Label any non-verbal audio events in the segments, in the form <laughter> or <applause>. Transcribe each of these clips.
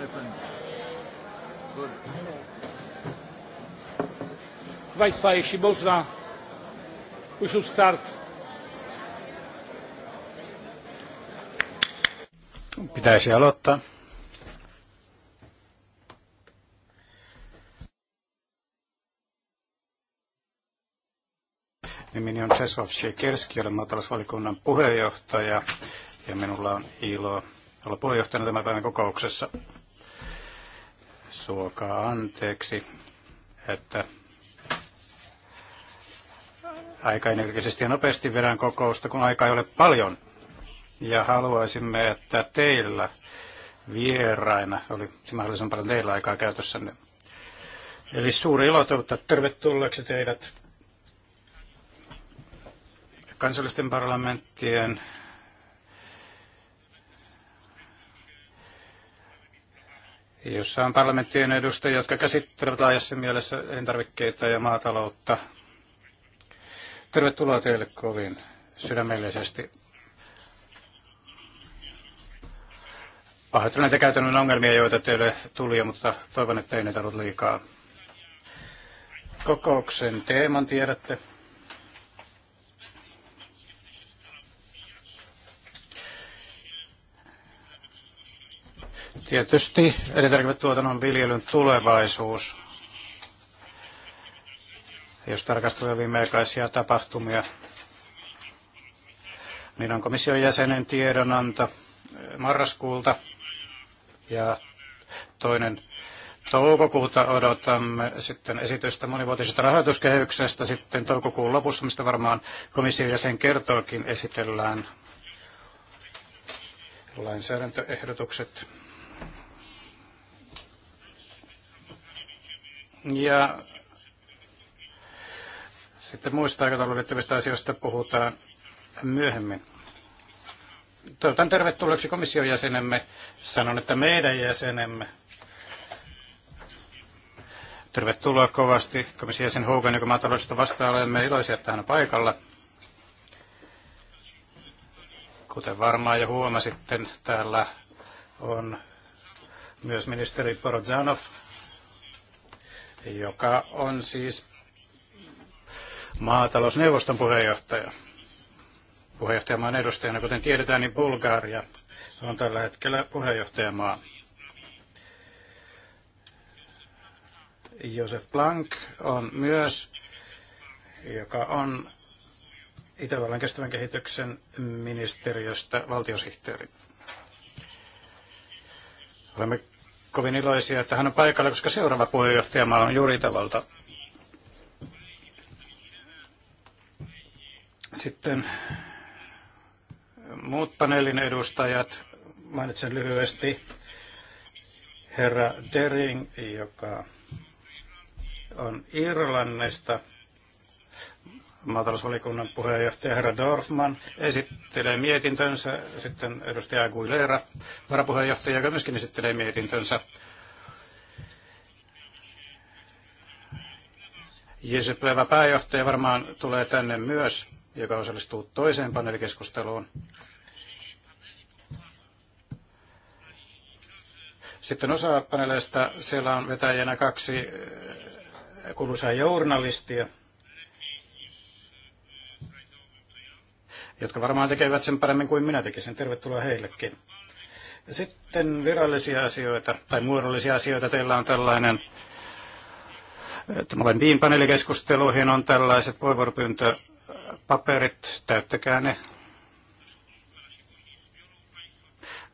my friend. Good. Proszę Państwa, jeśli można, we should start. Pitäisi aloittaa. Nimeni on Czesław Siekierski, olen maatalousvalikunnan puheenjohtaja ja minulla on ilo olla puheenjohtajana tämän päivän kokouksessa suokaa anteeksi, että aika energisesti ja nopeasti vedän kokousta, kun aika ei ole paljon. Ja haluaisimme, että teillä vieraina oli mahdollisimman paljon teillä aikaa käytössänne. Eli suuri ilo toivottaa tervetulleeksi teidät kansallisten parlamenttien jossa on parlamenttien edustajia, jotka käsittelevät laajassa mielessä elintarvikkeita ja maataloutta. Tervetuloa teille kovin sydämellisesti. Pahoittelen näitä käytännön ongelmia, joita teille tuli, mutta toivon, että ei niitä ollut liikaa. Kokouksen teeman tiedätte. Tietysti elintarviketuotannon viljelyn tulevaisuus, jos tarkastellaan viimeaikaisia tapahtumia, niin on komission jäsenen tiedonanto marraskuulta ja toinen toukokuuta odotamme sitten esitystä monivuotisesta rahoituskehyksestä. Sitten toukokuun lopussa, mistä varmaan komission jäsen kertookin, esitellään lainsäädäntöehdotukset Ja sitten muista aikatauluun liittyvistä asioista puhutaan myöhemmin. Toivotan tervetulleeksi komission jäsenemme. Sanon, että meidän jäsenemme. Tervetuloa kovasti komission jäsen Hogan, joka maataloudesta vastaa. Olemme iloisia, että hän on paikalla. Kuten varmaan jo huomasitte, täällä on myös ministeri Porozanov joka on siis maatalousneuvoston puheenjohtaja. Puheenjohtajamaan edustajana, kuten tiedetään, niin Bulgaria on tällä hetkellä puheenjohtajamaa. Josef Blank on myös, joka on Itävallan kestävän kehityksen ministeriöstä valtiosihteeri. Olemme kovin iloisia, että hän on paikalla, koska seuraava puheenjohtajamaa on juuri tavalta. Sitten muut paneelin edustajat, mainitsen lyhyesti herra Dering, joka on Irlannista maatalousvalikunnan puheenjohtaja herra Dorfman esittelee mietintönsä, sitten edustaja Aguilera, varapuheenjohtaja, joka myöskin esittelee mietintönsä. Jeseplevä pääjohtaja varmaan tulee tänne myös, joka osallistuu toiseen paneelikeskusteluun. Sitten osa paneeleista, siellä on vetäjänä kaksi kuuluisaa journalistia, jotka varmaan tekevät sen paremmin kuin minä tekisin. Tervetuloa heillekin. Sitten virallisia asioita tai muodollisia asioita. Teillä on tällainen, että äh, molempiin paneelikeskusteluihin on tällaiset puheenvuoropyyntöpaperit. Täyttäkää ne.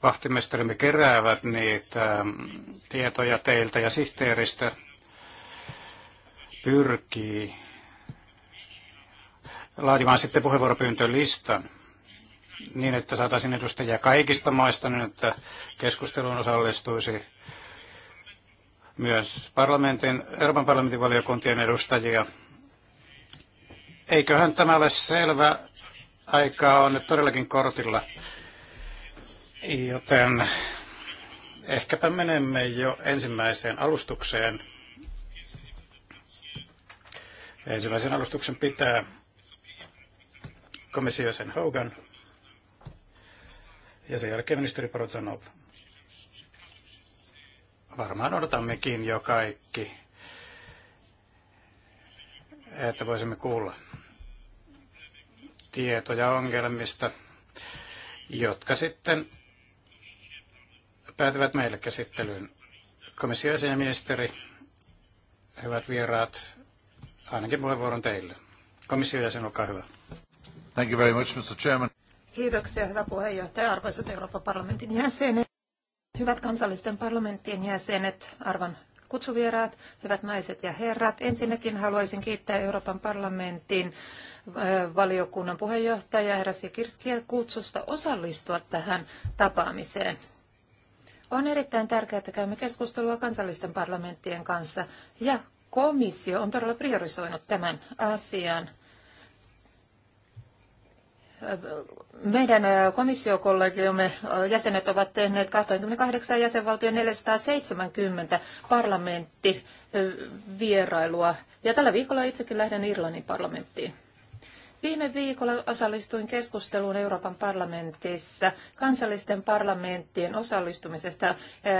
Vahtimestarimme keräävät niitä mm, tietoja teiltä ja sihteeristä pyrkii laatimaan sitten puheenvuoropyyntölistan niin, että saataisiin edustajia kaikista maista, niin että keskusteluun osallistuisi myös parlamentin, Euroopan parlamentin valiokuntien edustajia. Eiköhän tämä ole selvä. Aikaa on nyt todellakin kortilla. Joten ehkäpä menemme jo ensimmäiseen alustukseen. Ensimmäisen alustuksen pitää komission jäsen Hogan ja sen jälkeen ministeri Protonov. Varmaan odotammekin jo kaikki, että voisimme kuulla tietoja ongelmista, jotka sitten päätyvät meille käsittelyyn. Komissio ja ministeri, hyvät vieraat, ainakin puheenvuoron teille. Komissio jäsen, olkaa hyvä. Thank you very much, Mr. Chairman. Kiitoksia, hyvä puheenjohtaja, arvoisat Euroopan parlamentin jäsenet, hyvät kansallisten parlamenttien jäsenet, arvon kutsuvieraat, hyvät naiset ja herrat. Ensinnäkin haluaisin kiittää Euroopan parlamentin valiokunnan puheenjohtajaa herra Sikirskiä kutsusta osallistua tähän tapaamiseen. On erittäin tärkeää, että käymme keskustelua kansallisten parlamenttien kanssa ja komissio on todella priorisoinut tämän asian. Meidän komissiokollegiomme jäsenet ovat tehneet 28 jäsenvaltion 470 parlamenttivierailua. Ja tällä viikolla itsekin lähden Irlannin parlamenttiin. Viime viikolla osallistuin keskusteluun Euroopan parlamentissa kansallisten parlamenttien osallistumisesta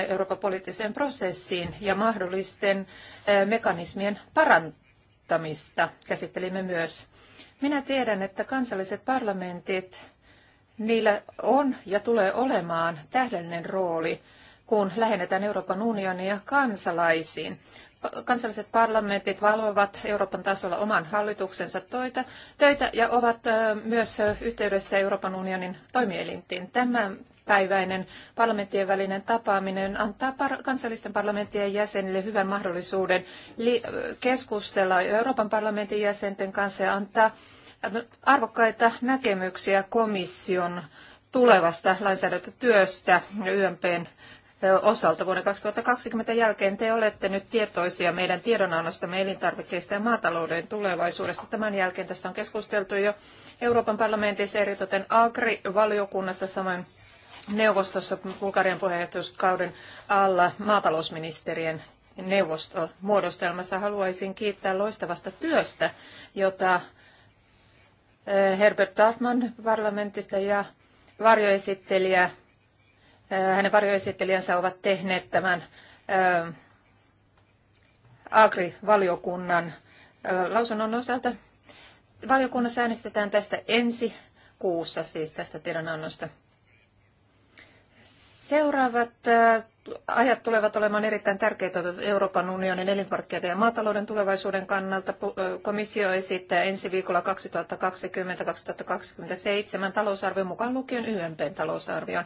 Euroopan poliittiseen prosessiin ja mahdollisten mekanismien parantamista. Käsittelimme myös minä tiedän, että kansalliset parlamentit, niillä on ja tulee olemaan tähdellinen rooli, kun lähennetään Euroopan unionia kansalaisiin. Kansalliset parlamentit valvovat Euroopan tasolla oman hallituksensa töitä, töitä ja ovat myös yhteydessä Euroopan unionin toimielintiin. Tämä päiväinen parlamenttien välinen tapaaminen antaa kansallisten parlamenttien jäsenille hyvän mahdollisuuden keskustella Euroopan parlamentin jäsenten kanssa ja antaa arvokkaita näkemyksiä komission tulevasta lainsäädäntötyöstä YMPn osalta vuoden 2020 jälkeen te olette nyt tietoisia meidän tiedonannostamme elintarvikkeista ja maatalouden tulevaisuudesta. Tämän jälkeen tästä on keskusteltu jo Euroopan parlamentissa eritoten Agri-valiokunnassa samoin neuvostossa Bulgarian puheenjohtajuuskauden alla maatalousministerien neuvostomuodostelmassa haluaisin kiittää loistavasta työstä, jota eh, Herbert Dartman parlamentista ja varjoesittelijä, eh, hänen varjoesittelijänsä ovat tehneet tämän eh, Agri-valiokunnan lausunnon osalta. Valiokunnassa äänestetään tästä ensi kuussa, siis tästä tiedonannosta. Seuraavat äh, ajat tulevat olemaan erittäin tärkeitä Euroopan unionin elintarvikkeiden ja maatalouden tulevaisuuden kannalta. Äh, komissio esittää ensi viikolla 2020-2027 talousarvion mukaan lukien YMPn talousarvion,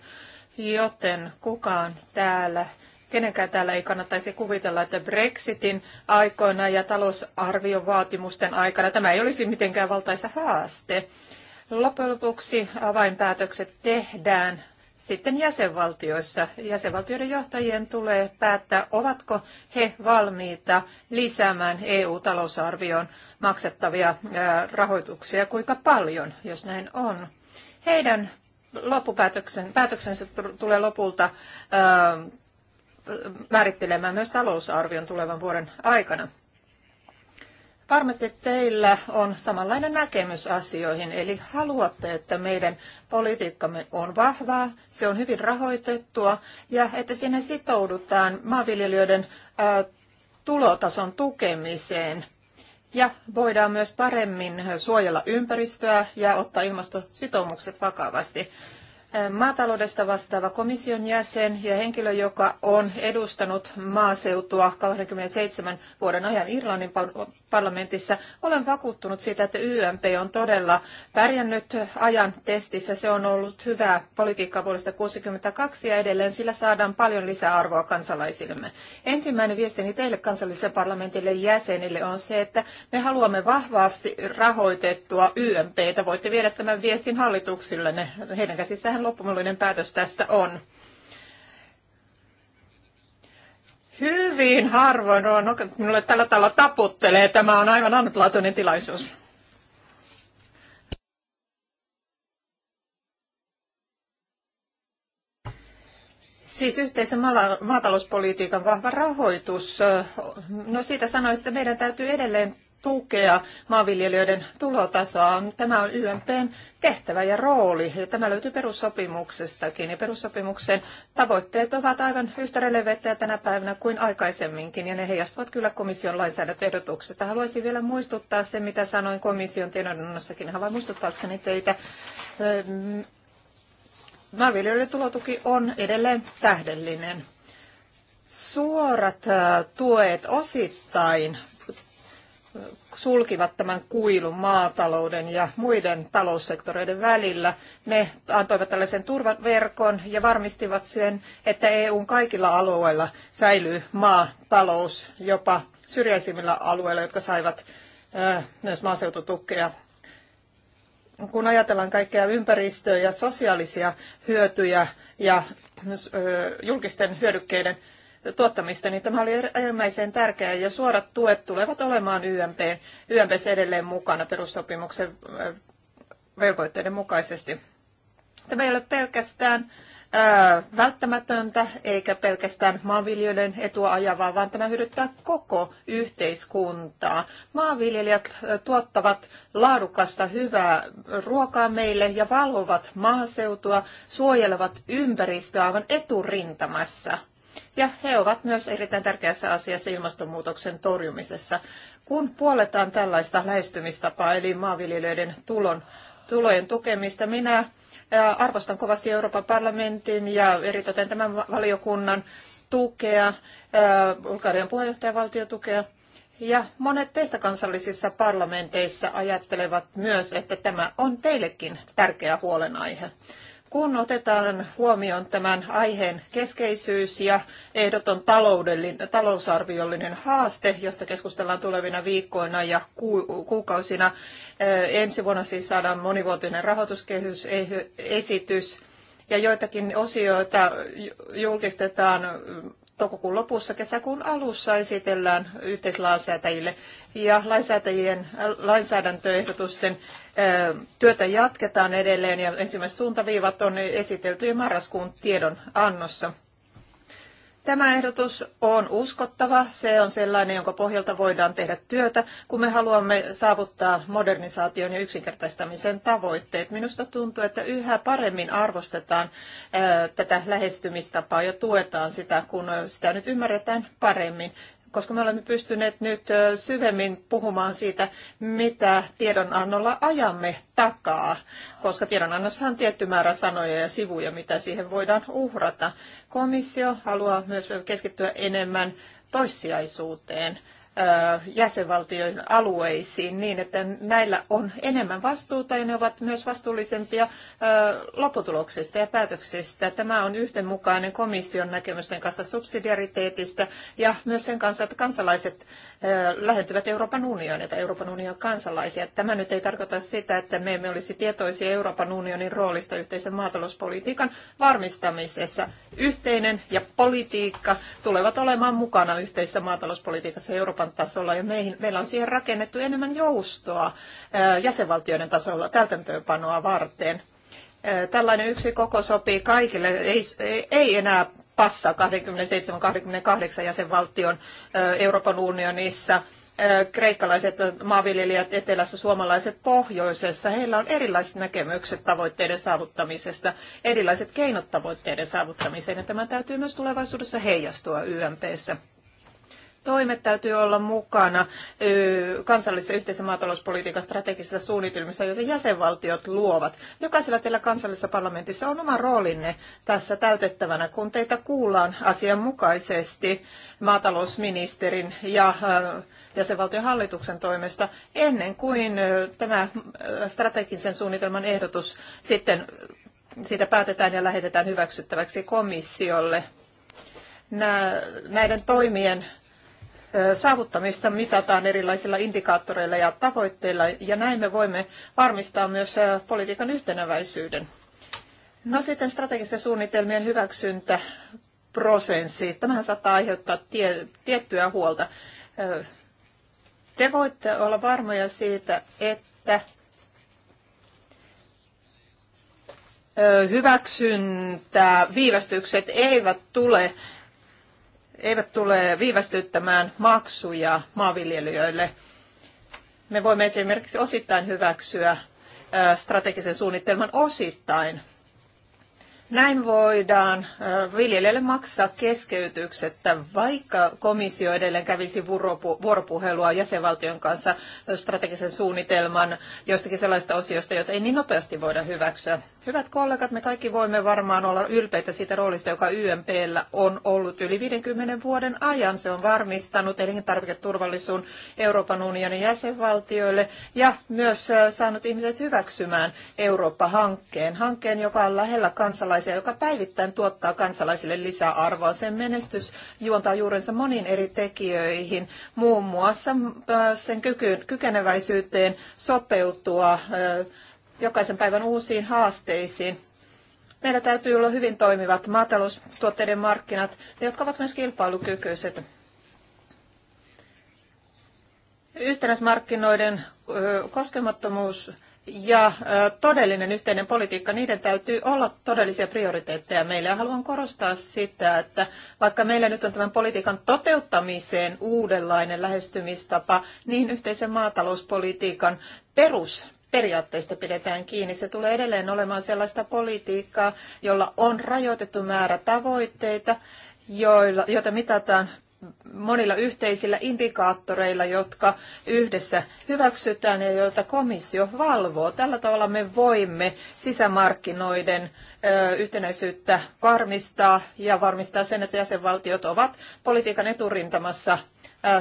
joten kukaan täällä kenenkään täällä ei kannattaisi kuvitella, että Brexitin aikoina ja talousarvion vaatimusten aikana tämä ei olisi mitenkään valtaisa haaste. Loppujen lopuksi avainpäätökset tehdään sitten jäsenvaltioissa. Jäsenvaltioiden johtajien tulee päättää, ovatko he valmiita lisäämään EU-talousarvioon maksettavia rahoituksia, kuinka paljon, jos näin on. Heidän päätöksensä tulee lopulta määrittelemään myös talousarvion tulevan vuoden aikana. Varmasti teillä on samanlainen näkemys asioihin, eli haluatte, että meidän politiikkamme on vahvaa, se on hyvin rahoitettua ja että sinne sitoudutaan maanviljelijöiden tulotason tukemiseen ja voidaan myös paremmin suojella ympäristöä ja ottaa ilmastositoumukset vakavasti. Maataloudesta vastaava komission jäsen ja henkilö, joka on edustanut maaseutua 27 vuoden ajan Irlannin parlamentissa. Olen vakuuttunut siitä, että YMP on todella pärjännyt ajan testissä. Se on ollut hyvää politiikkaa vuodesta 1962 ja edelleen sillä saadaan paljon lisäarvoa kansalaisillemme. Ensimmäinen viestini teille kansallisen parlamentille jäsenille on se, että me haluamme vahvasti rahoitettua YMPtä. Voitte viedä tämän viestin hallituksille. Heidän käsissähän loppumielinen päätös tästä on. Hyvin harvoin on. No, minulle tällä tavalla taputtelee. Tämä on aivan ainutlaatuinen tilaisuus. Siis yhteisen maatalouspolitiikan vahva rahoitus. No siitä sanoisin, että meidän täytyy edelleen tukea maanviljelijöiden tulotasoa. Tämä on YMPn tehtävä ja rooli, ja tämä löytyy perussopimuksestakin. Ja perussopimuksen tavoitteet ovat aivan yhtä relevettejä tänä päivänä kuin aikaisemminkin, ja ne heijastuvat kyllä komission lainsäädäntöehdotuksesta. Haluaisin vielä muistuttaa se, mitä sanoin komission tiedonannossakin. Haluan muistuttaakseni teitä ehm, maanviljelijöiden tulotuki on edelleen tähdellinen. Suorat tuet osittain sulkivat tämän kuilun maatalouden ja muiden taloussektoreiden välillä. Ne antoivat tällaisen turvaverkon ja varmistivat sen, että EUn kaikilla alueilla säilyy maatalous jopa syrjäisimmillä alueilla, jotka saivat myös maaseututukea. Kun ajatellaan kaikkea ympäristöä ja sosiaalisia hyötyjä ja julkisten hyödykkeiden tuottamista, niin tämä oli äärimmäisen tärkeää ja suorat tuet tulevat olemaan YMP, YMPs edelleen mukana perussopimuksen velvoitteiden mukaisesti. Tämä ei ole pelkästään välttämätöntä eikä pelkästään maanviljelijöiden etua ajavaa, vaan tämä hyödyttää koko yhteiskuntaa. Maanviljelijät tuottavat laadukasta hyvää ruokaa meille ja valvovat maaseutua, suojelevat ympäristöä aivan eturintamassa. Ja he ovat myös erittäin tärkeässä asiassa ilmastonmuutoksen torjumisessa. Kun puoletaan tällaista lähestymistapaa, eli maanviljelijöiden tulon, tulojen tukemista, minä arvostan kovasti Euroopan parlamentin ja eritoten tämän valiokunnan tukea, Bulgarian puheenjohtajavaltion tukea. Ja monet teistä kansallisissa parlamenteissa ajattelevat myös, että tämä on teillekin tärkeä huolenaihe. Kun otetaan huomioon tämän aiheen keskeisyys ja ehdoton taloudellinen, talousarviollinen haaste, josta keskustellaan tulevina viikkoina ja kuukausina, eh, ensi vuonna siis saadaan monivuotinen rahoituskehysesitys eh, ja joitakin osioita julkistetaan toukokuun lopussa, kesäkuun alussa esitellään yhteislainsäätäjille ja lainsäätäjien lainsäädäntöehdotusten Työtä jatketaan edelleen ja ensimmäiset suuntaviivat on esitelty jo marraskuun tiedon annossa. Tämä ehdotus on uskottava, se on sellainen, jonka pohjalta voidaan tehdä työtä, kun me haluamme saavuttaa modernisaation ja yksinkertaistamisen tavoitteet. Minusta tuntuu, että yhä paremmin arvostetaan tätä lähestymistapaa ja tuetaan sitä, kun sitä nyt ymmärretään paremmin koska me olemme pystyneet nyt syvemmin puhumaan siitä, mitä tiedonannolla ajamme takaa, koska tiedonannossa on tietty määrä sanoja ja sivuja, mitä siihen voidaan uhrata. Komissio haluaa myös keskittyä enemmän toissijaisuuteen jäsenvaltioiden alueisiin niin, että näillä on enemmän vastuuta ja ne ovat myös vastuullisempia lopputuloksesta ja päätöksistä. Tämä on yhdenmukainen komission näkemysten kanssa subsidiariteetista ja myös sen kanssa, että kansalaiset lähentyvät Euroopan unionia tai Euroopan unionin kansalaisia. Tämä nyt ei tarkoita sitä, että me emme olisi tietoisia Euroopan unionin roolista yhteisen maatalouspolitiikan varmistamisessa. Yhteinen ja politiikka tulevat olemaan mukana yhteisessä maatalouspolitiikassa Euroopan Euroopan tasolla ja meihin, meillä on siihen rakennettu enemmän joustoa jäsenvaltioiden tasolla täytäntöönpanoa varten. Tällainen yksi koko sopii kaikille, ei, ei enää passaa 27-28 jäsenvaltion Euroopan unionissa kreikkalaiset maanviljelijät etelässä, suomalaiset pohjoisessa, heillä on erilaiset näkemykset tavoitteiden saavuttamisesta, erilaiset keinot tavoitteiden saavuttamiseen, ja tämä täytyy myös tulevaisuudessa heijastua YMPssä toimet täytyy olla mukana kansallisessa yhteisen maatalouspolitiikan strategisissa suunnitelmissa, joita jäsenvaltiot luovat. Jokaisella teillä kansallisessa parlamentissa on oma roolinne tässä täytettävänä, kun teitä kuullaan asianmukaisesti maatalousministerin ja jäsenvaltion hallituksen toimesta ennen kuin tämä strategisen suunnitelman ehdotus sitten siitä päätetään ja lähetetään hyväksyttäväksi komissiolle näiden toimien saavuttamista mitataan erilaisilla indikaattoreilla ja tavoitteilla, ja näin me voimme varmistaa myös politiikan yhtenäväisyyden. No sitten strategisten suunnitelmien hyväksyntä prosessi. Tämähän saattaa aiheuttaa tie, tiettyä huolta. Te voitte olla varmoja siitä, että hyväksyntää viivästykset eivät tule eivät tule viivästyttämään maksuja maanviljelijöille. Me voimme esimerkiksi osittain hyväksyä strategisen suunnitelman osittain näin voidaan viljelijälle maksaa keskeytyksettä, vaikka komissio edelleen kävisi vuoropuhelua jäsenvaltion kanssa strategisen suunnitelman jostakin sellaista osiosta, jota ei niin nopeasti voida hyväksyä. Hyvät kollegat, me kaikki voimme varmaan olla ylpeitä siitä roolista, joka YMPllä on ollut yli 50 vuoden ajan. Se on varmistanut elintarviketurvallisuuden Euroopan unionin jäsenvaltioille ja myös saanut ihmiset hyväksymään Eurooppa-hankkeen. Hankkeen, joka on lähellä kansalaisia kansalaisia, joka päivittäin tuottaa kansalaisille lisäarvoa. Sen menestys juontaa juurensa moniin eri tekijöihin, muun muassa äh, sen kykeneväisyyteen sopeutua äh, jokaisen päivän uusiin haasteisiin. Meillä täytyy olla hyvin toimivat maataloustuotteiden markkinat, jotka ovat myös kilpailukykyiset. Yhtenäismarkkinoiden koskemattomuus ja todellinen yhteinen politiikka, niiden täytyy olla todellisia prioriteetteja meillä. Ja haluan korostaa sitä, että vaikka meillä nyt on tämän politiikan toteuttamiseen uudenlainen lähestymistapa, niin yhteisen maatalouspolitiikan perus periaatteista pidetään kiinni. Se tulee edelleen olemaan sellaista politiikkaa, jolla on rajoitettu määrä tavoitteita, joilla, joita mitataan monilla yhteisillä indikaattoreilla, jotka yhdessä hyväksytään ja joita komissio valvoo. Tällä tavalla me voimme sisämarkkinoiden yhtenäisyyttä varmistaa ja varmistaa sen, että jäsenvaltiot ovat politiikan eturintamassa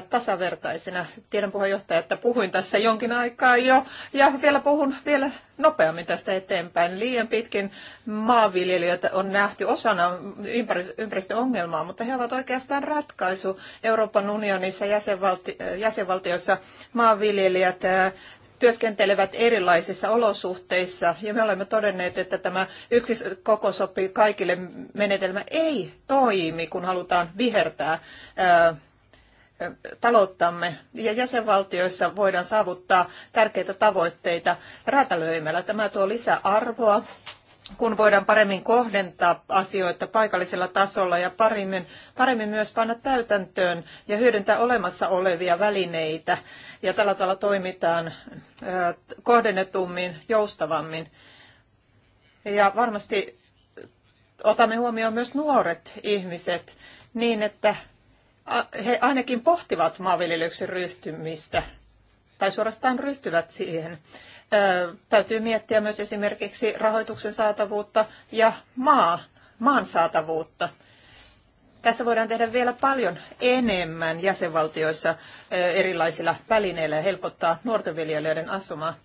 tasavertaisina. Tiedän puheenjohtaja, että puhuin tässä jonkin aikaa jo ja vielä puhun vielä nopeammin tästä eteenpäin. Liian pitkin maanviljelijöitä on nähty osana ympäristöongelmaa, mutta he ovat oikeastaan ratkaisu Euroopan unionissa jäsenvalti- jäsenvaltioissa maanviljelijät työskentelevät erilaisissa olosuhteissa ja me olemme todenneet, että tämä yksi koko sopii kaikille menetelmä ei toimi, kun halutaan vihertää talouttamme ja jäsenvaltioissa voidaan saavuttaa tärkeitä tavoitteita räätälöimällä. Tämä tuo lisäarvoa, kun voidaan paremmin kohdentaa asioita paikallisella tasolla ja paremmin, paremmin myös panna täytäntöön ja hyödyntää olemassa olevia välineitä. Ja tällä tavalla toimitaan kohdennetummin, joustavammin. Ja varmasti otamme huomioon myös nuoret ihmiset niin, että he ainakin pohtivat maanviljelyksen ryhtymistä tai suorastaan ryhtyvät siihen. Ö, täytyy miettiä myös esimerkiksi rahoituksen saatavuutta ja maa, maan saatavuutta. Tässä voidaan tehdä vielä paljon enemmän jäsenvaltioissa erilaisilla välineillä ja helpottaa nuorten viljelijöiden asumaa.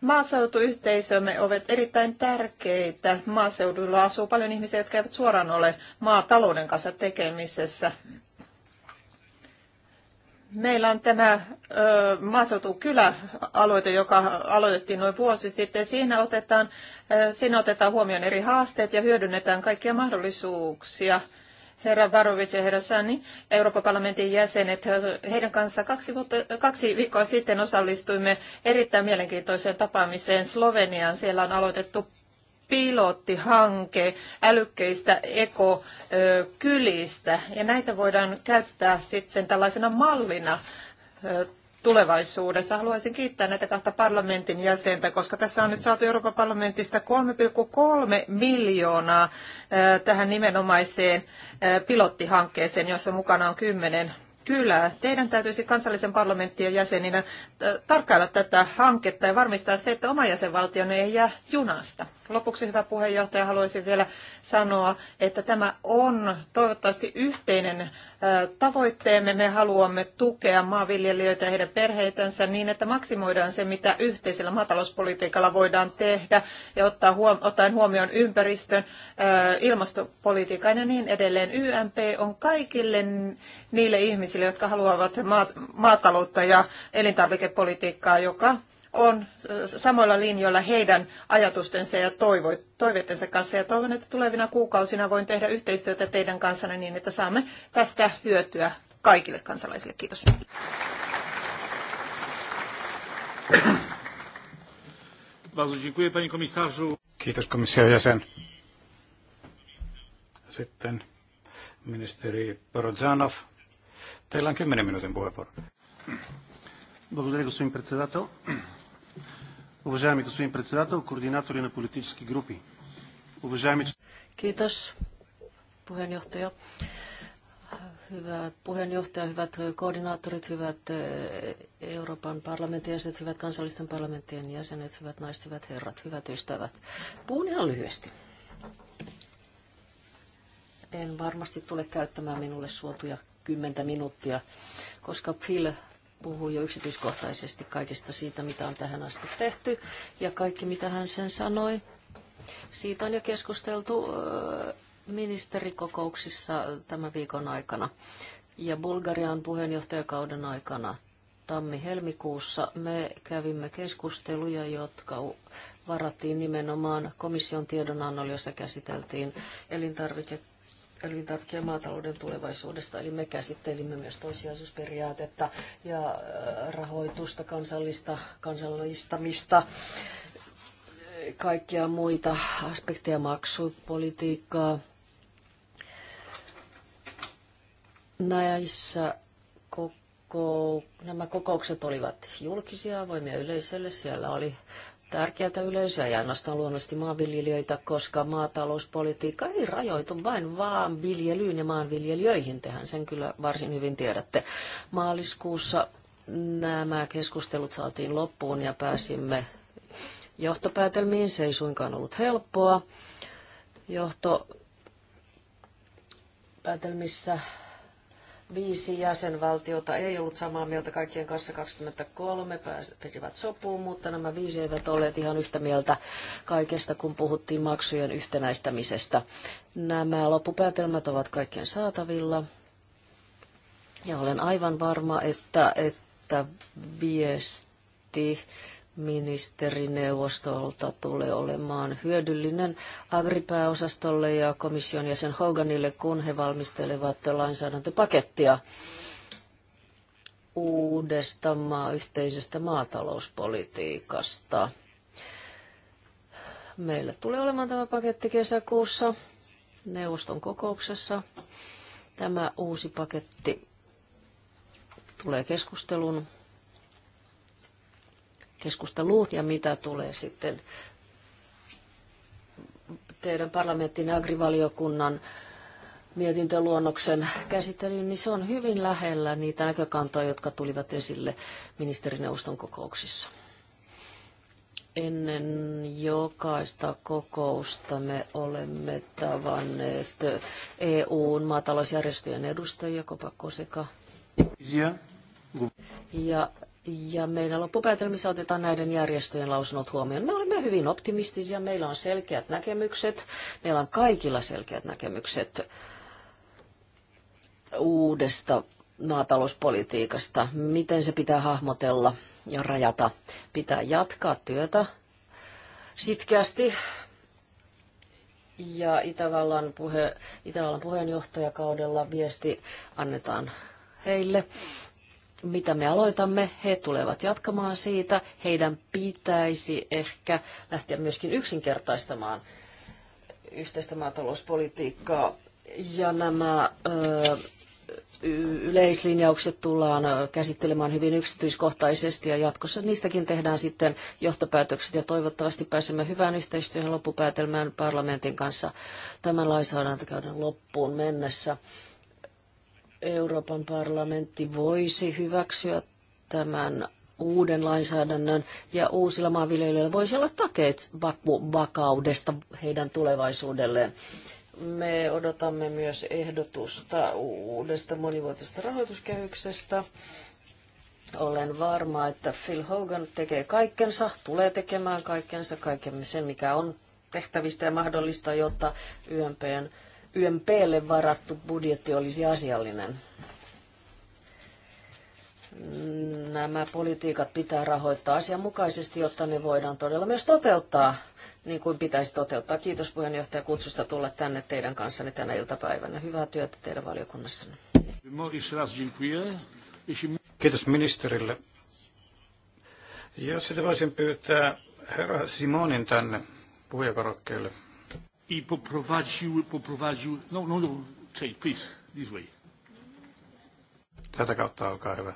Maaseutuyhteisömme ovat erittäin tärkeitä. Maaseudulla asuu paljon ihmisiä, jotka eivät suoraan ole maatalouden kanssa tekemisessä. Meillä on tämä maaseutukyläaloite, joka aloitettiin noin vuosi sitten. Siinä otetaan, siinä otetaan huomioon eri haasteet ja hyödynnetään kaikkia mahdollisuuksia herra Varovic ja herra Sani, Euroopan parlamentin jäsenet, heidän kanssa kaksi, vuotta, kaksi viikkoa sitten osallistuimme erittäin mielenkiintoiseen tapaamiseen Sloveniaan. Siellä on aloitettu pilottihanke älykkeistä ekokylistä, ja näitä voidaan käyttää sitten tällaisena mallina tulevaisuudessa. Haluaisin kiittää näitä kahta parlamentin jäsentä, koska tässä on nyt saatu Euroopan parlamentista 3,3 miljoonaa tähän nimenomaiseen pilottihankkeeseen, jossa mukana on kymmenen Kyllä, teidän täytyisi kansallisen parlamenttien jäseninä äh, tarkkailla tätä hanketta ja varmistaa se, että oma jäsenvaltion ei jää junasta. Lopuksi, hyvä puheenjohtaja, haluaisin vielä sanoa, että tämä on toivottavasti yhteinen äh, tavoitteemme. Me haluamme tukea maanviljelijöitä ja heidän perheitänsä niin, että maksimoidaan se, mitä yhteisellä maatalouspolitiikalla voidaan tehdä ja ottaa huom- ottaen huomioon ympäristön, äh, ilmastopolitiikan ja niin edelleen. YMP on kaikille niille ihmisille, ihmisille, jotka haluavat maataloutta ja elintarvikepolitiikkaa, joka on samoilla linjoilla heidän ajatustensa ja toiveittensa kanssa. Ja toivon, että tulevina kuukausina voin tehdä yhteistyötä teidän kanssanne niin, että saamme tästä hyötyä kaikille kansalaisille. Kiitos. Kiitos komission jäsen. Sitten ministeri Porozanov. Teillä on 10 minuutin puheenvuoro. Благодаря, господин председател. Уважаеми господин председател, координатори на политически групи. Уважаеми... Kiitos, puheenjohtaja. Hyvä puheenjohtaja, hyvät koordinaattorit, hyvät eh, Euroopan parlamentin jäsenet, hyvät kansallisten parlamenttien jäsenet, hyvät naiset, hyvät herrat, hyvät ystävät. Puhun ihan lyhyesti. En varmasti tule käyttämään minulle suotuja Kymmentä minuuttia, koska Phil puhuu jo yksityiskohtaisesti kaikesta siitä, mitä on tähän asti tehty ja kaikki, mitä hän sen sanoi. Siitä on jo keskusteltu ministerikokouksissa tämän viikon aikana ja Bulgarian puheenjohtajakauden aikana tammi-helmikuussa me kävimme keskusteluja, jotka varattiin nimenomaan komission tiedonannolle, jossa käsiteltiin elintarvike- ja maatalouden tulevaisuudesta. Eli me käsittelimme myös toissijaisuusperiaatetta ja äh, rahoitusta, kansallista, kansallistamista, kaikkia muita aspekteja, maksupolitiikkaa. Näissä koko, nämä kokoukset olivat julkisia, avoimia yleisölle. Siellä oli tärkeätä yleisöä ja ainoastaan luonnollisesti maanviljelijöitä, koska maatalouspolitiikka ei rajoitu vain vaan viljelyyn ja maanviljelijöihin. Tehän sen kyllä varsin hyvin tiedätte. Maaliskuussa nämä keskustelut saatiin loppuun ja pääsimme johtopäätelmiin. Se ei suinkaan ollut helppoa. Johto päätelmissä Viisi jäsenvaltiota ei ollut samaa mieltä kaikkien kanssa, 23 pääsivät sopuun, mutta nämä viisi eivät olleet ihan yhtä mieltä kaikesta, kun puhuttiin maksujen yhtenäistämisestä. Nämä loppupäätelmät ovat kaikkien saatavilla. Ja olen aivan varma, että, että viesti ministerineuvostolta tulee olemaan hyödyllinen agripääosastolle ja komission jäsen Hoganille, kun he valmistelevat lainsäädäntöpakettia uudesta maa, yhteisestä maatalouspolitiikasta. Meillä tulee olemaan tämä paketti kesäkuussa neuvoston kokouksessa. Tämä uusi paketti tulee keskusteluun keskusteluun ja mitä tulee sitten teidän parlamentin agrivaliokunnan mietintöluonnoksen käsittelyyn, niin se on hyvin lähellä niitä näkökantoja, jotka tulivat esille ministerineuvoston kokouksissa. Ennen jokaista kokousta me olemme tavanneet EUn maatalousjärjestöjen edustajia, Kopa Koseka. Ja ja meidän loppupäätelmissä otetaan näiden järjestöjen lausunnot huomioon. Me olemme hyvin optimistisia, meillä on selkeät näkemykset, meillä on kaikilla selkeät näkemykset uudesta maatalouspolitiikasta, miten se pitää hahmotella ja rajata. Pitää jatkaa työtä sitkeästi. Ja Itävallan, puhe, Itävallan puheenjohtajakaudella viesti annetaan heille mitä me aloitamme, he tulevat jatkamaan siitä. Heidän pitäisi ehkä lähteä myöskin yksinkertaistamaan yhteistä maatalouspolitiikkaa. Ja nämä ö, yleislinjaukset tullaan käsittelemään hyvin yksityiskohtaisesti ja jatkossa niistäkin tehdään sitten johtopäätökset ja toivottavasti pääsemme hyvään yhteistyöhön loppupäätelmään parlamentin kanssa tämän lainsäädäntökäyden loppuun mennessä. Euroopan parlamentti voisi hyväksyä tämän uuden lainsäädännön ja uusilla maanviljelijöillä voisi olla takeet vakaudesta heidän tulevaisuudelleen. Me odotamme myös ehdotusta uudesta monivuotisesta rahoituskehyksestä. Olen varma, että Phil Hogan tekee kaikkensa, tulee tekemään kaikkensa, kaiken sen, mikä on tehtävistä ja mahdollista, jotta YMPn YMPlle varattu budjetti olisi asiallinen. Nämä politiikat pitää rahoittaa asianmukaisesti, jotta ne voidaan todella myös toteuttaa niin kuin pitäisi toteuttaa. Kiitos puheenjohtaja kutsusta tulla tänne teidän kanssanne tänä iltapäivänä. Hyvää työtä teidän valiokunnassanne. Kiitos ministerille. Jos sitä voisin pyytää herra Simonin tänne puhujakorokkeelle i poprowadził, poprowadził, no, no, no, change, please, this way. Tätä kautta, olkaa hyvä.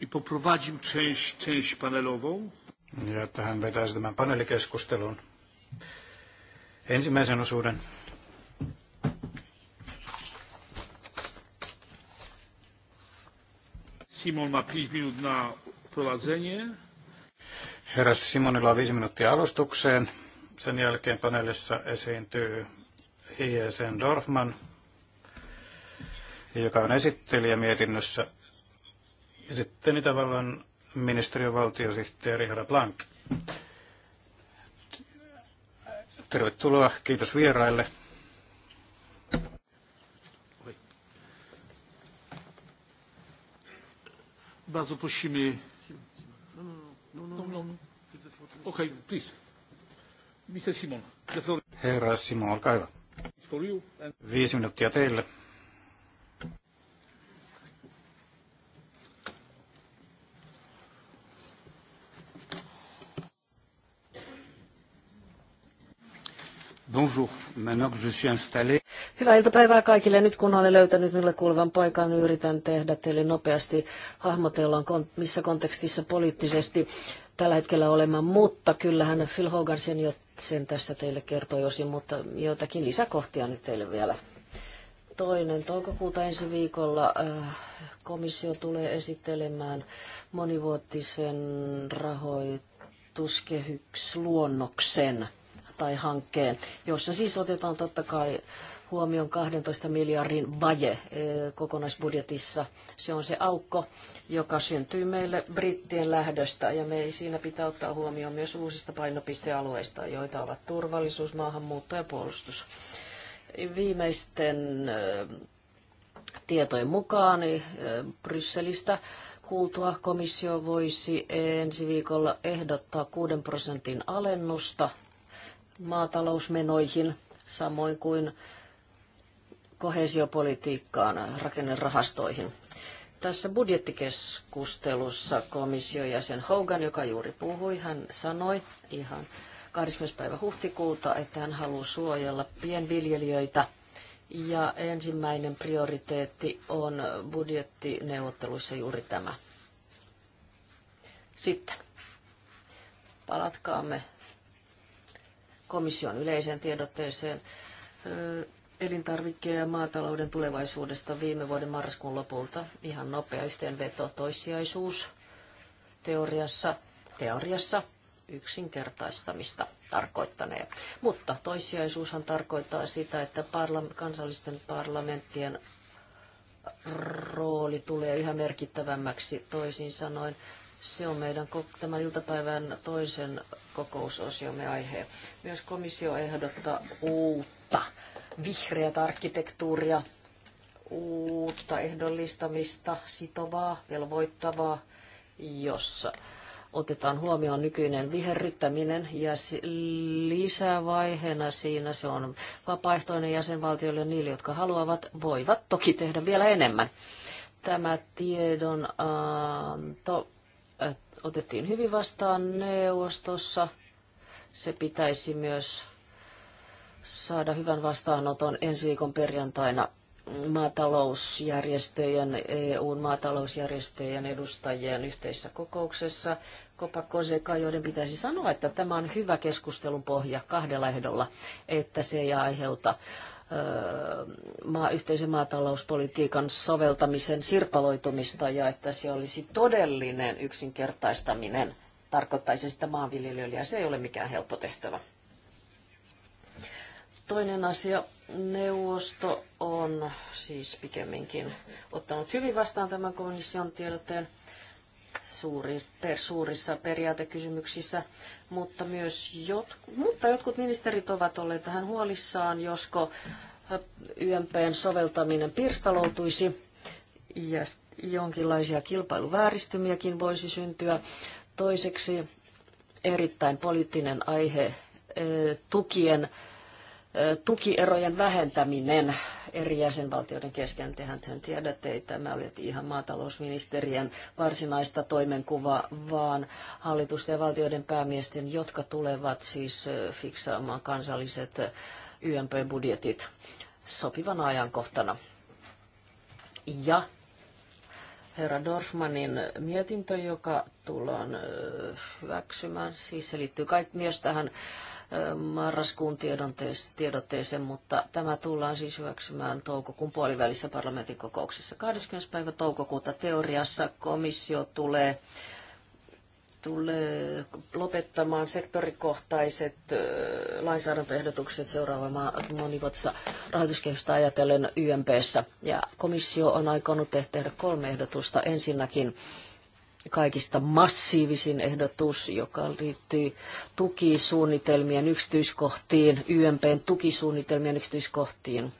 I poprowadził część, część panelową. Ja, tähän hän vetäisi tämän paneelikeskustelun. Ensimmäisen osuuden. Simon ma 5 minut na prowadzenie. Herra Simonilla on viisi minuuttia alustukseen. Sen jälkeen paneelissa esiintyy Hiesen Dorfman, joka on esittelijä mietinnössä. Ja sitten Itävallan ministeriön valtiosihteeri Herra Blank. Tervetuloa, kiitos vieraille. Bardzo prosimy. No, no, no. no, no. Okay, please. Herra Simon, olkaa hyvä. Viisi minuuttia teille. Bonjour. Maintenant que je suis installé. Hyvää iltapäivää kaikille. Nyt kun olen löytänyt minulle kuuluvan paikan, yritän tehdä teille nopeasti hahmotella, missä kontekstissa poliittisesti tällä hetkellä olemme, mutta kyllähän Phil Hogan sen jo sen tässä teille kertoi osin, mutta joitakin lisäkohtia nyt teille vielä. Toinen toukokuuta ensi viikolla äh, komissio tulee esittelemään monivuotisen rahoituskehyksluonnoksen tai hankkeen, jossa siis otetaan totta kai huomioon 12 miljardin vaje eh, kokonaisbudjetissa. Se on se aukko, joka syntyy meille brittien lähdöstä, ja me siinä pitää ottaa huomioon myös uusista painopistealueista, joita ovat turvallisuus, maahanmuutto ja puolustus. Viimeisten eh, tietojen mukaan eh, Brysselistä kuultua komissio voisi ensi viikolla ehdottaa 6 prosentin alennusta maatalousmenoihin, samoin kuin kohesiopolitiikkaan, rakennerahastoihin. Tässä budjettikeskustelussa komission jäsen Hogan, joka juuri puhui, hän sanoi ihan 20. päivä huhtikuuta, että hän haluaa suojella pienviljelijöitä. Ja ensimmäinen prioriteetti on budjettineuvotteluissa juuri tämä. Sitten palatkaamme komission yleiseen tiedotteeseen elintarvike- ja maatalouden tulevaisuudesta viime vuoden marraskuun lopulta. Ihan nopea yhteenveto toissijaisuus teoriassa, teoriassa yksinkertaistamista tarkoittanee. Mutta toissijaisuushan tarkoittaa sitä, että parla- kansallisten parlamenttien rooli tulee yhä merkittävämmäksi. Toisin sanoen se on meidän tämän iltapäivän toisen kokousosiomme aihe. Myös komissio ehdottaa uutta vihreät arkkitehtuuria, uutta ehdollistamista, sitovaa, velvoittavaa, jossa otetaan huomioon nykyinen viherryttäminen ja lisävaiheena siinä se on vapaaehtoinen jäsenvaltioille niille, jotka haluavat, voivat toki tehdä vielä enemmän. Tämä tiedonanto äh, otettiin hyvin vastaan neuvostossa. Se pitäisi myös saada hyvän vastaanoton ensi viikon perjantaina maatalousjärjestöjen, EUn maatalousjärjestöjen edustajien yhteisessä kokouksessa. Kopa Koseka, joiden pitäisi sanoa, että tämä on hyvä keskustelun pohja kahdella ehdolla, että se ei aiheuta yhteisen maatalouspolitiikan soveltamisen sirpaloitumista ja että se olisi todellinen yksinkertaistaminen tarkoittaisi sitä maanviljelijöille ja se ei ole mikään helppo tehtävä. Toinen asia, neuvosto on siis pikemminkin ottanut hyvin vastaan tämän komission tiedotteen suuri, per, suurissa periaatekysymyksissä, mutta myös jot, mutta jotkut ministerit ovat olleet tähän huolissaan, josko YMPn soveltaminen pirstaloutuisi ja jonkinlaisia kilpailuvääristymiäkin voisi syntyä. Toiseksi erittäin poliittinen aihe tukien tukierojen vähentäminen eri jäsenvaltioiden kesken. Tehän sen tiedätte, ei tämä ole ihan maatalousministerien varsinaista toimenkuvaa, vaan hallitusten ja valtioiden päämiesten, jotka tulevat siis fiksaamaan kansalliset YMP-budjetit sopivana ajankohtana. Ja herra Dorfmanin mietintö, joka tullaan hyväksymään, siis se liittyy myös tähän marraskuun tiedotteeseen, mutta tämä tullaan siis hyväksymään toukokuun puolivälissä parlamentin kokouksessa. 20. päivä toukokuuta teoriassa komissio tulee tulee lopettamaan sektorikohtaiset lainsäädäntöehdotukset seuraavaa monivuotista rahoituskehystä ajatellen YMPssä. Ja komissio on aikonut tehdä kolme ehdotusta. Ensinnäkin kaikista massiivisin ehdotus, joka liittyy tukisuunnitelmien yksityiskohtiin, YMPn tukisuunnitelmien yksityiskohtiin.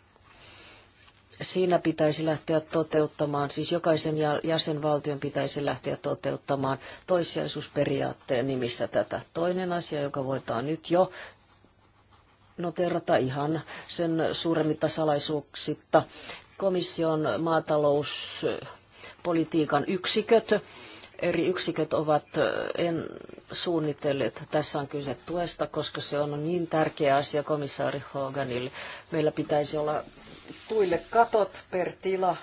Siinä pitäisi lähteä toteuttamaan, siis jokaisen jäsenvaltion pitäisi lähteä toteuttamaan toissijaisuusperiaatteen nimissä tätä. Toinen asia, joka voidaan nyt jo noterata ihan sen suuremmitta salaisuuksitta, komission maatalouspolitiikan yksiköt eri yksiköt ovat en suunnitelleet. Tässä on kyse tuesta, koska se on niin tärkeä asia komissaari Hoganille. Meillä pitäisi olla tuille katot per tila.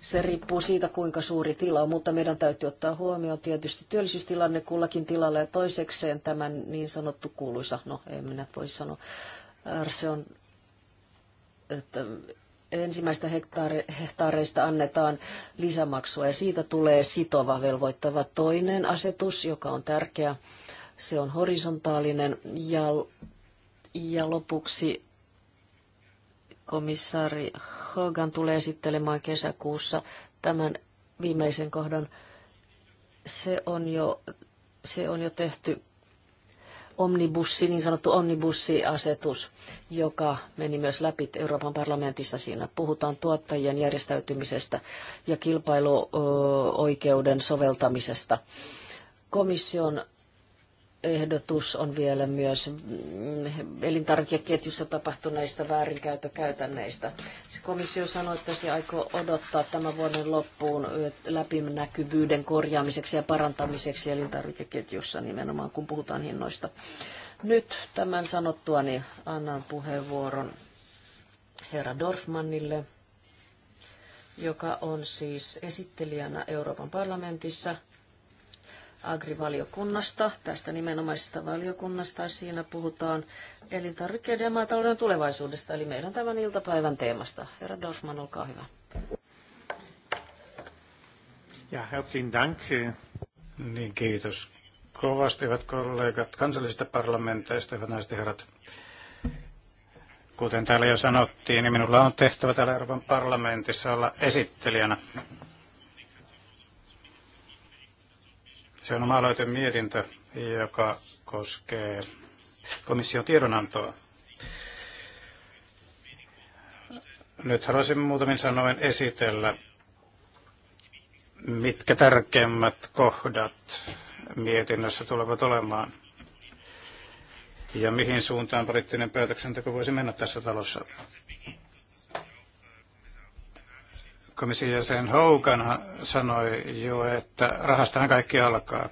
Se riippuu siitä, kuinka suuri tila on, mutta meidän täytyy ottaa huomioon tietysti työllisyystilanne kullakin tilalla ja toisekseen tämän niin sanottu kuuluisa, no en minä voi sanoa, se on että ensimmäistä hektaare, hehtaareista annetaan lisämaksua ja siitä tulee sitova velvoittava toinen asetus, joka on tärkeä. Se on horisontaalinen ja, ja lopuksi komissaari Hogan tulee esittelemään kesäkuussa tämän viimeisen kohdan. Se on jo, se on jo tehty omnibussi, niin sanottu omnibussiasetus, joka meni myös läpi Euroopan parlamentissa. Siinä puhutaan tuottajien järjestäytymisestä ja kilpailuoikeuden soveltamisesta. Komission ehdotus on vielä myös elintarvikeketjussa tapahtuneista väärinkäytökäytänneistä. Komissio sanoi, että se aikoo odottaa tämän vuoden loppuun läpinäkyvyyden korjaamiseksi ja parantamiseksi elintarvikeketjussa nimenomaan, kun puhutaan hinnoista. Nyt tämän sanottua niin annan puheenvuoron herra Dorfmannille, joka on siis esittelijänä Euroopan parlamentissa – agrivaliokunnasta, tästä nimenomaisesta valiokunnasta. Siinä puhutaan elintarvikkeiden ja maatalouden tulevaisuudesta, eli meidän tämän iltapäivän teemasta. Herra Dorfman, olkaa hyvä. Ja herzlichen Dank. Niin, kiitos kovasti, hyvät kollegat kansallisista parlamenteista, hyvät naiset herrat. Kuten täällä jo sanottiin, niin minulla on tehtävä täällä Euroopan parlamentissa olla esittelijänä Se on oma mietintö, joka koskee komission tiedonantoa. Nyt haluaisin muutamin sanoen esitellä, mitkä tärkeimmät kohdat mietinnössä tulevat olemaan ja mihin suuntaan poliittinen päätöksenteko voisi mennä tässä talossa komission jäsen Hogan sanoi jo, että rahastahan kaikki alkaa.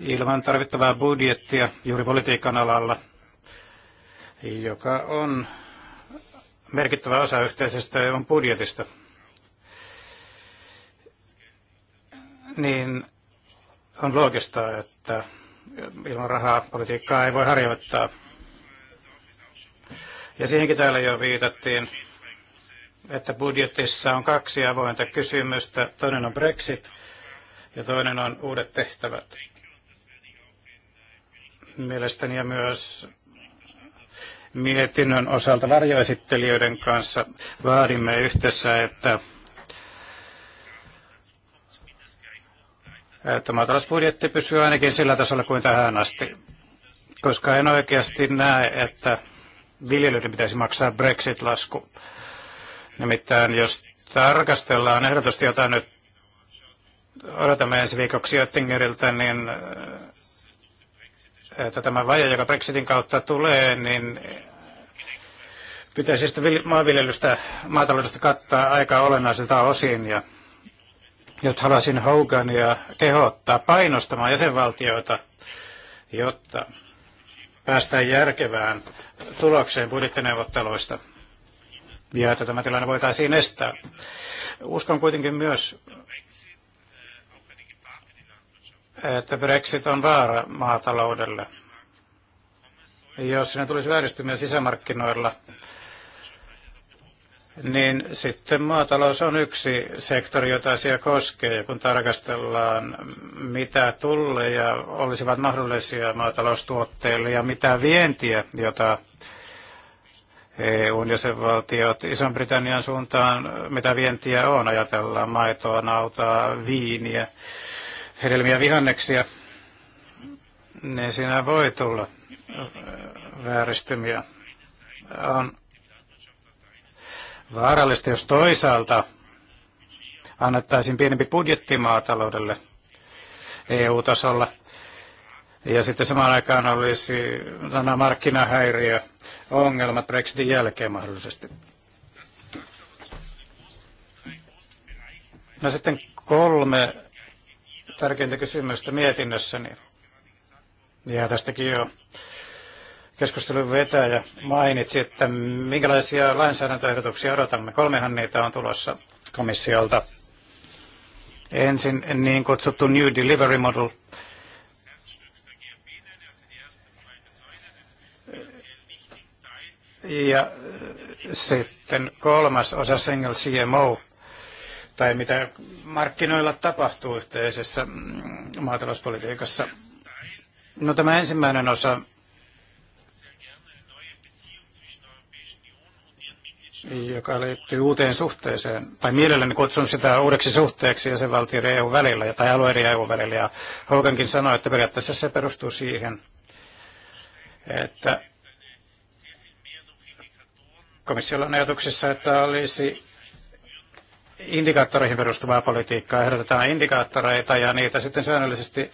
Ilman tarvittavaa budjettia juuri politiikan alalla, joka on merkittävä osa yhteisestä EUn budjetista, niin on loogista, että ilman rahaa politiikkaa ei voi harjoittaa. Ja siihenkin täällä jo viitattiin että budjetissa on kaksi avointa kysymystä. Toinen on Brexit ja toinen on uudet tehtävät. Mielestäni ja myös mietinnön osalta varjoesittelijöiden kanssa vaadimme yhdessä, että että maatalousbudjetti pysyy ainakin sillä tasolla kuin tähän asti, koska en oikeasti näe, että viljelijöiden pitäisi maksaa Brexit-lasku. Nimittäin jos tarkastellaan ehdotusta, jota nyt odotamme ensi viikoksi Oettingeriltä, niin äh, että tämä vaje, joka Brexitin kautta tulee, niin pitäisi sitä maanviljelystä, maataloudesta kattaa aika olennaisilta osin. Ja nyt haluaisin Hogania kehottaa painostamaan jäsenvaltioita, jotta päästään järkevään tulokseen budjettineuvotteluista ja että tämä tilanne voitaisiin estää. Uskon kuitenkin myös, että Brexit on vaara maataloudelle. Jos sinne tulisi vääristymiä sisämarkkinoilla, niin sitten maatalous on yksi sektori, jota asia koskee. Ja kun tarkastellaan, mitä tulleja olisivat mahdollisia maataloustuotteille ja mitä vientiä, jota EUn jäsenvaltiot Ison-Britannian suuntaan, mitä vientiä on, ajatellaan maitoa, nautaa, viiniä, hedelmiä, vihanneksia, niin siinä voi tulla äh, vääristymiä. On vaarallista, jos toisaalta annettaisiin pienempi budjetti maataloudelle EU-tasolla – ja sitten samaan aikaan olisi nämä markkinahäiriö, ongelmat Brexitin jälkeen mahdollisesti. No sitten kolme tärkeintä kysymystä mietinnössäni. Ja tästäkin jo keskustelun vetäjä mainitsi, että minkälaisia lainsäädäntöehdotuksia odotamme. Kolmehan niitä on tulossa komissiolta. Ensin niin kutsuttu New Delivery Model, Ja äh, sitten kolmas osa single CMO, tai mitä markkinoilla tapahtuu yhteisessä mm, maatalouspolitiikassa. No tämä ensimmäinen osa, joka liittyy uuteen suhteeseen, tai mielelläni kutsun sitä uudeksi suhteeksi jäsenvaltioiden EU välillä, tai alueiden EU välillä, ja Hogankin sanoi, että periaatteessa se perustuu siihen, että Komissiolla on ajatuksessa, että olisi indikaattoreihin perustuvaa politiikkaa. Ehdotetaan indikaattoreita ja niitä sitten säännöllisesti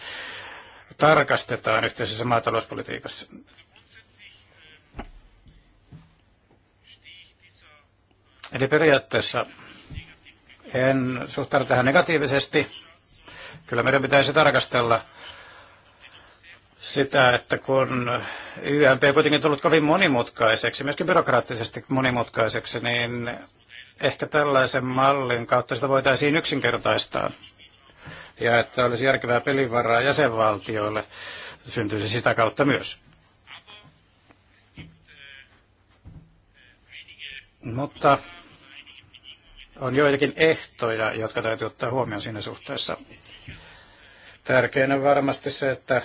tarkastetaan yhteisessä maatalouspolitiikassa. Eli periaatteessa en suhtaudu tähän negatiivisesti. Kyllä meidän pitäisi tarkastella sitä, että kun YMP on kuitenkin tullut kovin monimutkaiseksi, myöskin byrokraattisesti monimutkaiseksi, niin ehkä tällaisen mallin kautta sitä voitaisiin yksinkertaistaa. Ja että olisi järkevää pelivaraa jäsenvaltioille, syntyisi sitä kautta myös. Mutta on joitakin ehtoja, jotka täytyy ottaa huomioon siinä suhteessa. Tärkeänä varmasti se, että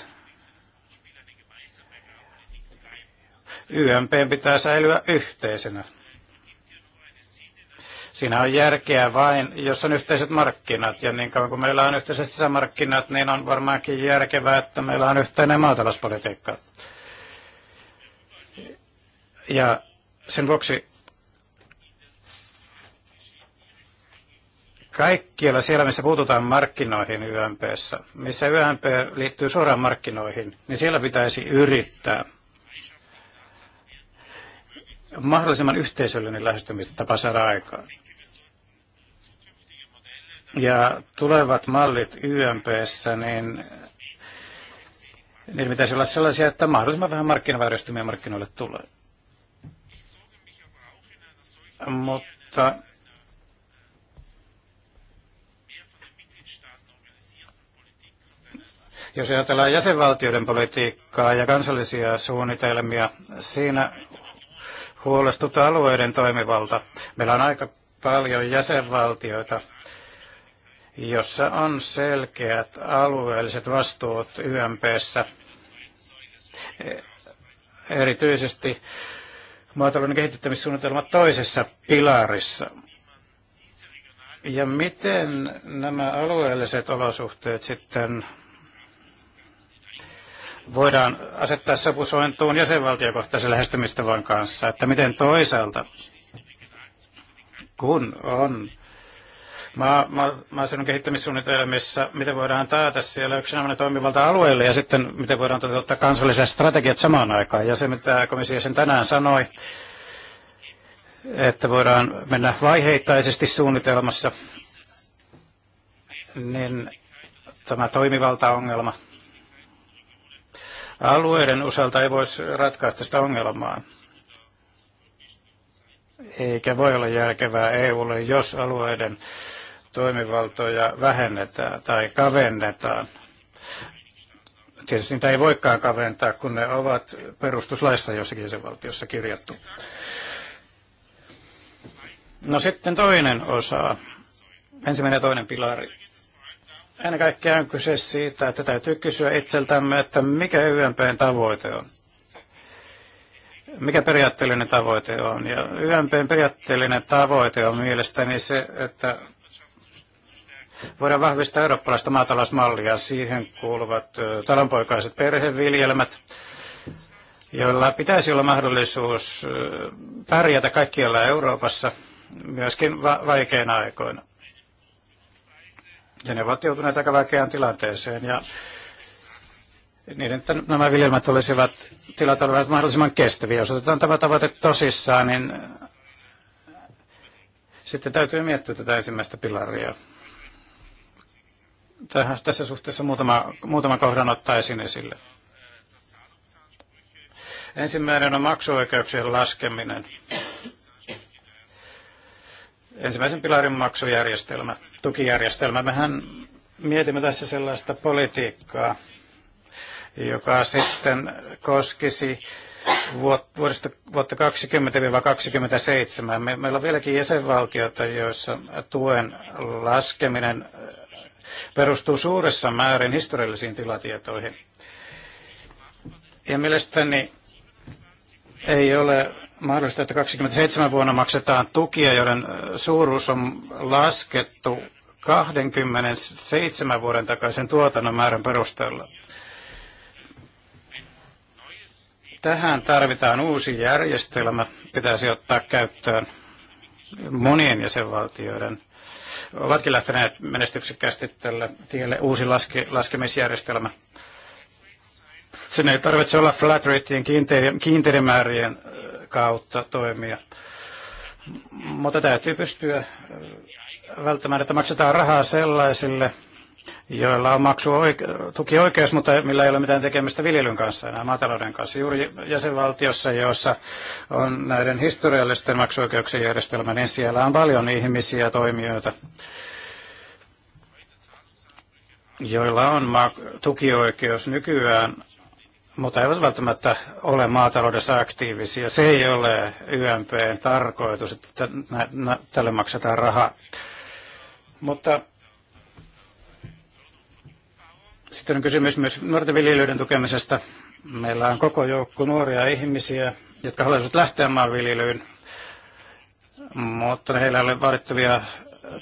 YMP pitää säilyä yhteisenä. Siinä on järkeä vain, jos on yhteiset markkinat, ja niin kauan kuin meillä on yhteiset sisämarkkinat, niin on varmaankin järkevää, että meillä on yhteinen maatalouspolitiikka. Ja sen vuoksi kaikkialla siellä, missä puututaan markkinoihin YMPssä, missä YMP liittyy suoraan markkinoihin, niin siellä pitäisi yrittää mahdollisimman yhteisöllinen lähestymistapa saada aikaan. Ja tulevat mallit YMPssä, niin niin pitäisi olla sellaisia, että mahdollisimman vähän markkinavääristymiä markkinoille tulee. Mutta jos ajatellaan jäsenvaltioiden politiikkaa ja kansallisia suunnitelmia, siinä huolestuttaa alueiden toimivalta. Meillä on aika paljon jäsenvaltioita, jossa on selkeät alueelliset vastuut YMPssä, erityisesti maatalouden kehittämissuunnitelmat toisessa pilarissa. Ja miten nämä alueelliset olosuhteet sitten voidaan asettaa sopusointuun jäsenvaltiokohtaisen lähestymistavan kanssa, että miten toisaalta, kun on maa, maa, maaseudun kehittämissuunnitelmissa, miten voidaan taata siellä yksinomainen toimivalta alueelle ja sitten miten voidaan toteuttaa kansalliset strategiat samaan aikaan. Ja se, mitä komissio sen tänään sanoi, että voidaan mennä vaiheittaisesti suunnitelmassa, niin tämä toimivaltaongelma – Alueiden osalta ei voisi ratkaista sitä ongelmaa. Eikä voi olla järkevää EUlle, jos alueiden toimivaltoja vähennetään tai kavennetaan. Tietysti niitä ei voikaan kaventaa, kun ne ovat perustuslaissa jossakin jäsenvaltiossa kirjattu. No sitten toinen osa, ensimmäinen ja toinen pilari. Ennen kaikkea on kyse siitä, että täytyy kysyä itseltämme, että mikä YMPn tavoite on. Mikä periaatteellinen tavoite on? Ja YMPn periaatteellinen tavoite on mielestäni se, että voidaan vahvistaa eurooppalaista maatalousmallia. Siihen kuuluvat talonpoikaiset perheviljelmät, joilla pitäisi olla mahdollisuus pärjätä kaikkialla Euroopassa, myöskin va- vaikeina aikoina. Ja ne ovat joutuneet aika vaikeaan tilanteeseen. Ja niin, että nämä viljelmät olisivat, tilat olisivat mahdollisimman kestäviä. Jos otetaan tämä tavoite tosissaan, niin sitten täytyy miettiä tätä ensimmäistä pilaria. Tähän, tässä suhteessa muutama, muutama kohdan ottaisin esille. Ensimmäinen on maksuoikeuksien laskeminen. Ensimmäisen pilarin maksujärjestelmä tukijärjestelmä. Mehän mietimme tässä sellaista politiikkaa, joka sitten koskisi vuodesta vuotta 20 2027. Meillä on vieläkin jäsenvaltioita, joissa tuen laskeminen eh, perustuu suuressa määrin historiallisiin tilatietoihin. Ja mielestäni ei ole mahdollista, että 27 vuonna maksetaan tukia, joiden suuruus on laskettu 27 vuoden takaisen tuotannon määrän perusteella. Tähän tarvitaan uusi järjestelmä, pitäisi ottaa käyttöön monien jäsenvaltioiden ovatkin lähteneet menestyksekkäästi tälle tielle uusi laske, laskemisjärjestelmä. Sen ei tarvitse olla flat ratein kiinteiden määrien kautta toimia. Mutta täytyy pystyä välttämään, että maksetaan rahaa sellaisille, joilla on maksu oikeus, mutta millä ei ole mitään tekemistä viljelyn kanssa enää maatalouden kanssa. Juuri jäsenvaltiossa, jossa on näiden historiallisten maksuoikeuksien järjestelmä, niin siellä on paljon ihmisiä ja toimijoita, joilla on tukioikeus nykyään mutta eivät välttämättä ole maataloudessa aktiivisia. Se ei ole YMPn tarkoitus, että tälle maksetaan rahaa. Mutta sitten on kysymys myös nuorten viljelyiden tukemisesta. Meillä on koko joukko nuoria ihmisiä, jotka haluaisivat lähteä maanviljelyyn, mutta heillä ei ole vaadittavia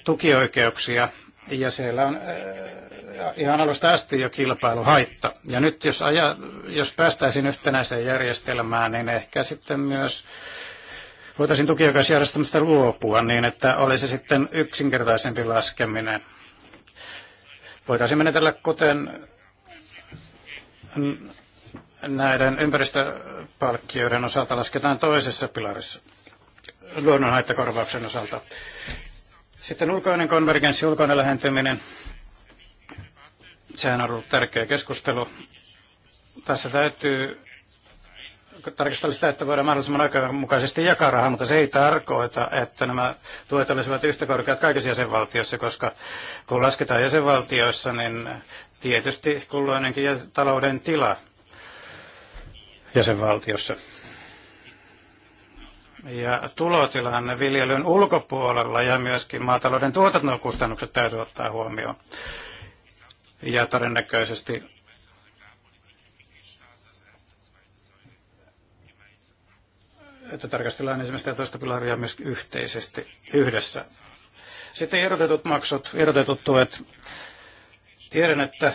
tukioikeuksia ja siellä on ihan alusta asti jo kilpailuhaitta. Ja nyt jos, aja, jos päästäisiin yhtenäiseen järjestelmään, niin ehkä sitten myös voitaisiin tukioikeusjärjestelmästä luopua niin, että olisi sitten yksinkertaisempi laskeminen. Voitaisiin menetellä kuten näiden ympäristöpalkkioiden osalta lasketaan toisessa pilarissa luonnonhaittakorvauksen osalta. Sitten ulkoinen konvergenssi, ulkoinen lähentyminen. Sehän on ollut tärkeä keskustelu. Tässä täytyy tarkistella sitä, että voidaan mahdollisimman oikeudenmukaisesti jakaa rahaa, mutta se ei tarkoita, että nämä tuet olisivat yhtä korkeat kaikissa jäsenvaltioissa, koska kun lasketaan jäsenvaltioissa, niin tietysti kulloinenkin talouden tila jäsenvaltiossa. Ja tulotilanne viljelyn ulkopuolella ja myöskin maatalouden tuotantokustannukset täytyy ottaa huomioon. Ja todennäköisesti että tarkastellaan ensimmäistä ja toista pilaria myös yhteisesti yhdessä. Sitten erotetut maksut, erotetut tuet. Tiedän, että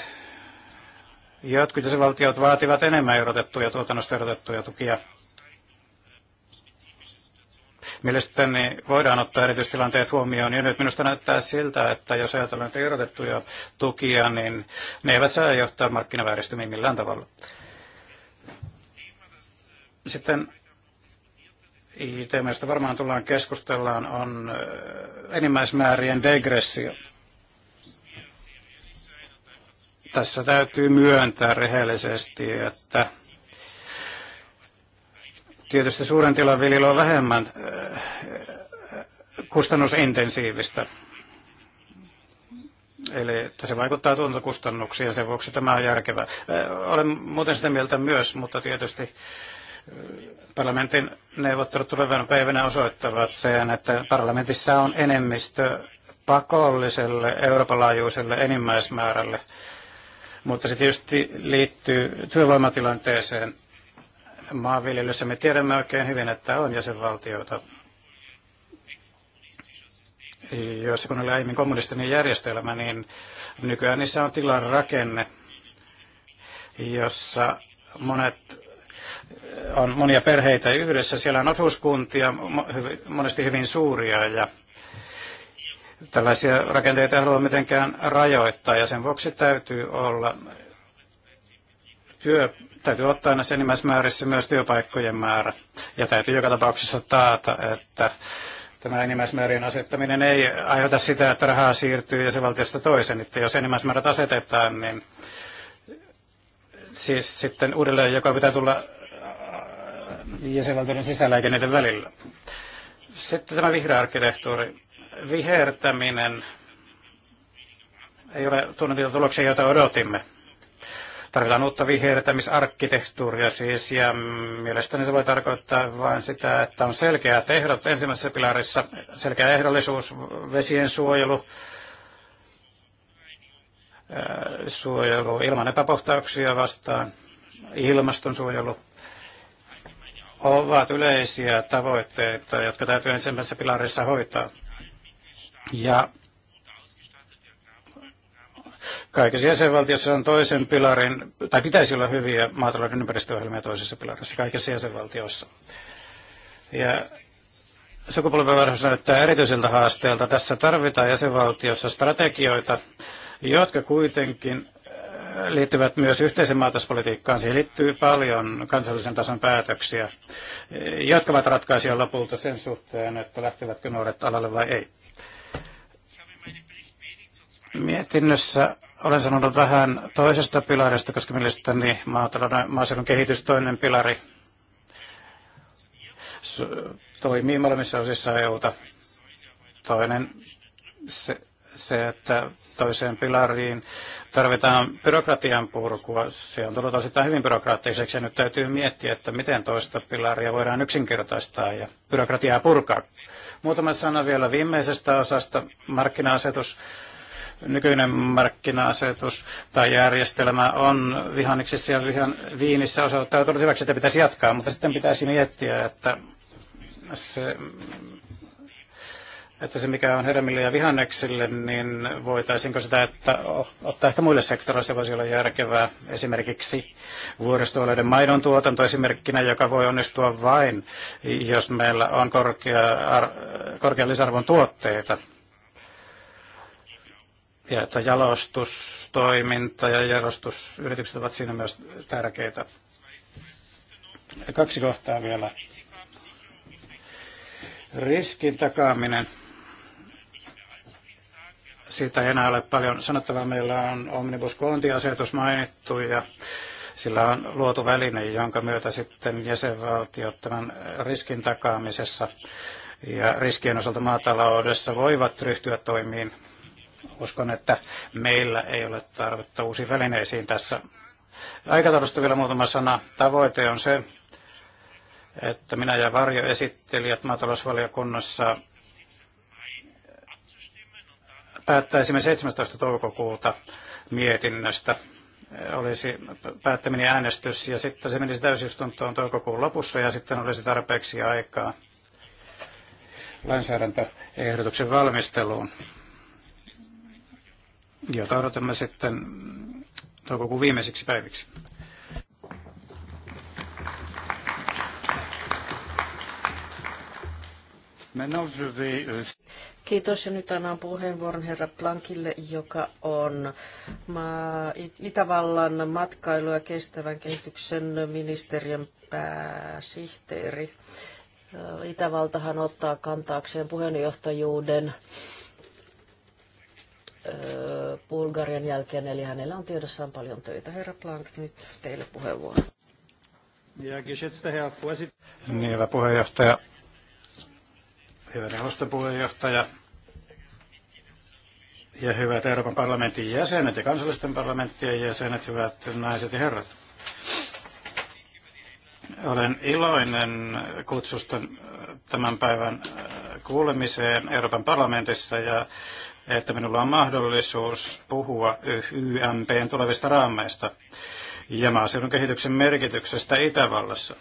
jotkut jäsenvaltiot vaativat enemmän erotettuja tuotannosta erotettuja tukia. Mielestäni voidaan ottaa erityistilanteet huomioon, ja nyt minusta näyttää siltä, että jos ajatellaan näitä irrotettuja tukia, niin ne eivät saa johtaa markkinavääristymiin millään tavalla. Sitten teema, josta varmaan tullaan keskustellaan, on äh, enimmäismäärien degressio. Tässä täytyy myöntää rehellisesti, että Tietysti suuren tilan viljely on vähemmän äh, kustannusintensiivistä. Eli että se vaikuttaa tuotantokustannuksiin ja sen vuoksi tämä on järkevää. Äh, olen muuten sitä mieltä myös, mutta tietysti äh, parlamentin neuvottelut tulevana päivänä osoittavat sen, että parlamentissa on enemmistö pakolliselle Euroopan laajuiselle enimmäismäärälle. Mutta se tietysti liittyy työvoimatilanteeseen maanviljelyssä me tiedämme oikein hyvin, että on jäsenvaltioita, joissa kun oli aiemmin kommunistinen järjestelmä, niin nykyään niissä on tilan rakenne, jossa monet on monia perheitä yhdessä. Siellä on osuuskuntia, monesti hyvin suuria ja tällaisia rakenteita ei halua mitenkään rajoittaa ja sen vuoksi täytyy olla työ, täytyy ottaa näissä enimmäismäärissä myös työpaikkojen määrä. Ja täytyy joka tapauksessa taata, että tämä enimmäismäärien asettaminen ei aiheuta sitä, että rahaa siirtyy ja se valtiosta toisen, Että jos enimmäismäärät asetetaan, niin siis sitten uudelleen, joka pitää tulla äh, jäsenvaltioiden sisällä eikä niiden välillä. Sitten tämä vihreä arkkitehtuuri. Vihertäminen ei ole tunnetita tuloksia, joita odotimme. Tarvitaan uutta vihertämisarkkitehtuuria siis, ja mielestäni se voi tarkoittaa vain sitä, että on selkeä ehdot ensimmäisessä pilarissa, selkeä ehdollisuus, vesien suojelu, suojelu ilman epäpuhtauksia vastaan, ilmastonsuojelu ovat yleisiä tavoitteita, jotka täytyy ensimmäisessä pilarissa hoitaa. Ja Kaikissa jäsenvaltiossa on toisen pilarin, tai pitäisi olla hyviä maatalouden ympäristöohjelmia toisessa pilarissa kaikissa jäsenvaltioissa. Ja sukupolvenvaihdos näyttää erityiseltä haasteelta. Tässä tarvitaan jäsenvaltiossa strategioita, jotka kuitenkin äh, liittyvät myös yhteisen maatalouspolitiikkaan. Siihen liittyy paljon kansallisen tason päätöksiä, äh, jotka ovat ratkaisia lopulta sen suhteen, että lähtevätkö nuoret alalle vai ei. Mietinnössä olen sanonut vähän toisesta pilarista, koska mielestäni maaseudun kehitys toinen pilari toimii molemmissa osissa EUta. Toinen se, se, että toiseen pilariin tarvitaan byrokratian purkua. Se on tullut osittain hyvin byrokraattiseksi ja nyt täytyy miettiä, että miten toista pilaria voidaan yksinkertaistaa ja byrokratiaa purkaa. Muutama sana vielä viimeisestä osasta, markkina-asetus nykyinen markkina-asetus tai järjestelmä on vihanneksissa ja vihan, viinissä osoittautunut hyväksi, että pitäisi jatkaa, mutta sitten pitäisi miettiä, että se, että se mikä on hedelmille ja vihanneksille, niin voitaisiinko sitä, että ottaa ehkä muille sektoreille se voisi olla järkevää. Esimerkiksi vuoristoalueiden maidon tuotanto esimerkkinä, joka voi onnistua vain, jos meillä on korkea, korkean lisäarvon tuotteita ja että jalostustoiminta ja jalostusyritykset ovat siinä myös tärkeitä. Ja kaksi kohtaa vielä. Riskin takaaminen. Siitä ei enää ole paljon sanottavaa. Meillä on omnibus koontiasetus mainittu ja sillä on luotu väline, jonka myötä sitten jäsenvaltiot tämän riskin takaamisessa ja riskien osalta maataloudessa voivat ryhtyä toimiin Uskon, että meillä ei ole tarvetta uusiin välineisiin tässä. Aikataulusta vielä muutama sana. Tavoite on se, että minä ja varjo esittelijät maatalousvaliokunnassa päättäisimme 17. toukokuuta mietinnöstä. Olisi päättäminen äänestys ja sitten se menisi täysistuntoon toukokuun lopussa ja sitten olisi tarpeeksi aikaa lainsäädäntöehdotuksen valmisteluun jota odotamme sitten toukokuun viimeisiksi päiviksi. Euh, Kiitos ja nyt annan puheenvuoron herra Plankille, joka on Itävallan matkailu- ja kestävän kehityksen ministeriön pääsihteeri. Itävaltahan ottaa kantaakseen puheenjohtajuuden Bulgarian jälkeen, eli hänellä on tiedossaan paljon töitä. Herra Plank, nyt teille puheenvuoro. Ja geschätzter Herr Vorsit- niin, hyvä puheenjohtaja. Hyvä neuvoston puheenjohtaja. Ja hyvät Euroopan parlamentin jäsenet ja kansallisten parlamenttien jäsenet, hyvät naiset ja herrat. Olen iloinen kutsusta tämän päivän kuulemiseen Euroopan parlamentissa ja että minulla on mahdollisuus puhua YMPn tulevista raameista ja maaseudun kehityksen merkityksestä Itävallassa.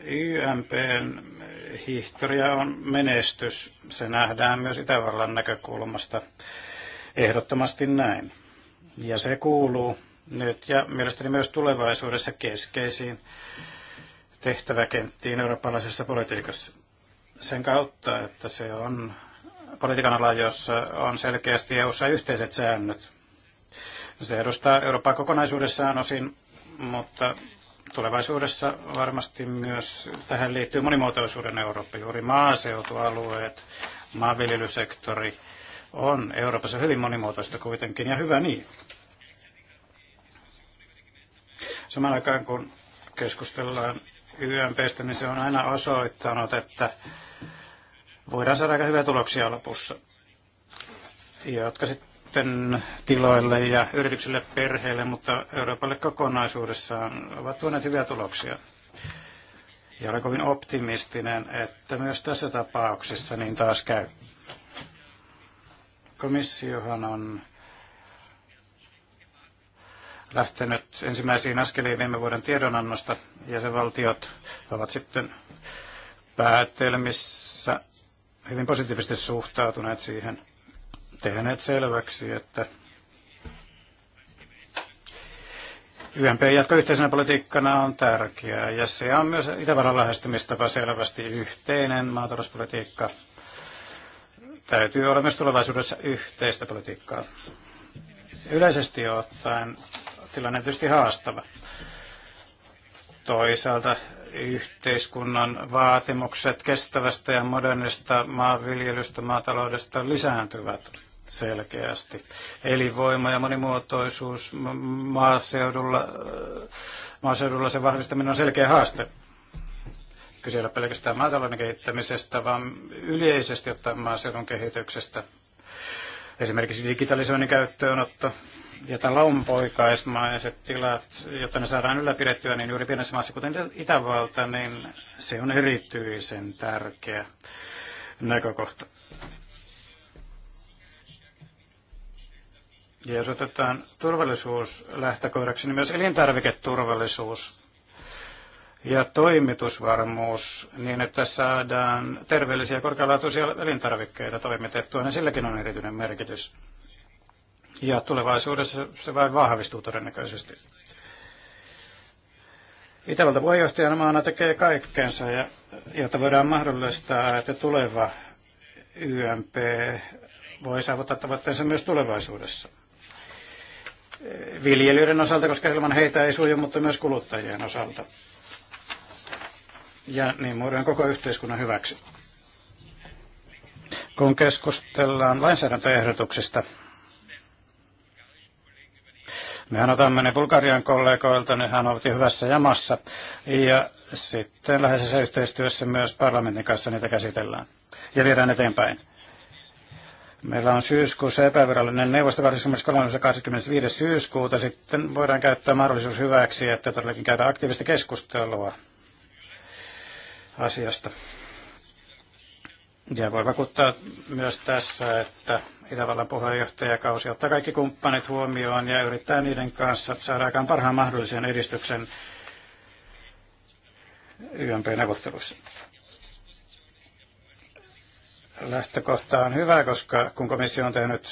YMPn historia on menestys. Se nähdään myös Itävallan näkökulmasta ehdottomasti näin. Ja se kuuluu nyt ja mielestäni myös tulevaisuudessa keskeisiin tehtäväkenttiin eurooppalaisessa politiikassa sen kautta, että se on politiikan ala, jossa on selkeästi EU-ssa yhteiset säännöt. Se edustaa Eurooppaa kokonaisuudessaan osin, mutta tulevaisuudessa varmasti myös tähän liittyy monimuotoisuuden Eurooppa, juuri maaseutualueet, maanviljelysektori on Euroopassa hyvin monimuotoista kuitenkin, ja hyvä niin. Samaan aikaan kun keskustellaan YMPstä, niin se on aina osoittanut, että voidaan saada aika hyviä tuloksia lopussa, jotka sitten tiloille ja yrityksille perheille, mutta Euroopalle kokonaisuudessaan ovat tuoneet hyviä tuloksia. Ja olen kovin optimistinen, että myös tässä tapauksessa niin taas käy. Komissiohan on lähtenyt ensimmäisiin askeliin viime vuoden tiedonannosta. valtiot ovat sitten päätelmissä hyvin positiivisesti suhtautuneet siihen, tehneet selväksi, että YMP jatko yhteisenä politiikkana on tärkeää ja se on myös Itävallan lähestymistapa selvästi yhteinen maatalouspolitiikka. Täytyy olla myös tulevaisuudessa yhteistä politiikkaa. Yleisesti ottaen tilanne on tietysti haastava. Toisaalta yhteiskunnan vaatimukset kestävästä ja modernista maanviljelystä, maataloudesta lisääntyvät selkeästi. Elinvoima ja monimuotoisuus maaseudulla, äh, maaseudulla se vahvistaminen on selkeä haaste. Kyse ei ole pelkästään maatalouden kehittämisestä, vaan yleisesti ottaen maaseudun kehityksestä. Esimerkiksi digitalisoinnin käyttöönotto, jota poikaismaiset tilat, jotta ne saadaan ylläpidettyä, niin juuri pienessä maassa, kuten Itävalta, niin se on erityisen tärkeä näkökohta. Ja jos otetaan turvallisuus lähtökohdaksi, niin myös elintarviketurvallisuus ja toimitusvarmuus niin, että saadaan terveellisiä ja korkealaatuisia elintarvikkeita toimitettua, niin silläkin on erityinen merkitys. Ja tulevaisuudessa se vain vahvistuu todennäköisesti. Itävalta puheenjohtajana maana tekee kaikkeensa, ja, jotta voidaan mahdollistaa, että tuleva YMP voi saavuttaa tavoitteensa myös tulevaisuudessa. Viljelijöiden osalta, koska ilman heitä ei suju, mutta myös kuluttajien osalta. Ja niin muodon koko yhteiskunnan hyväksi. Kun keskustellaan lainsäädäntöehdotuksista, Mehän otamme ne Bulgarian kollegoilta, Hän ovat hyvässä jamassa. Ja sitten läheisessä yhteistyössä myös parlamentin kanssa niitä käsitellään ja viedään eteenpäin. Meillä on syyskuussa epävirallinen neuvosto 23. ja 25. syyskuuta. Sitten voidaan käyttää mahdollisuus hyväksi, että todellakin käydään aktiivista keskustelua asiasta. Ja voi vakuuttaa myös tässä, että Itävallan puheenjohtajakausi ottaa kaikki kumppanit huomioon ja yrittää niiden kanssa saada aikaan parhaan mahdollisen edistyksen YMP-neuvotteluissa. Lähtökohta on hyvä, koska kun komissio on tehnyt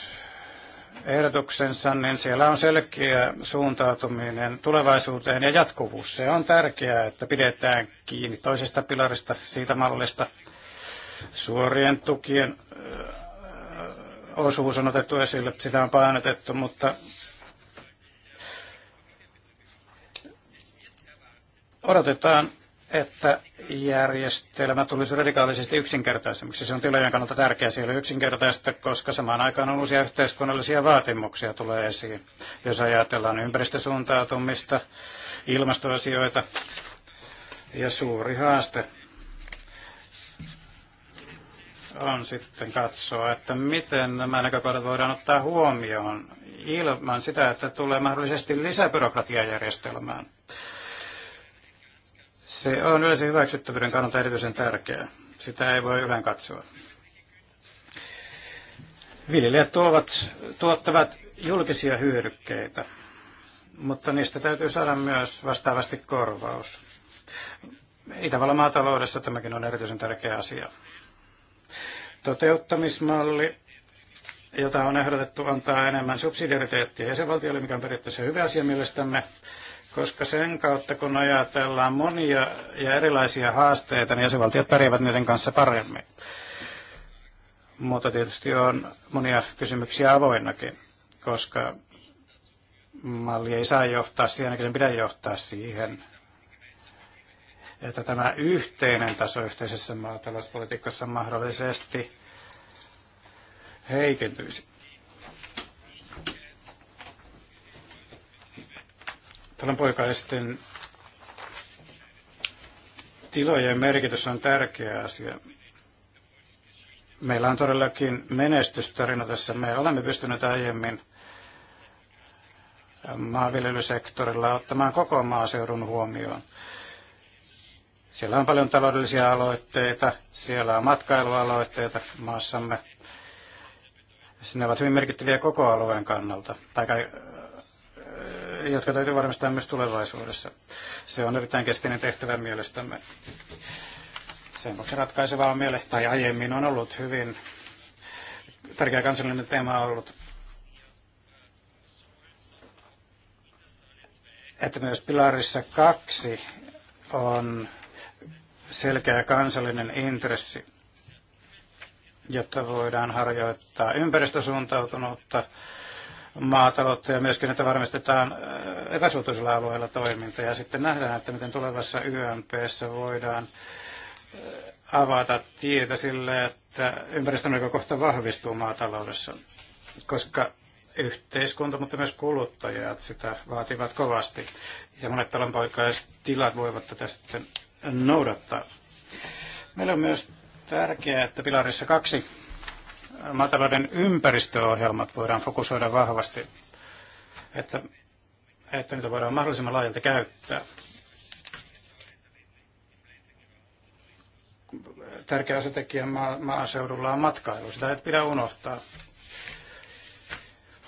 ehdotuksensa, niin siellä on selkeä suuntautuminen tulevaisuuteen ja jatkuvuus. Se on tärkeää, että pidetään kiinni toisesta pilarista, siitä mallista, suorien tukien osuus on otettu esille, sitä on painotettu, mutta odotetaan, että järjestelmä tulisi radikaalisesti yksinkertaisemmaksi. Se on tilojen kannalta tärkeää. siellä yksinkertaista, koska samaan aikaan on uusia yhteiskunnallisia vaatimuksia tulee esiin. Jos ajatellaan ympäristösuuntautumista, ilmastoasioita ja suuri haaste on sitten katsoa, että miten nämä näkökohdat voidaan ottaa huomioon ilman sitä, että tulee mahdollisesti lisäbyrokratiaa järjestelmään. Se on yleisen hyväksyttävyyden kannalta erityisen tärkeää. Sitä ei voi yleen katsoa. Viljelijät tuovat, tuottavat julkisia hyödykkeitä, mutta niistä täytyy saada myös vastaavasti korvaus. Itävallan maataloudessa tämäkin on erityisen tärkeä asia toteuttamismalli, jota on ehdotettu antaa enemmän subsidiariteettia jäsenvaltioille, mikä on periaatteessa hyvä asia mielestämme, koska sen kautta kun ajatellaan monia ja erilaisia haasteita, niin jäsenvaltiot pärjäävät niiden kanssa paremmin. Mutta tietysti on monia kysymyksiä avoinnakin, koska malli ei saa johtaa siihen, eikä sen pidä johtaa siihen, että tämä yhteinen taso yhteisessä maatalouspolitiikassa mahdollisesti heikentyisi. Talon poikaisten tilojen merkitys on tärkeä asia. Meillä on todellakin menestystarina tässä. Me olemme pystyneet aiemmin maanviljelysektorilla ottamaan koko maaseudun huomioon. Siellä on paljon taloudellisia aloitteita, siellä on matkailualoitteita maassamme. Ne ovat hyvin merkittäviä koko alueen kannalta, tai jotka täytyy varmistaa myös tulevaisuudessa. Se on erittäin keskeinen tehtävä mielestämme. Sen vuoksi ratkaisevaa on miele, tai aiemmin on ollut hyvin tärkeä kansallinen teema ollut, että myös pilarissa kaksi on selkeä kansallinen intressi, jotta voidaan harjoittaa ympäristösuuntautunutta maataloutta ja myöskin, että varmistetaan kasvotuisilla äh, alueilla toiminta. Ja sitten nähdään, että miten tulevassa ymp voidaan äh, avata tietä sille, että ympäristön kohta vahvistuu maataloudessa, koska yhteiskunta, mutta myös kuluttajat sitä vaativat kovasti. Ja monet talonpoikaiset tilat voivat tätä sitten noudattaa. Meillä on myös tärkeää, että pilarissa kaksi maatalouden ympäristöohjelmat voidaan fokusoida vahvasti, että, että niitä voidaan mahdollisimman laajalti käyttää. Tärkeä osatekijä maa, maaseudulla on matkailu. Sitä ei pidä unohtaa.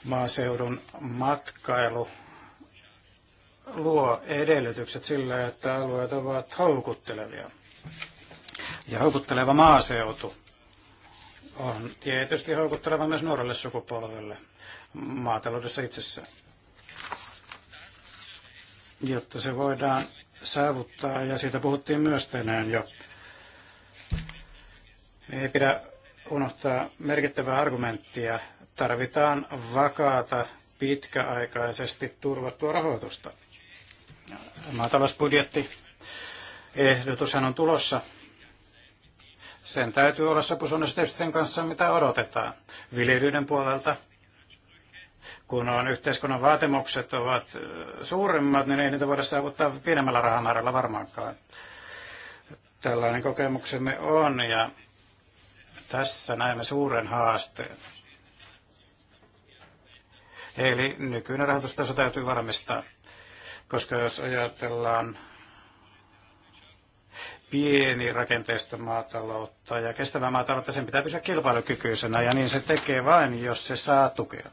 Maaseudun matkailu luo edellytykset sille, että alueet ovat houkuttelevia. Ja houkutteleva maaseutu on tietysti houkutteleva myös nuorelle sukupolvelle maataloudessa itsessään. Jotta se voidaan saavuttaa, ja siitä puhuttiin myös tänään jo, niin ei pidä unohtaa merkittävää argumenttia. Tarvitaan vakaata, pitkäaikaisesti turvattua rahoitusta maatalousbudjetti. Ehdotushan on tulossa. Sen täytyy olla sopusuunnistusten kanssa, mitä odotetaan viljelyiden puolelta. Kun on yhteiskunnan vaatimukset ovat suuremmat, niin ei niitä voida saavuttaa pienemmällä rahamäärällä varmaankaan. Tällainen kokemuksemme on ja tässä näemme suuren haasteen. Eli nykyinen rahoitustaso täytyy varmistaa koska jos ajatellaan pieni rakenteista maataloutta ja kestävää maataloutta, sen pitää pysyä kilpailukykyisenä ja niin se tekee vain, jos se saa tukea.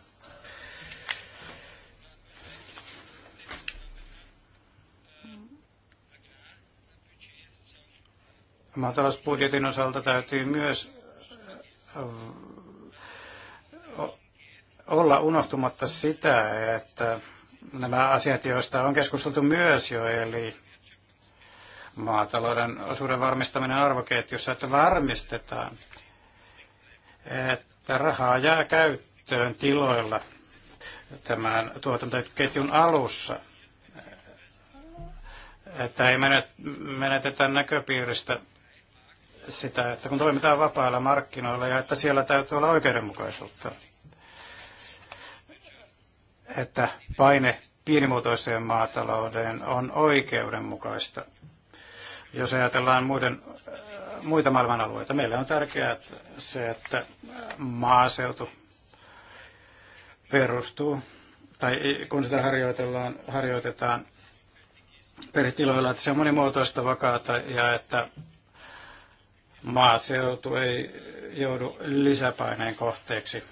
Maatalousbudjetin osalta täytyy myös olla unohtumatta sitä, että nämä asiat, joista on keskusteltu myös jo, eli maatalouden osuuden varmistaminen arvoketjussa, että varmistetaan, että rahaa jää käyttöön tiloilla tämän tuotantoketjun alussa, että ei menetetä näköpiiristä sitä, että kun toimitaan vapailla markkinoilla ja että siellä täytyy olla oikeudenmukaisuutta että paine pienimuotoiseen maatalouteen on oikeudenmukaista. Jos ajatellaan muiden, äh, muita maailman alueita, meille on tärkeää se, että maaseutu perustuu, tai kun sitä harjoitellaan, harjoitetaan perhetiloilla, että se on monimuotoista, vakaata ja että maaseutu ei joudu lisäpaineen kohteeksi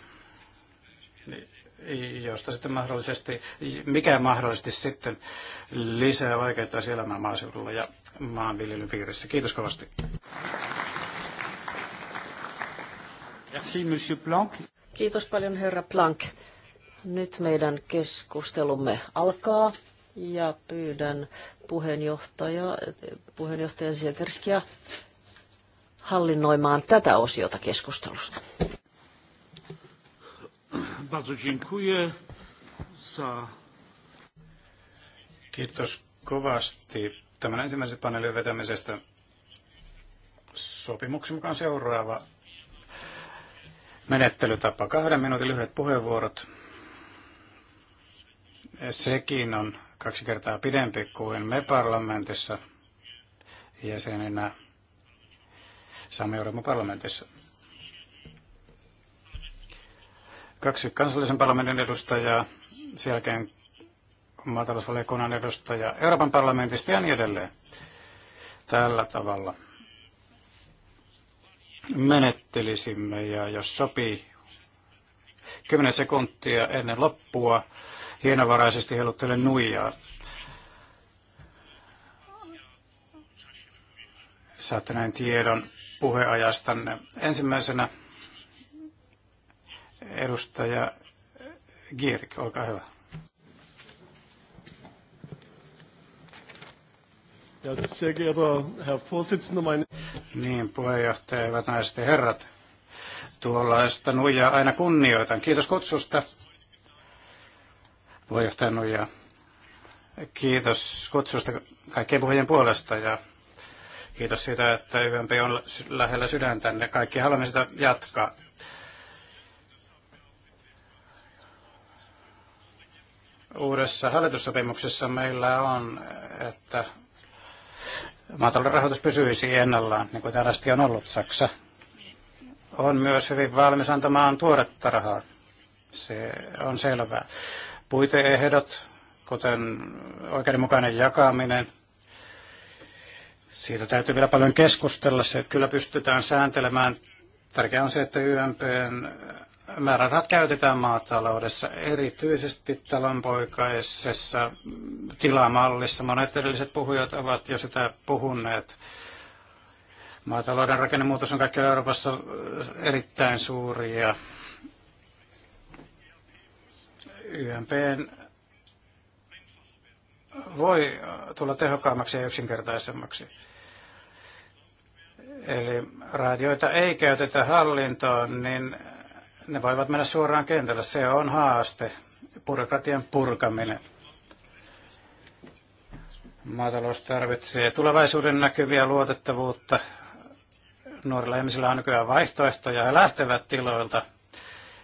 josta sitten mahdollisesti, mikä mahdollisesti sitten lisää vaikeuttaisi elämää maaseudulla ja maanviljelyn piirissä. Kiitos kovasti. Merci, Monsieur Planck. Kiitos paljon, herra Planck. Nyt meidän keskustelumme alkaa ja pyydän puheenjohtaja, puheenjohtaja Siekerskiä hallinnoimaan tätä osiota keskustelusta. Bardzo dziękuję za... Kiitos kovasti tämän ensimmäisen paneelin vetämisestä. Sopimuksen mukaan seuraava menettelytapa. Kahden minuutin lyhyet puheenvuorot. Sekin on kaksi kertaa pidempi kuin me parlamentissa jäsenenä Saamme Euroopan parlamentissa. kaksi kansallisen parlamentin edustajaa, sen jälkeen maatalousvaliokunnan edustaja Euroopan parlamentista ja niin edelleen. Tällä tavalla menettelisimme ja jos sopii 10 sekuntia ennen loppua hienovaraisesti heiluttelen nuijaa. Saatte näin tiedon puheajastanne. Ensimmäisenä Edustaja Gierik, olkaa hyvä. Ja sehr Niin, puheenjohtaja, hyvät naiset ja herrat. Tuollaista nuijaa aina kunnioitan. Kiitos kutsusta. Puheenjohtaja Nuija, kiitos kutsusta kaikkien puheen puolesta ja kiitos siitä, että YMP on lähellä sydäntänne. Kaikki haluamme sitä jatkaa. Uudessa hallitussopimuksessa meillä on, että maatalouden rahoitus pysyisi ennallaan, niin kuin tällaista on ollut Saksa. On myös hyvin valmis antamaan tuoretta rahaa. Se on selvää. Puiteehdot, kuten oikeudenmukainen jakaminen, siitä täytyy vielä paljon keskustella. Se kyllä pystytään sääntelemään. Tärkeää on se, että YMPn määrärahat käytetään maataloudessa, erityisesti talonpoikaisessa tilamallissa. Monet edelliset puhujat ovat jo sitä puhuneet. Maatalouden rakennemuutos on kaikkialla Euroopassa erittäin suuri ja YMPn voi tulla tehokkaammaksi ja yksinkertaisemmaksi. Eli radioita ei käytetä hallintoon, niin ne voivat mennä suoraan kentälle. Se on haaste, byrokratian purkaminen. Maatalous tarvitsee tulevaisuuden näkyviä luotettavuutta. Nuorilla ihmisillä on nykyään vaihtoehtoja. He lähtevät tiloilta,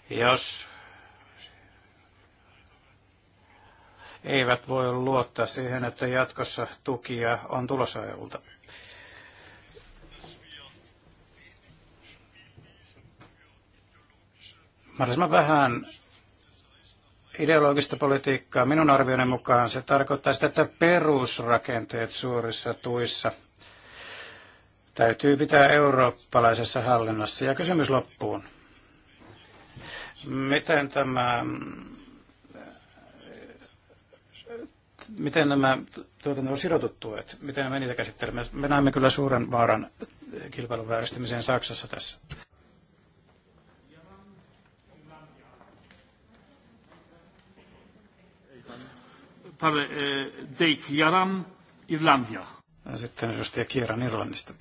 jos eivät voi luottaa siihen, että jatkossa tukia on tulossa e mahdollisimman vähän ideologista politiikkaa. Minun arvioni mukaan se tarkoittaa sitä, että perusrakenteet suurissa tuissa täytyy pitää eurooppalaisessa hallinnassa. Ja kysymys loppuun. Miten tämä miten nämä tuotannon sidotut tuet, miten me niitä käsittelemme? Me näemme kyllä suuren vaaran kilpailun vääristymiseen Saksassa tässä. Dave Jaran, Irlantia. Sitten edustaja Kieran Irlannista.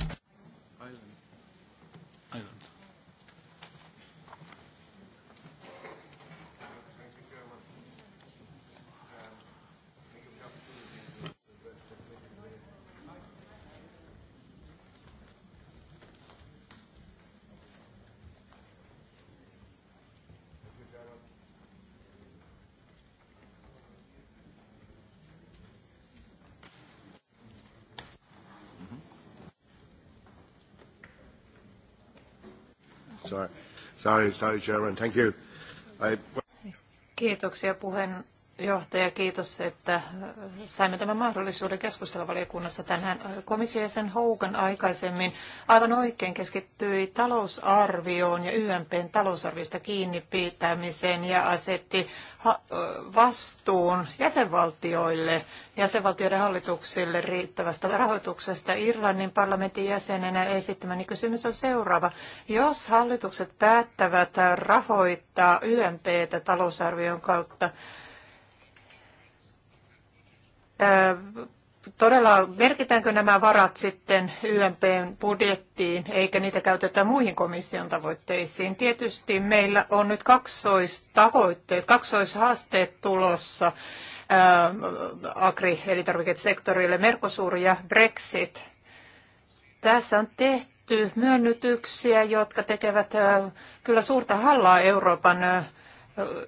Sorry, sorry, sorry Chairman. Thank you. I... Kiitoksia puheen johtaja, kiitos, että saimme tämän mahdollisuuden keskustella valiokunnassa tänään. Komissiosen Hogan aikaisemmin aivan oikein keskittyi talousarvioon ja YMPn talousarviosta kiinni pitämiseen ja asetti vastuun jäsenvaltioille, jäsenvaltioiden hallituksille riittävästä rahoituksesta. Irlannin parlamentin jäsenenä esittämäni kysymys on seuraava. Jos hallitukset päättävät rahoittaa YMPtä talousarvion kautta, todella merkitäänkö nämä varat sitten YMPn budjettiin, eikä niitä käytetä muihin komission tavoitteisiin. Tietysti meillä on nyt kaksoistavoitteet, kaksoishaasteet tulossa ää, agri- elintarvikesektorille, Mercosur ja Brexit. Tässä on tehty myönnytyksiä, jotka tekevät ää, kyllä suurta hallaa Euroopan ää,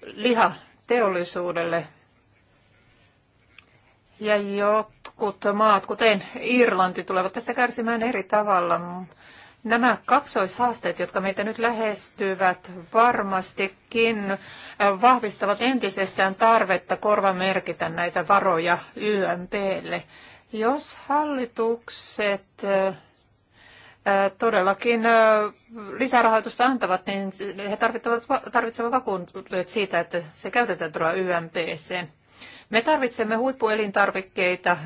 lihateollisuudelle ja jotkut maat, kuten Irlanti, tulevat tästä kärsimään eri tavalla. Nämä kaksoishaasteet, jotka meitä nyt lähestyvät, varmastikin vahvistavat entisestään tarvetta korvamerkitä näitä varoja YMPlle. Jos hallitukset todellakin lisärahoitusta antavat, niin he tarvitsevat, tarvitsevat siitä, että se käytetään tuolla YMPseen. Me tarvitsemme huippuelintarvikkeita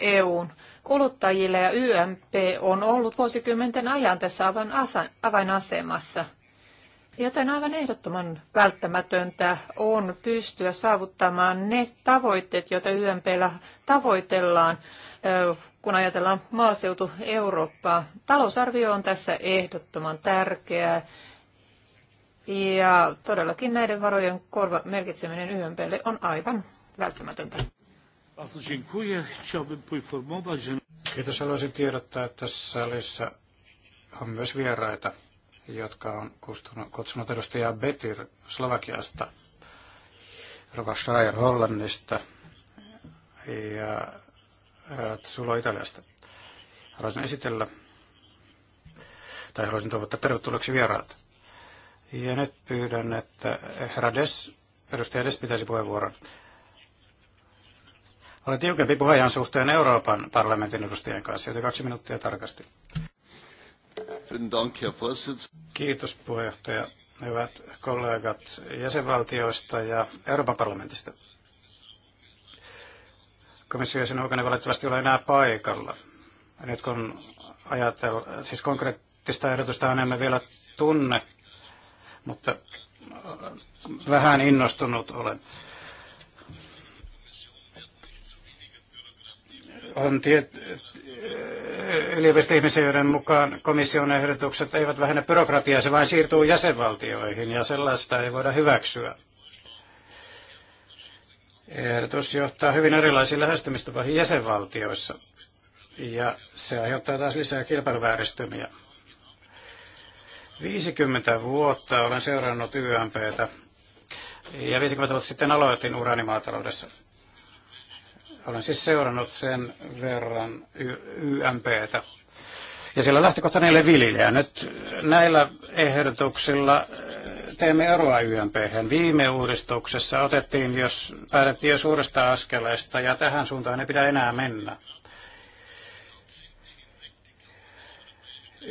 EUn kuluttajille ja YMP on ollut vuosikymmenten ajan tässä avainasemassa. Joten aivan ehdottoman välttämätöntä on pystyä saavuttamaan ne tavoitteet, joita YMPllä tavoitellaan, kun ajatellaan maaseutu Eurooppaa. Talousarvio on tässä ehdottoman tärkeää. Ja todellakin näiden varojen korva merkitseminen YMPlle on aivan välttämätöntä. Kiitos. Haluaisin tiedottaa, että tässä salissa on myös vieraita, jotka on kutsunut edustajaa Betir Slovakiasta, Rova Schreier Hollannista ja Sulo äh, Italiasta. Haluaisin esitellä, tai haluaisin toivottaa tervetulleeksi vieraat. Ja nyt pyydän, että herra Des, edustaja Des pitäisi puheenvuoron. Olen tiukempi puheenjohtajan suhteen Euroopan parlamentin edustajien kanssa, joten kaksi minuuttia tarkasti. Kiitos puheenjohtaja. Hyvät kollegat jäsenvaltioista ja Euroopan parlamentista. Komission jäsen ei valitettavasti ole enää paikalla. Nyt kun ajatellaan, siis konkreettista ehdotusta emme vielä tunne, mutta vähän innostunut olen on tiet, yliopistoihmisiä, joiden mukaan komission ehdotukset eivät vähennä byrokratiaa, se vain siirtyy jäsenvaltioihin ja sellaista ei voida hyväksyä. Ehdotus johtaa hyvin erilaisiin lähestymistapoihin jäsenvaltioissa ja se aiheuttaa taas lisää kilpailuvääristymiä. 50 vuotta olen seurannut YMPtä ja 50 vuotta sitten aloitin uraanimaataloudessa. Olen siis seurannut sen verran YMPtä. Ja siellä lähtökohta neille viljelijä. Nyt näillä ehdotuksilla eh, teemme eroa YMP. Viime uudistuksessa otettiin, jos päätettiin jo suuresta askeleesta, ja tähän suuntaan ei pidä enää mennä.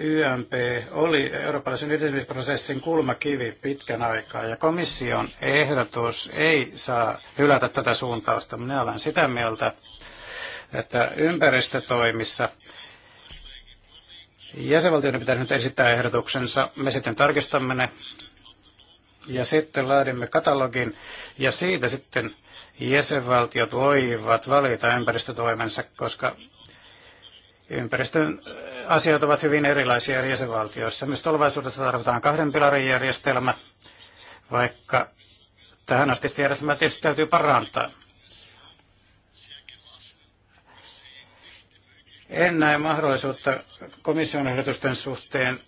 YMP oli eurooppalaisen yhdistymisprosessin kulmakivi pitkän aikaa ja komission ehdotus ei saa hylätä tätä suuntausta. Minä olen sitä mieltä, että ympäristötoimissa jäsenvaltioiden pitäisi nyt esittää ehdotuksensa. Me sitten tarkistamme ne ja sitten laadimme katalogin ja siitä sitten jäsenvaltiot voivat valita ympäristötoimensa, koska ympäristön asiat ovat hyvin erilaisia eri jäsenvaltioissa. Myös tulevaisuudessa tarvitaan kahden pilarin järjestelmä, vaikka tähän asti järjestelmää tietysti täytyy parantaa. En näe mahdollisuutta komission ehdotusten suhteen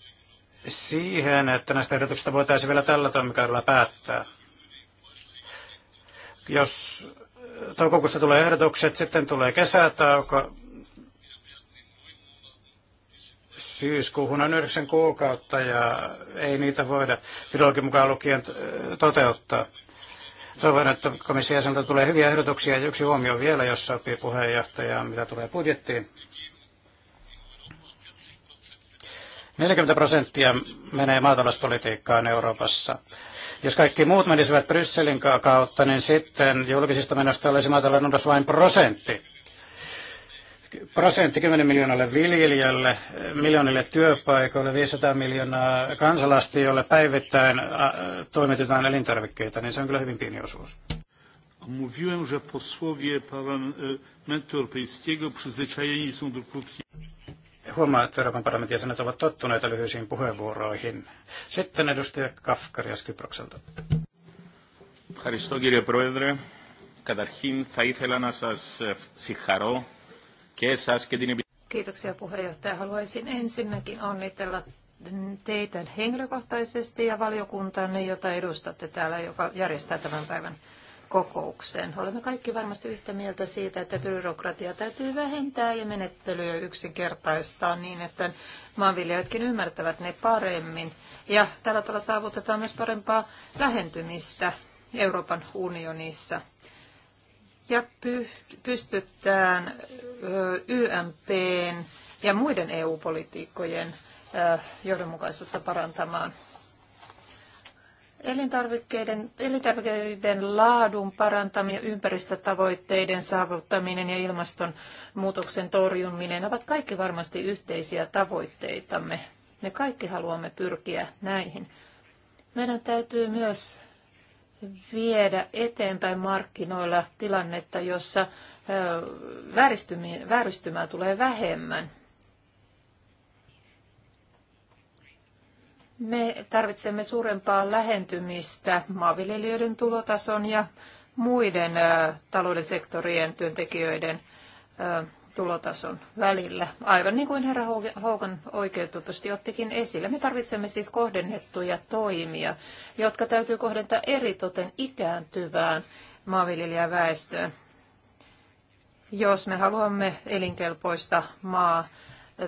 siihen, että näistä ehdotuksista voitaisiin vielä tällä toimikaudella päättää. Jos toukokuussa tulee ehdotukset, sitten tulee kesätauko, syyskuuhun on yhdeksän kuukautta ja ei niitä voida trilogin mukaan lukien äh, toteuttaa. Toivon, että komission jäseneltä tulee hyviä ehdotuksia ja yksi huomio vielä, jos sopii puheenjohtajaan, mitä tulee budjettiin. 40 prosenttia menee maatalouspolitiikkaan Euroopassa. Jos kaikki muut menisivät Brysselin kautta, niin sitten julkisista menosta olisi maatalouden vain prosentti prosentti 10 miljoonalle viljelijälle, miljoonille työpaikoille, 500 miljoonaa kansalaista, joille päivittäin toimitetaan elintarvikkeita, niin se on kyllä hyvin pieni osuus. Mówiłem, że posłowie Parlamentu Europejskiego przyzwyczajeni są do krótkich... Huomaa, että Euroopan parlamentin jäsenet ovat tottuneita lyhyisiin puheenvuoroihin. Sitten edustaja Kafkarias Kyprokselta. Ευχαριστώ kirja Πρόεδρε. Καταρχήν θα ήθελα να σας συγχαρώ Kiitoksia puheenjohtaja. Haluaisin ensinnäkin onnitella teitä henkilökohtaisesti ja valiokuntanne, jota edustatte täällä, joka järjestää tämän päivän kokoukseen. Olemme kaikki varmasti yhtä mieltä siitä, että byrokratia täytyy vähentää ja menettelyjä yksinkertaistaa niin, että maanviljelijätkin ymmärtävät ne paremmin. Ja tällä tavalla saavutetaan myös parempaa lähentymistä Euroopan unionissa ja py, pystytään YMPn ja muiden EU-politiikkojen johdonmukaisuutta parantamaan. Elintarvikkeiden, elintarvikkeiden laadun parantaminen, ympäristötavoitteiden saavuttaminen ja ilmastonmuutoksen torjuminen ovat kaikki varmasti yhteisiä tavoitteitamme. Me kaikki haluamme pyrkiä näihin. Meidän täytyy myös viedä eteenpäin markkinoilla tilannetta, jossa vääristymää tulee vähemmän. Me tarvitsemme suurempaa lähentymistä maanviljelijöiden tulotason ja muiden talouden sektorien työntekijöiden tulotason välillä, aivan niin kuin herra Houkan oikeutetusti ottikin esille. Me tarvitsemme siis kohdennettuja toimia, jotka täytyy kohdentaa eritoten ikääntyvään maanviljelijäväestöön. Jos me haluamme elinkelpoista maa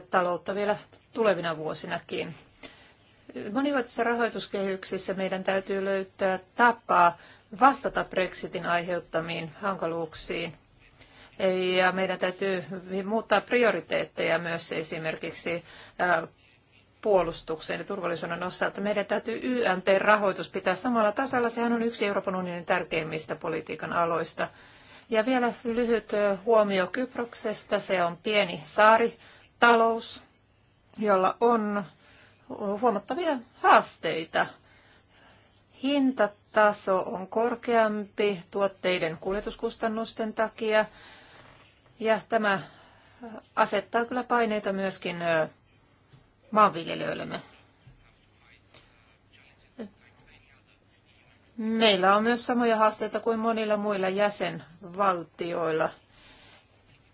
taloutta vielä tulevina vuosinakin. Monivuotisissa rahoituskehyksissä meidän täytyy löytää tapaa vastata Brexitin aiheuttamiin hankaluuksiin ja meidän täytyy muuttaa prioriteetteja myös esimerkiksi puolustuksen ja turvallisuuden osalta. Meidän täytyy YMP-rahoitus pitää samalla tasalla. Sehän on yksi Euroopan unionin tärkeimmistä politiikan aloista. Ja vielä lyhyt huomio Kyproksesta. Se on pieni saari, talous, jolla on huomattavia haasteita. Hintataso on korkeampi tuotteiden kuljetuskustannusten takia ja tämä äh, asettaa kyllä paineita myöskin äh, maanviljelijöillemme. Meillä on myös samoja haasteita kuin monilla muilla jäsenvaltioilla.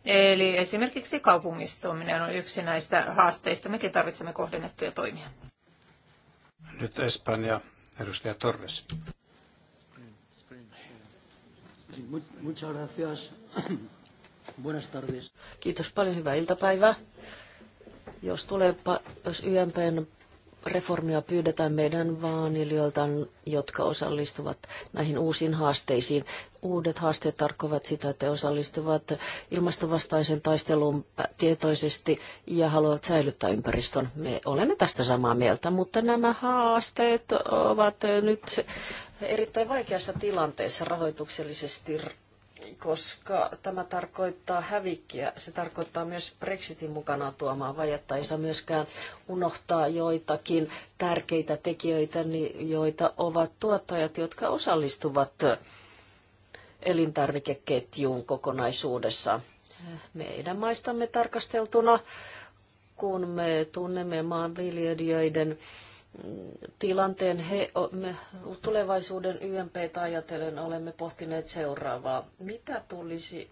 Eli esimerkiksi kaupungistuminen on yksi näistä haasteista. Mekin tarvitsemme kohdennettuja toimia. Nyt Espanja, edustaja Torres. Muchas gracias. Buenas tardes. Kiitos paljon, hyvää iltapäivää. Jos tulee, jos YMPn reformia pyydetään meidän vaanilijoilta, jotka osallistuvat näihin uusiin haasteisiin. Uudet haasteet tarkoivat sitä, että osallistuvat ilmastovastaisen taisteluun tietoisesti ja haluavat säilyttää ympäristön. Me olemme tästä samaa mieltä, mutta nämä haasteet ovat nyt erittäin vaikeassa tilanteessa rahoituksellisesti koska tämä tarkoittaa hävikkiä. Se tarkoittaa myös Brexitin mukana tuomaa vajetta. Ei saa myöskään unohtaa joitakin tärkeitä tekijöitä, joita ovat tuottajat, jotka osallistuvat elintarvikeketjuun kokonaisuudessaan. Meidän maistamme tarkasteltuna, kun me tunnemme maanviljelijöiden tilanteen. He, me, tulevaisuuden YMPtä ajatellen olemme pohtineet seuraavaa. Mitä tulisi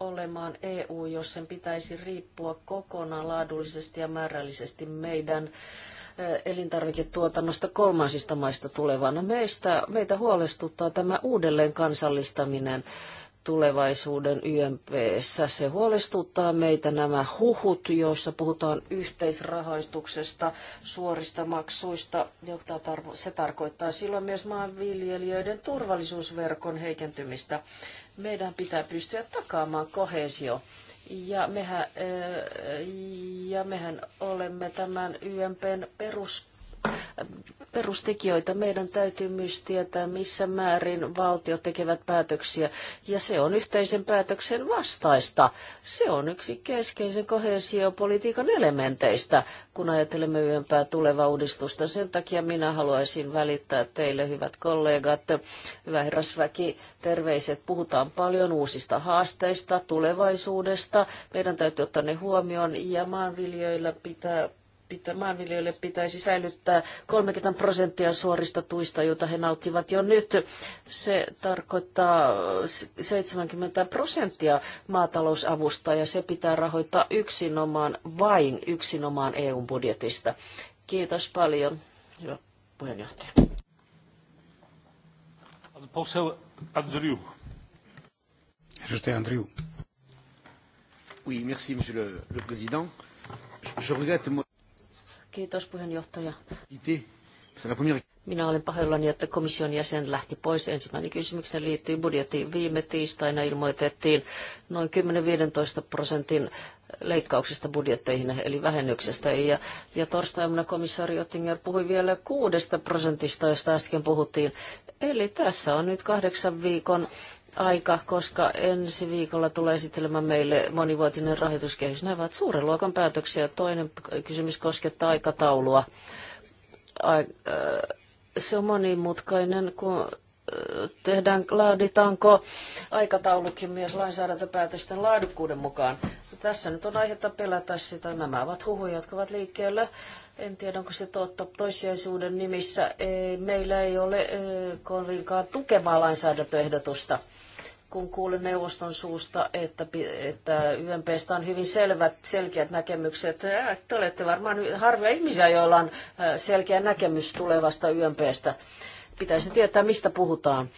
olemaan EU, jos sen pitäisi riippua kokonaan laadullisesti ja määrällisesti meidän elintarviketuotannosta kolmansista maista tulevana. Meistä, meitä huolestuttaa tämä uudelleen kansallistaminen tulevaisuuden YMPssä. Se huolestuttaa meitä nämä huhut, joissa puhutaan yhteisrahoituksesta, suorista maksuista, jota se tarkoittaa silloin myös maanviljelijöiden turvallisuusverkon heikentymistä. Meidän pitää pystyä takaamaan kohesio. Ja mehän, ja mehän olemme tämän YMPn perus perustekijöitä. Meidän täytyy myös tietää, missä määrin valtiot tekevät päätöksiä, ja se on yhteisen päätöksen vastaista. Se on yksi keskeisen kohesiopolitiikan elementeistä, kun ajattelemme yömpää tulevaa uudistusta. Sen takia minä haluaisin välittää teille, hyvät kollegat, hyvä herrasväki, terveiset. Puhutaan paljon uusista haasteista, tulevaisuudesta. Meidän täytyy ottaa ne huomioon, ja maanviljoilla pitää pitä, maanviljelijöille pitäisi säilyttää 30 prosenttia suorista tuista, joita he nauttivat jo nyt. Se tarkoittaa 70 prosenttia maatalousavusta ja se pitää rahoittaa yksinomaan vain yksinomaan EU-budjetista. Kiitos paljon, hyvä puheenjohtaja. Edustaja Andrew. Oui, merci, monsieur le, le président. Je regrette, moi... Kiitos puheenjohtaja. Minä olen pahoillani, että komission jäsen lähti pois. Ensimmäinen kysymykseni liittyy budjettiin. Viime tiistaina ilmoitettiin noin 10-15 prosentin leikkauksista budjetteihin, eli vähennyksestä. Ja, ja torstaina komissaari Ottinger puhui vielä kuudesta prosentista, josta äsken puhuttiin. Eli tässä on nyt kahdeksan viikon aika, koska ensi viikolla tulee esittelemään meille monivuotinen rahoituskehys. Nämä ovat suuren luokan päätöksiä. Toinen kysymys koskettaa aikataulua. Äh, se on monimutkainen, kun äh, tehdään, laaditaanko aikataulukin myös lainsäädäntöpäätösten laadukkuuden mukaan. Tässä nyt on aihetta pelätä sitä. Nämä ovat huhuja, jotka ovat liikkeellä. En tiedä, onko se totta toissijaisuuden nimissä. Ei, meillä ei ole äh, kovinkaan tukevaa lainsäädäntöehdotusta kun kuulen neuvoston suusta, että, että YMPstä on hyvin selvät, selkeät näkemykset. Te olette varmaan harvoja ihmisiä, joilla on selkeä näkemys tulevasta YMPstä. Pitäisi tietää, mistä puhutaan.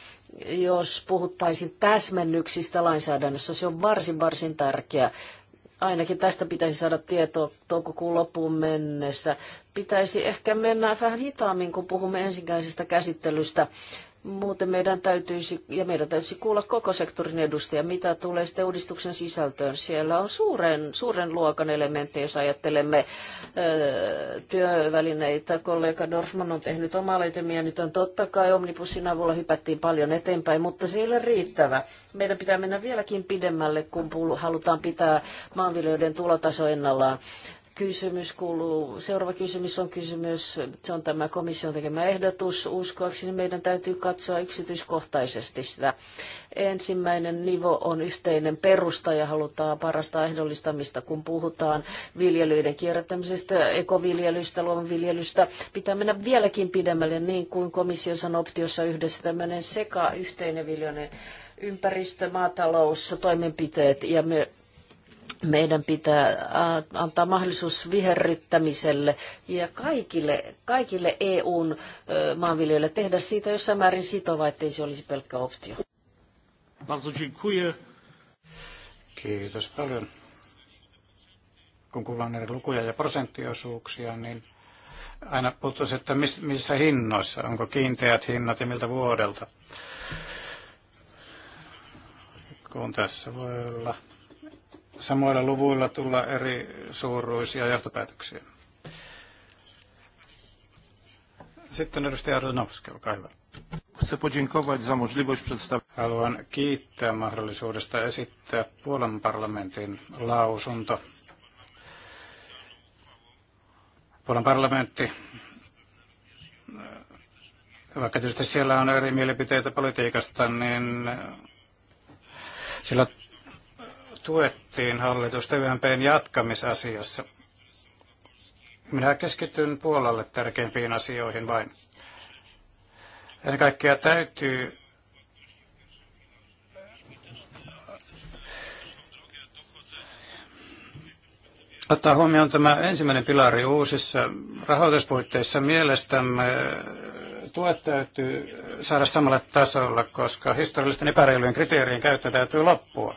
Jos puhuttaisiin täsmennyksistä lainsäädännössä, se on varsin, varsin tärkeä ainakin tästä pitäisi saada tietoa toukokuun loppuun mennessä. Pitäisi ehkä mennä vähän hitaammin, kun puhumme ensikäisestä käsittelystä Muuten meidän täytyisi, ja meidän täytyisi kuulla koko sektorin edustajia, mitä tulee sitten uudistuksen sisältöön. Siellä on suuren, suuren luokan elementtejä, jos ajattelemme ö, työvälineitä. Kollega Dorfman on tehnyt omaa ja nyt on totta kai Omnibusin avulla hypättiin paljon eteenpäin, mutta se ei ole riittävä. Meidän pitää mennä vieläkin pidemmälle, kun halutaan pitää maanviljelijöiden tulotaso ennallaan kysymys kuuluu, seuraava kysymys on kysymys, se on tämä komission tekemä ehdotus. Uskoakseni meidän täytyy katsoa yksityiskohtaisesti sitä. Ensimmäinen nivo on yhteinen perusta ja halutaan parasta ehdollistamista, kun puhutaan viljelyiden kierrättämisestä, ekoviljelystä, luomuviljelystä. Pitää mennä vieläkin pidemmälle, niin kuin komissio sanoo optiossa yhdessä tämmöinen seka yhteinen viljonen ympäristö, maataloustoimenpiteet toimenpiteet ja me meidän pitää antaa mahdollisuus viherryttämiselle ja kaikille, kaikille EUn maanviljelijöille tehdä siitä jossain määrin sitova, ettei se olisi pelkkä optio. Kiitos paljon. Kun kuullaan näitä lukuja ja prosenttiosuuksia, niin aina puhutaan, että missä hinnoissa, onko kiinteät hinnat ja miltä vuodelta. Kun tässä voi olla samoilla luvuilla tulla eri suuruisia johtopäätöksiä. Sitten edustaja Arnowski, olkaa hyvä. Haluan kiittää mahdollisuudesta esittää Puolan parlamentin lausunto. Puolan parlamentti, vaikka tietysti siellä on eri mielipiteitä politiikasta, niin sillä tuettiin hallitusta YMPn jatkamisasiassa. Minä keskityn Puolalle tärkeimpiin asioihin vain. Ennen kaikkea täytyy ottaa huomioon tämä ensimmäinen pilari uusissa rahoituspuitteissa mielestämme tuet täytyy saada samalle tasolle, koska historiallisten epäreilujen kriteerien käyttö täytyy loppua.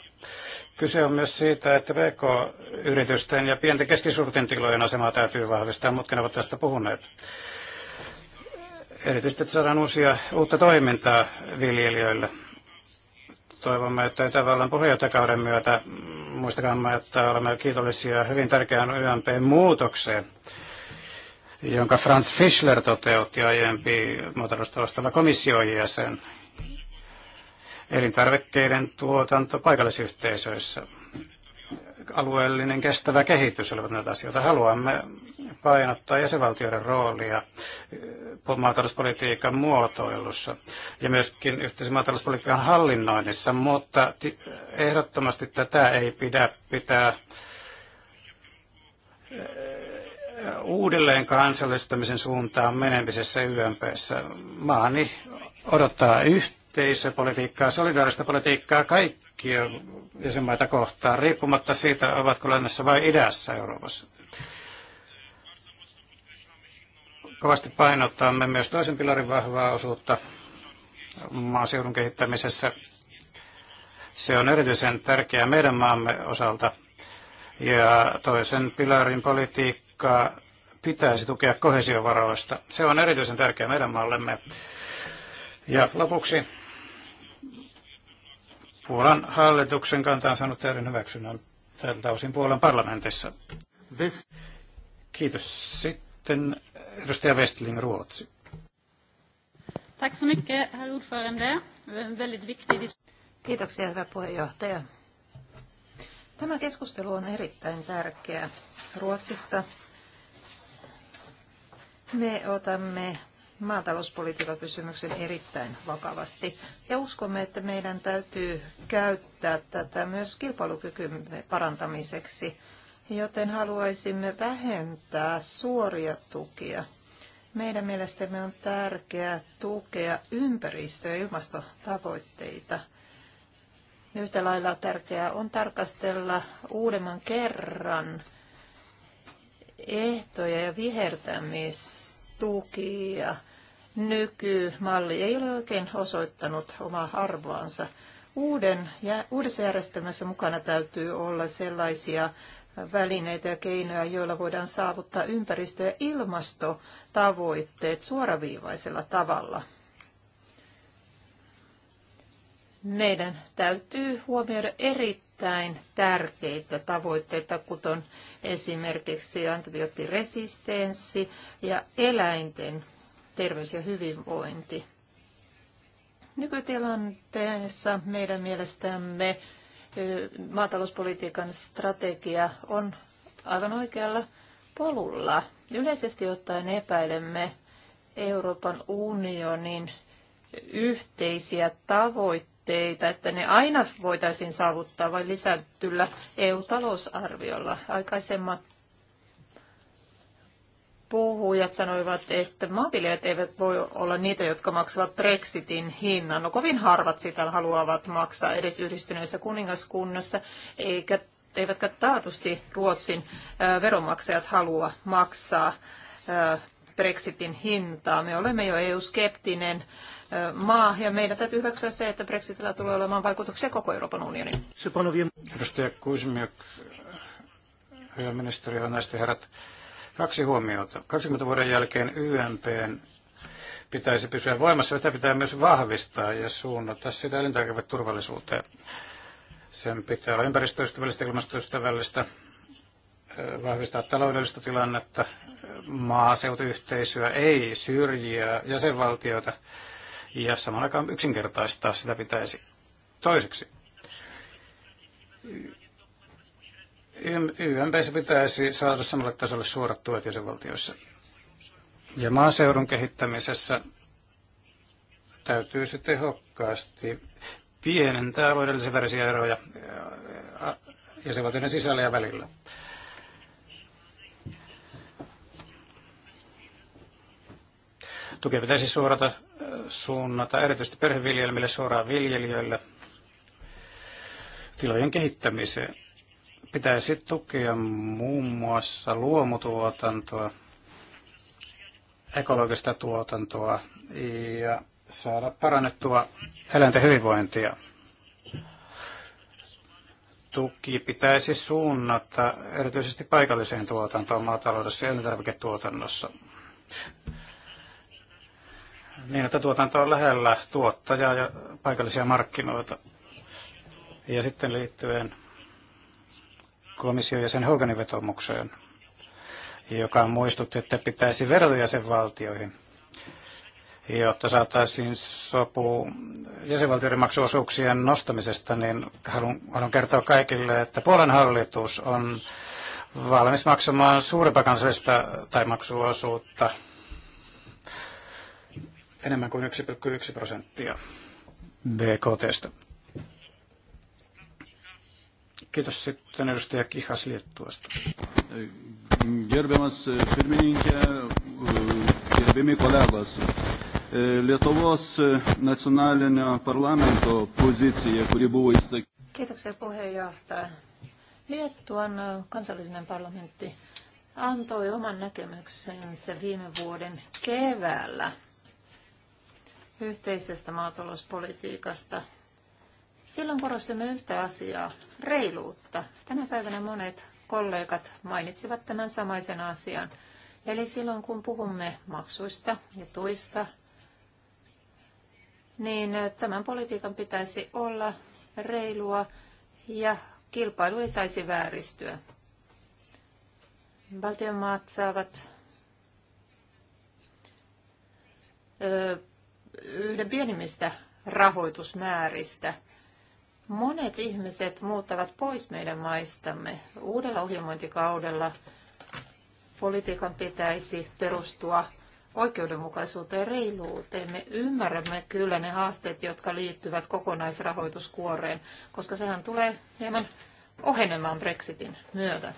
Kyse on myös siitä, että PK-yritysten ja pienten keskisuurten tilojen asemaa täytyy vahvistaa. Mutkin ovat tästä puhuneet. Erityisesti, että saadaan uusia, uutta toimintaa viljelijöille. Toivomme, että Itävallan puheenjohtajakauden myötä, muistakaa, että olemme kiitollisia hyvin tärkeään YMP-muutokseen, jonka Franz Fischler toteutti aiempi maataloustaloustalla komission jäsen, elintarvikkeiden tuotanto paikallisyhteisöissä. Alueellinen kestävä kehitys olivat näitä asioita. Haluamme painottaa jäsenvaltioiden roolia maatalouspolitiikan muotoilussa ja myöskin yhteisen maatalouspolitiikan hallinnoinnissa, mutta ehdottomasti tätä ei pidä pitää eh, uudelleen kansallistamisen suuntaan menemisessä YMPssä. Maani odottaa yhtä yhteisöpolitiikkaa, solidaarista politiikkaa kaikkia jäsenmaita kohtaan, riippumatta siitä, ovatko lännessä vai idässä Euroopassa. Kovasti painottamme myös toisen pilarin vahvaa osuutta maaseudun kehittämisessä. Se on erityisen tärkeää meidän maamme osalta. Ja toisen pilarin politiikkaa pitäisi tukea kohesiovaroista. Se on erityisen tärkeää meidän maallemme. Ja lopuksi Puolan hallituksen kanta on saanut täyden hyväksynnän tältä osin Puolan parlamentissa. Kiitos. Sitten edustaja Westling, Ruotsi. Tack så mycket, herr ordförande. Väldigt viktig Kiitoksia, hyvä puheenjohtaja. Tämä keskustelu on erittäin tärkeä Ruotsissa. Me otamme maatalouspolitiikan kysymyksen erittäin vakavasti. Ja uskomme, että meidän täytyy käyttää tätä myös kilpailukykymme parantamiseksi, joten haluaisimme vähentää suoria tukia. Meidän mielestämme on tärkeää tukea ympäristö- ja ilmastotavoitteita. Yhtä lailla tärkeää on tarkastella uudemman kerran ehtoja ja vihertämistukia nykymalli ei ole oikein osoittanut omaa arvoansa. Uuden, ja uudessa järjestelmässä mukana täytyy olla sellaisia välineitä ja keinoja, joilla voidaan saavuttaa ympäristö- ja ilmastotavoitteet suoraviivaisella tavalla. Meidän täytyy huomioida erittäin tärkeitä tavoitteita, kuten esimerkiksi antibioottiresistenssi ja eläinten terveys ja hyvinvointi. Nykytilanteessa meidän mielestämme maatalouspolitiikan strategia on aivan oikealla polulla. Yleisesti ottaen epäilemme Euroopan unionin yhteisiä tavoitteita, että ne aina voitaisiin saavuttaa vain lisätyllä EU-talousarviolla. Aikaisemmat puhujat sanoivat, että maanviljelijät eivät voi olla niitä, jotka maksavat Brexitin hinnan. No kovin harvat sitä haluavat maksaa edes yhdistyneessä kuningaskunnassa, eikä, eivätkä taatusti Ruotsin veronmaksajat halua maksaa Brexitin hintaa. Me olemme jo EU-skeptinen maa ja meidän täytyy hyväksyä se, että Brexitillä tulee olemaan vaikutuksia koko Euroopan unionin. Edustaja Kuzmiuk, hyvä ministeri, herrat. Kaksi huomiota. 20 vuoden jälkeen YMP pitäisi pysyä voimassa, sitä pitää myös vahvistaa ja suunnata sitä elintarviketurvallisuuteen. Sen pitää olla ympäristöystävällistä, ilmastoystävällistä, eh, vahvistaa taloudellista tilannetta, maaseutuyhteisöä, ei syrjiä jäsenvaltioita ja samalla aikaan yksinkertaistaa sitä pitäisi. Toiseksi, YMPssä pitäisi saada samalle tasolle suorat tuet jäsenvaltioissa. Ja maaseudun kehittämisessä täytyy se tehokkaasti pienentää alueellisen värisiä eroja jäsenvaltioiden sisällä ja välillä. Tukea pitäisi suorata, suunnata erityisesti perheviljelmille, suoraan viljelijöille, tilojen kehittämiseen pitäisi tukea muun muassa luomutuotantoa, ekologista tuotantoa ja saada parannettua eläinten hyvinvointia. Tuki pitäisi suunnata erityisesti paikalliseen tuotantoon maataloudessa ja elintarviketuotannossa niin, että tuotanto on lähellä tuottajaa ja paikallisia markkinoita. Ja sitten liittyen komission jäsen Hoganin vetomukseen, joka muistutti, että pitäisi verrata jäsenvaltioihin, jotta saataisiin sopu jäsenvaltioiden maksuosuuksien nostamisesta, niin haluan, haluan kertoa kaikille, että Puolan hallitus on valmis maksamaan suurempaa kansallista tai maksuosuutta enemmän kuin 1,1 prosenttia BKTstä. Kiitos sitten edustaja Kihas Liettuasta. Gerbiamas e, pirmininkė, e, gerbiami kolegos. E, Lietuvos nacionalinio parlamento pozicija, kuri buvo išsakyta. Kiitoksia puheenjohtaja. Liettuan kansallinen parlamentti antoi oman näkemyksensä viime vuoden keväällä yhteisestä maatalouspolitiikasta – Silloin korostimme yhtä asiaa, reiluutta. Tänä päivänä monet kollegat mainitsivat tämän samaisen asian. Eli silloin kun puhumme maksuista ja tuista, niin tämän politiikan pitäisi olla reilua ja kilpailu ei saisi vääristyä. Valtion maat saavat yhden pienimmistä rahoitusmääristä – Monet ihmiset muuttavat pois meidän maistamme. Uudella ohjelmointikaudella politiikan pitäisi perustua oikeudenmukaisuuteen ja reiluuteen. Me ymmärrämme kyllä ne haasteet, jotka liittyvät kokonaisrahoituskuoreen, koska sehän tulee hieman ohenemaan Brexitin myötä.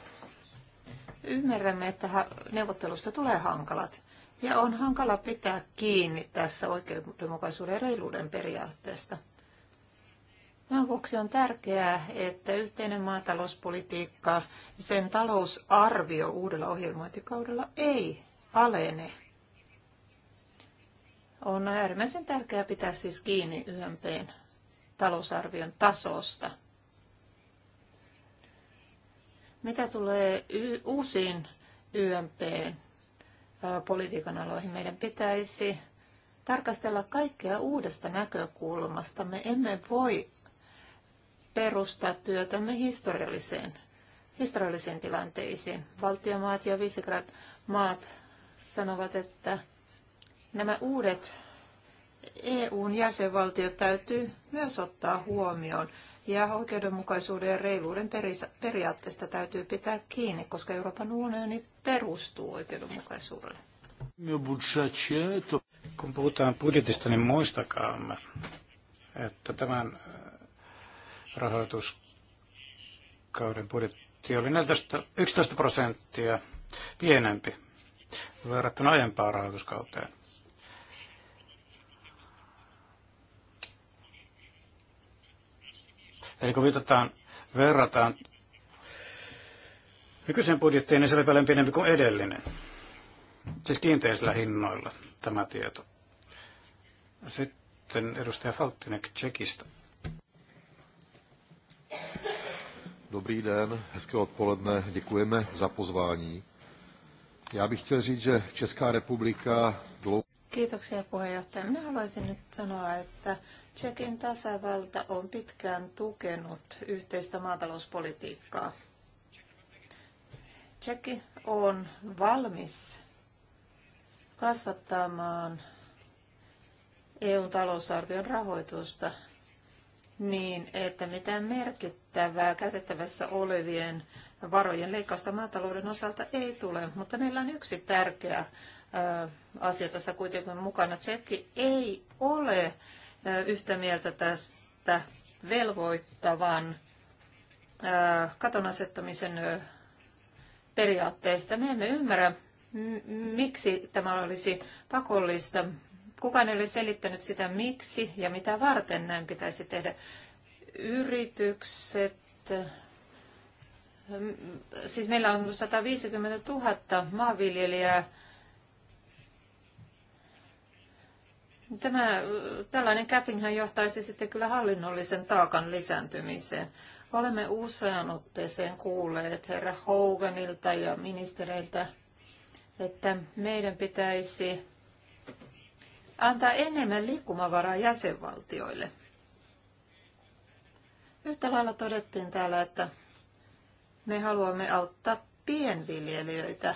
Ymmärrämme, että neuvottelusta tulee hankalat ja on hankala pitää kiinni tässä oikeudenmukaisuuden ja reiluuden periaatteesta. Tämän vuoksi on tärkeää, että yhteinen maatalouspolitiikka, sen talousarvio uudella ohjelmointikaudella ei alene. On äärimmäisen tärkeää pitää siis kiinni YMPn talousarvion tasosta. Mitä tulee uusiin YMPn politiikan aloihin, meidän pitäisi tarkastella kaikkea uudesta näkökulmasta. Me emme voi perustaa työtämme historialliseen, historialliseen tilanteisiin. Valtiomaat ja Visegrad maat sanovat, että nämä uudet EUn jäsenvaltiot täytyy myös ottaa huomioon ja oikeudenmukaisuuden ja reiluuden periaatteesta täytyy pitää kiinni, koska Euroopan unioni perustuu oikeudenmukaisuudelle. Kun puhutaan budjetista, niin muistakaa, että tämän rahoituskauden budjetti oli 14, 11 prosenttia pienempi verrattuna aiempaan rahoituskauteen. Eli kun viitataan, verrataan nykyisen budjettiin, niin se oli paljon pienempi kuin edellinen. Siis kiinteisillä hinnoilla tämä tieto. Sitten edustaja Falttinek Tsekistä. Dobrý den, hezké odpoledne, děkujeme za pozvání. Já bych chtěl říct, že Česká republika dlouho... Kiitoksia puheenjohtaja. Minä haluaisin nyt sanoa, että Tsekin tasavalta on pitkään tukenut yhteistä maatalouspolitiikkaa. Tseki on valmis kasvattamaan EU-talousarvion rahoitusta niin, että mitään merkittävää käytettävässä olevien varojen leikkausta maatalouden osalta ei tule. Mutta meillä on yksi tärkeä asia tässä kuitenkin mukana. Tsekki ei ole yhtä mieltä tästä velvoittavan katon asettamisen periaatteesta. Me emme ymmärrä, miksi tämä olisi pakollista. Kukaan ei ole selittänyt sitä, miksi ja mitä varten näin pitäisi tehdä. Yritykset, mm, siis meillä on 150 000 maanviljelijää. Tämä, tällainen cappinghan johtaisi sitten kyllä hallinnollisen taakan lisääntymiseen. Olemme usean otteeseen kuulleet herra Hoganilta ja ministereiltä, että meidän pitäisi antaa enemmän liikkumavaraa jäsenvaltioille. Yhtä lailla todettiin täällä, että me haluamme auttaa pienviljelijöitä,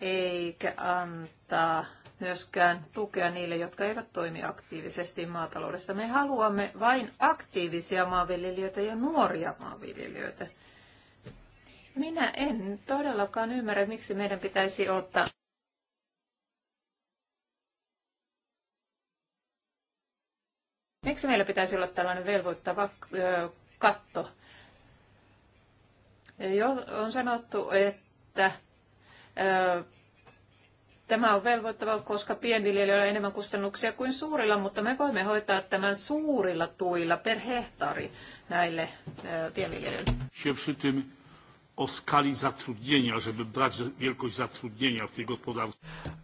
eikä antaa myöskään tukea niille, jotka eivät toimi aktiivisesti maataloudessa. Me haluamme vain aktiivisia maanviljelijöitä ja nuoria maanviljelijöitä. Minä en todellakaan ymmärrä, miksi meidän pitäisi ottaa Miksi meillä pitäisi olla tällainen velvoittava katto? Jo on sanottu, että Tämä on velvoittava, koska pienviljelijöillä on enemmän kustannuksia kuin suurilla, mutta me voimme hoitaa tämän suurilla tuilla per hehtaari näille pienviljelijöille. Się przy tym o skali zatrudnienia, żeby brać wielkość zatrudnienia w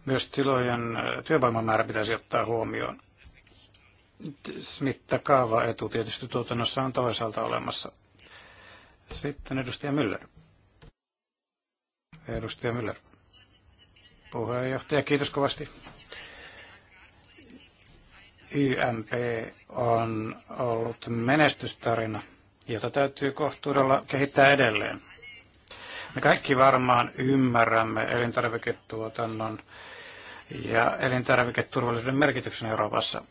Myös tilojen e, työvoimamäärä pitäisi ottaa huomioon mittakaavaetu tietysti tuotannossa on toisaalta olemassa. Sitten edustaja Müller. Edustaja Müller. Puheenjohtaja, kiitos kovasti. YMP on ollut menestystarina, jota täytyy kohtuudella kehittää edelleen. Me kaikki varmaan ymmärrämme elintarviketuotannon ja elintarviketurvallisuuden merkityksen Euroopassa.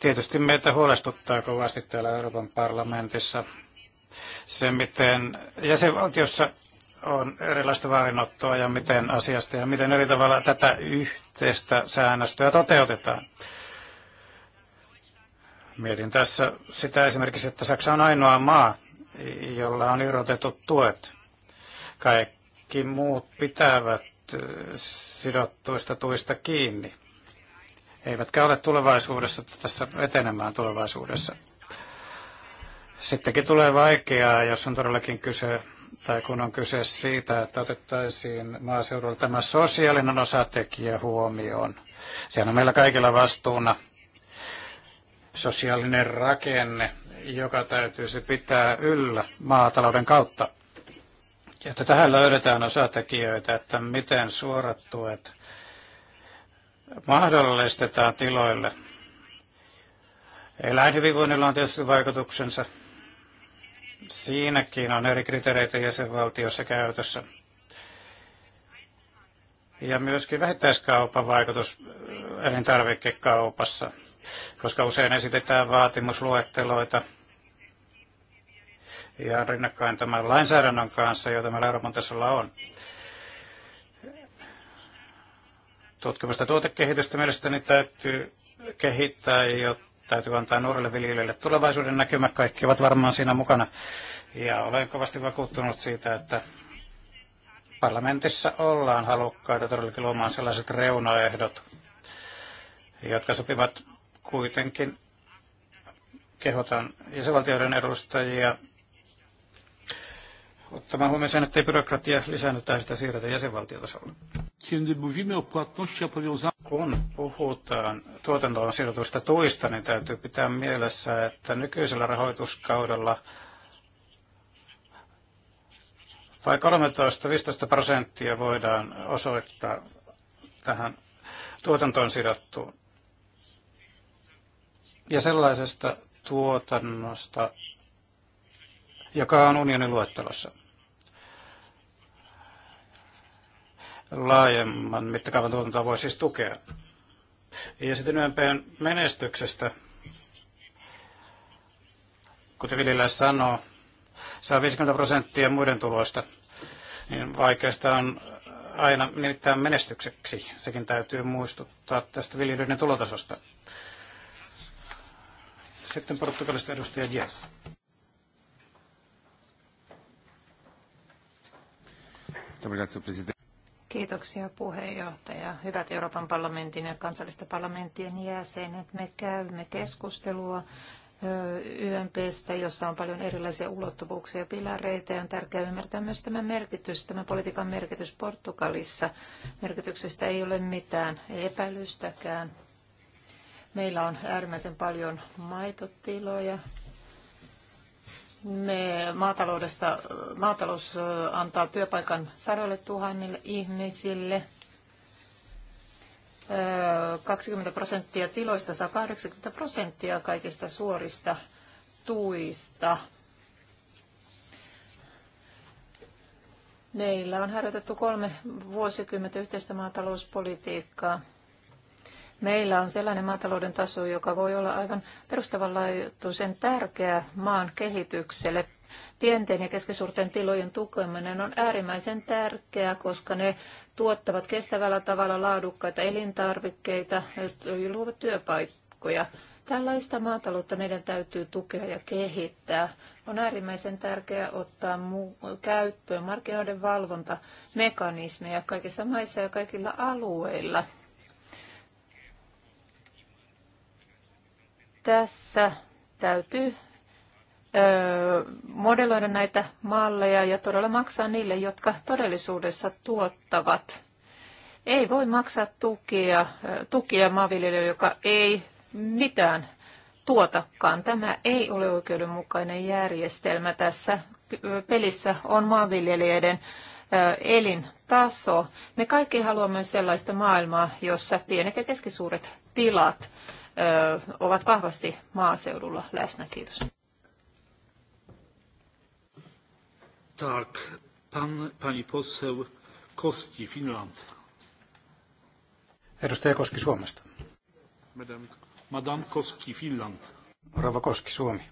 Tietysti meitä huolestuttaa kovasti täällä Euroopan parlamentissa se, miten jäsenvaltiossa on erilaista vaarinottoa ja miten asiasta ja miten eri tavalla tätä yhteistä säännöstöä toteutetaan. Mietin tässä sitä esimerkiksi, että Saksa on ainoa maa, jolla on irrotetut tuet. Kaikki muut pitävät eh, sidottuista tuista kiinni eivätkä ole tulevaisuudessa tässä etenemään tulevaisuudessa. Sittenkin tulee vaikeaa, jos on todellakin kyse tai kun on kyse siitä, että otettaisiin maaseudulla tämä sosiaalinen osatekijä huomioon. Sehän on meillä kaikilla vastuuna sosiaalinen rakenne, joka täytyisi pitää yllä maatalouden kautta. Ja että tähän löydetään osatekijöitä, että miten suorat tuet mahdollistetaan tiloille. Eläinhyvinvoinnilla on tietysti vaikutuksensa. Siinäkin on eri kriteereitä jäsenvaltiossa käytössä. Ja myöskin vähittäiskaupan vaikutus äh, elintarvikekaupassa, koska usein esitetään vaatimusluetteloita ja rinnakkain tämän lainsäädännön kanssa, jota meillä Euroopan tasolla on. tutkimusta tuotekehitystä mielestäni täytyy kehittää, ja täytyy antaa nuorille viljelijöille tulevaisuuden näkymä. Kaikki ovat varmaan siinä mukana. Ja olen kovasti vakuuttunut siitä, että parlamentissa ollaan halukkaita todellakin luomaan sellaiset reunaehdot, jotka sopivat kuitenkin kehotan jäsenvaltioiden edustajia ottamaan huomioon sen, ettei byrokratia lisännyt tai sitä siirretä jäsenvaltiotasolle. Kun puhutaan tuotantoon siirretyistä tuista, niin täytyy pitää mielessä, että nykyisellä rahoituskaudella vai 13-15 prosenttia voidaan osoittaa tähän tuotantoon sidottuun. Ja sellaisesta tuotannosta, joka on unionin luettelossa. laajemman mittakaavan tuotantoa voi siis tukea. Ja sitten YMPn menestyksestä, kuten Vilillä sanoo, saa 50 prosenttia muiden tuloista, niin vaikeasta on aina nimittää menestykseksi. Sekin täytyy muistuttaa tästä viljelyiden tulotasosta. Sitten portugalista edustaja Jess. Kiitoksia puheenjohtaja. Hyvät Euroopan parlamentin ja kansallisten parlamenttien jäsenet, me käymme keskustelua YMPstä, jossa on paljon erilaisia ulottuvuuksia ja pilareita. Ja on tärkeää ymmärtää myös tämä merkitys, tämä politiikan merkitys Portugalissa. Merkityksestä ei ole mitään epäilystäkään. Meillä on äärimmäisen paljon maitotiloja, me maataloudesta, maatalous antaa työpaikan sadoille tuhannille ihmisille. 20 prosenttia tiloista saa 80 prosenttia kaikista suorista tuista. Meillä on harjoitettu kolme vuosikymmentä yhteistä maatalouspolitiikkaa. Meillä on sellainen maatalouden taso, joka voi olla aivan perustavanlaatuisen tärkeä maan kehitykselle. Pienten ja keskisuurten tilojen tukeminen on äärimmäisen tärkeää, koska ne tuottavat kestävällä tavalla laadukkaita elintarvikkeita ja luovat työpaikkoja. Tällaista maataloutta meidän täytyy tukea ja kehittää. On äärimmäisen tärkeää ottaa käyttöön markkinoiden valvontamekanismeja kaikissa maissa ja kaikilla alueilla – tässä täytyy modeloida näitä malleja ja todella maksaa niille, jotka todellisuudessa tuottavat. Ei voi maksaa tukia, tukia maanviljelijöille, joka ei mitään tuotakaan. Tämä ei ole oikeudenmukainen järjestelmä. Tässä pelissä on maanviljelijöiden elintaso. Me kaikki haluamme sellaista maailmaa, jossa pienet ja keskisuuret tilat – ovat vahvasti maaseudulla läsnä. Kiitos. Tak, pan, pani poseł Kosti, Finland. Edustaja Koski Suomesta. Madame, Madame Koski, Finland. Rava Koski, Suomi.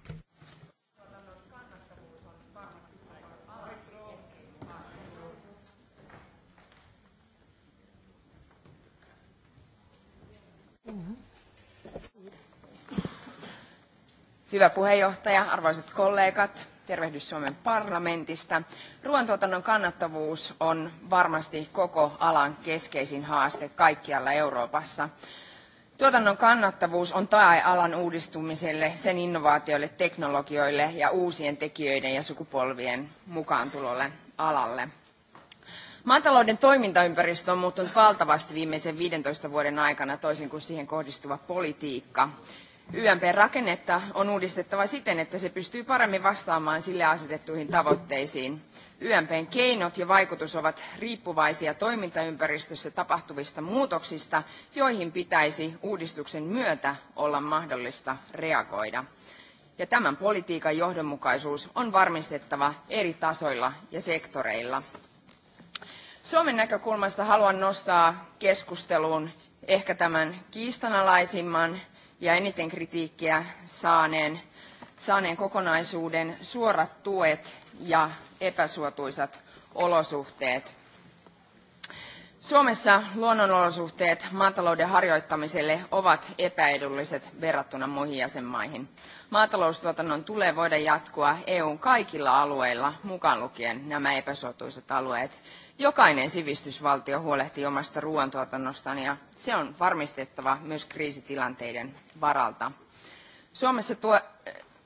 Mm-hmm. Hyvä puheenjohtaja, arvoisat kollegat, tervehdys Suomen parlamentista. Ruoantuotannon kannattavuus on varmasti koko alan keskeisin haaste kaikkialla Euroopassa. Tuotannon kannattavuus on tae alan uudistumiselle, sen innovaatioille, teknologioille ja uusien tekijöiden ja sukupolvien mukaantulolle alalle. Maatalouden toimintaympäristö on muuttunut valtavasti viimeisen 15 vuoden aikana, toisin kuin siihen kohdistuva politiikka. YMP-rakennetta on uudistettava siten, että se pystyy paremmin vastaamaan sille asetettuihin tavoitteisiin. YMPn keinot ja vaikutus ovat riippuvaisia toimintaympäristössä tapahtuvista muutoksista, joihin pitäisi uudistuksen myötä olla mahdollista reagoida. Ja tämän politiikan johdonmukaisuus on varmistettava eri tasoilla ja sektoreilla. Suomen näkökulmasta haluan nostaa keskusteluun ehkä tämän kiistanalaisimman ja eniten kritiikkiä saaneen, saaneen kokonaisuuden suorat tuet ja epäsuotuisat olosuhteet. Suomessa luonnonolosuhteet maatalouden harjoittamiselle ovat epäedulliset verrattuna muihin jäsenmaihin. Maataloustuotannon tulee voida jatkua EUn kaikilla alueilla, mukaan lukien nämä epäsuotuiset alueet, Jokainen sivistysvaltio huolehtii omasta ruoantuotannostaan ja se on varmistettava myös kriisitilanteiden varalta. Suomessa,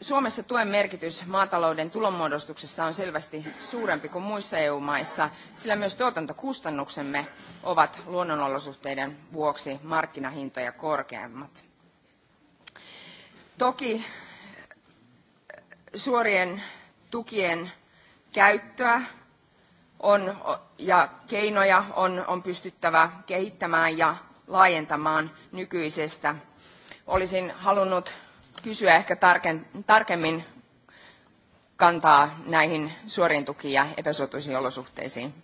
Suomessa tuen merkitys maatalouden tulonmuodostuksessa on selvästi suurempi kuin muissa EU-maissa, sillä myös tuotantokustannuksemme ovat luonnonolosuhteiden vuoksi markkinahintoja korkeammat. Toki eh, suorien tukien käyttöä on, ja keinoja on, on pystyttävä kehittämään ja laajentamaan nykyisestä. Olisin halunnut kysyä ehkä tarken, tarkemmin kantaa näihin suoriin tukiin ja epäsuotuisiin olosuhteisiin.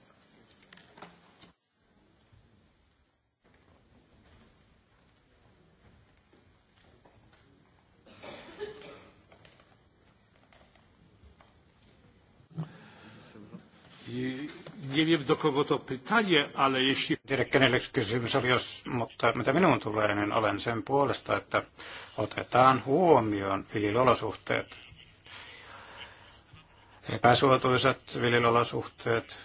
Nie wiem, do kogo to pytanie, ale jeśli... Tiedä, kenelle kysymys oli, jos, mutta mitä minun tulee, niin olen sen puolesta, että otetaan huomioon viljelyolosuhteet. Epäsuotuisat viljelyolosuhteet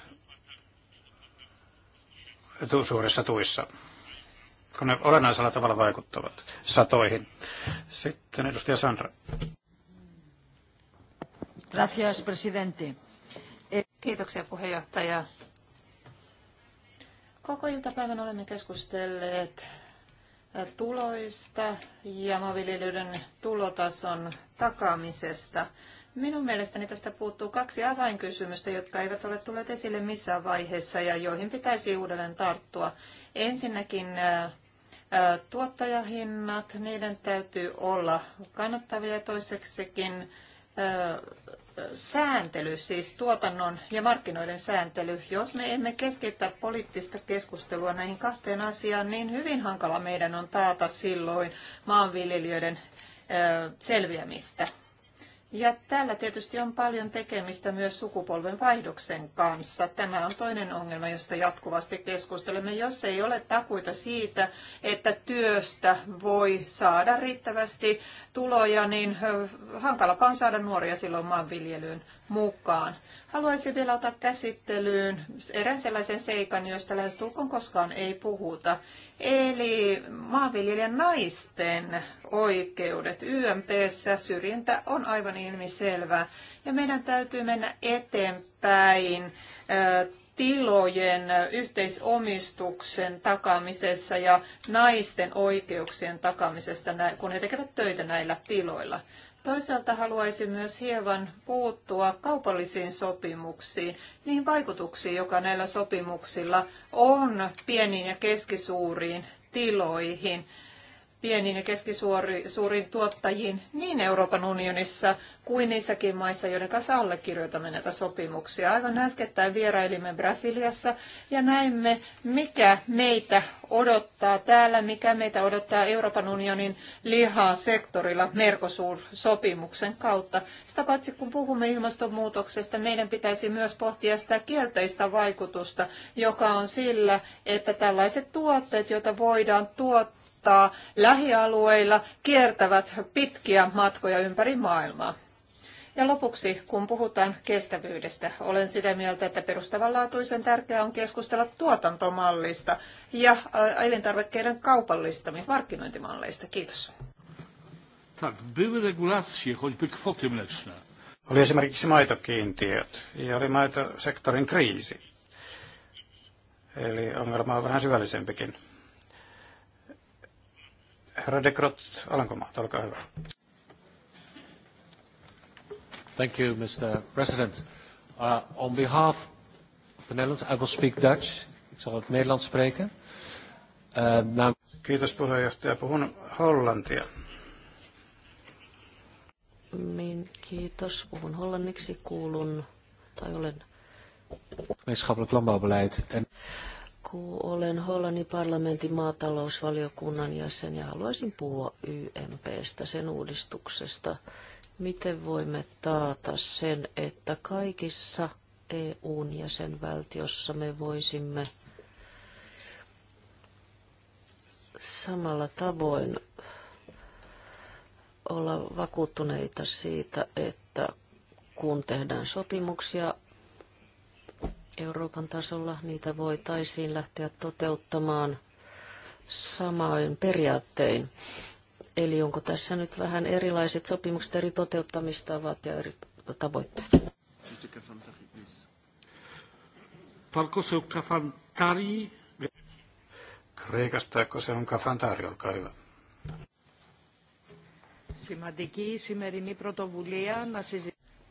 suurissa tuissa, kun ne olennaisella tavalla vaikuttavat satoihin. Sitten edustaja Sandra. Gracias, presidente. Kiitoksia puheenjohtaja. Koko iltapäivän olemme keskustelleet tuloista ja maanviljelijöiden tulotason takaamisesta. Minun mielestäni tästä puuttuu kaksi avainkysymystä, jotka eivät ole tulleet esille missään vaiheessa ja joihin pitäisi uudelleen tarttua. Ensinnäkin tuottajahinnat, niiden täytyy olla kannattavia toiseksikin sääntely, siis tuotannon ja markkinoiden sääntely, jos me emme keskittä poliittista keskustelua näihin kahteen asiaan, niin hyvin hankala meidän on taata silloin maanviljelijöiden selviämistä. Ja tällä tietysti on paljon tekemistä myös sukupolven vaihdoksen kanssa. Tämä on toinen ongelma, josta jatkuvasti keskustelemme. Jos ei ole takuita siitä, että työstä voi saada riittävästi tuloja, niin hankalapa on saada nuoria silloin maanviljelyyn mukaan. Haluaisin vielä ottaa käsittelyyn erään sellaisen seikan, josta tulkoon koskaan ei puhuta. Eli maanviljelijän naisten oikeudet. YMPssä syrjintä on aivan ilmiselvää. Ja meidän täytyy mennä eteenpäin tilojen yhteisomistuksen takaamisessa ja naisten oikeuksien takaamisesta, kun he tekevät töitä näillä tiloilla. Toisaalta haluaisin myös hieman puuttua kaupallisiin sopimuksiin, niihin vaikutuksiin, joka näillä sopimuksilla on pieniin ja keskisuuriin tiloihin pieniin ja keskisuuriin tuottajiin niin Euroopan unionissa kuin niissäkin maissa, joiden kanssa allekirjoitamme näitä sopimuksia. Aivan äskettäin vierailimme Brasiliassa ja näimme, mikä meitä odottaa täällä, mikä meitä odottaa Euroopan unionin liha-sektorilla Mercosur-sopimuksen kautta. Sitä paitsi kun puhumme ilmastonmuutoksesta, meidän pitäisi myös pohtia sitä kielteistä vaikutusta, joka on sillä, että tällaiset tuotteet, joita voidaan tuottaa, kuljettaa lähialueilla, kiertävät pitkiä matkoja ympäri maailmaa. Ja lopuksi, kun puhutaan kestävyydestä, olen sitä mieltä, että perustavanlaatuisen tärkeää on keskustella tuotantomallista ja äh, elintarvikkeiden kaupallistamis- markkinointimalleista. Kiitos. Tak, były regulacje, choćby kwoty mleczne. Oli esimerkiksi maitokiintiöt ja oli maitosektorin kriisi. Eli ongelma on vähän syvällisempikin. Herra De Dekrot, Alankomaat, olkaa hyvä. Thank you, Mr. President. Uh, on behalf of the Netherlands, I will speak Dutch. Ik zal het Nederlands spreken. Uh, now... Kiitos puheenjohtaja. Puhun hollantia. Min, kiitos. Puhun hollanniksi. Kuulun tai olen... Gemeenschappelijk landbouwbeleid. En olen Hollannin parlamentin maatalousvaliokunnan jäsen ja haluaisin puhua YMPstä, sen uudistuksesta. Miten voimme taata sen, että kaikissa EUn jäsenvaltiossa me voisimme samalla tavoin olla vakuuttuneita siitä, että kun tehdään sopimuksia Euroopan tasolla niitä voitaisiin lähteä toteuttamaan samoin periaattein. Eli onko tässä nyt vähän erilaiset sopimukset eri toteuttamistavat ja eri tavoitteet? Kreikasta, kun se on Kafantari, olkaa hyvä.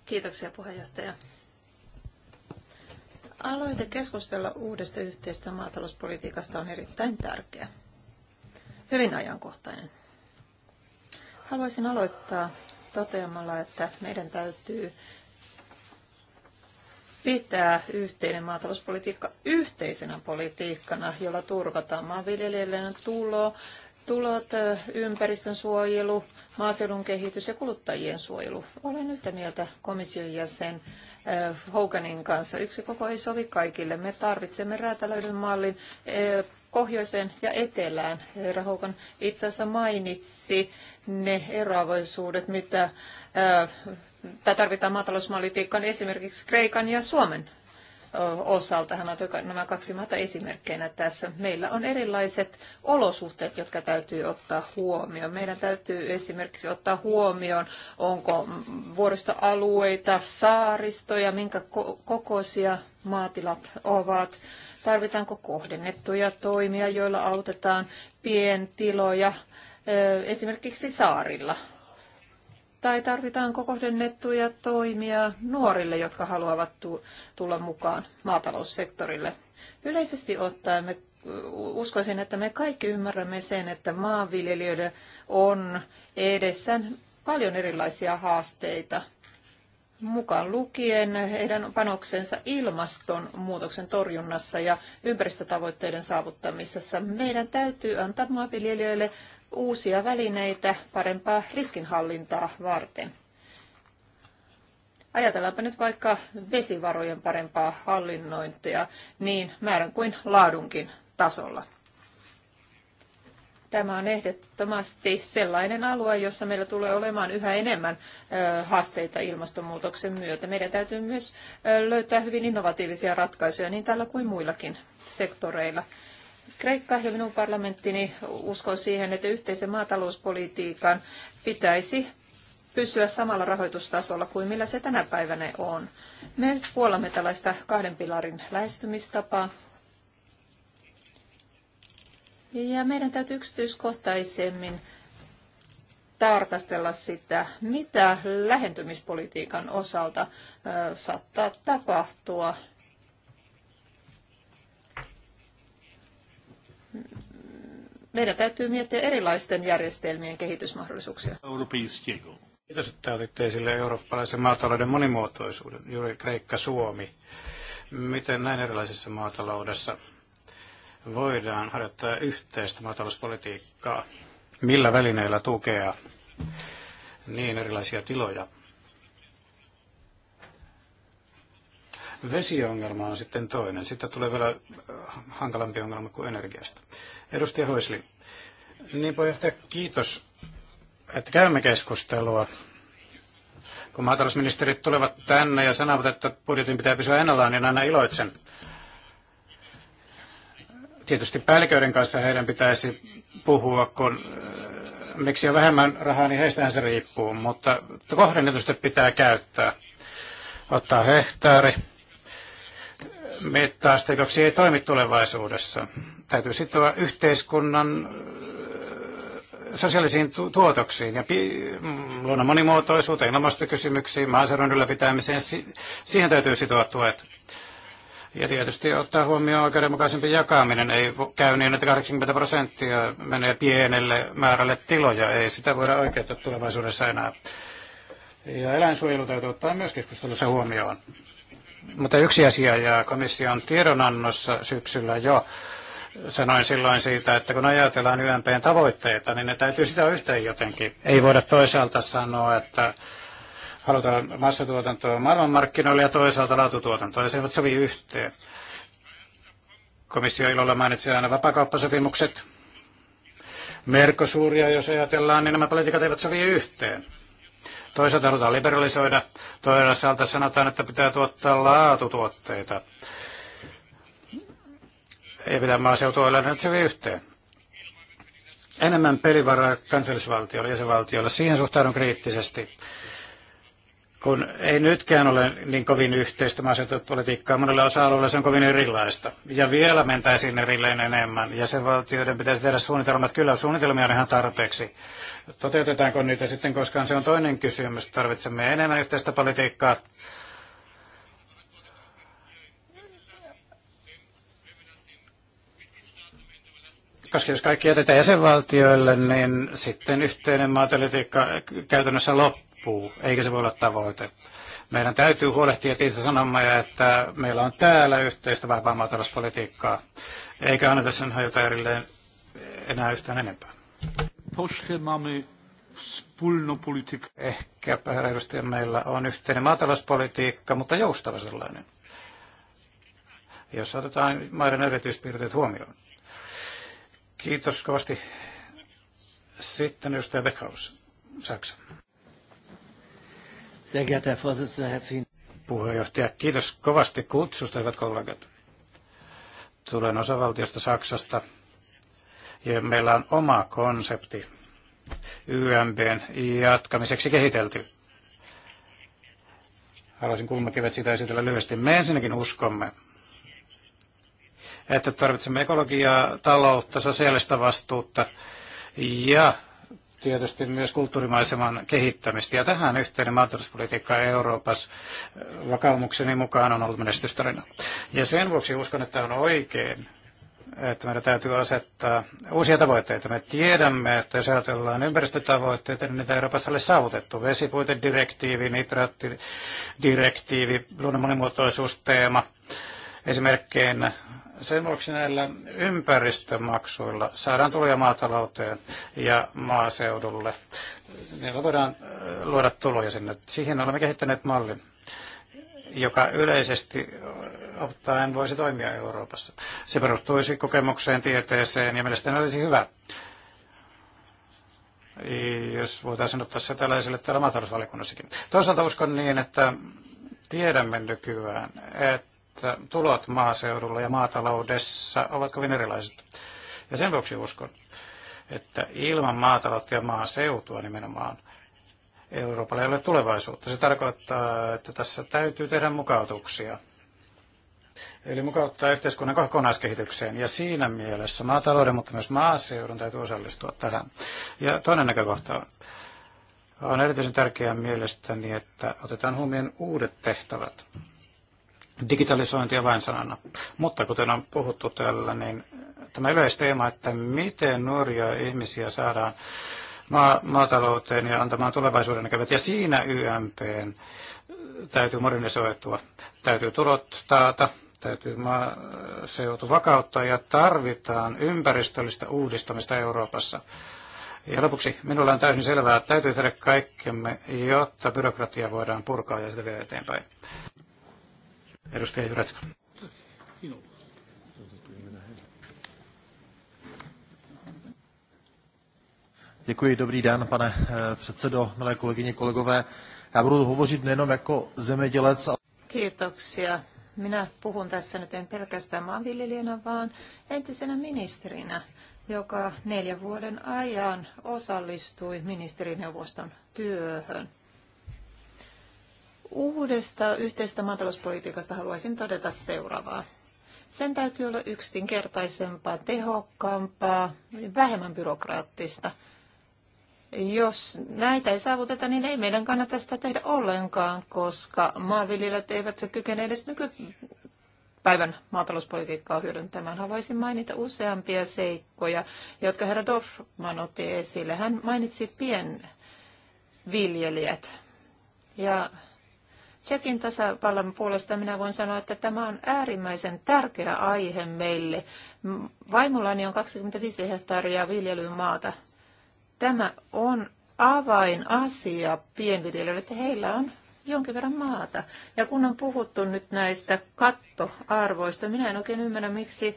Kiitoksia puheenjohtaja. Aloite keskustella uudesta yhteistä maatalouspolitiikasta on erittäin tärkeä. Hyvin ajankohtainen. Haluaisin aloittaa toteamalla, että meidän täytyy pitää yhteinen maatalouspolitiikka yhteisenä politiikkana, jolla turvataan maanviljelijöiden tulo, tulot, ympäristön suojelu, maaseudun kehitys ja kuluttajien suojelu. Olen yhtä mieltä komission jäsen Hoganin kanssa. Yksi koko ei sovi kaikille. Me tarvitsemme räätälöidyn mallin pohjoiseen ja etelään. Herra Hogan itse asiassa mainitsi ne eroavaisuudet, mitä tarvitaan maatalousmallitiikkaan esimerkiksi Kreikan ja Suomen osalta. Hän nämä kaksi maata esimerkkeinä tässä. Meillä on erilaiset olosuhteet, jotka täytyy ottaa huomioon. Meidän täytyy esimerkiksi ottaa huomioon, onko vuoristoalueita, saaristoja, minkä kokoisia maatilat ovat. Tarvitaanko kohdennettuja toimia, joilla autetaan pientiloja esimerkiksi saarilla tai tarvitaanko kohdennettuja toimia nuorille, jotka haluavat tulla mukaan maataloussektorille? Yleisesti ottaen me uskoisin, että me kaikki ymmärrämme sen, että maanviljelijöiden on edessään paljon erilaisia haasteita, mukaan lukien heidän panoksensa ilmastonmuutoksen torjunnassa ja ympäristötavoitteiden saavuttamisessa. Meidän täytyy antaa maanviljelijöille uusia välineitä parempaa riskinhallintaa varten. Ajatellaanpa nyt vaikka vesivarojen parempaa hallinnointia niin määrän kuin laadunkin tasolla. Tämä on ehdottomasti sellainen alue, jossa meillä tulee olemaan yhä enemmän haasteita ilmastonmuutoksen myötä. Meidän täytyy myös löytää hyvin innovatiivisia ratkaisuja niin tällä kuin muillakin sektoreilla. Kreikka ja minun parlamenttini uskoo siihen, että yhteisen maatalouspolitiikan pitäisi pysyä samalla rahoitustasolla kuin millä se tänä päivänä on. Me puolamme tällaista kahden pilarin lähestymistapaa. Ja meidän täytyy yksityiskohtaisemmin tarkastella sitä, mitä lähentymispolitiikan osalta saattaa tapahtua meidän täytyy miettiä erilaisten järjestelmien kehitysmahdollisuuksia. Kiitos, että otitte esille eurooppalaisen maatalouden monimuotoisuuden, juuri Kreikka, Suomi. Miten näin erilaisessa maataloudessa voidaan harjoittaa yhteistä maatalouspolitiikkaa? Millä välineillä tukea niin erilaisia tiloja? Vesiongelma on sitten toinen. Sitä tulee vielä äh, hankalampi ongelma kuin energiasta. Edustaja Hoisli. Niin puheenjohtaja, kiitos, että käymme keskustelua. Kun maatalousministerit tulevat tänne ja sanovat, että budjetin pitää pysyä ennallaan, niin aina iloitsen. Tietysti päälliköiden kanssa heidän pitäisi puhua, kun äh, miksi on vähemmän rahaa, niin heistähän se riippuu, mutta kohdennetusti pitää käyttää. Ottaa hehtaari, mittaasteikoksi ei toimi tulevaisuudessa. Täytyy sitoa yhteiskunnan äh, sosiaalisiin tu- tuotoksiin ja pi- mm, luonnon monimuotoisuuteen, ilmastokysymyksiin, maaseudun ylläpitämiseen, si- siihen täytyy sitoa tuet. Ja tietysti ottaa huomioon oikeudenmukaisempi jakaminen. Ei käy niin, että 80 prosenttia menee pienelle määrälle tiloja. Ei sitä voida oikeuttaa tulevaisuudessa enää. Ja eläinsuojelu täytyy ottaa myös keskustelussa huomioon. Mutta yksi asia ja komission tiedonannossa syksyllä jo sanoin silloin siitä, että kun ajatellaan YMPn tavoitteita, niin ne täytyy sitä yhteen jotenkin. Ei voida toisaalta sanoa, että halutaan massatuotantoa maailmanmarkkinoille ja toisaalta laatutuotantoa, ja se eivät sovi yhteen. Komissio ilolla mainitsi aina vapakauppasopimukset. Merkosuuria, jos ajatellaan, niin nämä politiikat eivät sovi yhteen. Toisaalta halutaan liberalisoida, toisaalta sanotaan, että pitää tuottaa laatutuotteita. Ei pitää maaseutua elää nyt se yhteen. Enemmän pelivaraa kansallisvaltiolle ja jäsenvaltiolle. Siihen suhtaudun kriittisesti kun ei nytkään ole niin kovin yhteistä maaseutupolitiikkaa, monella osa-alueella se on kovin erilaista. Ja vielä mentäisiin erilleen enemmän. ja valtioiden pitäisi tehdä suunnitelmat. Kyllä, suunnitelmia on ihan tarpeeksi. Toteutetaanko niitä sitten koskaan, se on toinen kysymys. Tarvitsemme enemmän yhteistä politiikkaa. koska jos kaikki jätetään jäsenvaltioille, niin sitten yhteinen maatelitiikka käytännössä loppuu loppuu, eikä se voi olla tavoite. Meidän täytyy huolehtia tiistä sanomaan, että meillä on täällä yhteistä vapaa maatalouspolitiikkaa, eikä anneta sen hajota erilleen enää yhtään enempää. Ehkä edustaja, meillä on yhteinen maatalouspolitiikka, mutta joustava sellainen, jos otetaan maiden erityispiirteet huomioon. Kiitos kovasti. Sitten edustaja Beckhaus, Saksa. Sehr geehrter Herr Vorsitzender, herzlichen Puheenjohtaja, kiitos kovasti kutsusta, hyvät kollegat. Tulen osavaltiosta Saksasta ja meillä on oma konsepti YMBn jatkamiseksi kehitelty. Haluaisin kulmakivet sitä esitellä lyhyesti. Me ensinnäkin uskomme, että tarvitsemme ekologiaa, taloutta, sosiaalista vastuutta ja tietysti myös kulttuurimaiseman kehittämistä. Ja tähän yhteinen maatalouspolitiikka Euroopassa äh, vakaumukseni mukaan on ollut menestystarina. Ja sen vuoksi uskon, että on oikein, että meidän täytyy asettaa uusia tavoitteita. Me tiedämme, että jos ajatellaan ympäristötavoitteita, niin niitä Euroopassa ole saavutettu. Vesipuitedirektiivi, nitraattidirektiivi, luonnon monimuotoisuusteema. teema esimerkkeinä. Sen vuoksi näillä ympäristömaksuilla saadaan tuloja maatalouteen ja maaseudulle. Niillä voidaan äh, luoda tuloja sinne. Siihen olemme kehittäneet mallin, joka yleisesti ottaen voisi toimia Euroopassa. Se perustuisi kokemukseen, tieteeseen ja mielestäni olisi hyvä, jos voitaisiin ottaa se tällaiselle täällä maatalousvaliokunnassakin. Toisaalta uskon niin, että tiedämme nykyään, että että tulot maaseudulla ja maataloudessa ovat kovin erilaiset. Ja sen vuoksi uskon, että ilman maataloutta ja maaseutua nimenomaan Euroopalle ei ole tulevaisuutta. Se tarkoittaa, että tässä täytyy tehdä mukautuksia. Eli mukauttaa yhteiskunnan kokonaiskehitykseen. Ja siinä mielessä maatalouden, mutta myös maaseudun täytyy osallistua tähän. Ja toinen näkökohta on, on erityisen tärkeää mielestäni, että otetaan huomioon uudet tehtävät, digitalisointi avainsanana. Mutta kuten on puhuttu täällä, niin tämä yleisteema, että miten nuoria ihmisiä saadaan maa- maatalouteen ja antamaan tulevaisuuden näkevät. Ja siinä YMP täytyy modernisoitua, täytyy tulot taata, täytyy maaseutu vakauttaa ja tarvitaan ympäristöllistä uudistamista Euroopassa. Ja lopuksi minulla on täysin selvää, että täytyy tehdä kaikkemme, jotta byrokratia voidaan purkaa ja sitä vielä eteenpäin. Edustaja Juretska. Děkuji, dobrý den, pane eh, předsedo, milé kolegyně, kolegové. Já budu hovořit nejenom jako zemědělec. Ale... Kiitoksia. Minä puhun tässä nyt en pelkästään maanviljelijänä, vaan entisenä ministerinä, joka neljän vuoden ajan osallistui ministerineuvoston työhön. Uudesta yhteisestä maatalouspolitiikasta haluaisin todeta seuraavaa. Sen täytyy olla yksinkertaisempaa, tehokkaampaa, vähemmän byrokraattista. Jos näitä ei saavuteta, niin ei meidän kannata sitä tehdä ollenkaan, koska maanviljelijät eivät kykene edes nykypäivän maatalouspolitiikkaa hyödyntämään. Haluaisin mainita useampia seikkoja, jotka herra Dorfman otti esille. Hän mainitsi pienviljelijät. Ja Tsekin tasavallan puolesta minä voin sanoa, että tämä on äärimmäisen tärkeä aihe meille. Vaimollani on 25 hehtaaria viljelymaata. Tämä on avainasia pienviljelijöille, että heillä on jonkin verran maata. Ja kun on puhuttu nyt näistä kattoarvoista, minä en oikein ymmärrä, miksi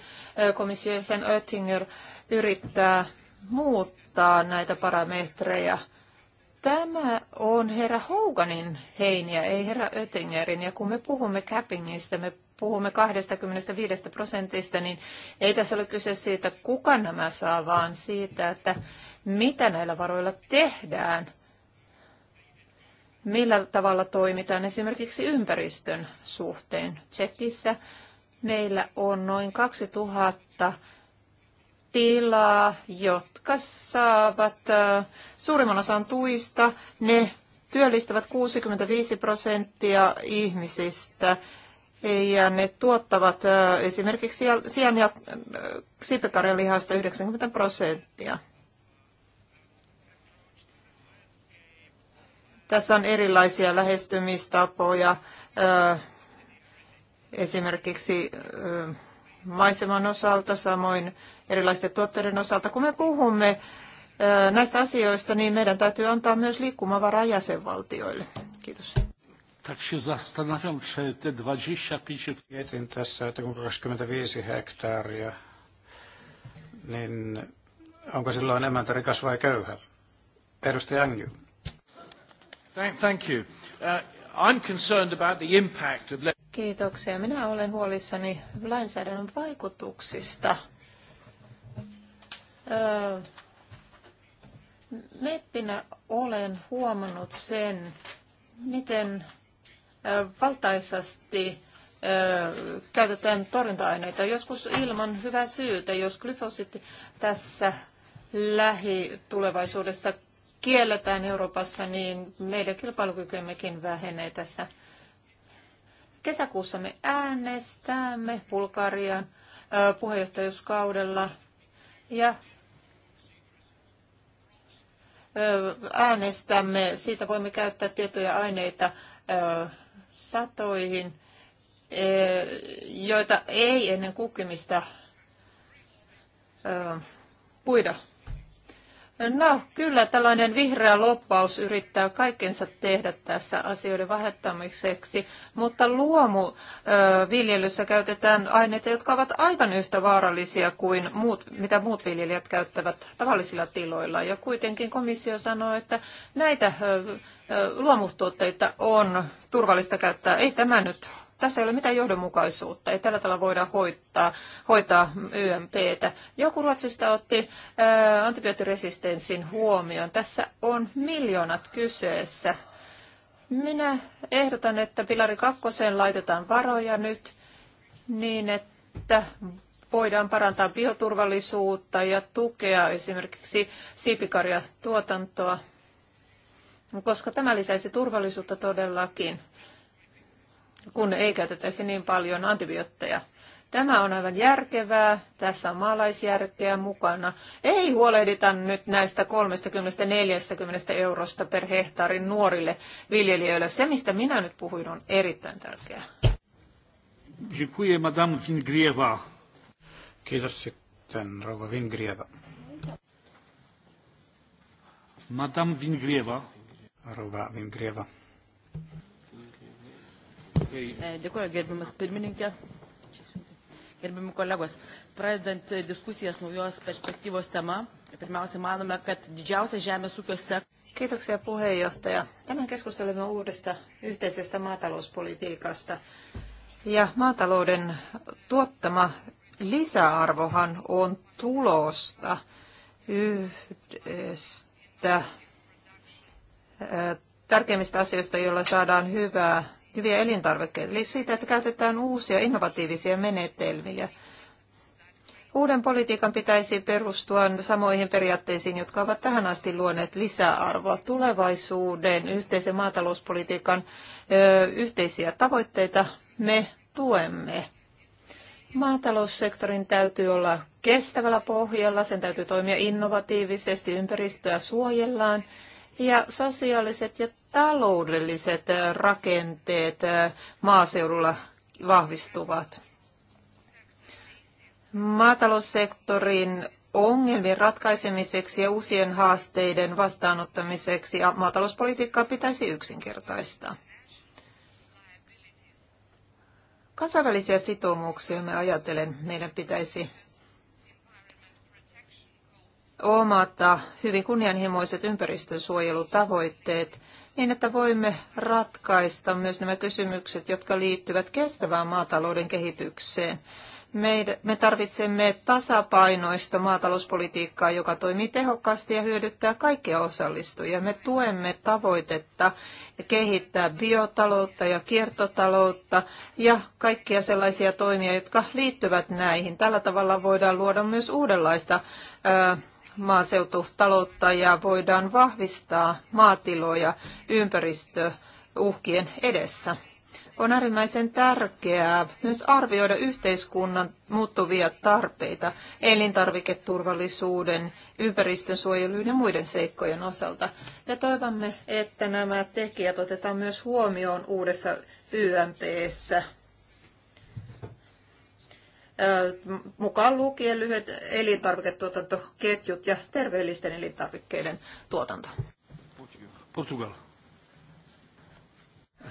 komissio sen Oettinger yrittää muuttaa näitä parametreja – Tämä on herra Houganin heiniä, ei herra Oettingerin. Ja kun me puhumme cappingista, me puhumme 25 prosentista, niin ei tässä ole kyse siitä, kuka nämä saa, vaan siitä, että mitä näillä varoilla tehdään, millä tavalla toimitaan esimerkiksi ympäristön suhteen. Tsekissä meillä on noin 2000 tilaa, jotka saavat äh, suurimman osan tuista. Ne työllistävät 65 prosenttia ihmisistä ja ne tuottavat äh, esimerkiksi sian ja äh, siipikarjan lihasta 90 prosenttia. Tässä on erilaisia lähestymistapoja, esimerkiksi maiseman osalta, samoin erilaisten tuotteiden osalta. Kun me puhumme näistä asioista, niin meidän täytyy antaa myös liikkumavaraa jäsenvaltioille. Kiitos. Mietin tässä, että kun 25 hektaaria, niin onko silloin emäntä rikas vai köyhä? Edustaja Angju. Thank, thank you. Uh, I'm concerned about the impact of... Kiitoksia. Minä olen huolissani lainsäädännön vaikutuksista. Öö, meppinä olen huomannut sen, miten valtaisasti käytetään torjunta-aineita, joskus ilman hyvää syytä. Jos glyfosit tässä lähitulevaisuudessa kielletään Euroopassa, niin meidän kilpailukykymmekin vähenee tässä Kesäkuussa me äänestämme Bulgarian puheenjohtajuuskaudella ja äänestämme. Siitä voimme käyttää tietoja aineita satoihin, joita ei ennen kukkimista puida. No kyllä, tällainen vihreä loppaus yrittää kaikensa tehdä tässä asioiden vahettamiseksi, mutta luomuviljelyssä käytetään aineita, jotka ovat aivan yhtä vaarallisia kuin muut, mitä muut viljelijät käyttävät tavallisilla tiloilla. Ja kuitenkin komissio sanoo, että näitä luomutuotteita on turvallista käyttää. Ei tämä nyt tässä ei ole mitään johdonmukaisuutta. Ei tällä tavalla voida hoitaa, hoitaa YMPtä. Joku Ruotsista otti ää, äh, antibioottiresistenssin huomioon. Tässä on miljoonat kyseessä. Minä ehdotan, että pilari kakkoseen laitetaan varoja nyt niin, että voidaan parantaa bioturvallisuutta ja tukea esimerkiksi siipikarjatuotantoa, koska tämä lisäisi turvallisuutta todellakin kun ei käytettäisi niin paljon antibiootteja. Tämä on aivan järkevää, tässä on maalaisjärkeä mukana. Ei huolehdita nyt näistä 30-40 eurosta per hehtaarin nuorille viljelijöille. Se, mistä minä nyt puhuin, on erittäin tärkeää. Dziękuję, Madame Vingrieva. Kiitos sitten, Rova Vingrieva. Madame Vingrieva. Rova Vingrieva. Dėkuoju, gerbimas pirmininkė. gerbimi kolegos, pradedant diskusijas naujos perspektyvos tema, pirmiausia manome, kad didžiausia žemės ūkio sektorius. Kiitoksia puheenjohtaja. Tämän keskustelemme uudesta yhteisestä maatalouspolitiikasta. Ja maatalouden tuottama lisäarvohan on tulosta yhdestä tärkeimmistä asioista, joilla saadaan hyvää hyviä elintarvikkeita, eli siitä, että käytetään uusia innovatiivisia menetelmiä. Uuden politiikan pitäisi perustua samoihin periaatteisiin, jotka ovat tähän asti luoneet lisäarvoa tulevaisuuden yhteisen maatalouspolitiikan ö, yhteisiä tavoitteita. Me tuemme. Maataloussektorin täytyy olla kestävällä pohjalla, sen täytyy toimia innovatiivisesti, ympäristöä suojellaan ja sosiaaliset ja taloudelliset rakenteet maaseudulla vahvistuvat. Maataloussektorin ongelmien ratkaisemiseksi ja uusien haasteiden vastaanottamiseksi ja maatalouspolitiikkaa pitäisi yksinkertaistaa. Kansainvälisiä sitoumuksia me ajatellen meidän pitäisi omata hyvin kunnianhimoiset ympäristönsuojelutavoitteet niin, että voimme ratkaista myös nämä kysymykset, jotka liittyvät kestävään maatalouden kehitykseen. Me tarvitsemme tasapainoista maatalouspolitiikkaa, joka toimii tehokkaasti ja hyödyttää kaikkia osallistujia. Me tuemme tavoitetta kehittää biotaloutta ja kiertotaloutta ja kaikkia sellaisia toimia, jotka liittyvät näihin. Tällä tavalla voidaan luoda myös uudenlaista maaseututaloutta ja voidaan vahvistaa maatiloja ympäristöuhkien edessä. On äärimmäisen tärkeää myös arvioida yhteiskunnan muuttuvia tarpeita elintarviketurvallisuuden, ympäristönsuojelun ja muiden seikkojen osalta. Ja toivomme, että nämä tekijät otetaan myös huomioon uudessa YMPssä mukaan lukien lyhyet elintarviketuotantoketjut ja terveellisten elintarvikkeiden tuotanto. Portugal.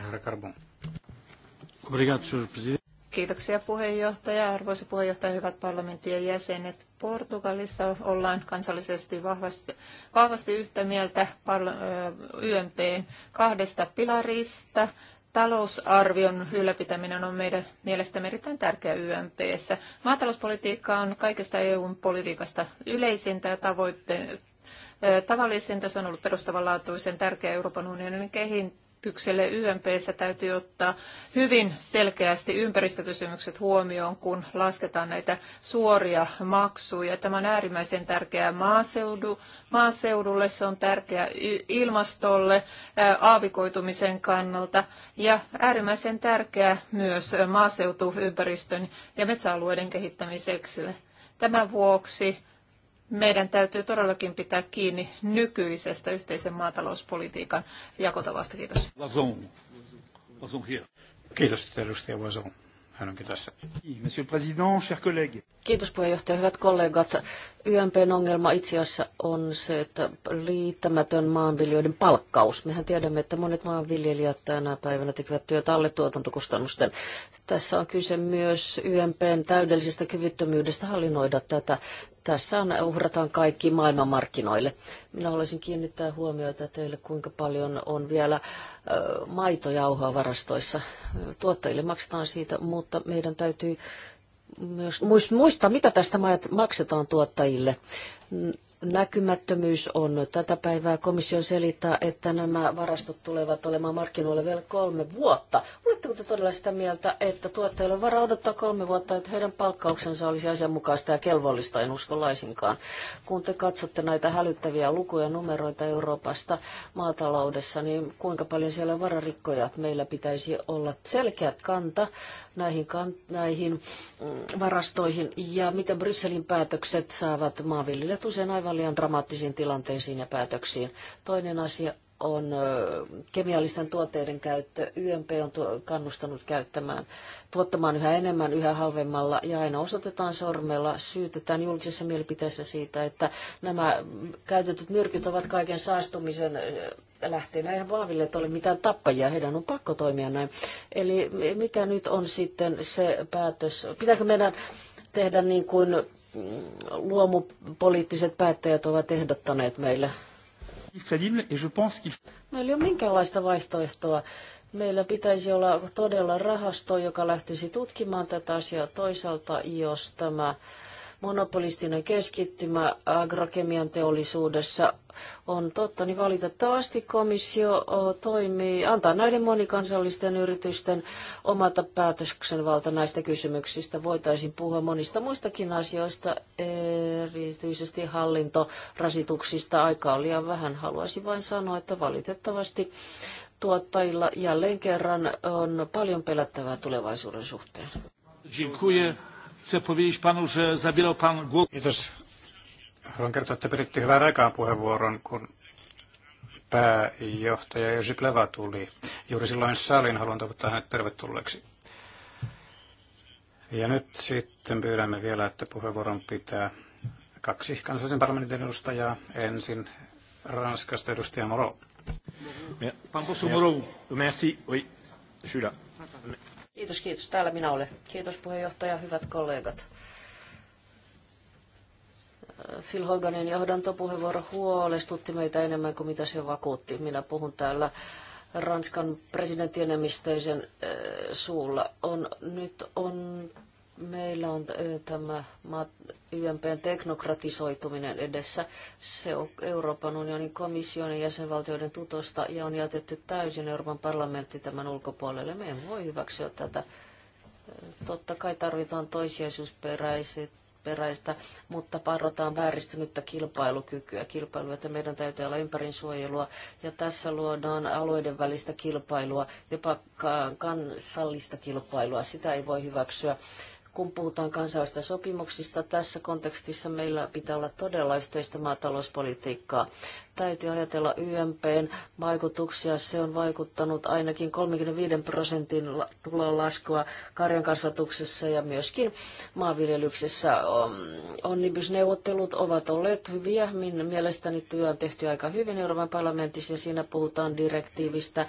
Herra Carbon. Kiitoksia puheenjohtaja, arvoisa puheenjohtaja, hyvät parlamentin jäsenet. Portugalissa ollaan kansallisesti vahvasti, vahvasti yhtä mieltä YMPn kahdesta pilarista, talousarvion ylläpitäminen on meidän mielestämme erittäin tärkeä YMPssä. Maatalouspolitiikka on kaikesta EUn politiikasta yleisintä ja tavoitteen, tavallisinta. Se on ollut perustavanlaatuisen tärkeä Euroopan unionin kehitykselle YMPssä täytyy ottaa hyvin selkeästi ympäristökysymykset huomioon, kun lasketaan näitä suoria maksuja. Tämä on äärimmäisen tärkeää maaseudu, maaseudulle, se on tärkeää ilmastolle, aavikoitumisen kannalta ja äärimmäisen tärkeää myös maaseutuympäristön ja metsäalueiden kehittämiseksi. Tämän vuoksi meidän täytyy todellakin pitää kiinni nykyisestä yhteisen maatalouspolitiikan jakotavasta. Kiitos. Kiitos, edustaja Vazon. Hän onkin tässä. Monsieur President, Kiitos puheenjohtaja, hyvät kollegat. YMPn ongelma itse asiassa on se, että liittämätön maanviljelijöiden palkkaus. Mehän tiedämme, että monet maanviljelijät tänä päivänä tekevät työtä alle tuotantokustannusten. Tässä on kyse myös YMPn täydellisestä kyvyttömyydestä hallinnoida tätä tässä on, uhrataan kaikki maailmanmarkkinoille. Minä olisin kiinnittää huomiota teille, kuinka paljon on vielä maitojauhoa varastoissa. Tuottajille maksetaan siitä, mutta meidän täytyy myös muistaa, mitä tästä maksetaan tuottajille näkymättömyys on tätä päivää. Komissio selittää, että nämä varastot tulevat olemaan markkinoilla vielä kolme vuotta. Oletteko te todella sitä mieltä, että tuottajille varaa odottaa kolme vuotta, että heidän palkkauksensa olisi asianmukaista ja kelvollista? En usko laisinkaan. Kun te katsotte näitä hälyttäviä lukuja numeroita Euroopasta maataloudessa, niin kuinka paljon siellä on vararikkoja? Meillä pitäisi olla selkeät kanta näihin, näihin mm, varastoihin ja miten Brysselin päätökset saavat maanviljelijät usein aivan liian dramaattisiin tilanteisiin ja päätöksiin. Toinen asia on kemiallisten tuotteiden käyttö. YMP on kannustanut käyttämään, tuottamaan yhä enemmän, yhä halvemmalla ja aina osoitetaan sormella, syytetään julkisessa mielipiteessä siitä, että nämä käytetyt myrkyt ovat kaiken saastumisen lähteenä. Eihän vaaville ole mitään tappajia, heidän on pakko toimia näin. Eli mikä nyt on sitten se päätös? Pitääkö meidän tehdä niin kuin mm, luomupoliittiset päättäjät ovat ehdottaneet meille Meillä on minkäänlaista vaihtoehtoa. Meillä pitäisi olla todella rahasto, joka lähtisi tutkimaan tätä asiaa toisaalta, jos tämä monopolistinen keskittymä agrokemian teollisuudessa on totta, niin valitettavasti komissio toimii, antaa näiden monikansallisten yritysten omata päätöksenvalta näistä kysymyksistä. Voitaisiin puhua monista muistakin asioista, erityisesti hallintorasituksista. Aikaa on liian vähän. Haluaisin vain sanoa, että valitettavasti tuottajilla jälleen kerran on paljon pelättävää tulevaisuuden suhteen. Dziękuję. Chcę powiedzieć panu, że zabierał pan głos. Kiitos. Haluan kertoa, että piditte hyvän aikaan puheenvuoron, kun pääjohtaja Jerzy Pleva tuli juuri silloin saliin. Haluan toivottaa hänet tervetulleeksi. Ja nyt sitten pyydämme vielä, että puheenvuoron pitää kaksi kansallisen parlamentin edustajaa. Ensin Ranskasta edustaja Moro. Pan Moro. Merci. Oui. Je suis là. Kiitos, kiitos. Täällä minä olen. Kiitos puheenjohtaja, hyvät kollegat. Phil Hoganin johdantopuheenvuoro huolestutti meitä enemmän kuin mitä se vakuutti. Minä puhun täällä Ranskan presidentin enemmistöisen eh, suulla. On, nyt on meillä on tämä YMPn teknokratisoituminen edessä. Se on Euroopan unionin komission ja jäsenvaltioiden tutosta ja on jätetty täysin Euroopan parlamentti tämän ulkopuolelle. Me emme voi hyväksyä tätä. Totta kai tarvitaan toisiaisuusperäistä, mutta parrotaan vääristynyttä kilpailukykyä, Kilpailu, että meidän täytyy olla ympärin suojelua. Ja tässä luodaan alueiden välistä kilpailua, jopa kansallista kilpailua. Sitä ei voi hyväksyä kun puhutaan kansainvälisistä sopimuksista. Tässä kontekstissa meillä pitää olla todella yhteistä maatalouspolitiikkaa. Täytyy ajatella YMPn vaikutuksia. Se on vaikuttanut ainakin 35 prosentin tulonlaskua karjankasvatuksessa ja myöskin maanviljelyksessä. Um, Onnibusneuvottelut ovat olleet hyviä. Minun mielestäni työ on tehty aika hyvin Euroopan parlamentissa ja siinä puhutaan direktiivistä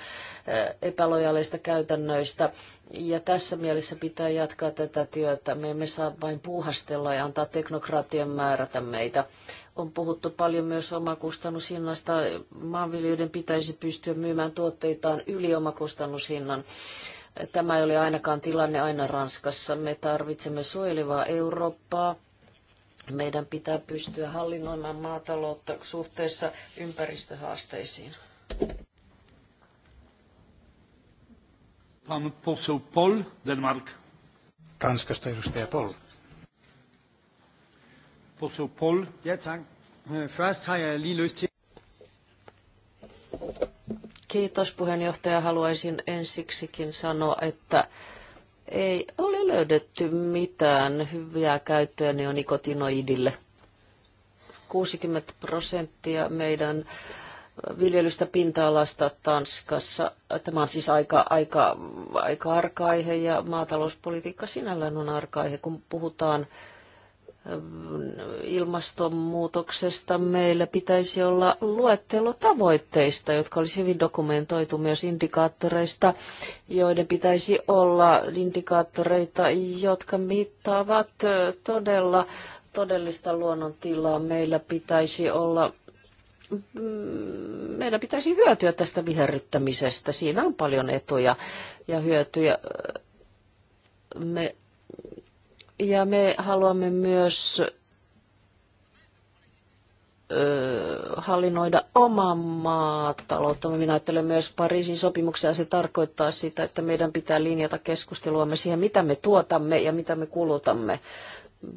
eh, epälojaaleista käytännöistä. Ja tässä mielessä pitää jatkaa tätä työtä. Me emme saa vain puuhastella ja antaa teknokraattien määrätä meitä. On puhuttu paljon myös omakustannushinnasta. Maanviljelijöiden pitäisi pystyä myymään tuotteitaan yli omakustannushinnan. Tämä ei ole ainakaan tilanne aina Ranskassa. Me tarvitsemme suojelevaa Eurooppaa. Meidän pitää pystyä hallinnoimaan maataloutta suhteessa ympäristöhaasteisiin. Tanskasta edustaja Pol. Poseł Pol. Ja, tak. Øh, har jeg lige lyst til... Kiitos puheenjohtaja. Haluaisin ensiksikin sanoa, että ei ole löydetty mitään hyviä käyttöä neonikotinoidille. 60 prosenttia meidän viljelystä pinta-alasta Tanskassa. Tämä on siis aika, aika, aika arkaihe ja maatalouspolitiikka sinällään on arkaihe, kun puhutaan ilmastonmuutoksesta meillä pitäisi olla luettelo tavoitteista, jotka olisi hyvin dokumentoitu myös indikaattoreista, joiden pitäisi olla indikaattoreita, jotka mittaavat todella todellista luonnontilaa. Meillä pitäisi olla mm, meidän pitäisi hyötyä tästä viherryttämisestä. Siinä on paljon etuja ja hyötyjä. Me ja me haluamme myös hallinnoida omaa maataloutta. Minä ajattelen myös Pariisin sopimuksia ja se tarkoittaa sitä, että meidän pitää linjata keskusteluamme siihen, mitä me tuotamme ja mitä me kulutamme.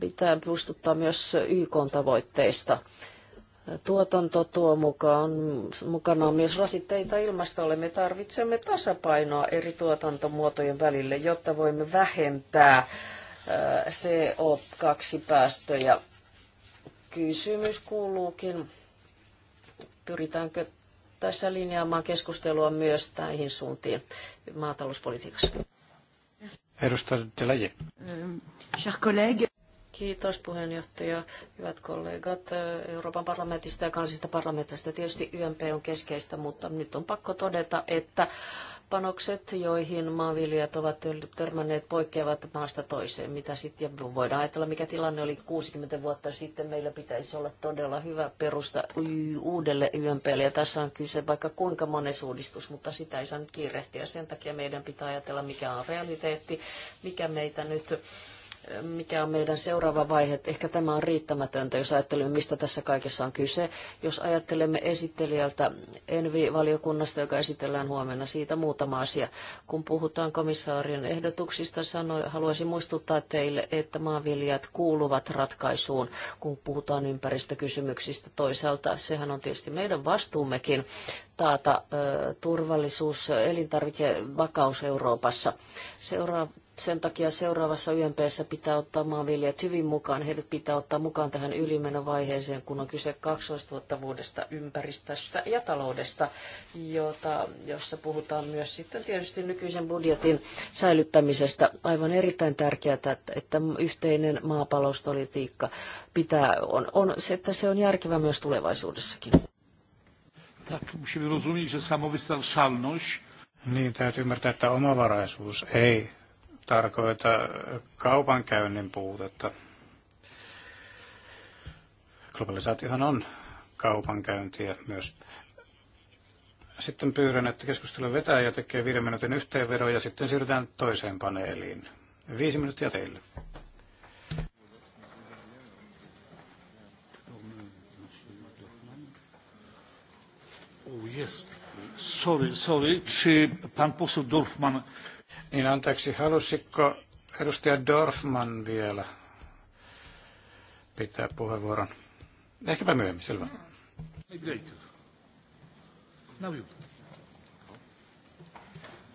Pitää puistuttaa myös YK-tavoitteista. Tuotanto tuo mukaan, mukana on myös rasitteita ilmastolle. Me tarvitsemme tasapainoa eri tuotantomuotojen välille, jotta voimme vähentää CO2-päästöjä. Kysymys kuuluukin, pyritäänkö tässä linjaamaan keskustelua myös näihin suuntiin maatalouspolitiikassa. Edustaja Delaje. Kiitos puheenjohtaja. Hyvät kollegat Euroopan parlamentista ja kansallisista parlamentista. Tietysti YMP on keskeistä, mutta nyt on pakko todeta, että panokset, joihin maanviljelijät ovat törmänneet, poikkeavat maasta toiseen. Mitä sitten, ja voidaan ajatella, mikä tilanne oli 60 vuotta sitten. Meillä pitäisi olla todella hyvä perusta uudelle YMPlle. Ja tässä on kyse vaikka kuinka monen uudistus, mutta sitä ei saa nyt kiirehtiä. Sen takia meidän pitää ajatella, mikä on realiteetti, mikä meitä nyt mikä on meidän seuraava vaihe. Ehkä tämä on riittämätöntä, jos ajattelemme, mistä tässä kaikessa on kyse. Jos ajattelemme esittelijältä Envi-valiokunnasta, joka esitellään huomenna, siitä muutama asia. Kun puhutaan komissaarin ehdotuksista, sanoin haluaisin muistuttaa teille, että maanviljat kuuluvat ratkaisuun, kun puhutaan ympäristökysymyksistä. Toisaalta sehän on tietysti meidän vastuummekin taata ö, turvallisuus, elintarvikevakaus Euroopassa. Seuraava sen takia seuraavassa YMPssä pitää ottaa maanviljelijät hyvin mukaan. Heidät pitää ottaa mukaan tähän ylimenovaiheeseen, kun on kyse kaksoistuottavuudesta, ympäristöstä ja taloudesta, jota, jossa puhutaan myös sitten tietysti nykyisen budjetin säilyttämisestä. Aivan erittäin tärkeää, että, että yhteinen maapallouspolitiikka pitää, on, on, se, että se on järkevä myös tulevaisuudessakin. Tak, musimy rozumieć, że samowystarczalność... Niin, täytyy ymmärtää, että omavaraisuus ei tarkoita kaupankäynnin puutetta. Globalisaatiohan on kaupankäyntiä myös. Sitten pyydän, että keskustelu vetää ja tekee viiden minuutin yhteenvedon ja sitten siirrytään toiseen paneeliin. Viisi minuuttia teille. Oh, yes. Sorry, sorry. Czy pan poseł Dorfman niin anteeksi, halusitko edustaja Dorfman vielä pitää puheenvuoron? Ehkäpä myöhemmin, selvä.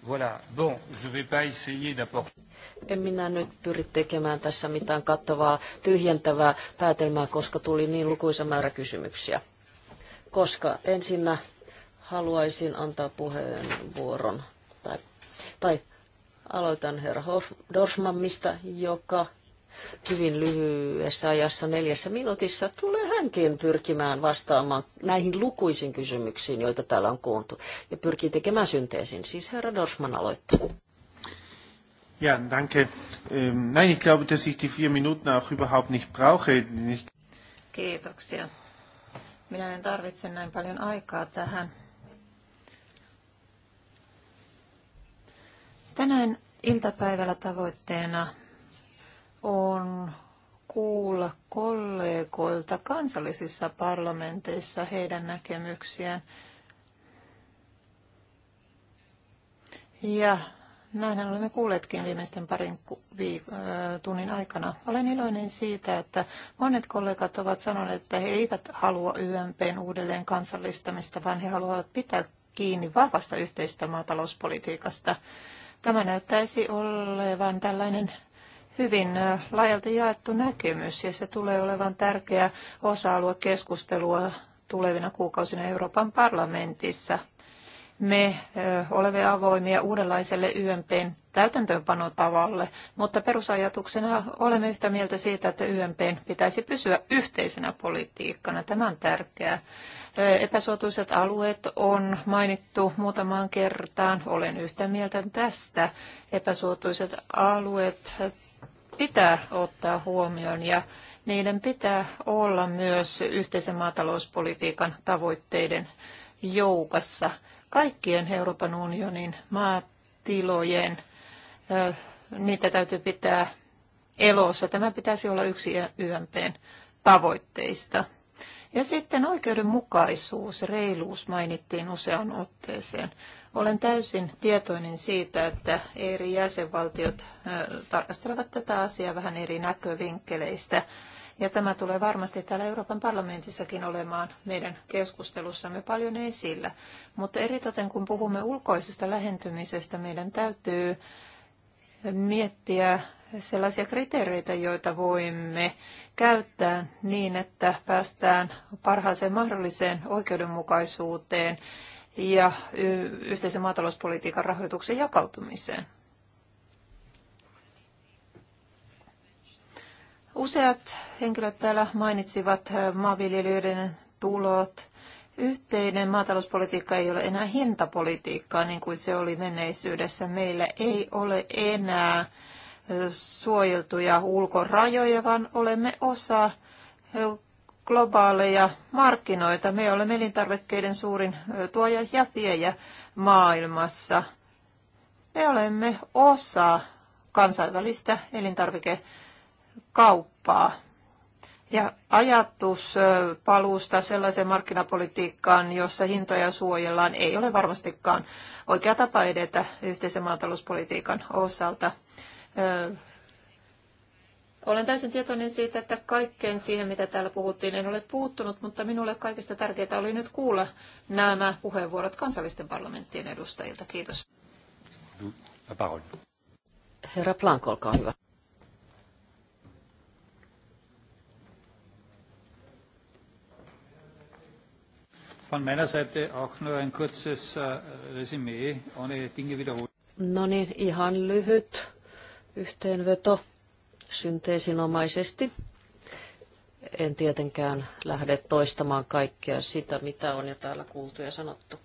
Voilà. Bon, je vais pas essayer d'apporter en minä nyt pyri tekemään tässä mitään kattavaa, tyhjentävää päätelmää, koska tuli niin lukuisa määrä kysymyksiä. Koska ensinnä haluaisin antaa puheenvuoron tai, tai Aloitan herra Dorfmammista, joka hyvin lyhyessä ajassa, neljässä minuutissa, tulee hänkin pyrkimään vastaamaan näihin lukuisiin kysymyksiin, joita täällä on kuultu, ja pyrkii tekemään synteesin. Siis herra Dorfman aloittaa. Ja, danke. Ähm, nein, ich glaube, dass ich die vier Minuten auch überhaupt nicht brauche. Kiitoksia. Minä en tarvitse näin paljon aikaa tähän. Tänään iltapäivällä tavoitteena on kuulla kollegoilta kansallisissa parlamenteissa heidän näkemyksiään. Ja näinhän olemme kuulleetkin viimeisten parin viik- tunnin aikana. Olen iloinen siitä, että monet kollegat ovat sanoneet, että he eivät halua YMPn uudelleen kansallistamista, vaan he haluavat pitää kiinni vahvasta yhteistä maatalouspolitiikasta. Tämä näyttäisi olevan tällainen hyvin laajalti jaettu näkemys ja se tulee olevan tärkeä osa-alue keskustelua tulevina kuukausina Euroopan parlamentissa. Me olemme avoimia uudenlaiselle YMPn täytäntöönpanotavalle, mutta perusajatuksena olemme yhtä mieltä siitä, että YMPn pitäisi pysyä yhteisenä politiikkana. Tämä on tärkeää. Epäsuotuiset alueet on mainittu muutamaan kertaan. Olen yhtä mieltä tästä. Epäsuotuiset alueet pitää ottaa huomioon ja niiden pitää olla myös yhteisen maatalouspolitiikan tavoitteiden joukossa. Kaikkien Euroopan unionin maatilojen niitä täytyy pitää elossa. Tämä pitäisi olla yksi YMPn tavoitteista. Ja sitten oikeudenmukaisuus, reiluus mainittiin useaan otteeseen. Olen täysin tietoinen siitä, että eri jäsenvaltiot tarkastelevat tätä asiaa vähän eri näkövinkkeleistä. Ja tämä tulee varmasti täällä Euroopan parlamentissakin olemaan meidän keskustelussamme paljon esillä. Mutta eritoten kun puhumme ulkoisesta lähentymisestä, meidän täytyy miettiä sellaisia kriteereitä, joita voimme käyttää niin, että päästään parhaaseen mahdolliseen oikeudenmukaisuuteen ja yhteisen maatalouspolitiikan rahoituksen jakautumiseen. Useat henkilöt täällä mainitsivat maanviljelijöiden tulot Yhteinen maatalouspolitiikka ei ole enää hintapolitiikkaa niin kuin se oli menneisyydessä. Meillä ei ole enää suojeltuja ulkorajoja, vaan olemme osa globaaleja markkinoita. Me olemme elintarvikkeiden suurin tuoja ja viejä maailmassa. Me olemme osa kansainvälistä elintarvikekauppaa. Ja ajatus paluusta sellaiseen markkinapolitiikkaan, jossa hintoja suojellaan, ei ole varmastikaan oikea tapa edetä yhteisen maatalouspolitiikan osalta. Olen täysin tietoinen siitä, että kaikkeen siihen, mitä täällä puhuttiin, en ole puuttunut, mutta minulle kaikista tärkeintä oli nyt kuulla nämä puheenvuorot kansallisten parlamenttien edustajilta. Kiitos. Herra Plank, olkaa hyvä. Von meiner Seite auch nur ein kurzes äh, Resümee, ohne Dinge wiederholen. No niin, ihan lyhyt yhteenveto synteesinomaisesti. En tietenkään lähde toistamaan kaikkea sitä, mitä on jo täällä kuultu ja sanottu.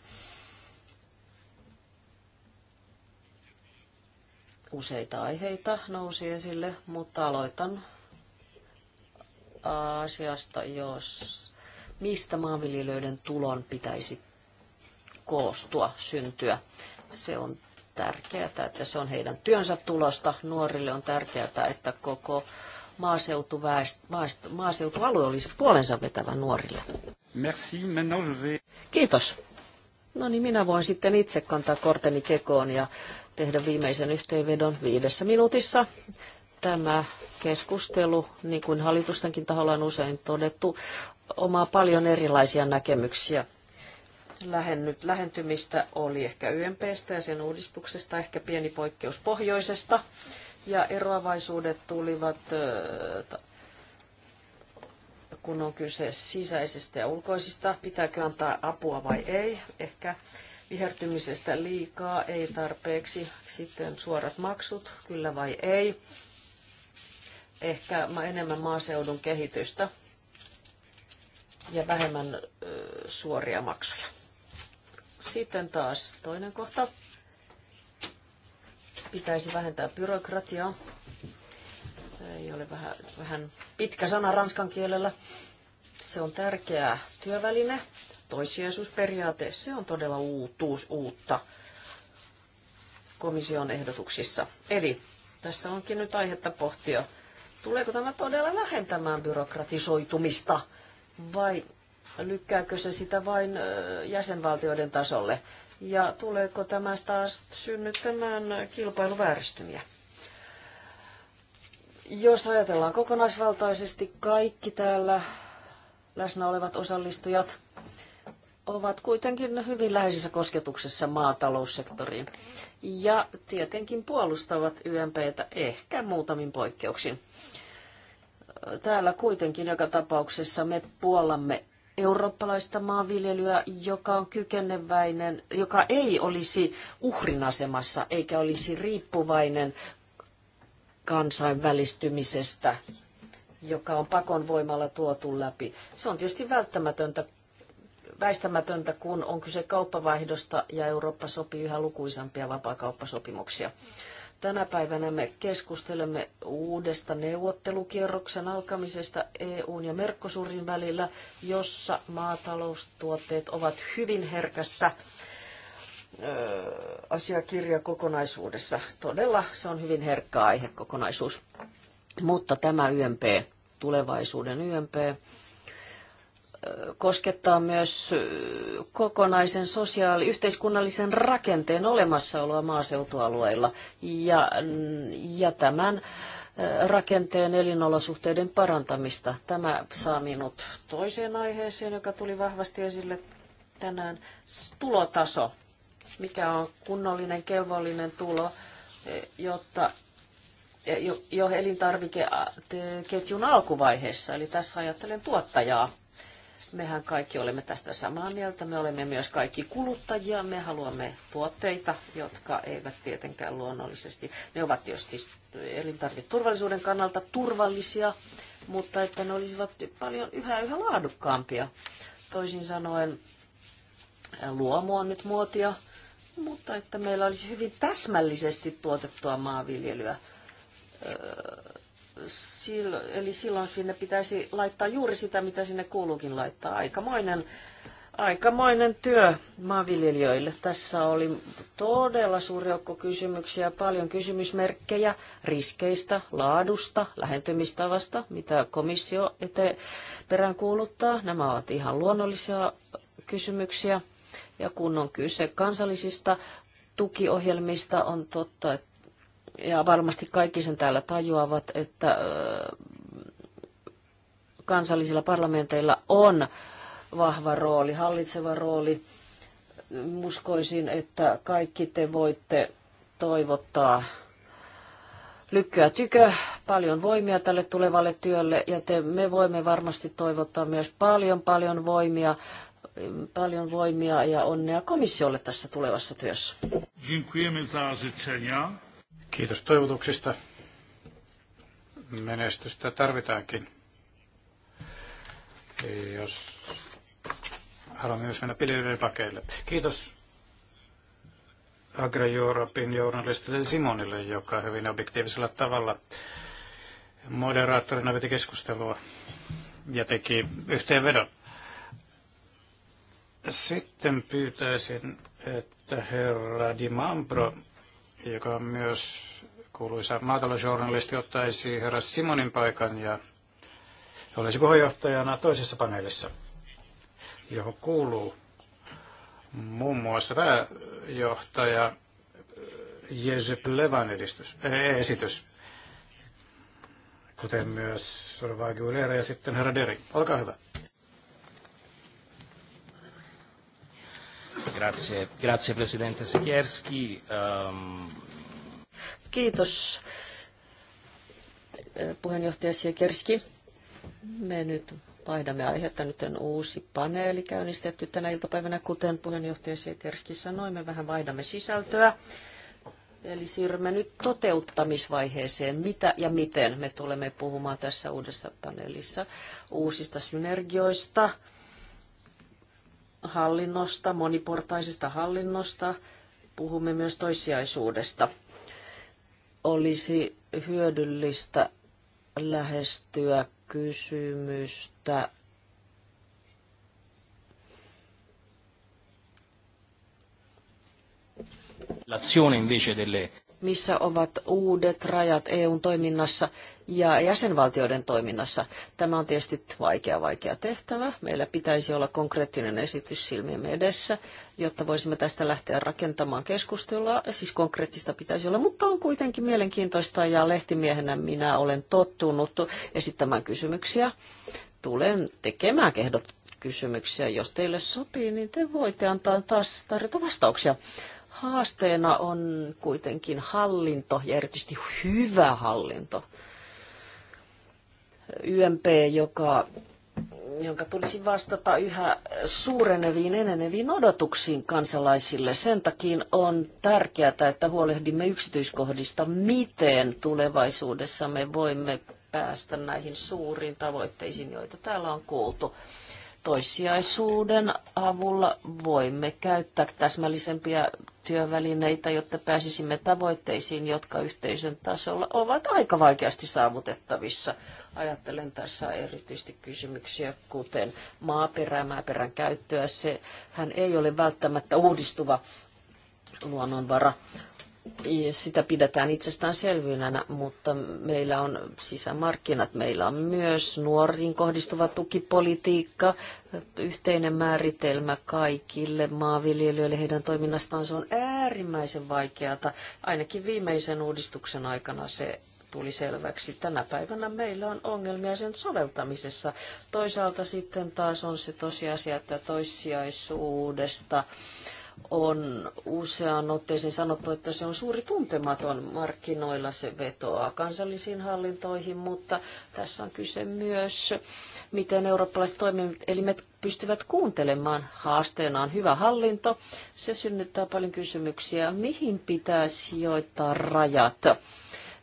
Useita aiheita nousi esille, mutta aloitan asiasta, jos mistä maanviljelijöiden tulon pitäisi koostua, syntyä. Se on tärkeää, että se on heidän työnsä tulosta. Nuorille on tärkeää, että koko maaseutualue olisi puolensa vetävä nuorille. Merci, Kiitos. No niin, minä voin sitten itse kantaa korteni kekoon ja tehdä viimeisen yhteenvedon viidessä minuutissa. Tämä keskustelu, niin kuin hallitustenkin taholla on usein todettu, omaa paljon erilaisia näkemyksiä. Lähennyt, lähentymistä oli ehkä YMPstä ja sen uudistuksesta, ehkä pieni poikkeus pohjoisesta. Ja eroavaisuudet tulivat, kun on kyse sisäisistä ja ulkoisista, pitääkö antaa apua vai ei. Ehkä vihertymisestä liikaa, ei tarpeeksi. Sitten suorat maksut, kyllä vai ei. Ehkä enemmän maaseudun kehitystä ja vähemmän suoria maksuja. Sitten taas toinen kohta. Pitäisi vähentää byrokratiaa. Ei ole vähän, vähän pitkä sana ranskan kielellä. Se on tärkeä työväline. Toissijaisuusperiaate, se on todella uutuus, uutta komission ehdotuksissa. Eli tässä onkin nyt aihetta pohtia, tuleeko tämä todella vähentämään byrokratisoitumista – vai lykkääkö se sitä vain jäsenvaltioiden tasolle? Ja tuleeko tämä taas synnyttämään kilpailuvääristymiä? Jos ajatellaan kokonaisvaltaisesti, kaikki täällä läsnä olevat osallistujat ovat kuitenkin hyvin läheisessä kosketuksessa maataloussektoriin ja tietenkin puolustavat YMPtä ehkä muutamin poikkeuksin täällä kuitenkin joka tapauksessa me puollamme eurooppalaista maanviljelyä, joka on kykeneväinen, joka ei olisi uhrin asemassa eikä olisi riippuvainen kansainvälistymisestä, joka on pakon voimalla tuotu läpi. Se on tietysti välttämätöntä, väistämätöntä, kun on kyse kauppavaihdosta ja Eurooppa sopii yhä lukuisampia vapaakauppasopimuksia. kauppasopimuksia Tänä päivänä me keskustelemme uudesta neuvottelukierroksen alkamisesta EUn ja Merkkosurin välillä, jossa maataloustuotteet ovat hyvin herkässä asiakirja kokonaisuudessa. Todella se on hyvin herkkä aihekokonaisuus. Mutta tämä YMP, tulevaisuuden YMP, koskettaa myös kokonaisen sosiaali- yhteiskunnallisen rakenteen olemassaoloa maaseutualueilla ja, ja tämän äh, rakenteen elinolosuhteiden parantamista. Tämä saa minut toiseen aiheeseen, joka tuli vahvasti esille tänään. Tulotaso. Mikä on kunnollinen, kelvollinen tulo, e, jotta e, jo, jo elintarvikeketjun alkuvaiheessa, eli tässä ajattelen tuottajaa, Mehän kaikki olemme tästä samaa mieltä. Me olemme myös kaikki kuluttajia. Me haluamme tuotteita, jotka eivät tietenkään luonnollisesti. Ne ovat tietysti elintarviketurvallisuuden kannalta turvallisia, mutta että ne olisivat paljon yhä yhä laadukkaampia. Toisin sanoen luomu on nyt muotia, mutta että meillä olisi hyvin täsmällisesti tuotettua maanviljelyä. Öö, silloin, eli silloin sinne pitäisi laittaa juuri sitä, mitä sinne kuuluukin laittaa. Aikamoinen, aikamoinen työ maanviljelijöille. Tässä oli todella suuri joukko kysymyksiä, paljon kysymysmerkkejä riskeistä, laadusta, lähentymistavasta, mitä komissio eteen perään kuuluttaa. Nämä ovat ihan luonnollisia kysymyksiä. Ja kun on kyse kansallisista tukiohjelmista, on totta, että ja varmasti kaikki sen täällä tajuavat, että kansallisilla parlamenteilla on vahva rooli, hallitseva rooli. Uskoisin, että kaikki te voitte toivottaa lykkyä tykö, paljon voimia tälle tulevalle työlle ja te, me voimme varmasti toivottaa myös paljon paljon voimia, paljon voimia ja onnea komissiolle tässä tulevassa työssä. Dziękujemy za życzenia. Kiitos toivotuksista. Menestystä tarvitaankin. Jos haluamme myös mennä pilvilyiden pakeille. Kiitos Agra Europin journalistille Simonille, joka hyvin objektiivisella tavalla moderaattorina veti keskustelua ja teki yhteenvedon. Sitten pyytäisin, että herra Dimampro joka on myös kuuluisa maatalousjournalisti, ottaisi herra Simonin paikan ja olisi puheenjohtajana toisessa paneelissa, johon kuuluu muun muassa pääjohtaja Jezep Levan edistys, eh, esitys, kuten myös Sorvaa ja sitten herra Deri. Olkaa hyvä. Grazie, grazie presidente Sikierski. Um... Ehm, Kiitos eh, puheenjohtaja Sikierski. Me nyt vaihdamme aihetta. Nyt on uusi paneeli käynnistetty tänä iltapäivänä, kuten puheenjohtaja Siekerski sanoi. Me vähän vaihdamme sisältöä. Eli siirrymme nyt toteuttamisvaiheeseen, mitä ja miten me tulemme puhumaan tässä uudessa paneelissa uusista synergioista, hallinnosta, moniportaisesta hallinnosta, puhumme myös toissijaisuudesta. Olisi hyödyllistä lähestyä kysymystä Missä ovat uudet rajat EUn toiminnassa ja jäsenvaltioiden toiminnassa. Tämä on tietysti vaikea, vaikea tehtävä. Meillä pitäisi olla konkreettinen esitys silmiemme edessä, jotta voisimme tästä lähteä rakentamaan keskustelua. Siis konkreettista pitäisi olla, mutta on kuitenkin mielenkiintoista ja lehtimiehenä minä olen tottunut esittämään kysymyksiä. Tulen tekemään ehdot kysymyksiä. Jos teille sopii, niin te voitte antaa taas tarjota vastauksia haasteena on kuitenkin hallinto ja erityisesti hyvä hallinto. YMP, joka, jonka tulisi vastata yhä suureneviin, eneneviin odotuksiin kansalaisille. Sen takia on tärkeää, että huolehdimme yksityiskohdista, miten tulevaisuudessa me voimme päästä näihin suuriin tavoitteisiin, joita täällä on kuultu. Toissijaisuuden avulla voimme käyttää täsmällisempiä työvälineitä, jotta pääsisimme tavoitteisiin, jotka yhteisön tasolla ovat aika vaikeasti saavutettavissa. Ajattelen tässä erityisesti kysymyksiä, kuten maaperä, maaperän käyttöä. Se, hän ei ole välttämättä uudistuva luonnonvara. Sitä pidetään itsestäänselvyynä, mutta meillä on sisämarkkinat, meillä on myös nuoriin kohdistuva tukipolitiikka, yhteinen määritelmä kaikille maanviljelijöille heidän toiminnastaan. Se on äärimmäisen vaikeata. Ainakin viimeisen uudistuksen aikana se tuli selväksi. Tänä päivänä meillä on ongelmia sen soveltamisessa. Toisaalta sitten taas on se tosiasia, että toissijaisuudesta on useaan otteeseen sanottu, että se on suuri tuntematon markkinoilla, se vetoaa kansallisiin hallintoihin, mutta tässä on kyse myös, miten eurooppalaiset toimielimet pystyvät kuuntelemaan. Haasteena on hyvä hallinto. Se synnyttää paljon kysymyksiä, mihin pitää sijoittaa rajat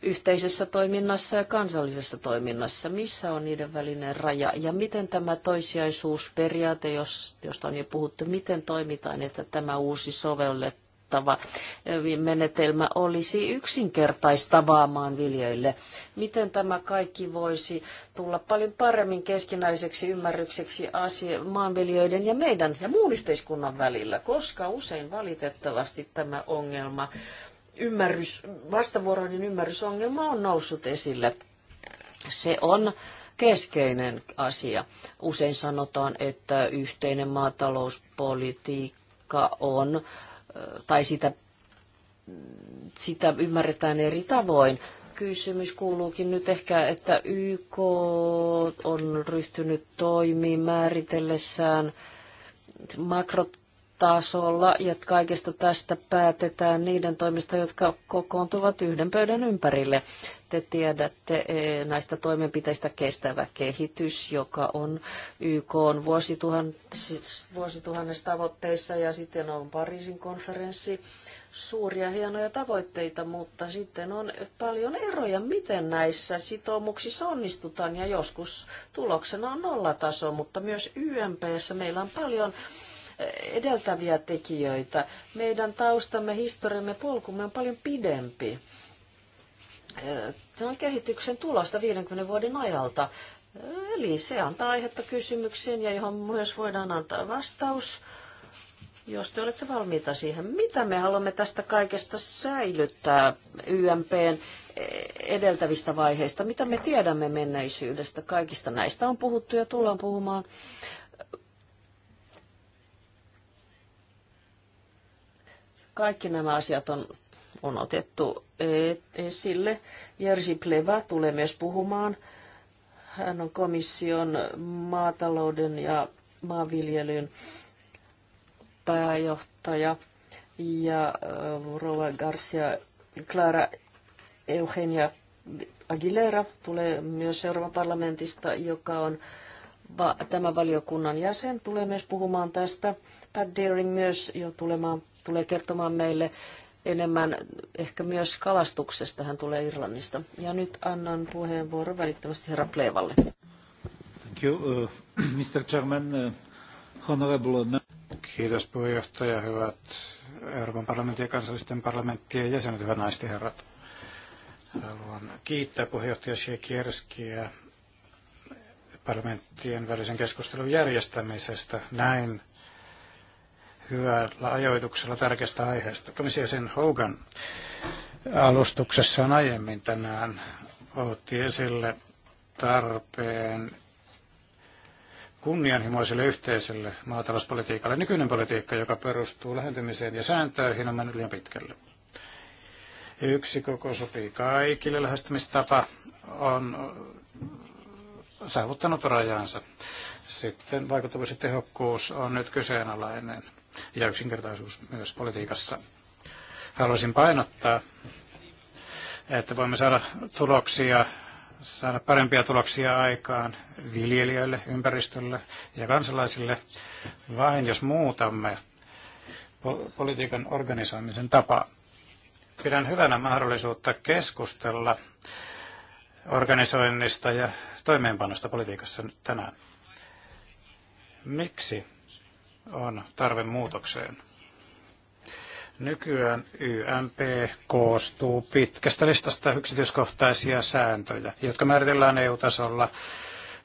yhteisessä toiminnassa ja kansallisessa toiminnassa? Missä on niiden välinen raja ja miten tämä toisiaisuusperiaate, josta on jo puhuttu, miten toimitaan, että tämä uusi sovellettava eh, menetelmä olisi yksinkertaistavaa maanviljelijöille? Miten tämä kaikki voisi tulla paljon paremmin keskinäiseksi ymmärrykseksi asia, maanviljelijöiden ja meidän ja muun yhteiskunnan välillä, koska usein valitettavasti tämä ongelma ymmärrys, vastavuoroinen ymmärrysongelma on noussut esille. Se on keskeinen asia. Usein sanotaan, että yhteinen maatalouspolitiikka on, tai sitä, sitä ymmärretään eri tavoin. Kysymys kuuluukin nyt ehkä, että YK on ryhtynyt toimiin määritellessään makrot tasolla ja kaikesta tästä päätetään niiden toimista, jotka kokoontuvat yhden pöydän ympärille. Te tiedätte e, näistä toimenpiteistä kestävä kehitys, joka on YK on vuosituhan, siis vuosituhannessa tavoitteissa ja sitten on Pariisin konferenssi. Suuria hienoja tavoitteita, mutta sitten on paljon eroja, miten näissä sitoumuksissa onnistutaan ja joskus tuloksena on nollataso, mutta myös YMPssä meillä on paljon edeltäviä tekijöitä. Meidän taustamme, historiamme, polkumme on paljon pidempi. Se on kehityksen tulosta 50 vuoden ajalta. Eli se antaa aihetta kysymyksiin ja johon myös voidaan antaa vastaus, jos te olette valmiita siihen. Mitä me haluamme tästä kaikesta säilyttää YMPn edeltävistä vaiheista? Mitä me tiedämme menneisyydestä? Kaikista näistä on puhuttu ja tullaan puhumaan. Kaikki nämä asiat on, on otettu e, esille. Jerzy Pleva tulee myös puhumaan. Hän on komission maatalouden ja maanviljelyn pääjohtaja ja Rova Garcia Clara Eugenia Aguilera tulee myös Euroopan parlamentista, joka on va- tämän valiokunnan jäsen, tulee myös puhumaan tästä. Pat Daring myös jo tulemaan tulee kertomaan meille enemmän ehkä myös kalastuksesta. Hän tulee Irlannista. Ja nyt annan puheenvuoron välittömästi herra Pleevalle. Thank you, uh, <clears throat> Mr. Chairman, uh, honorable... Kiitos puheenjohtaja, hyvät Euroopan parlamentin ja kansallisten parlamenttien jäsenet, hyvät naiset ja herrat. Haluan kiittää puheenjohtaja Siekierskiä parlamenttien välisen keskustelun järjestämisestä. Näin hyvällä ajoituksella tärkeästä aiheesta. Komissio sen Hogan alustuksessaan aiemmin tänään otti esille tarpeen kunnianhimoiselle yhteiselle maatalouspolitiikalle. Nykyinen politiikka, joka perustuu lähentymiseen ja sääntöihin, on mennyt liian pitkälle. Yksi koko sopii kaikille lähestymistapa on saavuttanut rajansa. Sitten vaikuttavuus ja tehokkuus on nyt kyseenalainen ja yksinkertaisuus myös politiikassa. Haluaisin painottaa, että voimme saada tuloksia, saada parempia tuloksia aikaan viljelijöille, ympäristölle ja kansalaisille vain, jos muutamme politiikan organisoimisen tapaa. Pidän hyvänä mahdollisuutta keskustella organisoinnista ja toimeenpanosta politiikassa nyt tänään. Miksi on tarve muutokseen. Nykyään YMP koostuu pitkästä listasta yksityiskohtaisia sääntöjä, jotka määritellään EU-tasolla,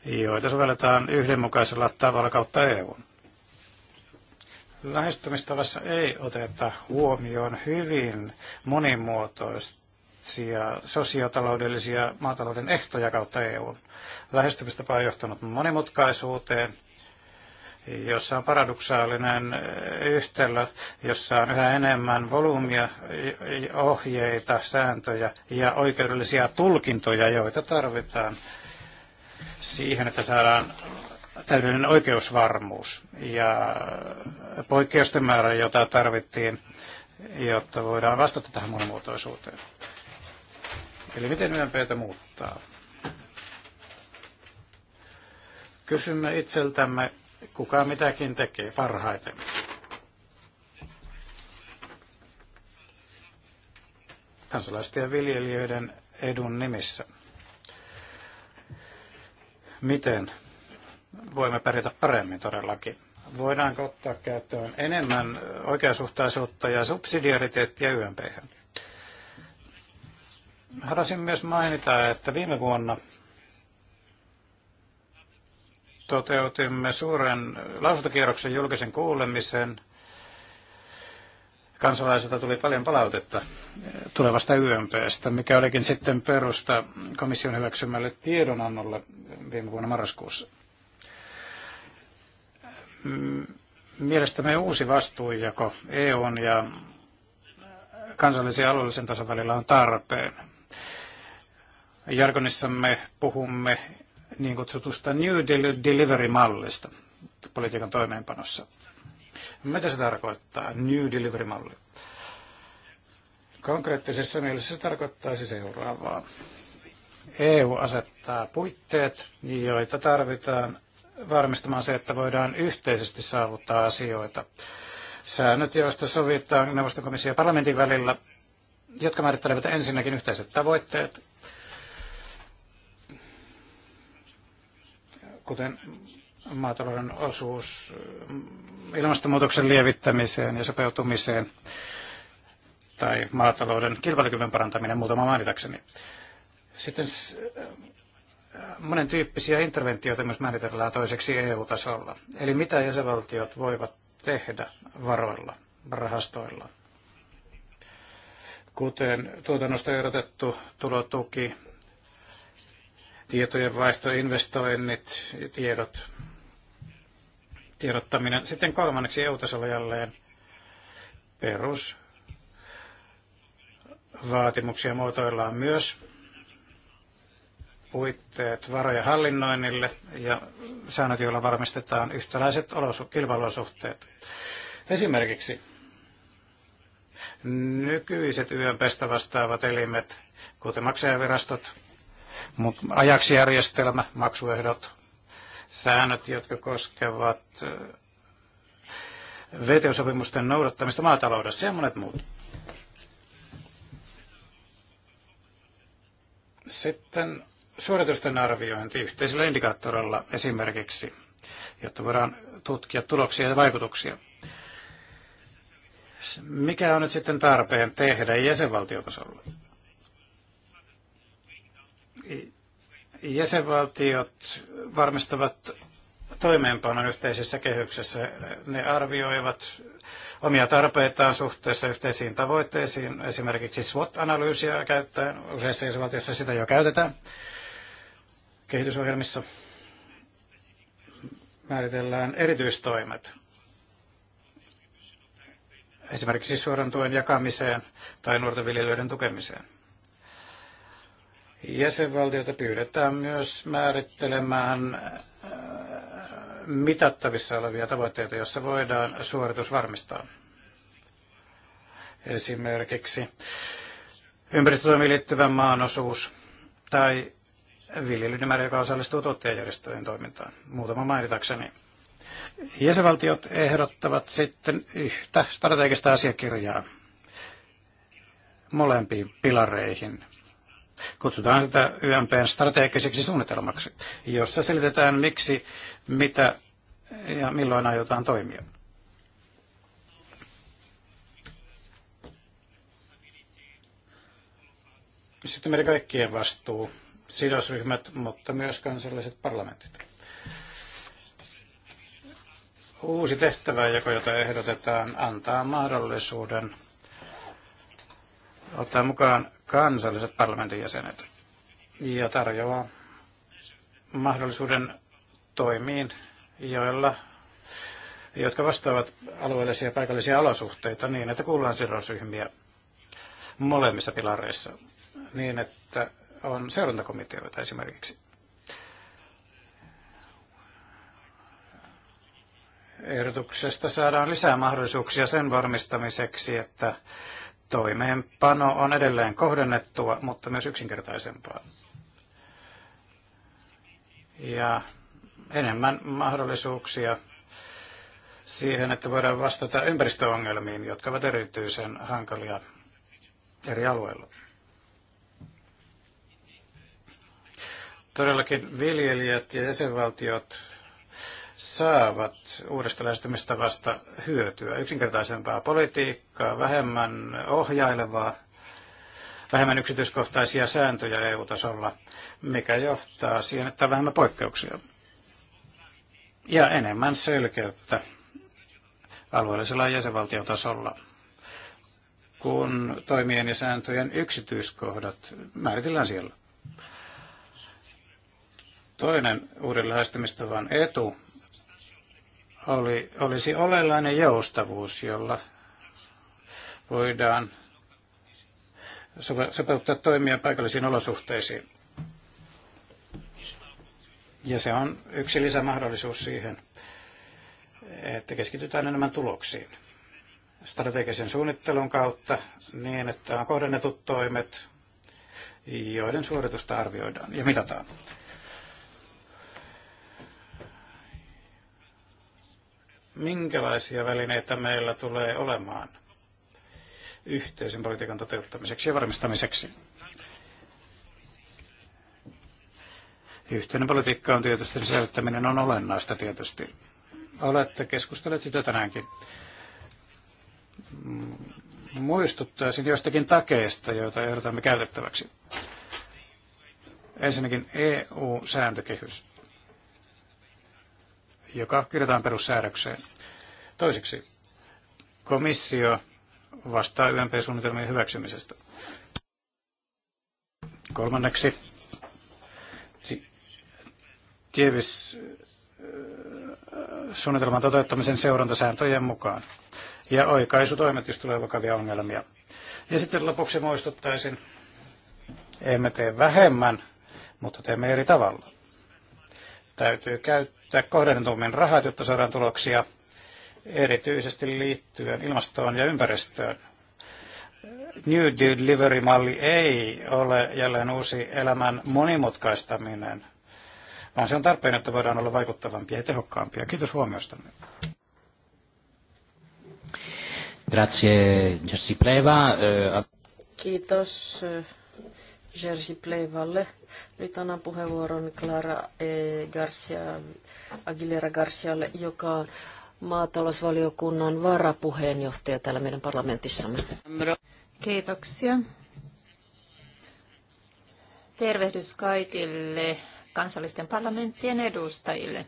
joita sovelletaan yhdenmukaisella tavalla kautta EUn. Lähestymistavassa ei oteta huomioon hyvin monimuotoisia sosiotaloudellisia maatalouden ehtoja kautta EUn. Lähestymistapa on johtanut monimutkaisuuteen, jossa on paradoksaalinen yhtälö, jossa on yhä enemmän volyymia, ohjeita, sääntöjä ja oikeudellisia tulkintoja, joita tarvitaan siihen, että saadaan täydellinen oikeusvarmuus ja poikkeusten määrä, jota tarvittiin, jotta voidaan vastata tähän monimuotoisuuteen. Eli miten YMPtä muuttaa? Kysymme itseltämme, kuka mitäkin tekee parhaiten. Kansalaisten ja viljelijöiden edun nimissä. Miten voimme pärjätä paremmin todellakin? Voidaanko ottaa käyttöön enemmän oikeasuhtaisuutta ja subsidiariteettia YMP? Haluaisin myös mainita, että viime vuonna – toteutimme suuren lausuntokierroksen julkisen kuulemisen. Kansalaisilta tuli paljon palautetta tulevasta YMPstä, mikä olikin sitten perusta komission hyväksymälle tiedonannolle viime vuonna marraskuussa. Mm, mielestämme uusi vastuunjako EUn ja kansallisen ja alueellisen tason välillä on tarpeen jargonissamme puhumme niin kutsutusta New Delivery-mallista politiikan toimeenpanossa. Mitä se tarkoittaa, New Delivery-malli? Konkreettisessa mielessä se tarkoittaisi seuraavaa. EU asettaa puitteet, joita tarvitaan varmistamaan se, että voidaan yhteisesti saavuttaa asioita. Säännöt, joista sovitaan neuvostokomission ja parlamentin välillä, jotka määrittelevät ensinnäkin yhteiset tavoitteet, kuten maatalouden osuus ilmastonmuutoksen lievittämiseen ja sopeutumiseen tai maatalouden kilpailukyvyn parantaminen, muutama mainitakseni. Sitten äh, monen tyyppisiä interventioita myös määritellään toiseksi EU-tasolla. Eli mitä jäsenvaltiot voivat tehdä varoilla, rahastoilla? Kuten tuotannosta erotettu tulotuki, tietojenvaihto, investoinnit, tiedot, tiedottaminen. Sitten kolmanneksi EU-tasolla jälleen perus vaatimuksia muotoillaan myös puitteet varojen hallinnoinnille ja säännöt, joilla varmistetaan yhtäläiset olosu- Esimerkiksi nykyiset yönpestä vastaavat elimet, kuten maksajavirastot, mutta ajaksijärjestelmä, maksuehdot, säännöt, jotka koskevat eh, VTO-sopimusten noudattamista maataloudessa ja monet muut. Sitten suoritusten arviointi yhteisellä indikaattorilla esimerkiksi, jotta voidaan tutkia tuloksia ja vaikutuksia. Mikä on nyt sitten tarpeen tehdä jäsenvaltiotasolla? Jäsenvaltiot varmistavat toimeenpanon yhteisessä kehyksessä. Ne arvioivat omia tarpeitaan suhteessa yhteisiin tavoitteisiin, esimerkiksi SWOT-analyysiä käyttäen, useissa jäsenvaltioissa sitä jo käytetään kehitysohjelmissa määritellään erityistoimet, esimerkiksi suoran tuen jakamiseen tai nuorten viljelijöiden tukemiseen. Jäsenvaltiota pyydetään myös määrittelemään äh, mitattavissa olevia tavoitteita, joissa voidaan suoritus varmistaa. Esimerkiksi ympäristötoimiin liittyvä maanosuus tai viljelyiden määrä, joka osallistuu tuottajajärjestöjen toimintaan. Muutama mainitakseni. Jäsenvaltiot ehdottavat sitten yhtä strategista asiakirjaa molempiin pilareihin, Kutsutaan sitä YMPn strategiseksi suunnitelmaksi, jossa selitetään miksi, mitä ja milloin aiotaan toimia. Sitten meidän kaikkien vastuu, sidosryhmät, mutta myös kansalliset parlamentit. Uusi tehtäväjako, jota ehdotetaan, antaa mahdollisuuden ottaa mukaan kansalliset parlamentin jäsenet ja tarjoaa mahdollisuuden toimiin, joilla, jotka vastaavat alueellisia ja paikallisia olosuhteita niin, että kuullaan sidosryhmiä molemmissa pilareissa niin, että on seurantakomiteoita esimerkiksi. Ehdotuksesta saadaan lisää mahdollisuuksia sen varmistamiseksi, että toimeenpano on edelleen kohdennettua, mutta myös yksinkertaisempaa. Ja enemmän mahdollisuuksia siihen, että voidaan vastata ympäristöongelmiin, jotka ovat erityisen hankalia eri alueilla. Todellakin viljelijät ja jäsenvaltiot saavat uudesta lähestymistavasta hyötyä. Yksinkertaisempaa politiikkaa, vähemmän ohjailevaa, vähemmän yksityiskohtaisia sääntöjä EU-tasolla, mikä johtaa siihen, että on vähemmän poikkeuksia ja enemmän selkeyttä alueellisella ja jäsenvaltiotasolla, kun toimien ja sääntöjen yksityiskohdat määritellään siellä. Toinen uuden lähestymistavan etu oli, olisi oleellinen joustavuus, jolla voidaan sopeuttaa toimia paikallisiin olosuhteisiin. Ja se on yksi lisämahdollisuus siihen, että keskitytään enemmän tuloksiin strategisen suunnittelun kautta niin, että on kohdennetut toimet, joiden suoritusta arvioidaan ja mitataan. minkälaisia välineitä meillä tulee olemaan yhteisen politiikan toteuttamiseksi ja varmistamiseksi. Yhteinen politiikka on tietysti, selvittäminen on olennaista tietysti. Olette keskustelleet sitä tänäänkin. Muistuttaisin jostakin takeista, joita ehdotamme käytettäväksi. Ensinnäkin EU-sääntökehys joka kirjataan perussäädökseen. Toiseksi, komissio vastaa YMP-suunnitelmien hyväksymisestä. Kolmanneksi, tievis äh, suunnitelman toteuttamisen seurantasääntöjen mukaan. Ja oikaisutoimet, jos tulee vakavia ongelmia. Ja sitten lopuksi muistuttaisin, emme tee vähemmän, mutta teemme eri tavalla. Täytyy käyttää kohdennetummin rahat, jotta saadaan tuloksia erityisesti liittyen ilmastoon ja ympäristöön. New Delivery-malli ei ole jälleen uusi elämän monimutkaistaminen, vaan se on tarpeen, että voidaan olla vaikuttavampia ja tehokkaampia. Kiitos huomiosta. Grazie, Jerzy Pleva. Kiitos Jerzy Pleivalle. Nyt annan puheenvuoron Clara e. Garcia, Aguilera Garcialle, joka on maatalousvaliokunnan varapuheenjohtaja täällä meidän parlamentissamme. Kiitoksia. Tervehdys kaikille kansallisten parlamenttien edustajille.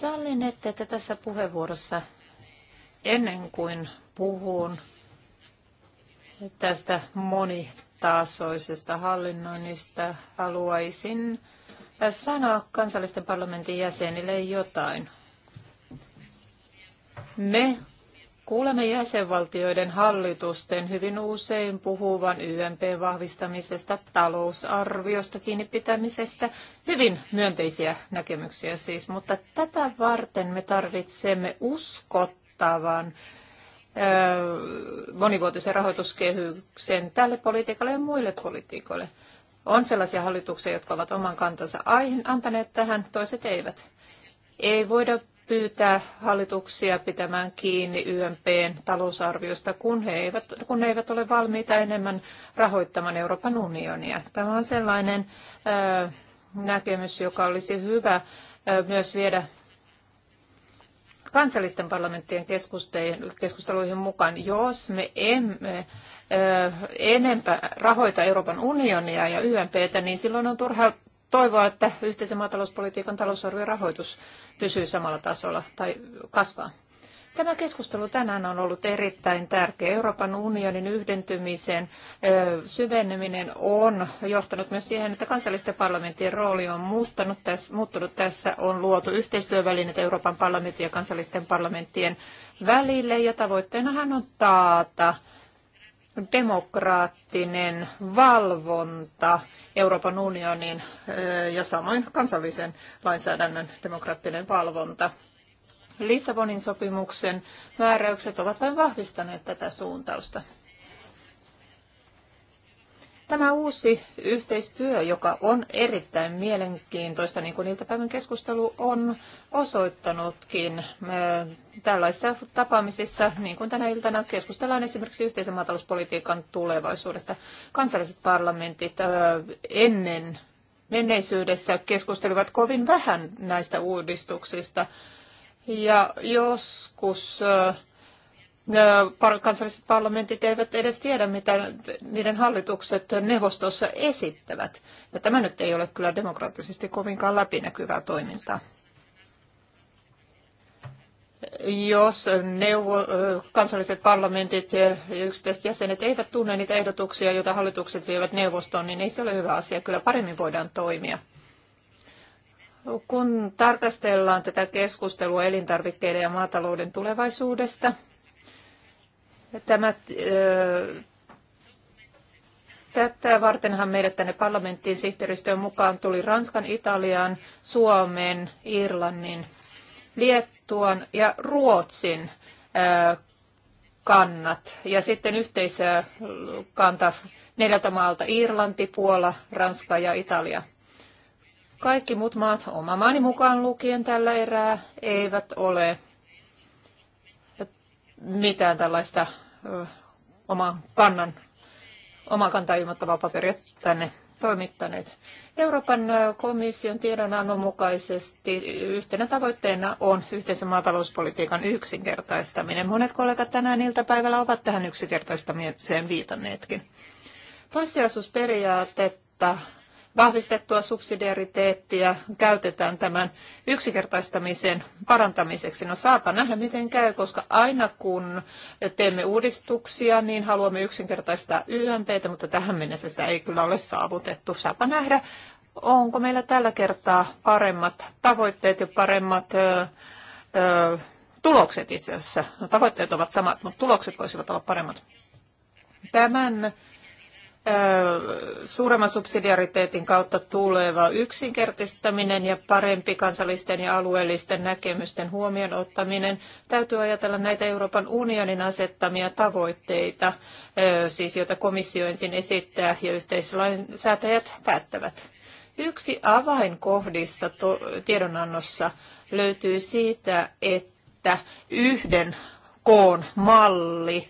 Sallin, että tässä puheenvuorossa ennen kuin puhun tästä moni tasoisesta hallinnoinnista haluaisin sanoa kansallisten parlamentin jäsenille jotain. Me kuulemme jäsenvaltioiden hallitusten hyvin usein puhuvan ymp vahvistamisesta, talousarviosta, kiinni pitämisestä, hyvin myönteisiä näkemyksiä siis, mutta tätä varten me tarvitsemme uskottavan monivuotisen rahoituskehyksen tälle politiikalle ja muille politiikoille. On sellaisia hallituksia, jotka ovat oman kantansa antaneet tähän, toiset eivät. Ei voida pyytää hallituksia pitämään kiinni YMPn talousarviosta, kun he eivät, kun he eivät ole valmiita enemmän rahoittamaan Euroopan unionia. Tämä on sellainen näkemys, joka olisi hyvä myös viedä kansallisten parlamenttien keskusteluihin mukaan, jos me emme enempää rahoita Euroopan unionia ja YMPtä, niin silloin on turha toivoa, että yhteisen maatalouspolitiikan talousarvion rahoitus pysyy samalla tasolla tai kasvaa. Tämä keskustelu tänään on ollut erittäin tärkeä. Euroopan unionin yhdentymisen syveneminen on johtanut myös siihen, että kansallisten parlamenttien rooli on muuttanut tässä, muuttunut. Tässä on luotu yhteistyövälineet Euroopan parlamentin ja kansallisten parlamenttien välille ja tavoitteenahan on taata demokraattinen valvonta Euroopan unionin ja samoin kansallisen lainsäädännön demokraattinen valvonta. Lissabonin sopimuksen määräykset ovat vain vahvistaneet tätä suuntausta. Tämä uusi yhteistyö, joka on erittäin mielenkiintoista, niin kuin iltapäivän keskustelu on osoittanutkin. Tällaisissa tapaamisissa, niin kuin tänä iltana, keskustellaan esimerkiksi yhteisen maatalouspolitiikan tulevaisuudesta. Kansalliset parlamentit ennen menneisyydessä keskustelivat kovin vähän näistä uudistuksista ja joskus kansalliset parlamentit eivät edes tiedä, mitä niiden hallitukset neuvostossa esittävät. Ja tämä nyt ei ole kyllä demokraattisesti kovinkaan läpinäkyvää toimintaa. Jos neuvo, kansalliset parlamentit ja yksittäiset jäsenet eivät tunne niitä ehdotuksia, joita hallitukset vievät neuvostoon, niin ei se ole hyvä asia. Kyllä paremmin voidaan toimia. Kun tarkastellaan tätä keskustelua elintarvikkeiden ja maatalouden tulevaisuudesta, tämä, tätä vartenhan meidät tänne parlamenttiin sihteeristöön mukaan tuli Ranskan, Italian, Suomen, Irlannin, Liettuan ja Ruotsin kannat ja sitten yhteisökanta neljältä maalta Irlanti, Puola, Ranska ja Italia – kaikki muut maat, oma maani mukaan lukien tällä erää, eivät ole mitään tällaista oman kannan, oman kantaa ilmoittavaa paperia tänne toimittaneet. Euroopan komission tiedonannon mukaisesti yhtenä tavoitteena on yhteisen maatalouspolitiikan yksinkertaistaminen. Monet kollegat tänään iltapäivällä ovat tähän yksinkertaistamiseen viitanneetkin. Toissijaisuusperiaatetta vahvistettua subsidiariteettia käytetään tämän yksinkertaistamisen parantamiseksi. No saapa nähdä, miten käy, koska aina kun teemme uudistuksia, niin haluamme yksinkertaistaa YMPtä, mutta tähän mennessä sitä ei kyllä ole saavutettu. Saapa nähdä, onko meillä tällä kertaa paremmat tavoitteet ja paremmat ö, ö, tulokset itse asiassa. No, tavoitteet ovat samat, mutta tulokset voisivat olla paremmat. Tämän suuremman subsidiariteetin kautta tuleva yksinkertaistaminen ja parempi kansallisten ja alueellisten näkemysten huomioon ottaminen. Täytyy ajatella näitä Euroopan unionin asettamia tavoitteita, siis joita komissio ensin esittää ja yhteislainsäätäjät päättävät. Yksi avainkohdista tiedonannossa löytyy siitä, että yhden koon malli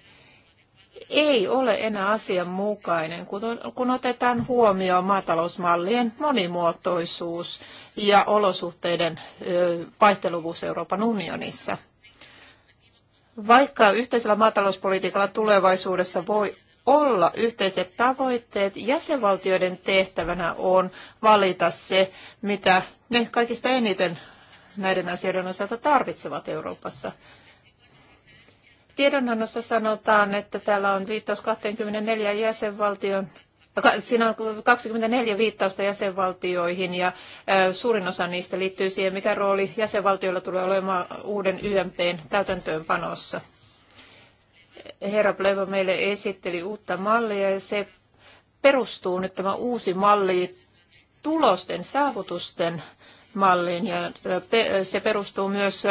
ei ole enää asianmukainen, kun otetaan huomioon maatalousmallien monimuotoisuus ja olosuhteiden vaihteluvuus Euroopan unionissa. Vaikka yhteisellä maatalouspolitiikalla tulevaisuudessa voi olla yhteiset tavoitteet, jäsenvaltioiden tehtävänä on valita se, mitä ne kaikista eniten näiden asioiden osalta tarvitsevat Euroopassa. Tiedonannossa sanotaan, että täällä on viittaus 24 jäsenvaltion Siinä on 24 viittausta jäsenvaltioihin ja suurin osa niistä liittyy siihen, mikä rooli jäsenvaltioilla tulee olemaan uuden YMPn täytäntöönpanossa. Herra Pleva meille esitteli uutta mallia ja se perustuu nyt tämä uusi malli tulosten saavutusten malliin ja se perustuu myös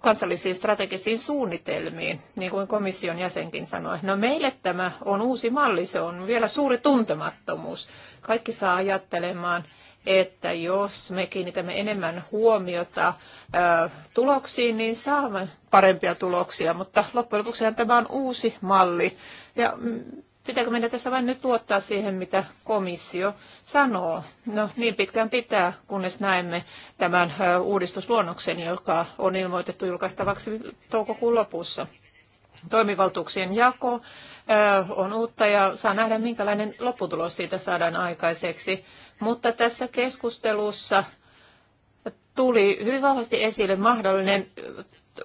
kansallisiin strategisiin suunnitelmiin, niin kuin komission jäsenkin sanoi. No meille tämä on uusi malli, se on vielä suuri tuntemattomuus. Kaikki saa ajattelemaan, että jos me kiinnitämme enemmän huomiota tuloksiin, niin saamme parempia tuloksia, mutta loppujen lopuksihan tämä on uusi malli. Ja Pitääkö meidän tässä vain nyt luottaa siihen, mitä komissio sanoo? No niin pitkään pitää, kunnes näemme tämän uudistusluonnoksen, joka on ilmoitettu julkaistavaksi toukokuun lopussa. Toimivaltuuksien jako on uutta ja saa nähdä, minkälainen lopputulos siitä saadaan aikaiseksi. Mutta tässä keskustelussa tuli hyvin vahvasti esille mahdollinen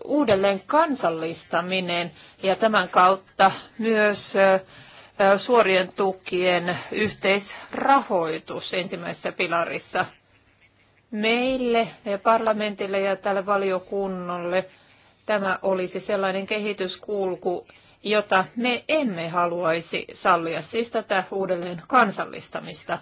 uudelleen kansallistaminen ja tämän kautta myös suorien tukien yhteisrahoitus ensimmäisessä pilarissa. Meille ja parlamentille ja tälle valiokunnalle tämä olisi sellainen kehityskulku, jota me emme haluaisi sallia, siis tätä uudelleen kansallistamista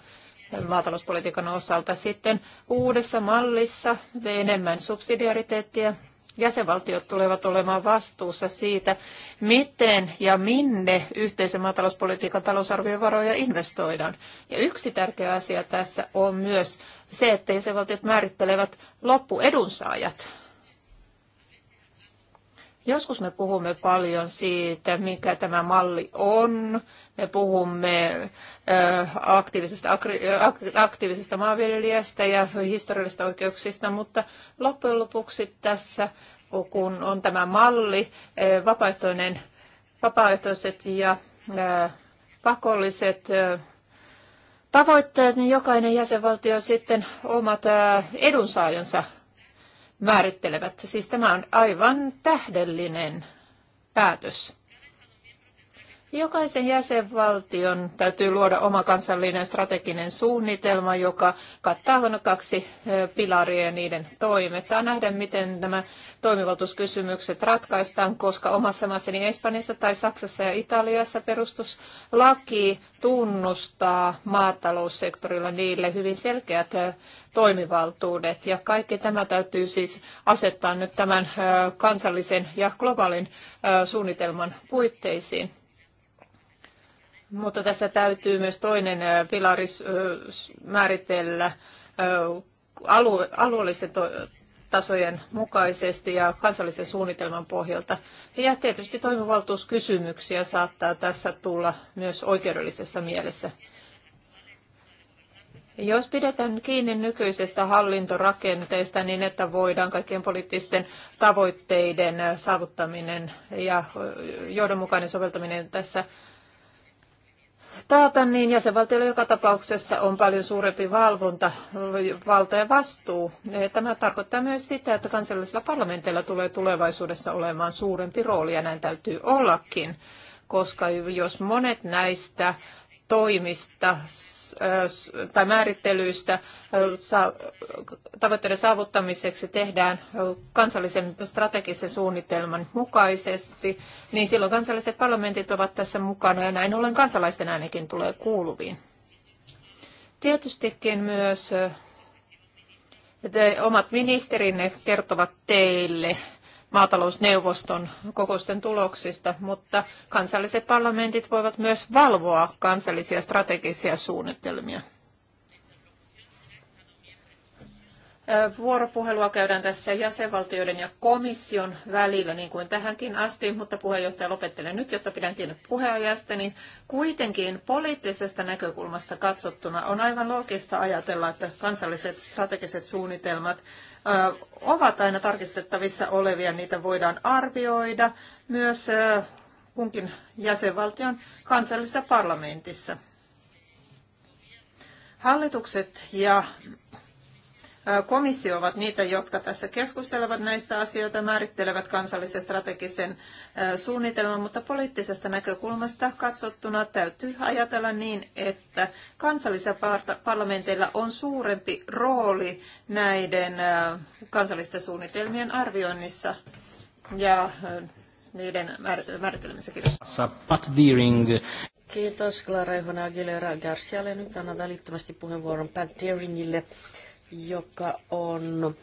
maatalouspolitiikan osalta sitten uudessa mallissa enemmän subsidiariteettia jäsenvaltiot tulevat olemaan vastuussa siitä, miten ja minne yhteisen maatalouspolitiikan talousarviovaroja investoidaan. Ja yksi tärkeä asia tässä on myös se, että jäsenvaltiot määrittelevät loppuedunsaajat Joskus me puhumme paljon siitä, mikä tämä malli on. Me puhumme aktiivisesta, aktiivisesta maanviljelijästä ja historiallisista oikeuksista, mutta loppujen lopuksi tässä, kun on tämä malli, vapaaehtoinen, vapaaehtoiset ja pakolliset tavoitteet, niin jokainen jäsenvaltio sitten omat edunsaajansa määrittelevät. Siis tämä on aivan tähdellinen päätös. Jokaisen jäsenvaltion täytyy luoda oma kansallinen strateginen suunnitelma, joka kattaa kaksi pilaria ja niiden toimet. Saa nähdä, miten nämä toimivaltuuskysymykset ratkaistaan, koska omassa maassani Espanjassa tai Saksassa ja Italiassa perustuslaki tunnustaa maataloussektorilla niille hyvin selkeät toimivaltuudet. Ja kaikki tämä täytyy siis asettaa nyt tämän kansallisen ja globaalin suunnitelman puitteisiin. Mutta tässä täytyy myös toinen pilari määritellä alueellisten tasojen mukaisesti ja kansallisen suunnitelman pohjalta. Ja tietysti toimivaltuuskysymyksiä saattaa tässä tulla myös oikeudellisessa mielessä. Jos pidetään kiinni nykyisestä hallintorakenteesta niin, että voidaan kaikkien poliittisten tavoitteiden saavuttaminen ja johdonmukainen soveltaminen tässä taata, niin jäsenvaltiolla joka tapauksessa on paljon suurempi valvonta, valta ja vastuu. Eh, Tämä tarkoittaa myös sitä, että kansallisilla parlamenteilla tulee tulevaisuudessa olemaan suurempi rooli, ja näin täytyy ollakin, koska jos monet näistä toimista tai määrittelyistä tavoitteiden saavuttamiseksi tehdään kansallisen strategisen suunnitelman mukaisesti, niin silloin kansalliset parlamentit ovat tässä mukana ja näin ollen kansalaisten äänikin tulee kuuluviin. Tietystikin myös te, omat ministerinne kertovat teille maatalousneuvoston kokousten tuloksista, mutta kansalliset parlamentit voivat myös valvoa kansallisia strategisia suunnitelmia. Vuoropuhelua käydään tässä jäsenvaltioiden ja komission välillä, niin kuin tähänkin asti, mutta puheenjohtaja lopettelee nyt, jotta pidän kiinni puheenajasta, niin kuitenkin poliittisesta näkökulmasta katsottuna on aivan loogista ajatella, että kansalliset strategiset suunnitelmat ovat aina tarkistettavissa olevia, niitä voidaan arvioida myös kunkin jäsenvaltion kansallisessa parlamentissa. Hallitukset ja komissio ovat niitä, jotka tässä keskustelevat näistä asioista, määrittelevät kansallisen strategisen suunnitelman, mutta poliittisesta näkökulmasta katsottuna täytyy ajatella niin, että kansallisilla parlamenteilla on suurempi rooli näiden kansallisten suunnitelmien arvioinnissa ja niiden määrittelemisessä. Kiitos. Kiitos Clara Ihona Aguilera Garcialle. Nyt annan välittömästi puheenvuoron Pat Deeringille joka on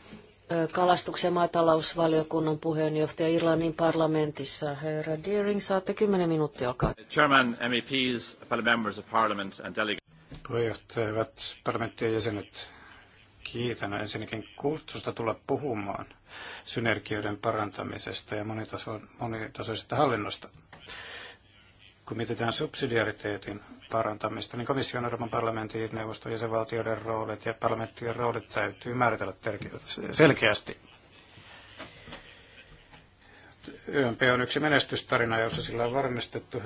kalastuksen ja maatalousvaliokunnan puheenjohtaja Irlannin parlamentissa. Herra Deering, saatte 10 minuuttia, olkaa. Chairman, MEPs, members of parliament and delegates. Puheenjohtaja, hyvät parlamenttien jäsenet, kiitän ensinnäkin kutsusta tulla puhumaan synergioiden parantamisesta ja monitaso- monitasoisesta hallinnosta kun mietitään subsidiariteetin parantamista, niin komission Euroopan parlamentin, neuvoston jäsenvaltioiden roolit ja parlamenttien roolit täytyy määritellä selkeästi. YMP on yksi menestystarina, jossa sillä on varmistettu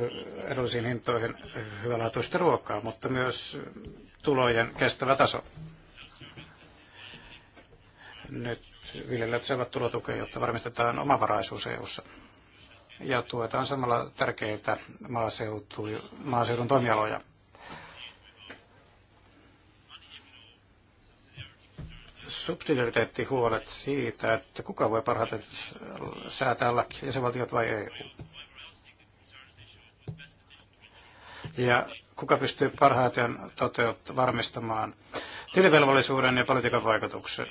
edullisiin hintoihin hyvälaatuista ruokaa, mutta myös tulojen kestävä taso. Nyt viljelijät saavat tulotukea, jotta varmistetaan omavaraisuus EU:ssa. ssa ja tuetaan samalla tärkeitä maaseutu, maaseudun toimialoja. Subsidiariteettihuolet siitä, että kuka voi parhaiten säätää laki, jäsenvaltiot vai EU. Ja kuka pystyy parhaiten toteut- varmistamaan tilivelvollisuuden ja politiikan vaikutuksen.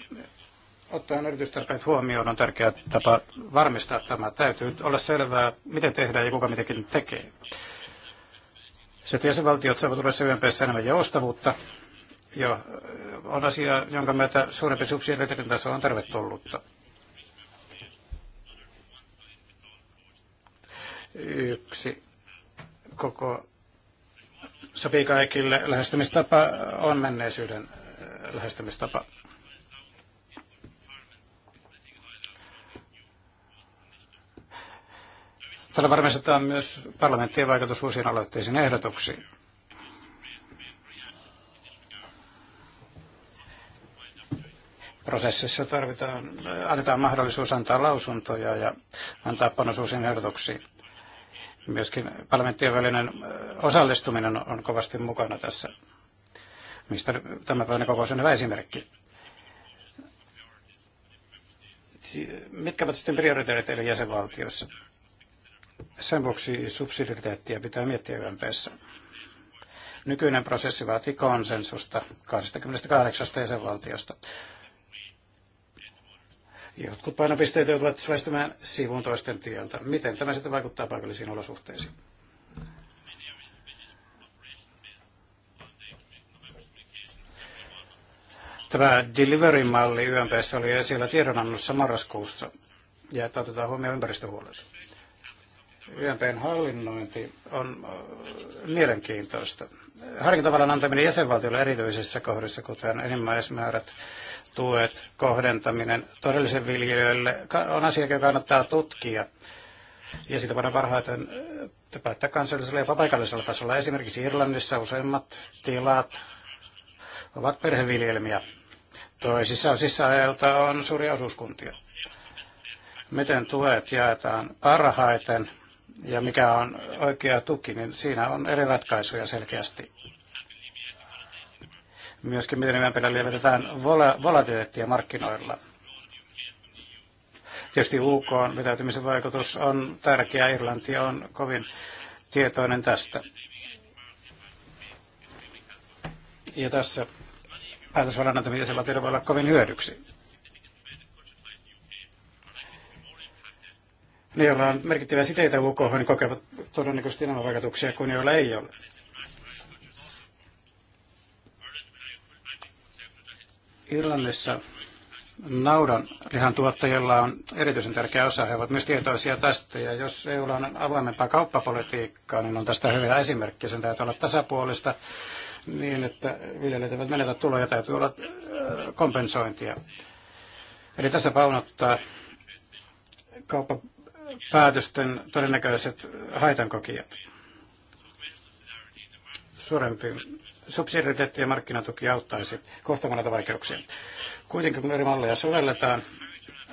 Ottaen erityistarpeet huomioon on tärkeä tapa varmistaa tämä. Täytyy olla selvää, miten tehdään ja kuka mitäkin tekee. Se, että jäsenvaltiot saavat tulla syvempiässä enemmän joustavuutta, jo, on asia, jonka myötä suurempi subsidiariteetin taso on tervetullutta. Yksi koko sopii kaikille lähestymistapa on menneisyyden lähestymistapa. Tällä varmistetaan myös parlamenttien vaikutus uusiin aloitteisiin ehdotuksiin. Prosessissa tarvitaan, annetaan mahdollisuus antaa lausuntoja ja antaa panos uusiin ehdotuksiin. Myöskin parlamenttien välinen osallistuminen on kovasti mukana tässä, mistä tämä päivänä kokous on hyvä esimerkki mitkä ovat sitten prioriteetit eli jäsenvaltioissa? Sen vuoksi subsidiariteettia pitää miettiä YMPssä. Nykyinen prosessi vaatii konsensusta 28 jäsenvaltiosta. Jotkut painopisteet joutuvat väistämään sivuun toisten tieltä. Miten tämä sitten vaikuttaa paikallisiin olosuhteisiin? Tämä delivery-malli YMPssä oli esillä tiedonannossa marraskuussa ja että otetaan huomioon ympäristöhuolet. YMPn hallinnointi on äh, mielenkiintoista. Harkintavallan antaminen jäsenvaltiolle erityisissä kohdissa, kuten enimmäismäärät, tuet, kohdentaminen todellisen viljelijöille, on asia, joka kannattaa tutkia. Ja siitä voidaan parhaiten äh, päättää kansallisella ja paikallisella tasolla. Esimerkiksi Irlannissa useimmat tilat ovat perheviljelmiä. Toisissa osissa EUta on suuria osuuskuntia. Miten tuet jaetaan parhaiten ja mikä on oikea tuki, niin siinä on eri ratkaisuja selkeästi. Myöskin miten ympärillä lievitetään volatiliteettia markkinoilla. Tietysti UK on vetäytymisen vaikutus on tärkeä, Irlanti on kovin tietoinen tästä. Ja tässä päätösvallan antamisella voi olla kovin hyödyksi. Ne, joilla on merkittäviä siteitä UKH, niin kokevat todennäköisesti enemmän vaikutuksia kuin joilla ei ole. Irlannissa naudan lihan tuottajilla on erityisen tärkeä osa. He ovat myös tietoisia tästä. Ja jos EUlla on avoimempaa kauppapolitiikkaa, niin on tästä hyvä esimerkki. Sen täytyy olla tasapuolista niin, että viljelijät eivät menetä tuloja. Täytyy olla kompensointia. Eli tässä paunottaa kauppapolitiikkaa päätösten todennäköiset haitankokijat. Suurempi subsidiariteetti ja markkinatuki auttaisi kohtaamalla näitä vaikeuksia. Kuitenkin kun eri malleja sovelletaan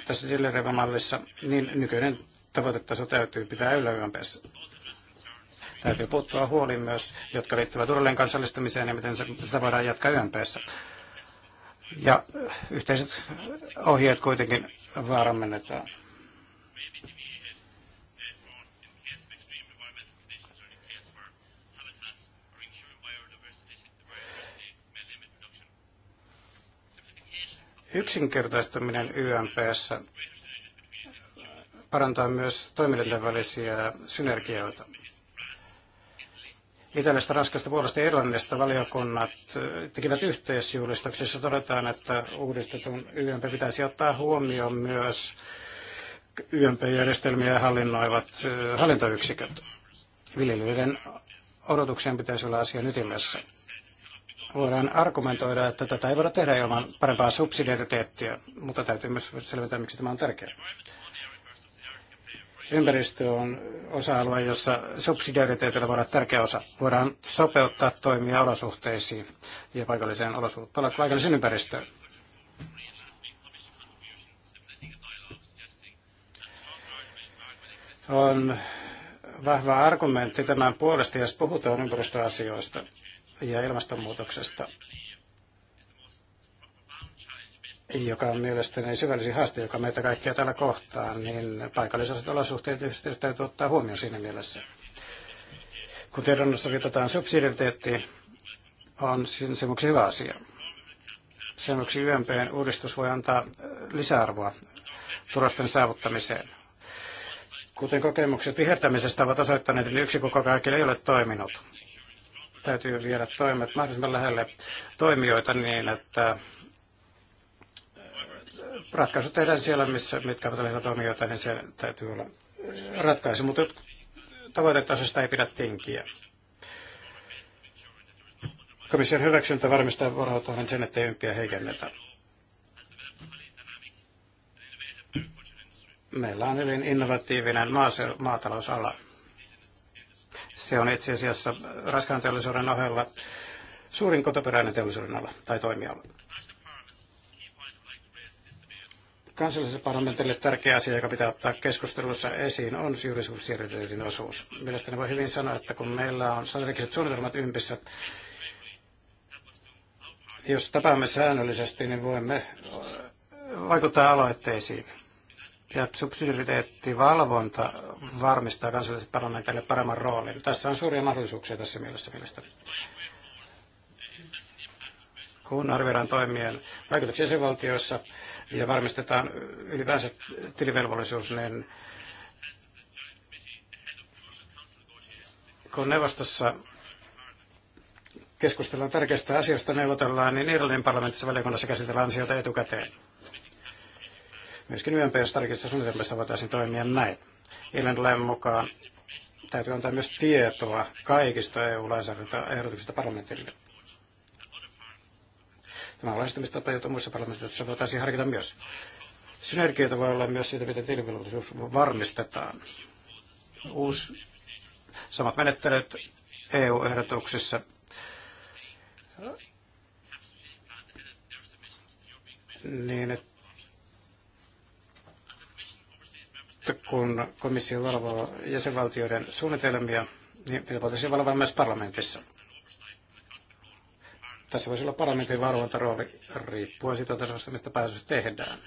tässä Dillereva-mallissa, niin nykyinen tavoitetaso täytyy pitää yllä YMPssä. Täytyy puuttua huoliin myös, jotka liittyvät uudelleen kansallistamiseen ja miten sitä voidaan jatkaa YMPssä. Ja yhteiset ohjeet kuitenkin vaaran menetään. Yksinkertaistaminen YMPssä parantaa myös toimijoiden välisiä synergioita. Italiasta, Ranskasta, Puolasta ja Irlannista valiokunnat tekivät yhteisjulistuksessa. Todetaan, että uudistetun YMP pitäisi ottaa huomioon myös YMP-järjestelmiä hallinnoivat äh, hallintoyksiköt. Viljelijöiden odotuksien pitäisi olla asian ytimessä voidaan argumentoida, että tätä ei voida tehdä ilman parempaa subsidiariteettia, mutta täytyy myös selventää, miksi tämä on tärkeää. Ympäristö on osa-alue, jossa subsidiariteetillä voi olla tärkeä osa. Voidaan sopeuttaa toimia olosuhteisiin ja paikalliseen, olosuhteeseen, paikalliseen ympäristöön. On vahva argumentti tämän puolesta, jos puhutaan ympäristöasioista ja ilmastonmuutoksesta, joka on mielestäni syvällisin haaste, joka meitä kaikkia täällä kohtaa, niin paikalliset olosuhteet tietysti täytyy ottaa huomioon siinä mielessä. Kun tiedonnossa viitataan subsidiariteettiin, on sen vuoksi hyvä asia. Sen vuoksi YMPn uudistus voi antaa äh, lisäarvoa tulosten saavuttamiseen. Kuten kokemukset vihertämisestä ovat osoittaneet, niin yksi koko kaikille ei ole toiminut täytyy viedä toimet mahdollisimman lähelle toimijoita niin, että ratkaisut tehdään siellä, missä, mitkä ovat lähellä toimijoita, niin se täytyy olla ratkaisu. Mutta tavoitetasosta ei pidä tinkiä. Komission hyväksyntä varmistaa varautuminen sen, ettei ympiä heikennetä. Meillä on hyvin innovatiivinen maatalousala. Se on itse asiassa raskaan teollisuuden ohella suurin kotoperäinen teollisuuden ala tai toimiala. Kansalliselle parlamentille tärkeä asia, joka pitää ottaa keskustelussa esiin, on juridisuussiirretyöiden osuus. Mielestäni voi hyvin sanoa, että kun meillä on strategiset suunnitelmat ympissä, jos tapaamme säännöllisesti, niin voimme vaikuttaa aloitteisiin ja subsidiariteettivalvonta varmistaa kansalliset parlamentille paremman roolin. Tässä on suuria mahdollisuuksia tässä mielessä mielestäni. Kun arvioidaan toimien vaikutuksia jäsenvaltioissa ja varmistetaan ylipäänsä tilivelvollisuus, niin kun neuvostossa keskustellaan tärkeistä asioista, neuvotellaan, niin Irlannin parlamentissa valiokunnassa käsitellään asioita etukäteen. Myöskin YMP-tarkistusmenetelmässä voitaisiin toimia näin. Ilmennolain mukaan täytyy antaa myös tietoa kaikista EU-lainsäädäntöehdotuksista parlamentille. Tämä lähestymistapa, jota muissa parlamentissa voitaisiin harkita myös. Synergioita voi olla myös siitä, miten tilivelvollisuus varmistetaan. Uusi, samat menettelyt EU-ehdotuksissa niin, että kun komissio valvoo jäsenvaltioiden suunnitelmia, niin niitä voitaisiin valvoa myös parlamentissa. Tässä voisi olla parlamentin valvontarooli riippuen siitä tasosta, mistä päätös tehdään.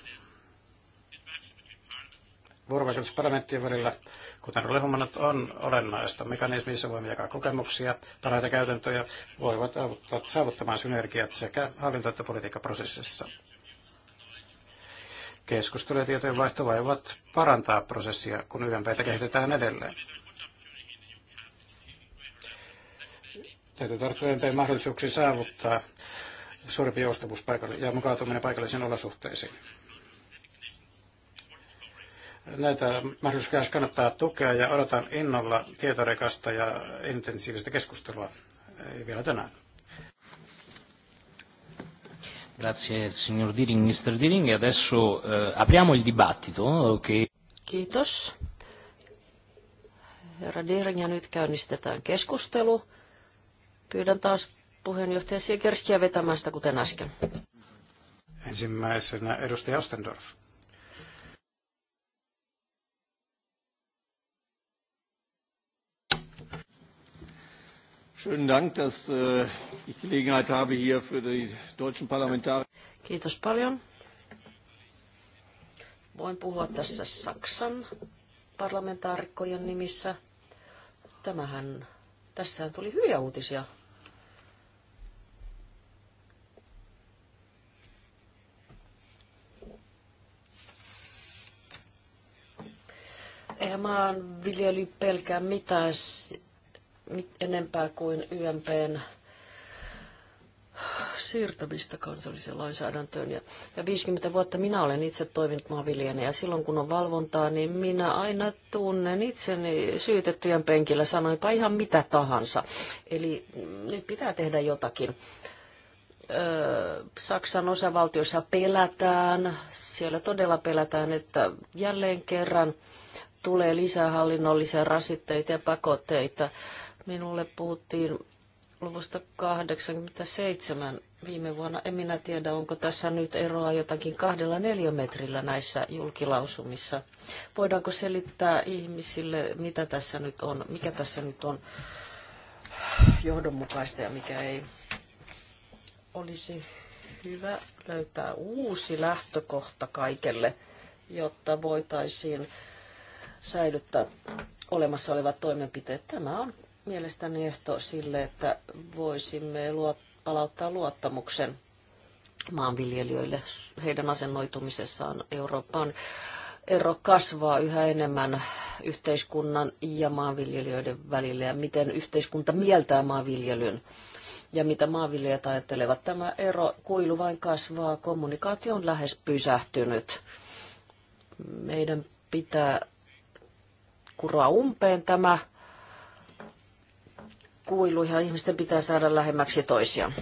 Vuorovaikutus parlamenttien välillä, kuten roolihommanat, on olennaista. Mekanismissa voimme jakaa kokemuksia, parhaita käytäntöjä voivat auttaa saavuttamaan synergiat sekä hallinto- että politiikkaprosessissa keskustelu ja tietojen vaihto voivat parantaa prosessia, kun YMPtä kehitetään edelleen. Täytyy tarttua YMPn mahdollisuuksiin saavuttaa suurempi joustavuus ja mukautuminen paikallisiin olosuhteisiin. Näitä mahdollisuuksia kannattaa tukea ja odotan innolla tietorekasta ja intensiivistä keskustelua vielä tänään. Grazie signor Diring, Mr. Diring. E adesso eh, apriamo il dibattito. Okay. Kiitos. Herra Diring, ja nyt käynnistetään keskustelu. Pyydän taas puheenjohtaja Siekerskiä vetämästä kuten äsken. Ensimmäisenä edustaja Ostendorf. Schönen Dank, dass äh, ich Gelegenheit habe, hier für die deutschen Parlamentarier. Kiitos paljon. Voin puhua tässä Saksan parlamentaarikkojen nimissä. Tämähän, tässähän tuli hyviä uutisia eihän maanviljely pelkää mitään enempää kuin YMPn siirtämistä kansalliseen lainsäädäntöön. Ja, ja 50 vuotta minä olen itse toiminut maanviljelijänä ja silloin kun on valvontaa, niin minä aina tunnen itseni syytettyjen penkillä, sanoinpa ihan mitä tahansa. Eli nyt pitää tehdä jotakin. Öö, Saksan osavaltiossa pelätään, siellä todella pelätään, että jälleen kerran tulee lisää hallinnollisia rasitteita ja pakotteita Minulle puhuttiin luvusta 87 viime vuonna. En minä tiedä, onko tässä nyt eroa jotakin kahdella neliömetrillä näissä julkilausumissa. Voidaanko selittää ihmisille, mitä tässä nyt on, mikä tässä nyt on johdonmukaista ja mikä ei. Olisi hyvä löytää uusi lähtökohta kaikelle, jotta voitaisiin säilyttää olemassa olevat toimenpiteet. Tämä on mielestäni ehto sille, että voisimme luot, palauttaa luottamuksen maanviljelijöille heidän asennoitumisessaan Euroopan. Ero kasvaa yhä enemmän yhteiskunnan ja maanviljelijöiden välillä ja miten yhteiskunta mieltää maanviljelyn ja mitä maanviljelijät ajattelevat. Tämä ero, kuilu vain kasvaa, kommunikaatio on lähes pysähtynyt. Meidän pitää kuroa umpeen tämä kuilu ja ihmisten pitää saada lähemmäksi toisiaan.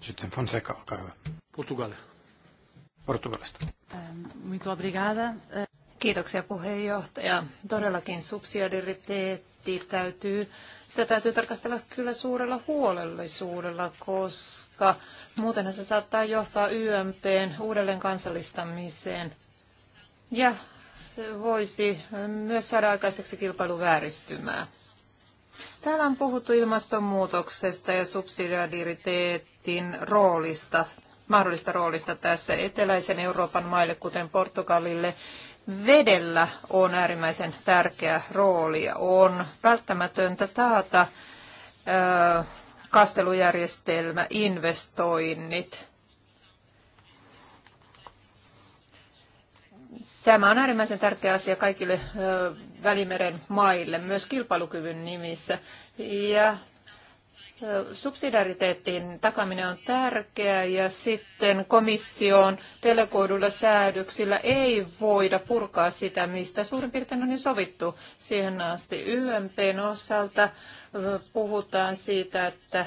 Sitten Fonseca, olkaa hyvä. Portugal. Portugalista. Muito obrigada. Kiitoksia puheenjohtaja. Todellakin subsidiariteetti täytyy, sitä täytyy tarkastella kyllä suurella huolellisuudella, koska muuten se saattaa johtaa YMPn uudelleen kansallistamiseen ja voisi myös saada aikaiseksi kilpailuvääristymää. Täällä on puhuttu ilmastonmuutoksesta ja subsidiariteetin roolista, mahdollista roolista tässä eteläisen Euroopan maille, kuten Portugalille. Vedellä on äärimmäisen tärkeä rooli ja on välttämätöntä taata ö, kastelujärjestelmä, investoinnit Tämä on äärimmäisen tärkeä asia kaikille Välimeren maille, myös kilpailukyvyn nimissä. Ja subsidiariteettiin takaminen on tärkeää ja sitten komission delegoidulla säädöksillä ei voida purkaa sitä, mistä suurin piirtein on jo sovittu siihen asti YMPn osalta puhutaan siitä, että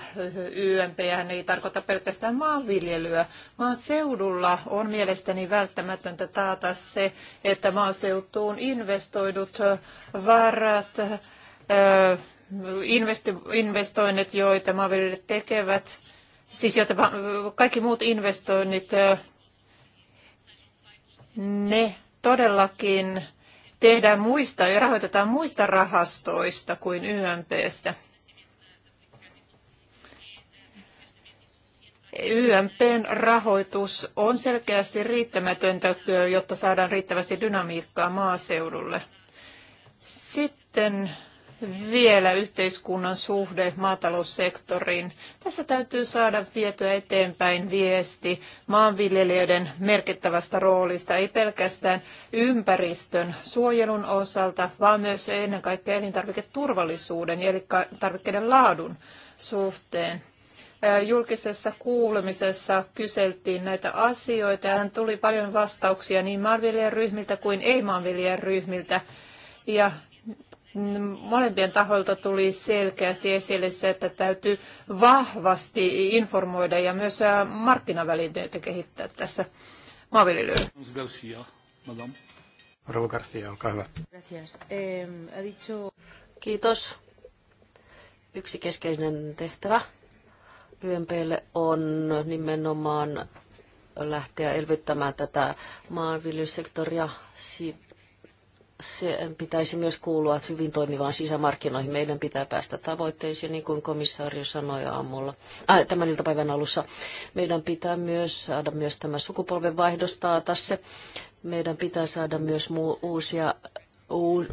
YMP ei tarkoita pelkästään maanviljelyä. Maaseudulla on mielestäni välttämätöntä taata se, että maaseutuun investoidut varat, investoinnit, joita maanviljelijät tekevät, siis joita kaikki muut investoinnit, ne todellakin tehdään muista ja rahoitetaan muista rahastoista kuin YMPstä. YMPn rahoitus on selkeästi riittämätöntä, jotta saadaan riittävästi dynamiikkaa maaseudulle. Sitten vielä yhteiskunnan suhde maataloussektoriin. Tässä täytyy saada vietyä eteenpäin viesti maanviljelijöiden merkittävästä roolista, ei pelkästään ympäristön suojelun osalta, vaan myös ennen kaikkea elintarviketurvallisuuden ja elintarvikkeiden laadun suhteen julkisessa kuulemisessa kyseltiin näitä asioita ja tuli paljon vastauksia niin maanviljelijäryhmiltä kuin ei-maanviljelijäryhmiltä. Ja molempien tahoilta tuli selkeästi esille se, että täytyy vahvasti informoida ja myös markkinavälineitä kehittää tässä maanviljelijöille. Garcia, Garcia, olkaa hyvä. Kiitos. Yksi keskeinen tehtävä YMPlle on nimenomaan lähteä elvyttämään tätä maanviljelysektoria sen pitäisi myös kuulua hyvin toimivaan sisämarkkinoihin. Meidän pitää päästä tavoitteisiin, niin kuin komissaario sanoi aamulla, äh, tämän iltapäivän alussa. Meidän pitää myös saada myös tämä sukupolven vaihdos taata se. Meidän pitää saada myös uusia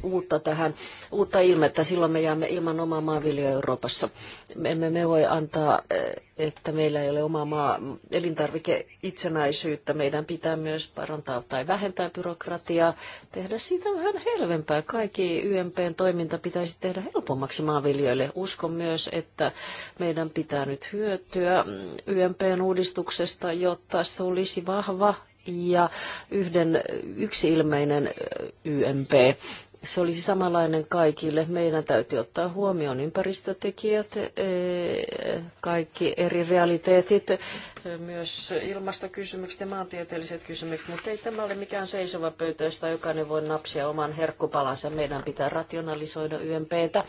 uutta tähän, uutta ilmettä. Silloin me jäämme ilman omaa maanviljaa Euroopassa. Me emme me voi antaa, eh, että meillä ei ole omaa maa, elintarvike itsenäisyyttä. Meidän pitää myös parantaa tai vähentää byrokratiaa, tehdä siitä vähän helvempää. Kaikki YMPn toiminta pitäisi tehdä helpommaksi maanviljoille. Uskon myös, että meidän pitää nyt hyötyä mm, YMPn uudistuksesta, jotta se olisi vahva ja yhden, yksi ilmeinen YMP. Se olisi samanlainen kaikille. Meidän täytyy ottaa huomioon ympäristötekijät, eh, kaikki eri realiteetit, myös ilmastokysymykset ja maantieteelliset kysymykset, mutta ei tämä ole mikään seisova pöytä, josta jokainen voi napsia oman herkkupalansa. Meidän pitää rationalisoida YMPtä.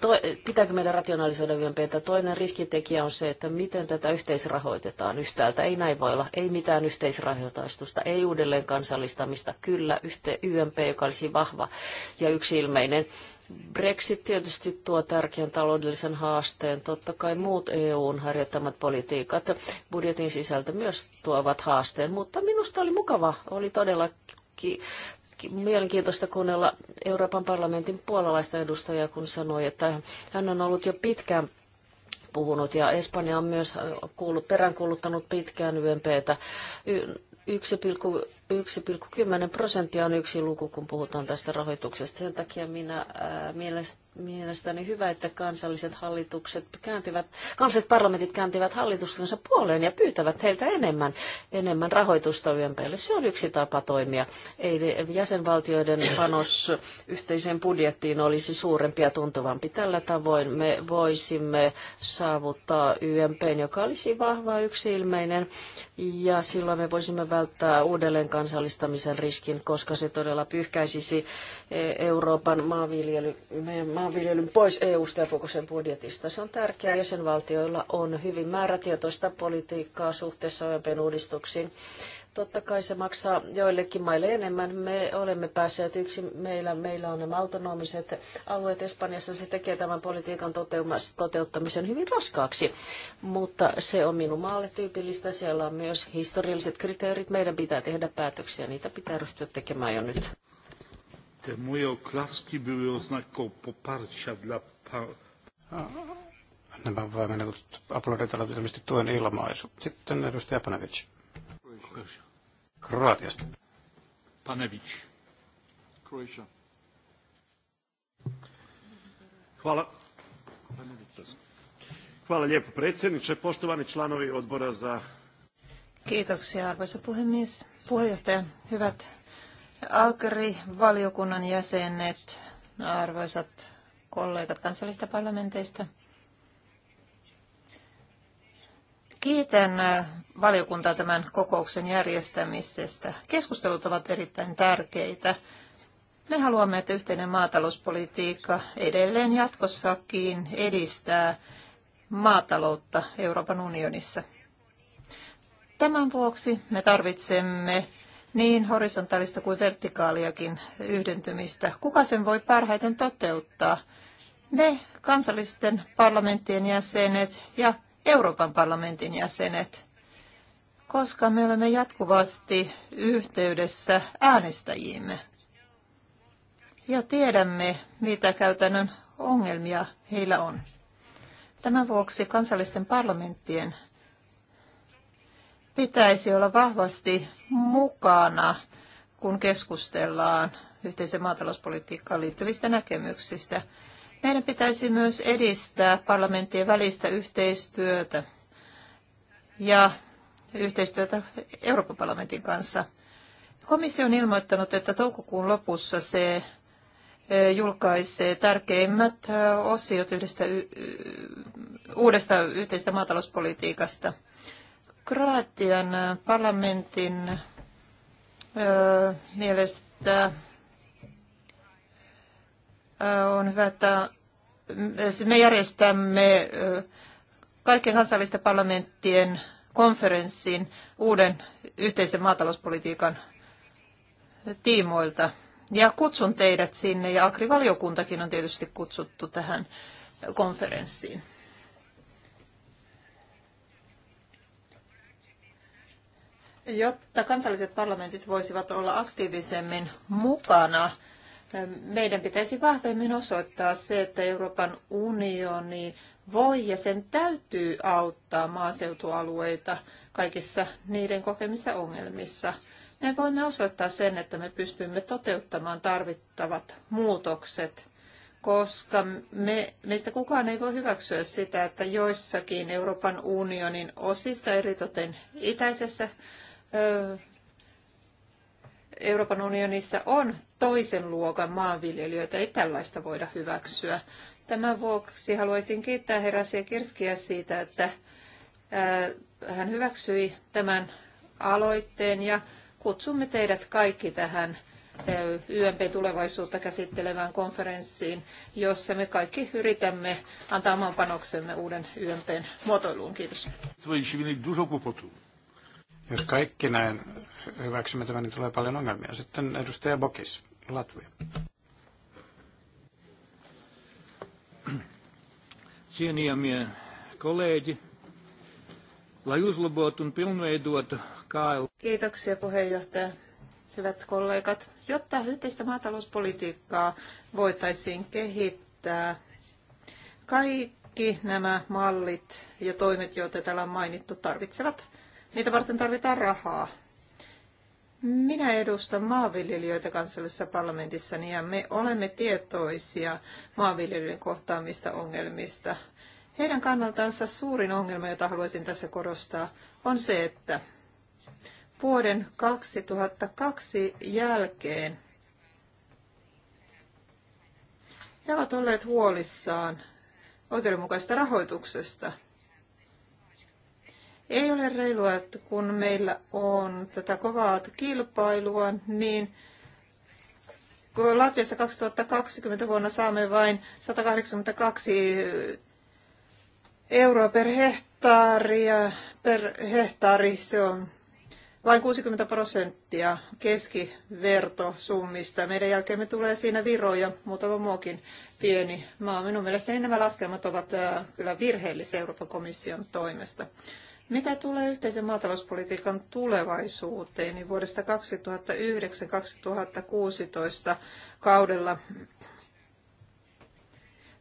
To, pitääkö meidän rationalisoida YMPtä? Toinen riskitekijä on se, että miten tätä yhteisrahoitetaan yhtäältä. Ei näin voi olla. Ei mitään yhteisrahoitusta, ei uudelleen kansallistamista. Kyllä, yhte, YMP, joka olisi vahva ja yksi ilmeinen Brexit tietysti tuo tärkeän taloudellisen haasteen. Totta kai muut EUn harjoittamat politiikat budjetin sisältö myös tuovat haasteen, mutta minusta oli mukava. Oli todella mielenkiintoista kuunnella Euroopan parlamentin puolalaista edustajaa, kun sanoi, että hän on ollut jo pitkään puhunut ja Espanja on myös kuullut, peräänkuuluttanut pitkään YMPtä. 1,1 1,10 prosenttia on yksi luku, kun puhutaan tästä rahoituksesta. Sen takia minä mielestäni hyvä, että kansalliset hallitukset kääntyvät, kansalliset parlamentit kääntyvät hallitustensa puoleen ja pyytävät heiltä enemmän, enemmän rahoitusta YMPlle. Se on yksi tapa toimia. Eli jäsenvaltioiden panos yhteiseen budjettiin olisi suurempi ja tuntuvampi. Tällä tavoin me voisimme saavuttaa YMP, joka olisi vahva, yksi ilmeinen, ja silloin me voisimme välttää uudelleen kansallistamisen riskin, koska se todella pyyhkäisisi e, Euroopan maanviljely, maanviljelyn pois EU-sta ja koko sen budjetista. Se on tärkeää. Jäsenvaltioilla on hyvin määrätietoista politiikkaa suhteessa OEPn uudistuksiin. Totta kai se maksaa joillekin maille enemmän. Me olemme päässeet yksi, meillä, meillä on nämä autonomiset alueet Espanjassa. Se tekee tämän politiikan toteuttamisen hyvin raskaaksi, mutta se on minun maalle tyypillistä. Siellä on myös historialliset kriteerit. Meidän pitää tehdä päätöksiä. Niitä pitää ryhtyä tekemään jo nyt. Te moje oklaski były oznaką poparcia dla Nämä vain aplodit ovat tuen ilmaisu. Sitten edustaja Panavic. Croatia. Kroatiasta. Panevic. Croatia. Hvala. Hvala lijepo predsjedniče, poštovani članovi odbora za... Kiitoksia arvoisa puhemies, puheenjohtaja, hyvät Alkari, valiokunnan jäsenet, arvoisat kollegat kansallisista parlamenteista. Kiitän valiokuntaa tämän kokouksen järjestämisestä. Keskustelut ovat erittäin tärkeitä. Me haluamme, että yhteinen maatalouspolitiikka edelleen jatkossakin edistää maataloutta Euroopan unionissa. Tämän vuoksi me tarvitsemme niin horisontaalista kuin vertikaaliakin yhdentymistä. Kuka sen voi parhaiten toteuttaa? Me kansallisten parlamenttien jäsenet ja Euroopan parlamentin jäsenet, koska me olemme jatkuvasti yhteydessä äänestäjiimme ja tiedämme, mitä käytännön ongelmia heillä on. Tämän vuoksi kansallisten parlamenttien pitäisi olla vahvasti mukana, kun keskustellaan yhteisen maatalouspolitiikkaan liittyvistä näkemyksistä. Meidän pitäisi myös edistää parlamenttien välistä yhteistyötä ja yhteistyötä Euroopan parlamentin kanssa. Komissio on ilmoittanut, että toukokuun lopussa se julkaisee tärkeimmät osiot yhdestä uudesta yhteistä maatalouspolitiikasta. Kroatian parlamentin mielestä on hyvä, että mm, me järjestämme kaikkien kansallisten parlamenttien konferenssin uuden yhteisen maatalouspolitiikan tiimoilta. Ja kutsun teidät sinne, ja Agrivaliokuntakin on tietysti kutsuttu tähän konferenssiin. Jotta kansalliset parlamentit voisivat olla aktiivisemmin mukana meidän pitäisi vahvemmin osoittaa se, että Euroopan unioni voi ja sen täytyy auttaa maaseutualueita kaikissa niiden kokemissa ongelmissa. Me voimme osoittaa sen, että me pystymme toteuttamaan tarvittavat muutokset, koska me, meistä kukaan ei voi hyväksyä sitä, että joissakin Euroopan unionin osissa, eritoten itäisessä Euroopan unionissa on toisen luokan maanviljelijöitä. Ei tällaista voida hyväksyä. Tämän vuoksi haluaisin kiittää herra Kirskiä siitä, että hän hyväksyi tämän aloitteen ja kutsumme teidät kaikki tähän YMP-tulevaisuutta käsittelevään konferenssiin, jossa me kaikki yritämme antaa oman panoksemme uuden YMPn muotoiluun. Kiitos. Jos kaikki näin hyväksymme tämän, niin tulee paljon ongelmia. Sitten edustaja Bokis, Latvia. Cienījamie kollegi. Lajuslobotun uzlabotu un Kiitoksia puheenjohtaja. Hyvät kollegat, jotta yhteistä maatalouspolitiikkaa voitaisiin kehittää, kaikki nämä mallit ja toimet, joita täällä on mainittu, tarvitsevat, niitä varten tarvitaan rahaa. Minä edustan maanviljelijöitä kansallisessa parlamentissa, ja me olemme tietoisia maanviljelijöiden kohtaamista ongelmista. Heidän kannaltansa suurin ongelma, jota haluaisin tässä korostaa, on se, että vuoden 2002 jälkeen he ovat olleet huolissaan oikeudenmukaisesta rahoituksesta – ei ole reilua, että kun meillä on tätä kovaa kilpailua, niin kun Latviassa 2020 vuonna saamme vain 182 euroa per hehtaari ja per hehtaari se on vain 60 prosenttia keskivertosummista. Meidän jälkeemme tulee siinä Viro ja muutama muukin pieni maa. Minun mielestäni nämä laskelmat ovat äh, kyllä virheellisiä Euroopan komission toimesta. Mitä tulee yhteisen maatalouspolitiikan tulevaisuuteen, niin vuodesta 2009-2016 kaudella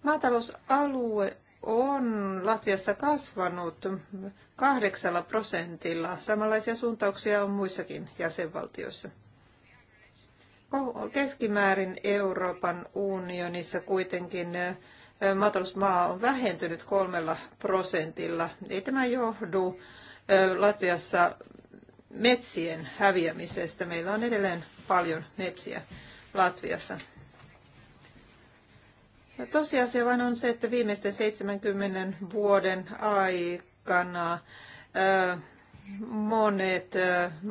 maatalousalue on Latviassa kasvanut kahdeksalla prosentilla. Samanlaisia suuntauksia on muissakin jäsenvaltioissa. Keskimäärin Euroopan unionissa kuitenkin maatalousmaa on vähentynyt kolmella prosentilla. Ei tämä johdu Latviassa metsien häviämisestä. Meillä on edelleen paljon metsiä Latviassa. Ja tosiasia vain on se, että viimeisten 70 vuoden aikana monet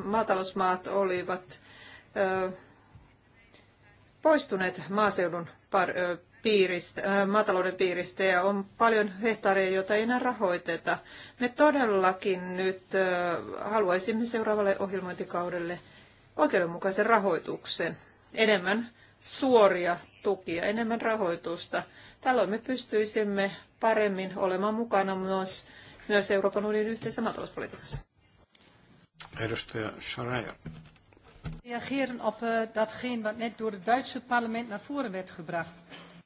maatalousmaat olivat poistuneet maaseudun piiristä, äh, maatalouden piiristä ja on paljon hehtaareja, joita ei enää rahoiteta. Me todellakin nyt äh, haluaisimme seuraavalle ohjelmointikaudelle oikeudenmukaisen rahoituksen, enemmän suoria tukia, enemmän rahoitusta. Tällöin me pystyisimme paremmin olemaan mukana myös, myös Euroopan unionin yhteisessä maatalouspolitiikassa. Edustaja Sharaja. Reageren op uh, datgene wat net door het Duitse parlement naar voren werd gebracht.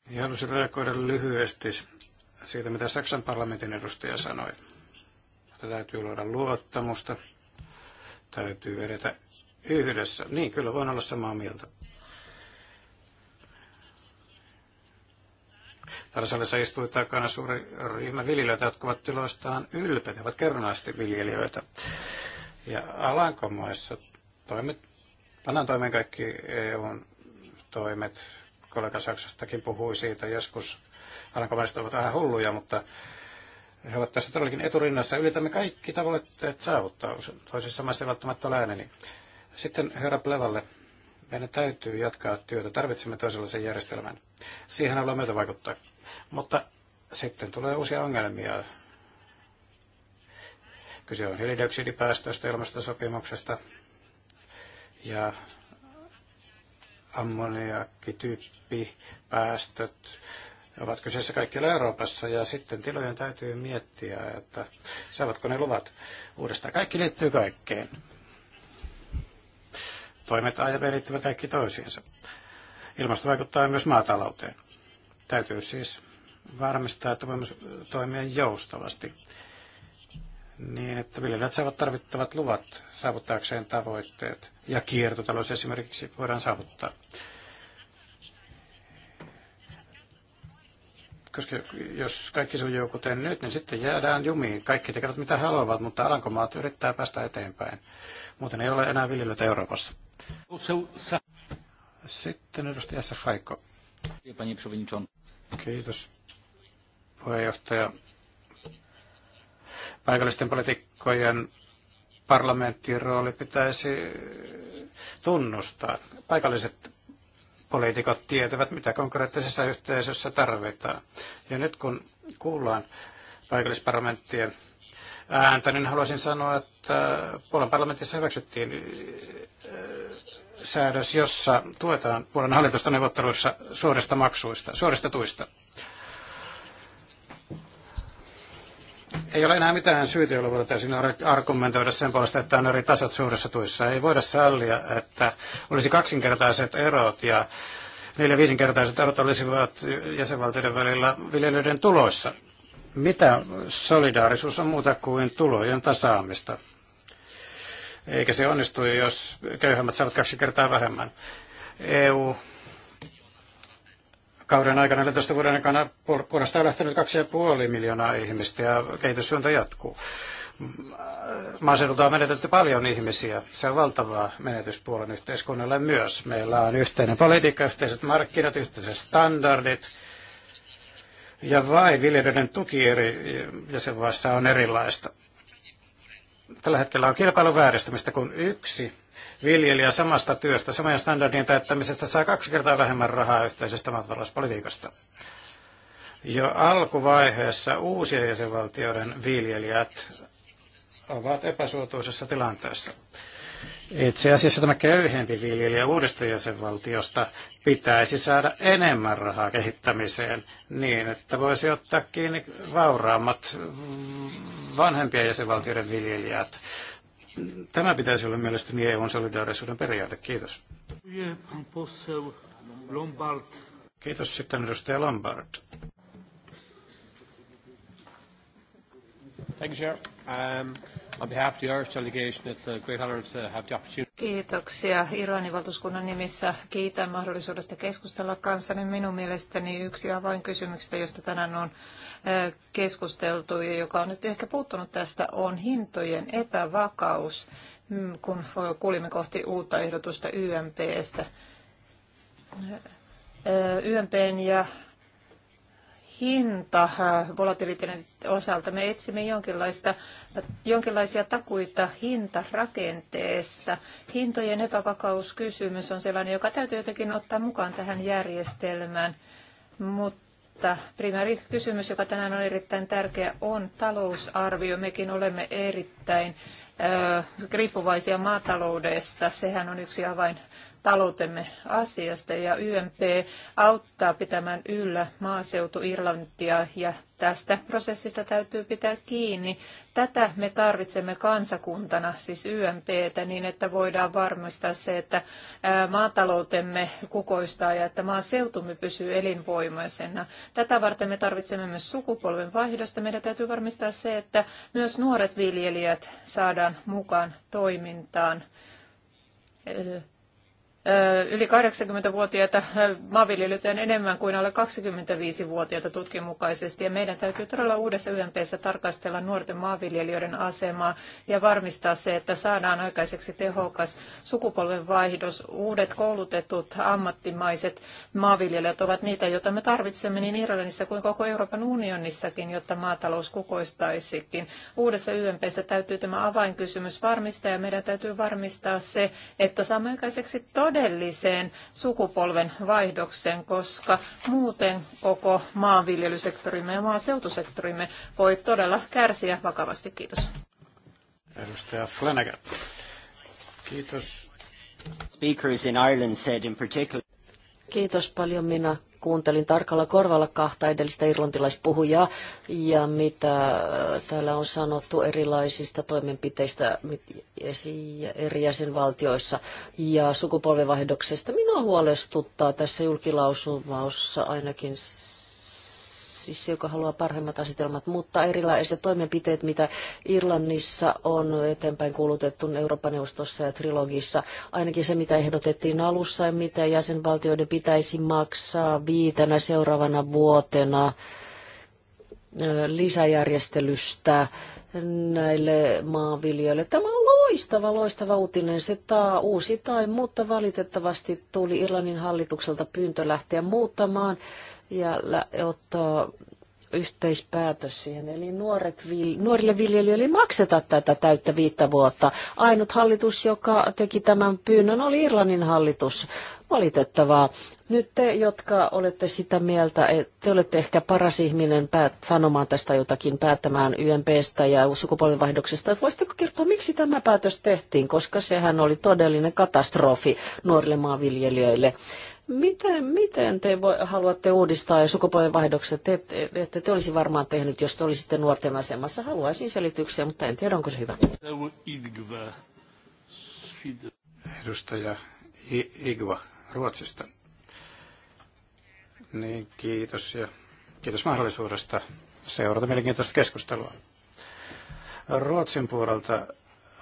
Ja halusin reagoida lyhyesti siitä, mitä Saksan parlamentin edustaja sanoi. Että täytyy luoda luottamusta, täytyy edetä yhdessä. Niin, kyllä voin olla samaa mieltä. Täällä salissa istui takana suuri ryhmä viljelijöitä, jotka ovat tiloistaan ylpeitä, ovat kernaasti viljelijöitä. Ja Alankomaissa toimet, pannaan toimeen kaikki EUn toimet, kollega Saksastakin puhui siitä joskus. Alankomaiset ovat vähän hulluja, mutta he ovat tässä todellakin eturinnassa. Ylitämme kaikki tavoitteet saavuttaa. Toisessa maissa ei välttämättä ole ääneni. Sitten herra Plevalle. Meidän täytyy jatkaa työtä. Tarvitsemme toisenlaisen järjestelmän. Siihen haluamme myötä vaikuttaa. Mutta sitten tulee uusia ongelmia. Kyse on hiilidioksidipäästöistä ilmastosopimuksesta ja ammoniakkityyppi, päästöt ovat kyseessä kaikkialla Euroopassa ja sitten tilojen täytyy miettiä, että saavatko ne luvat uudestaan. Kaikki liittyy kaikkeen. Toimet ja liittyvät kaikki toisiinsa. Ilmasto vaikuttaa myös maatalouteen. Täytyy siis varmistaa, että voimme toimia joustavasti niin, että viljelijät saavat tarvittavat luvat saavuttaakseen tavoitteet ja kiertotalous esimerkiksi voidaan saavuttaa. Koska jos kaikki sujuu kuten nyt, niin sitten jäädään jumiin. Kaikki tekevät mitä haluavat, mutta Alankomaat yrittää päästä eteenpäin. Muuten ei ole enää viljelijöitä Euroopassa. Sitten edustaja Haiko. Kiitos puheenjohtaja paikallisten poliitikkojen parlamenttien rooli pitäisi tunnustaa. Paikalliset poliitikot tietävät, mitä konkreettisessa yhteisössä tarvitaan. Ja nyt kun kuullaan paikallisparlamenttien ääntä, niin haluaisin sanoa, että Puolan parlamentissa hyväksyttiin äh, säädös, jossa tuetaan Puolan hallitusta neuvotteluissa suorista maksuista, suorista tuista. Ei ole enää mitään syytä, jolla voitaisiin argumentoida sen puolesta, että on eri tasot suuressa tuissa. Ei voida sallia, että olisi kaksinkertaiset erot ja neljä viisinkertaiset erot olisivat jäsenvaltioiden välillä viljelijöiden tuloissa. Mitä solidaarisuus on muuta kuin tulojen tasaamista? Eikä se onnistu, jos köyhemmät saavat kaksi kertaa vähemmän. EU kauden aikana, 14 vuoden aikana puolestaan lähtenyt 2,5 miljoonaa ihmistä ja kehityssuunta jatkuu. Maaseudulta on menetetty paljon ihmisiä. Se on valtava menetys puolen yhteiskunnalle myös. Meillä on yhteinen politiikka, yhteiset markkinat, yhteiset standardit. Ja vain viljelijöiden tuki eri jäsenvaiheessa on erilaista. Tällä hetkellä on kilpailun vääristymistä, kun yksi viljelijä samasta työstä, samojen standardien täyttämisestä saa kaksi kertaa vähemmän rahaa yhteisestä maatalouspolitiikasta. Jo alkuvaiheessa uusien jäsenvaltioiden viljelijät ovat epäsuotuisessa tilanteessa. Itse asiassa tämä köyhempi viljelijä uudesta jäsenvaltiosta pitäisi saada enemmän rahaa kehittämiseen niin, että voisi ottaa kiinni vauraammat vanhempia jäsenvaltioiden viljelijät Tämä pitäisi olla mielestäni EUn solidaarisuuden periaate. Kiitos. Kiitos sitten edustaja Lombard. Thank you, um, Kiitoksia Iranin valtuuskunnan nimissä. Kiitän mahdollisuudesta keskustella kanssani. Minun mielestäni yksi avainkysymyksistä, josta tänään on keskusteltu ja joka on nyt ehkä puuttunut tästä, on hintojen epävakaus, mm, kun kuulimme kohti uutta ehdotusta YMPstä. YMPn ja hinta äh, volatiliteetin osalta. Me etsimme jonkinlaista, jonkinlaisia takuita hintarakenteesta. Hintojen epävakauskysymys on sellainen, joka täytyy jotenkin ottaa mukaan tähän järjestelmään. Mutta primääri kysymys, joka tänään on erittäin tärkeä, on talousarvio. Mekin olemme erittäin ö, äh, riippuvaisia maataloudesta. Sehän on yksi avain taloutemme asiasta ja YMP auttaa pitämään yllä maaseutu Irlantia ja tästä prosessista täytyy pitää kiinni. Tätä me tarvitsemme kansakuntana, siis YMPtä, niin että voidaan varmistaa se, että maataloutemme kukoistaa ja että maaseutumme pysyy elinvoimaisena. Tätä varten me tarvitsemme myös sukupolven vaihdosta. Meidän täytyy varmistaa se, että myös nuoret viljelijät saadaan mukaan toimintaan yli 80-vuotiaita maanviljelijöitä on enemmän kuin alle 25-vuotiaita tutkimukaisesti. Ja meidän täytyy todella uudessa YMPssä tarkastella nuorten maanviljelijöiden asemaa ja varmistaa se, että saadaan aikaiseksi tehokas sukupolven Uudet koulutetut ammattimaiset maanviljelijät ovat niitä, joita me tarvitsemme niin Irlannissa kuin koko Euroopan unionissakin, jotta maatalous kukoistaisikin. Uudessa YMPssä täytyy tämä avainkysymys varmistaa ja meidän täytyy varmistaa se, että saamme aikaiseksi todella todelliseen sukupolven vaihdoksen, koska muuten koko maanviljelysektorimme ja maaseutusektorimme voi todella kärsiä vakavasti. Kiitos. Edustaja Flanagan. Kiitos. Speakers in Ireland said in particular. Kiitos paljon. Minä kuuntelin tarkalla korvalla kahta edellistä irlantilaispuhujaa ja mitä täällä on sanottu erilaisista toimenpiteistä eri jäsenvaltioissa ja sukupolvenvaihdoksesta. Minua huolestuttaa tässä julkilausumassa ainakin siis se, joka haluaa parhaimmat asetelmat, mutta erilaiset toimenpiteet, mitä Irlannissa on eteenpäin kuulutettu Euroopan neuvostossa ja trilogissa, ainakin se, mitä ehdotettiin alussa ja mitä jäsenvaltioiden pitäisi maksaa viitenä seuraavana vuotena lisäjärjestelystä näille maanviljelijöille. Tämä on loistava, loistava uutinen. Se taa uusi tai, mutta valitettavasti tuli Irlannin hallitukselta pyyntö lähteä muuttamaan ja ottaa yhteispäätös siihen. Eli nuoret, nuorille viljelijöille ei makseta tätä täyttä viittä vuotta. Ainut hallitus, joka teki tämän pyynnön, oli Irlannin hallitus. Valitettavaa. Nyt te, jotka olette sitä mieltä, että te olette ehkä paras ihminen päät- sanomaan tästä jotakin, päättämään YMPstä ja sukupolvenvaihdoksesta. Voisitteko kertoa, miksi tämä päätös tehtiin, koska sehän oli todellinen katastrofi nuorille maanviljelijöille. Miten, miten te voi, haluatte uudistaa ja sukupolvenvaihdokset? Te, te, ette te olisi varmaan tehnyt, jos te olisitte nuorten asemassa. Haluaisin selityksiä, mutta en tiedä, onko se hyvä. Edustaja Igva Ruotsista. Niin, kiitos ja kiitos mahdollisuudesta seurata mielenkiintoista keskustelua. Ruotsin puolelta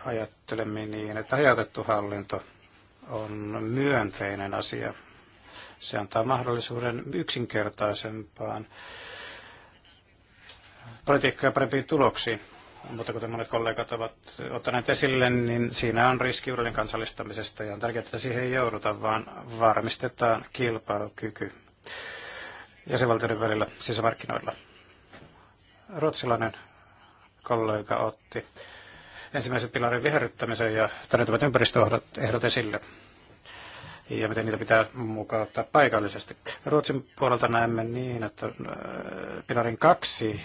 ajattelemme niin, että hajautettu hallinto on myönteinen asia se antaa mahdollisuuden yksinkertaisempaan politiikkaa parempiin tuloksiin. Mutta kuten monet kollegat ovat ottaneet esille, niin siinä on riski uudelleen kansallistamisesta ja on tärkeää, että siihen ei jouduta, vaan varmistetaan kilpailukyky jäsenvaltioiden välillä sisämarkkinoilla. Ruotsilainen kollega otti ensimmäisen pilarin viherryttämisen ja tarjottavat ympäristöehdot esille ja miten niitä pitää mukauttaa paikallisesti. Ruotsin puolelta näemme niin, että äh, Pilarin kaksi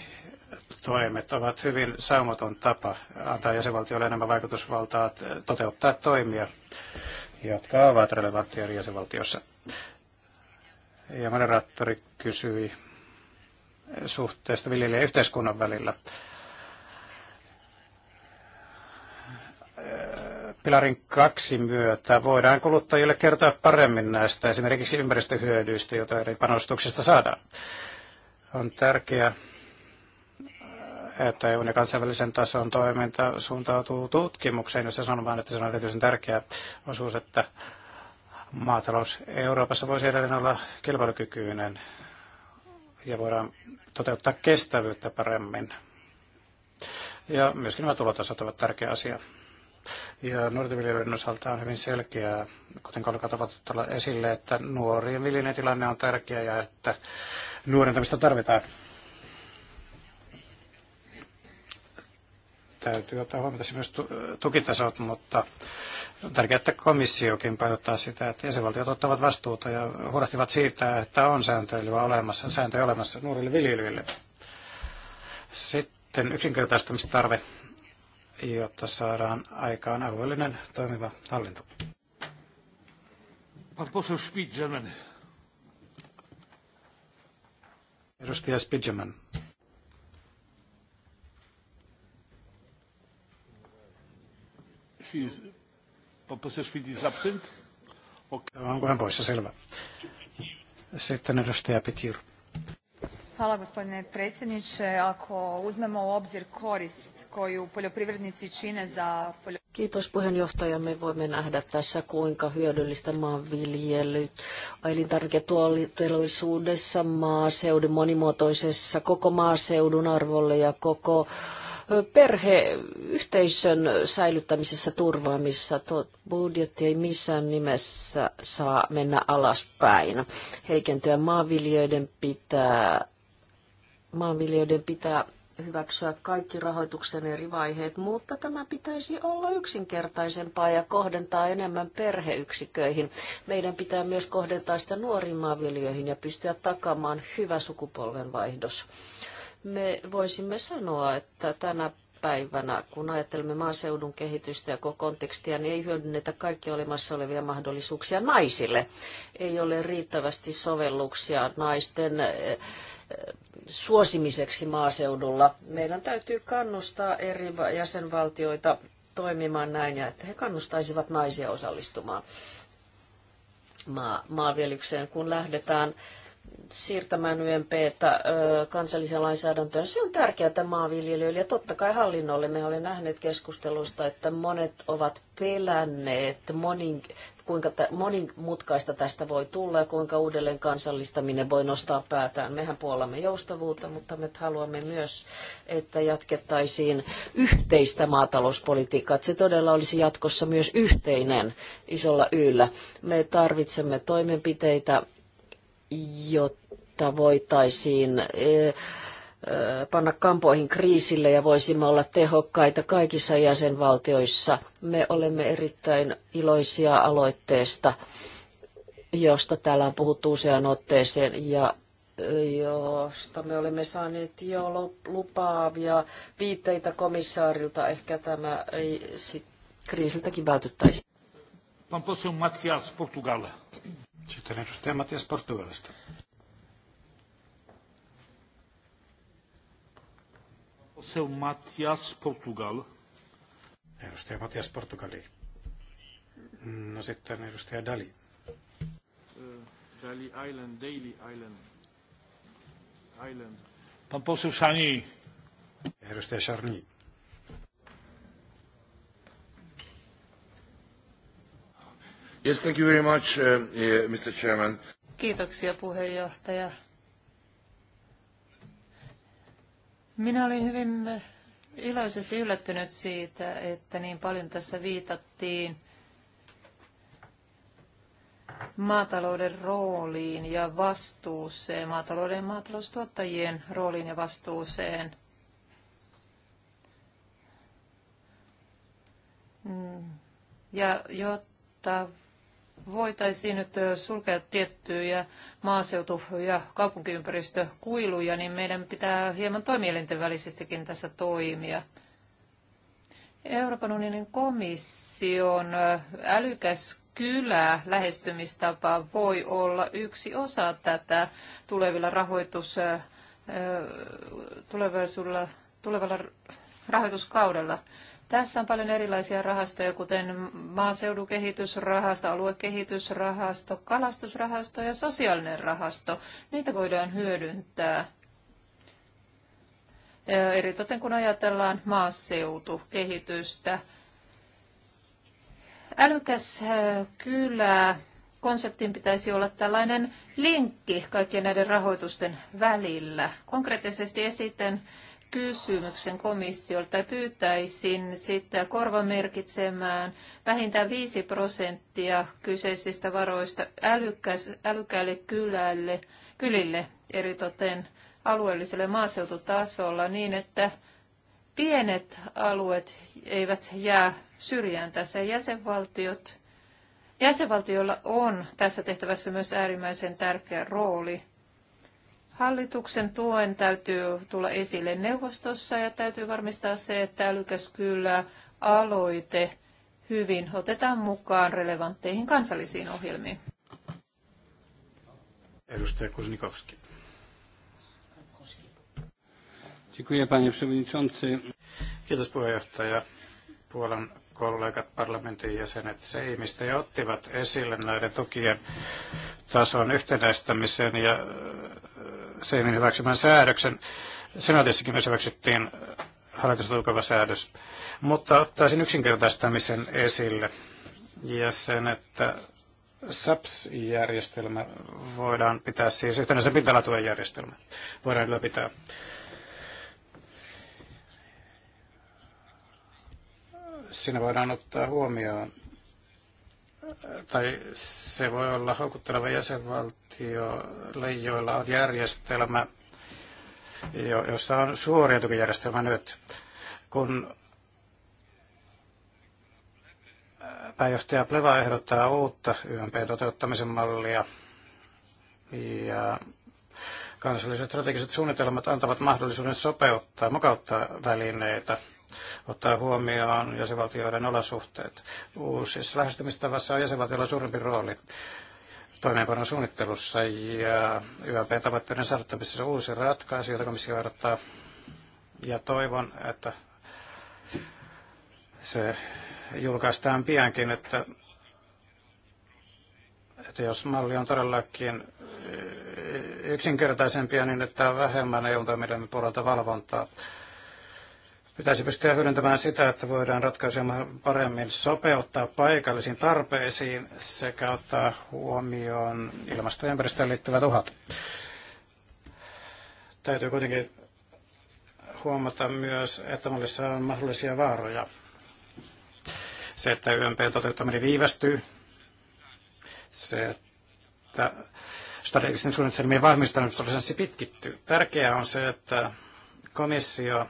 toimet ovat hyvin saumaton tapa antaa jäsenvaltioille enemmän vaikutusvaltaa äh, toteuttaa toimia, jotka ovat relevantteja eri jäsenvaltiossa. Ja moderaattori kysyi suhteesta viljelijän yhteiskunnan välillä äh, pilarin kaksi myötä voidaan kuluttajille kertoa paremmin näistä esimerkiksi ympäristöhyödyistä, joita eri panostuksista saadaan. On tärkeää, että EUn ja kansainvälisen tason toiminta suuntautuu tutkimukseen, jossa sanotaan, että se on erityisen tärkeä osuus, että maatalous Euroopassa voisi edelleen olla kilpailukykyinen ja voidaan toteuttaa kestävyyttä paremmin. Ja myöskin nämä tulotasot ovat tärkeä asia. Ja nuorten viljelijöiden osalta on hyvin selkeää, kuten kollegat ovat tuolla esille, että nuorien viljelijöiden tilanne on tärkeä ja että nuorentamista tarvitaan. Täytyy ottaa huomioon myös tukitasot, mutta tärkeää, että komissiokin painottaa sitä, että jäsenvaltiot ottavat vastuuta ja huolehtivat siitä, että on sääntelyä olemassa, sääntöjä olemassa nuorille viljelijöille. Sitten yksinkertaistamistarve. tarve jotta saadaan aikaan alueellinen toimiva hallinto. Edustaja Spidgeman. Onko hän poissa? Selvä. Sitten edustaja Petir. Hvala gospodine predsjedniče. Ako uzmemo u obzir korist koju poljoprivrednici čine za Kiitos puheenjohtaja. Me voimme nähdä tässä, kuinka hyödyllistä maanviljely elintarviketuollisuudessa, maaseudun monimuotoisessa, koko maaseudun arvolle ja koko perheyhteisön säilyttämisessä turvaamissa tuo budjetti ei missään nimessä saa mennä alaspäin. Heikentyä maanviljöiden pitää maanviljelijöiden pitää hyväksyä kaikki rahoituksen eri vaiheet, mutta tämä pitäisi olla yksinkertaisempaa ja kohdentaa enemmän perheyksiköihin. Meidän pitää myös kohdentaa sitä nuoriin maanviljelijöihin ja pystyä takaamaan hyvä sukupolvenvaihdos. Me voisimme sanoa, että tänä päivänä, kun ajattelemme maaseudun kehitystä ja koko kontekstia, niin ei hyödynnetä kaikki olemassa olevia mahdollisuuksia naisille. Ei ole riittävästi sovelluksia naisten eh, suosimiseksi maaseudulla. Meidän täytyy kannustaa eri jäsenvaltioita toimimaan näin ja että he kannustaisivat naisia osallistumaan maa, maanviljelykseen, kun lähdetään siirtämään YMPtä ö, kansalliseen lainsäädäntöön. Se on tärkeää maanviljelijöille ja totta kai hallinnolle. Me olemme nähneet keskustelusta, että monet ovat pelänneet monin, kuinka monimutkaista tästä voi tulla ja kuinka uudelleen kansallistaminen voi nostaa päätään. Mehän puolamme joustavuutta, mutta me haluamme myös, että jatkettaisiin yhteistä maatalouspolitiikkaa, että se todella olisi jatkossa myös yhteinen isolla yllä. Me tarvitsemme toimenpiteitä, jotta voitaisiin eh, panna kampoihin kriisille ja voisimme olla tehokkaita kaikissa jäsenvaltioissa. Me olemme erittäin iloisia aloitteesta, josta täällä on puhuttu useaan otteeseen ja josta me olemme saaneet jo lupaavia viitteitä komissaarilta. Ehkä tämä ei sit kriisiltäkin vältyttäisi. Matias Sitten edustaja Matias Portugalista. Poseł Matias, Portugal. Edustaja Matias, Portugali. No sitten edustaja Dali. Eh, Dali Island, Daily Island. Island. Pan poseł Szani. Edustaja Szarni. Yes, thank you very much, uh, eh, eh, Mr. Chairman. Kiitoksia puheenjohtaja. Minä olin hyvin iloisesti yllättynyt siitä, että niin paljon tässä viitattiin maatalouden rooliin ja vastuuseen, maatalouden ja maataloustuottajien rooliin ja vastuuseen. Mm. Ja jotta voitaisiin nyt sulkea tiettyjä maaseutu- ja kaupunkiympäristökuiluja, niin meidän pitää hieman toimielinten välisestikin tässä toimia. Euroopan unionin komission älykäs kylä lähestymistapa voi olla yksi osa tätä tulevilla rahoitus, tulevalla rahoituskaudella. Tässä on paljon erilaisia rahastoja, kuten maaseudun kehitysrahasto, aluekehitysrahasto, kalastusrahasto ja sosiaalinen rahasto. Niitä voidaan hyödyntää. Eritoten kun ajatellaan maaseutukehitystä. Älykäs kylä konseptin pitäisi olla tällainen linkki kaikkien näiden rahoitusten välillä. Konkreettisesti esitän kysymyksen komissiolta ja pyytäisin sitä korvamerkitsemään vähintään 5 prosenttia kyseisistä varoista älykkäille kylälle, kylille, eritoten alueelliselle maaseututasolla, niin että pienet alueet eivät jää syrjään tässä. Jäsenvaltiot, jäsenvaltiolla on tässä tehtävässä myös äärimmäisen tärkeä rooli – Hallituksen tuen täytyy tulla esille neuvostossa ja täytyy varmistaa se, että älykäs kyllä aloite hyvin otetaan mukaan relevantteihin kansallisiin ohjelmiin. Edustaja Kuznikowski. Dziękuję panie przewodniczący. Kiitos puheenjohtaja. Puolan kollegat, parlamentin jäsenet Seimistä ja ottivat esille näiden tukien tason yhtenäistämisen ja äh, Seimin hyväksymän säädöksen. Senaatissakin myös hyväksyttiin hallitusta säädös. Mutta ottaisin yksinkertaistamisen esille ja sen, että SAPS-järjestelmä voidaan pitää siis yhtenäisen pintalatuen järjestelmä. Voidaan ylläpitää. pitää siinä voidaan ottaa huomioon, tai se voi olla houkutteleva jäsenvaltiolle, joilla on järjestelmä, jossa on suoria tukijärjestelmä nyt. Kun pääjohtaja Pleva ehdottaa uutta YMP-toteuttamisen mallia, ja kansalliset strategiset suunnitelmat antavat mahdollisuuden sopeuttaa, mukauttaa välineitä – ottaa huomioon jäsenvaltioiden olosuhteet. Uusissa lähestymistavassa on jäsenvaltioilla suurempi rooli toimeenpanon suunnittelussa ja YAP-tavoitteiden saattamisessa uusi ratkaisu, jota komissio odottaa. Ja toivon, että se julkaistaan piankin, että, että jos malli on todellakin yksinkertaisempia, niin että vähemmän vähemmän EU-toimijoiden puolelta valvontaa Pitäisi pystyä hyödyntämään sitä, että voidaan ratkaisuja paremmin sopeuttaa paikallisiin tarpeisiin sekä ottaa huomioon ilmasto- ja ympäristöön liittyvät uhat. Täytyy kuitenkin huomata myös, että mallissa on mahdollisia vaaroja. Se, että YMPn toteuttaminen viivästyy, se, että strategisten suunnitelmien valmistamisen pitkittyy. Tärkeää on se, että komissio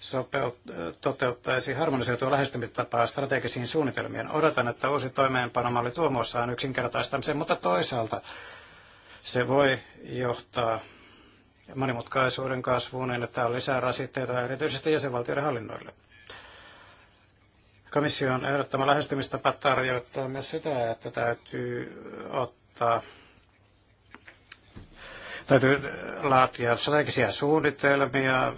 sopeut- toteuttaisi harmonisoitua lähestymistapaa strategisiin suunnitelmiin. Odotan, että uusi toimeenpanomalli tuo muassaan yksinkertaistamisen, mutta toisaalta se voi johtaa monimutkaisuuden kasvuun niin, että on lisää rasitteita erityisesti jäsenvaltioiden hallinnoille. Komission ehdottama lähestymistapa tarjoittaa myös sitä, että täytyy ottaa täytyy laatia strategisia suunnitelmia,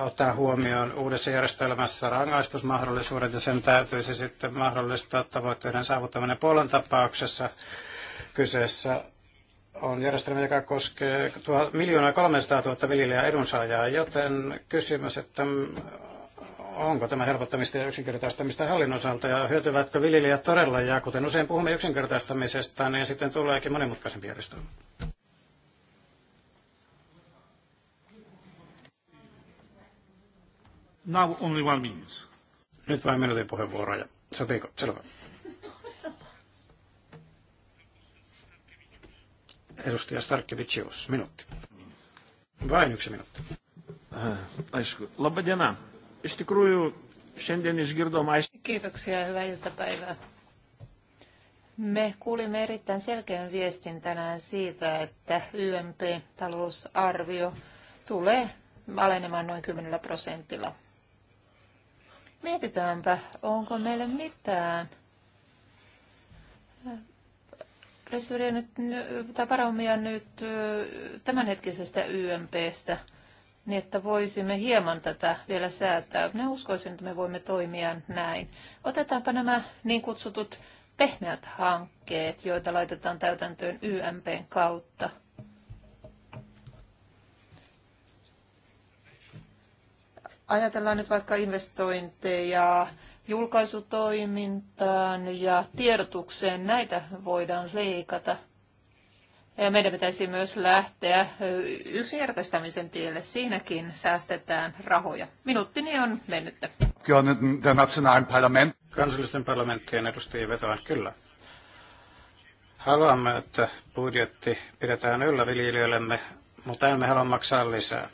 ottaa huomioon uudessa järjestelmässä rangaistusmahdollisuudet ja sen täytyisi sitten mahdollistaa tavoitteiden saavuttaminen. Puolen tapauksessa kyseessä on järjestelmä, joka koskee 1 300 000 viljelijää edunsaajaa, joten kysymys, että onko tämä helpottamista ja yksinkertaistamista hallinnon osalta ja hyötyvätkö viljelijät todella ja kuten usein puhumme yksinkertaistamisesta, niin sitten tuleekin monimutkaisempi järjestelmä. Now only one minute. Nyt vain minuutin ja Sopiiko? Selvä. Edustaja Starkevicius, minuutti. Vain yksi minuutti. Äh, Kiitoksia ja Kiitoksia, hyvää iltapäivää. Me kuulimme erittäin selkeän viestin tänään siitä, että YMP-talousarvio tulee alenemaan noin 10 prosentilla. Mietitäänpä, onko meille mitään äh, resursseja nyt, tai varaumia nyt äh, tämänhetkisestä YMPstä, niin että voisimme hieman tätä vielä säätää. Ne uskoisin, että me voimme toimia näin. Otetaanpa nämä niin kutsutut pehmeät hankkeet, joita laitetaan täytäntöön YMPn kautta – ajatellaan nyt vaikka investointeja, julkaisutoimintaan ja tiedotukseen, näitä voidaan leikata. Ja meidän pitäisi myös lähteä yksinkertaistamisen tielle. Siinäkin säästetään rahoja. Minuuttini on mennyt. Kansallisten parlamenttien edustajien vetoan kyllä. Haluamme, että budjetti pidetään yllä viljelijöillemme, mutta emme halua maksaa lisää.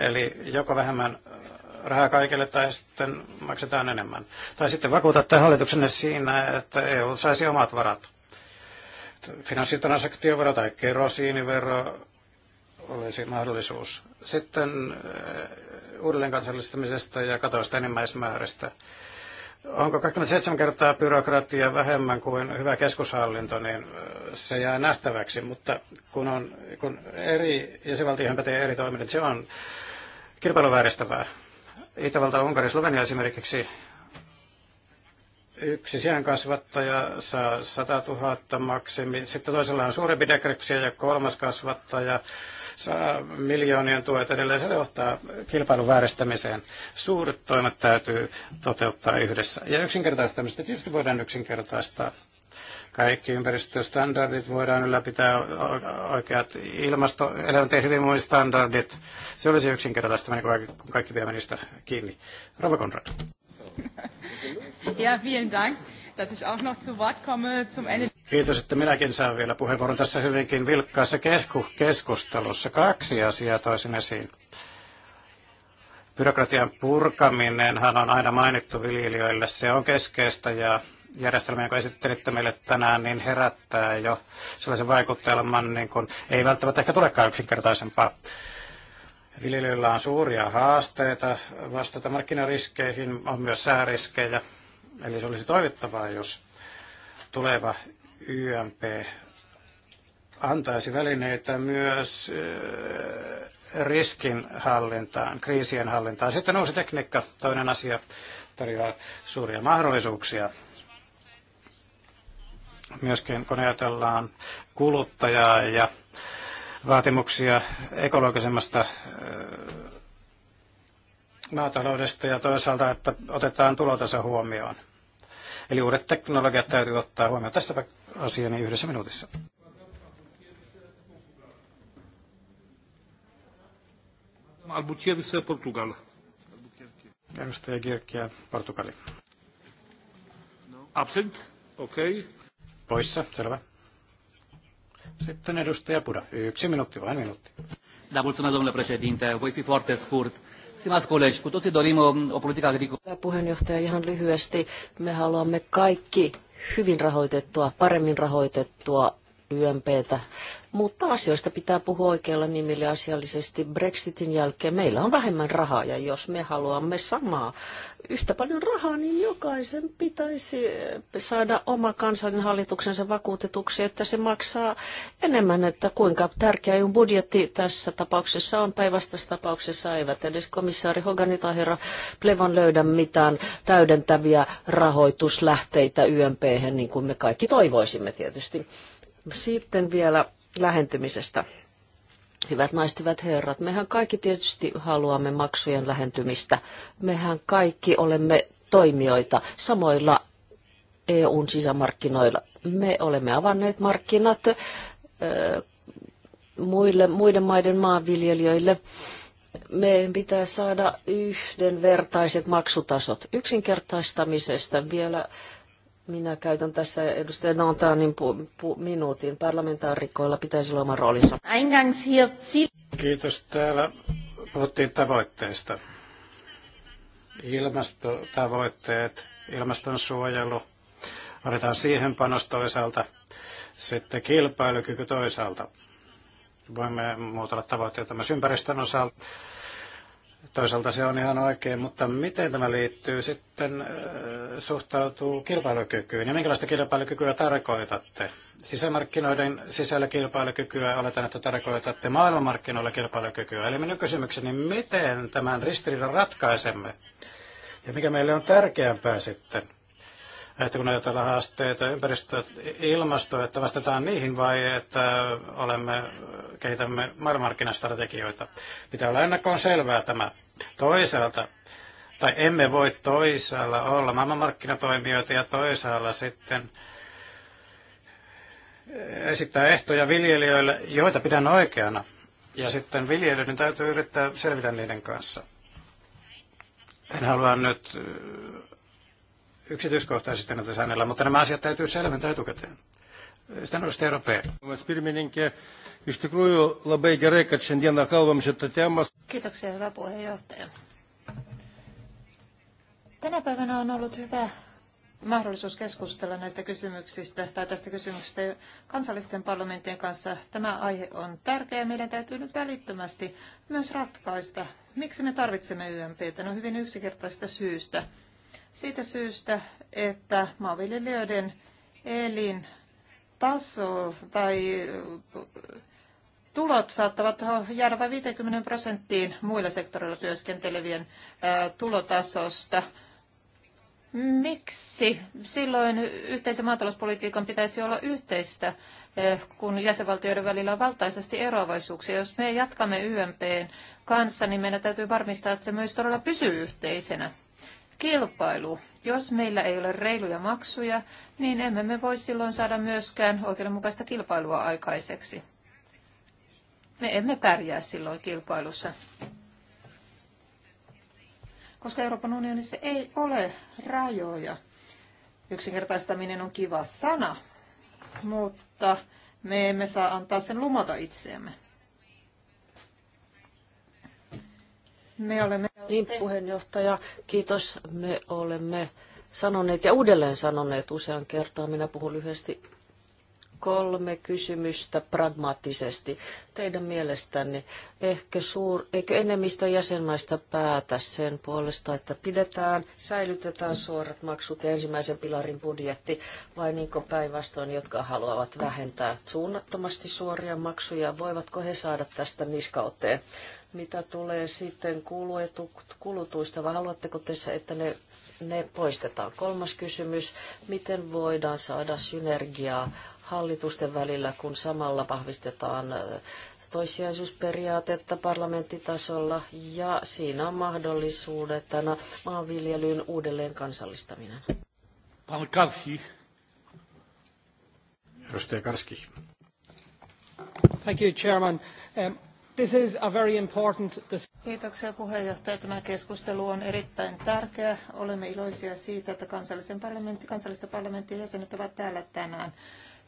Eli joko vähemmän äh, rahaa kaikille tai sitten maksetaan enemmän. Tai sitten vakuutatte hallituksenne siinä, että EU saisi omat varat. Finanssitransaktiovero tai kerosiinivero olisi mahdollisuus. Sitten äh, uudelleen kansallistamisesta ja katoista enimmäismääristä onko 27 kertaa byrokratia vähemmän kuin hyvä keskushallinto, niin se jää nähtäväksi, mutta kun on kun eri jäsenvaltioihin pätee eri toiminnot, se on kilpailuvääristävää. Itävalta, Unkari, Slovenia esimerkiksi yksi sijaan kasvattaja saa 100 000 maksimi, sitten toisella on suurempi dekrypsiä ja kolmas kasvattaja saa miljoonien tuet edelleen, se johtaa kilpailun vääristämiseen. Suuret toimet täytyy toteuttaa yhdessä. Ja yksinkertaistamista tietysti voidaan yksinkertaistaa. Kaikki ympäristöstandardit voidaan ylläpitää oikeat ilmasto, eläinten standardit. Se olisi yksinkertaistaminen, kun kaikki, vielä menisi kiinni. Rova Konrad. Ja, vielen Dank. Kiitos, että minäkin saan vielä puheenvuoron tässä hyvinkin vilkkaassa keskustelussa. Kaksi asiaa toisin esiin. Byrokratian purkaminenhan on aina mainittu viljelijöille. Se on keskeistä ja järjestelmä, jonka esittelitte meille tänään, niin herättää jo sellaisen vaikutelman, niin kun ei välttämättä ehkä tulekaan yksinkertaisempaa. Viljelijöillä on suuria haasteita vastata markkinariskeihin, on myös sääriskejä, Eli se olisi toivottavaa, jos tuleva YMP antaisi välineitä myös eh, riskinhallintaan, kriisien hallintaan. Sitten uusi tekniikka, toinen asia, tarjoaa suuria mahdollisuuksia. Myöskin kun ajatellaan kuluttajaa ja vaatimuksia ekologisemmasta eh, maataloudesta ja toisaalta, että otetaan tulotaso huomioon. Eli uudet teknologiat täytyy ottaa huomioon. Tässäpä asiani yhdessä minuutissa. Albuquerque, Portugal. Edustaja Kirkkiä, Portugali. Absent, okei. Okay. Poissa, selvä. Sitten edustaja Puda. Yksi minuutti, vain minuutti. Da, mulțumesc, domnule președinte. Voi fi foarte scurt. Simas Kolej, kun dorim o Puheenjohtaja, ihan lyhyesti. Me haluamme kaikki hyvin rahoitettua, paremmin rahoitettua YMPtä. Mutta asioista pitää puhua oikealla nimillä asiallisesti. Brexitin jälkeen meillä on vähemmän rahaa ja jos me haluamme samaa yhtä paljon rahaa, niin jokaisen pitäisi eh, saada oma kansallinen hallituksensa vakuutetuksi, että se maksaa enemmän, että kuinka tärkeä EUn budjetti tässä tapauksessa on. Päivästässä tapauksessa eivät edes komissaari Hogan tai herra Plevan löydä mitään täydentäviä rahoituslähteitä YMP, niin kuin me kaikki toivoisimme tietysti. Sitten vielä lähentymisestä. Hyvät naiset, hyvät herrat, mehän kaikki tietysti haluamme maksujen lähentymistä. Mehän kaikki olemme toimijoita samoilla EUn sisämarkkinoilla. Me olemme avanneet markkinat muille, muiden maiden maanviljelijöille. Meidän pitää saada yhdenvertaiset maksutasot yksinkertaistamisesta vielä minä käytän tässä edustaja Dantanin pu- pu- minuutin. Parlamentaarikoilla pitäisi olla oma roolinsa. Kiitos. Täällä puhuttiin tavoitteista. Ilmastotavoitteet, ilmastonsuojelu. Otetaan siihen panos toisaalta, sitten kilpailukyky toisaalta. Voimme muutella tavoitteita myös ympäristön osalta Toisaalta se on ihan oikein, mutta miten tämä liittyy sitten, äh, suhtautuu kilpailukykyyn ja minkälaista kilpailukykyä tarkoitatte? Sisämarkkinoiden sisällä kilpailukykyä oletan, että tarkoitatte maailmanmarkkinoilla kilpailukykyä. Eli minun kysymykseni, miten tämän ristiriidan ratkaisemme ja mikä meille on tärkeämpää sitten? että kun ajatellaan haasteita, ympäristö, ilmasto, että vastataan niihin vai että olemme, kehitämme maailmanmarkkinastrategioita. Pitää olla ennakkoon selvää tämä. Toisaalta, tai emme voi toisaalla olla maailmanmarkkinatoimijoita ja toisaalla sitten esittää ehtoja viljelijöille, joita pidän oikeana. Ja sitten viljelijöiden täytyy yrittää selvitä niiden kanssa. En halua nyt yksityiskohtaisesti näitä säännellä, mutta nämä asiat täytyy selventää etukäteen. Sitten edustaja Ropea. Kiitoksia, hyvä puheenjohtaja. Tänä päivänä on ollut hyvä mahdollisuus keskustella näistä kysymyksistä tai tästä kysymyksestä kansallisten parlamenttien kanssa. Tämä aihe on tärkeä ja meidän täytyy nyt välittömästi myös ratkaista. Miksi me tarvitsemme YMPtä? No hyvin yksinkertaista syystä. Siitä syystä, että maanviljelijöiden elintaso tai tulot saattavat jäädä vain 50 prosenttiin muilla sektoreilla työskentelevien tulotasosta. Miksi silloin yhteisen maatalouspolitiikan pitäisi olla yhteistä, kun jäsenvaltioiden välillä on valtaisesti eroavaisuuksia? Jos me jatkamme YMPn kanssa, niin meidän täytyy varmistaa, että se myös todella pysyy yhteisenä kilpailu. Jos meillä ei ole reiluja maksuja, niin emme me voi silloin saada myöskään oikeudenmukaista kilpailua aikaiseksi. Me emme pärjää silloin kilpailussa. Koska Euroopan unionissa ei ole rajoja. Yksinkertaistaminen on kiva sana, mutta me emme saa antaa sen lumota itseämme. Me olemme... Niin, puheenjohtaja, kiitos. Me olemme sanoneet ja uudelleen sanoneet usean kertaan, minä puhun lyhyesti, kolme kysymystä pragmaattisesti. Teidän mielestänne ehkä suur, eikö enemmistö jäsenmaista päätä sen puolesta, että pidetään, säilytetään suorat maksut ja ensimmäisen pilarin budjetti, vai niinkö päinvastoin, jotka haluavat vähentää suunnattomasti suoria maksuja, voivatko he saada tästä niskauteen? mitä tulee sitten kulutuista, vai haluatteko te, että ne, ne poistetaan? Kolmas kysymys, miten voidaan saada synergiaa hallitusten välillä, kun samalla vahvistetaan toissijaisuusperiaatetta parlamenttitasolla ja siinä on tänä maanviljelyyn uudelleen kansallistaminen. Pan Karski. Edustaja Karski. Thank you, Chairman. Um, This is a very important... Kiitoksia puheenjohtaja. Tämä keskustelu on erittäin tärkeä. Olemme iloisia siitä, että kansallisen parlamentti, kansallisten parlamenttien jäsenet ovat täällä tänään.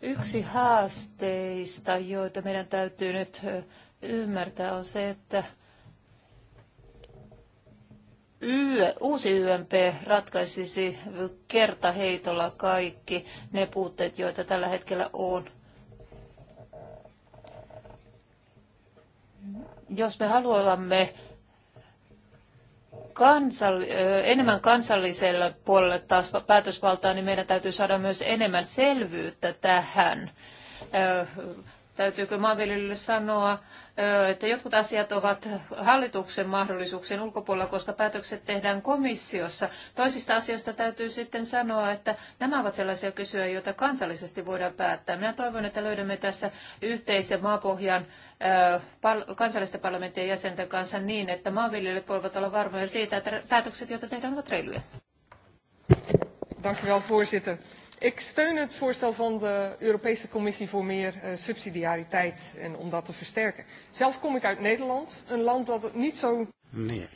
Yksi haasteista, joita meidän täytyy nyt ymmärtää, on se, että uusi YMP ratkaisisi kertaheitolla kaikki ne puutteet, joita tällä hetkellä on. jos me haluamme kansall- enemmän kansalliselle puolelle taas päätösvaltaa, niin meidän täytyy saada myös enemmän selvyyttä tähän. Täytyykö maanviljelijöille sanoa että jotkut asiat ovat hallituksen mahdollisuuksien ulkopuolella, koska päätökset tehdään komissiossa. Toisista asioista täytyy sitten sanoa, että nämä ovat sellaisia kysyjä, joita kansallisesti voidaan päättää. Minä toivon, että löydämme tässä yhteisen maapohjan kansallisten parlamenttien jäsenten kanssa niin, että maanviljelijät voivat olla varmoja siitä, että päätökset, joita tehdään, ovat reiluja. Dank u wel, voorzitter. Ik steun het voorstel van de Europese Commissie voor meer uh, subsidiariteit en om dat te versterken. Zelf kom ik uit Nederland, een land dat het niet zo... Niin.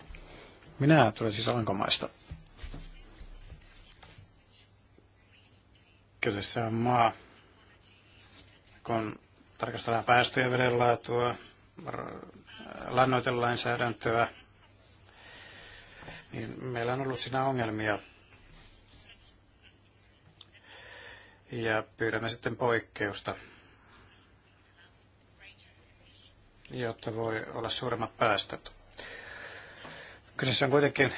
Minä tulen siis Alankomaista. Kyseessä on maa, kun tarkastellaan päästöjä, vedenlaatua, äh, lannoitelainsäädäntöä, niin meillä on ollut siinä ongelmia ja pyydämme sitten poikkeusta, jotta voi olla suuremmat päästöt. Kyseessä on kuitenkin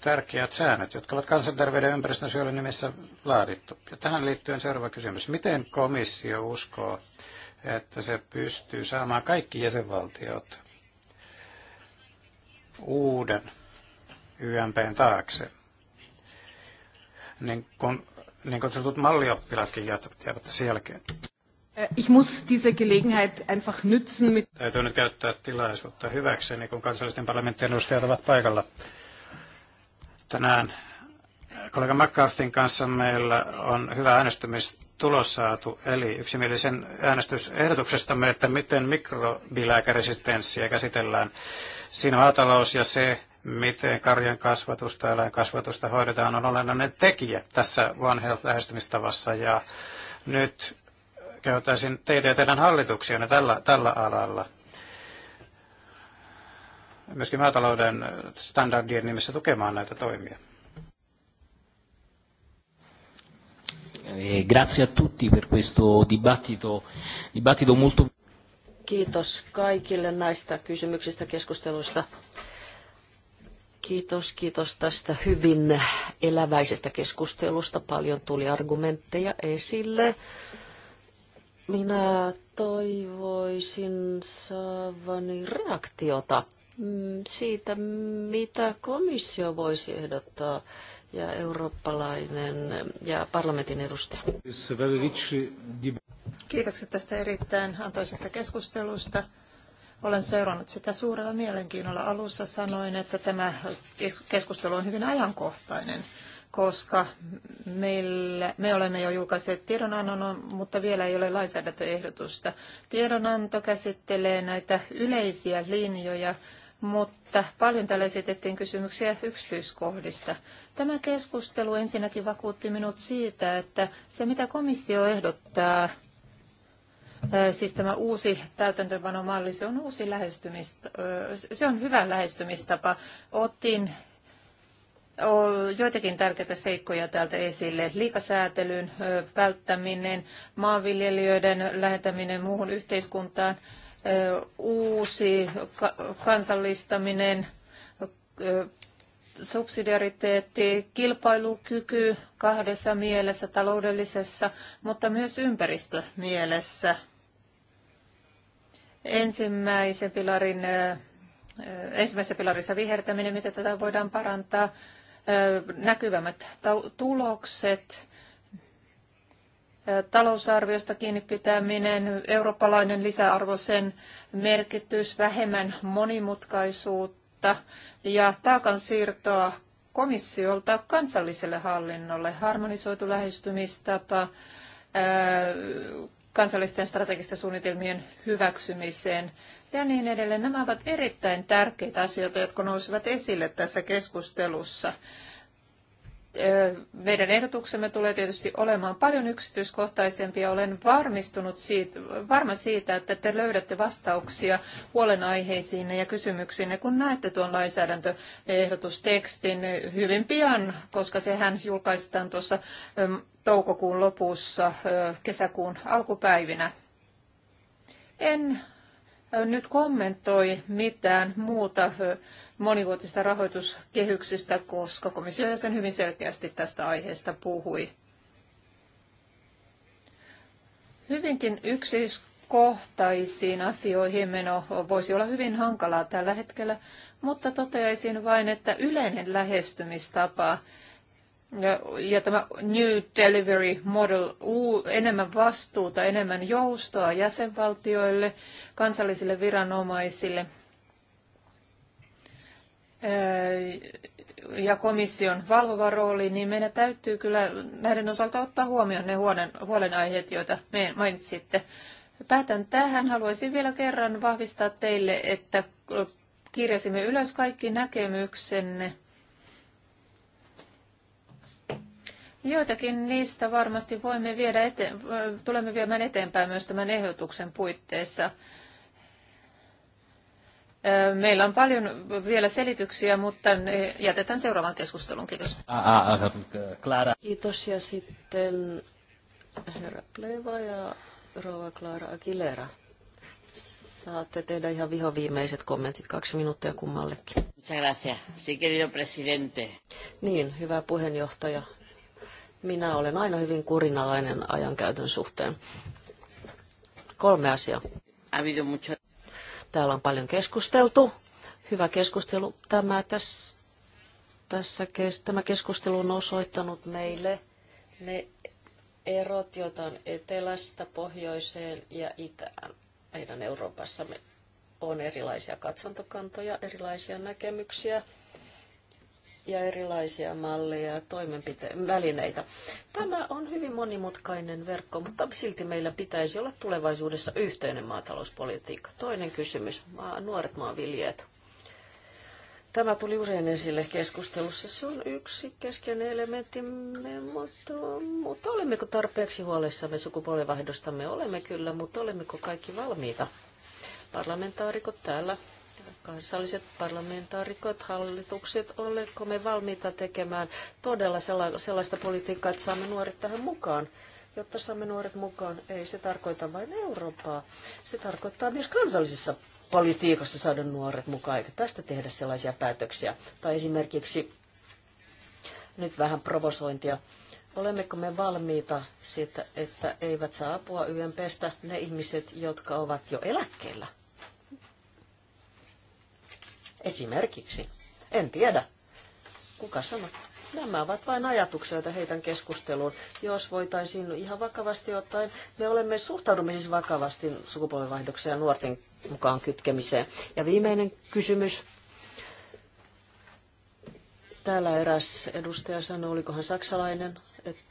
tärkeät säännöt, jotka ovat kansanterveyden ja ympäristönsuojelun nimessä laadittu. Ja tähän liittyen seuraava kysymys. Miten komissio uskoo, että se pystyy saamaan kaikki jäsenvaltiot uuden YMPn taakse? Niin kun niin kutsutut mallioppilaatkin jäävät tässä jälkeen. Äh, ich muss diese Gelegenheit einfach nützen mit Täytyy nyt käyttää tilaisuutta hyväkseni, kun kansallisten parlamenttien edustajat ovat paikalla. Tänään kollega McCarthyn kanssa meillä on hyvä äänestymistulos saatu, eli yksimielisen äänestysehdotuksestamme, että miten mikrobilääkäresistenssiä käsitellään. Siinä maatalous ja se miten karjan kasvatusta, eläinkasvatusta hoidetaan, on olennainen tekijä tässä One Health-lähestymistavassa. Ja nyt käytäisin teitä ja teidän hallituksianne tällä, tällä alalla myöskin maatalouden standardien nimissä tukemaan näitä toimia. Eh, grazie a tutti per questo dibattito, dibattito molto... Kiitos kaikille näistä kysymyksistä, keskusteluista. Kiitos, kiitos tästä hyvin eläväisestä keskustelusta. Paljon tuli argumentteja esille. Minä toivoisin saavani reaktiota mm, siitä, mitä komissio voisi ehdottaa ja eurooppalainen ja parlamentin edustaja. Kiitokset tästä erittäin antoisesta keskustelusta. Olen seurannut sitä suurella mielenkiinnolla. Alussa sanoin, että tämä keskustelu on hyvin ajankohtainen, koska meillä, me olemme jo julkaisseet tiedonannon, mutta vielä ei ole lainsäädäntöehdotusta. Tiedonanto käsittelee näitä yleisiä linjoja, mutta paljon täällä esitettiin kysymyksiä yksityiskohdista. Tämä keskustelu ensinnäkin vakuutti minut siitä, että se mitä komissio ehdottaa Siis tämä uusi täytäntöpanomalli, se on uusi lähestymistapa, se on hyvä lähestymistapa. Otin joitakin tärkeitä seikkoja täältä esille. Liikasäätelyn välttäminen, maanviljelijöiden lähetäminen muuhun yhteiskuntaan, uusi kansallistaminen, subsidiariteetti, kilpailukyky kahdessa mielessä, taloudellisessa, mutta myös ympäristömielessä. mielessä ensimmäisen pilarin, ensimmäisessä pilarissa vihertäminen, miten tätä voidaan parantaa, näkyvämmät tulokset, talousarviosta kiinni pitäminen, eurooppalainen lisäarvo, sen merkitys, vähemmän monimutkaisuutta ja siirtoa komissiolta kansalliselle hallinnolle, harmonisoitu lähestymistapa, kansallisten strategisten suunnitelmien hyväksymiseen ja niin edelleen. Nämä ovat erittäin tärkeitä asioita, jotka nousivat esille tässä keskustelussa. Meidän ehdotuksemme tulee tietysti olemaan paljon yksityiskohtaisempia. olen varmistunut siitä, varma siitä, että te löydätte vastauksia huolenaiheisiin ja kysymyksiin, kun näette tuon lainsäädäntöehdotustekstin hyvin pian, koska sehän julkaistaan tuossa toukokuun lopussa, kesäkuun alkupäivinä. En nyt kommentoi mitään muuta monivuotisista rahoituskehyksistä, koska komissio sen hyvin selkeästi tästä aiheesta puhui. Hyvinkin yksityiskohtaisiin asioihin meno voisi olla hyvin hankalaa tällä hetkellä, mutta toteaisin vain, että yleinen lähestymistapa ja tämä New Delivery Model enemmän vastuuta, enemmän joustoa jäsenvaltioille, kansallisille viranomaisille ja komission valvova rooli, niin meidän täytyy kyllä näiden osalta ottaa huomioon ne huolen, huolenaiheet, joita me mainitsitte. Päätän tähän. Haluaisin vielä kerran vahvistaa teille, että kirjasimme ylös kaikki näkemyksenne – Joitakin niistä varmasti voimme viedä eteen, tulemme viemään eteenpäin myös tämän ehdotuksen puitteissa. Meillä on paljon vielä selityksiä, mutta jätetään seuraavan keskustelun. Kiitos. Kiitos ja sitten herra Pleva ja rouva Clara Aguilera. Saatte tehdä ihan vihoviimeiset kommentit, kaksi minuuttia kummallekin. Muchas gracias. Sí, querido presidente. Niin, hyvä puheenjohtaja. Minä olen aina hyvin kurinalainen ajankäytön suhteen. Kolme asiaa. Täällä on paljon keskusteltu. Hyvä keskustelu. Tämä, tässä, tässä, tämä keskustelu on osoittanut meille ne erot, joita on etelästä pohjoiseen ja itään. Meidän Euroopassamme on erilaisia katsontokantoja, erilaisia näkemyksiä ja erilaisia malleja ja toimenpite- välineitä. Tämä on hyvin monimutkainen verkko, mutta silti meillä pitäisi olla tulevaisuudessa yhteinen maatalouspolitiikka. Toinen kysymys, maa, nuoret maanviljelijät. Tämä tuli usein esille keskustelussa. Se on yksi keskeinen elementti, mutta, mutta olemmeko tarpeeksi huolissamme sukupolvenvaihdostamme? Olemme kyllä, mutta olemmeko kaikki valmiita? Parlamentaarikot täällä kansalliset parlamentaarikot, hallitukset, olleko me valmiita tekemään todella sellaista politiikkaa, että saamme nuoret tähän mukaan? Jotta saamme nuoret mukaan, ei se tarkoita vain Eurooppaa. Se tarkoittaa myös kansallisessa politiikassa saada nuoret mukaan, eikä tästä tehdä sellaisia päätöksiä. Tai esimerkiksi nyt vähän provosointia. Olemmeko me valmiita siitä, että eivät saa apua YMPstä ne ihmiset, jotka ovat jo eläkkeellä? Esimerkiksi. En tiedä. Kuka sanoo? Nämä ovat vain ajatuksia, joita heitän keskusteluun. Jos voitaisiin ihan vakavasti ottaen, me olemme suhtaudumme siis vakavasti sukupolvenvaihdokseen ja nuorten mukaan kytkemiseen. Ja viimeinen kysymys. Täällä eräs edustaja sanoi, olikohan saksalainen, että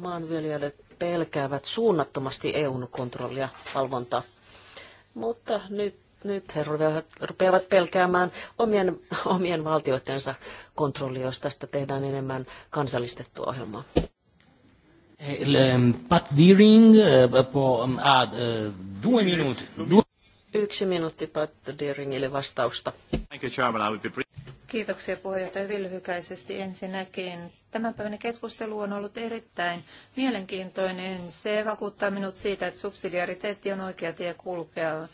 maanviljelijät pelkäävät suunnattomasti EUn kontrollia, valvontaa. Mutta nyt nyt he rupeavat pelkäämään omien, omien valtioidensa kontrolli, jos tästä tehdään enemmän kansallistettua ohjelmaa. Pat Deering, eh, mm, eh, Yksi minuutti Pat Deeringille vastausta. Kiitoksia puheenjohtaja hyvin lyhykäisesti ensinnäkin. päivän keskustelu on ollut erittäin mielenkiintoinen. Se vakuuttaa minut siitä, että subsidiariteetti on oikea tie kulkea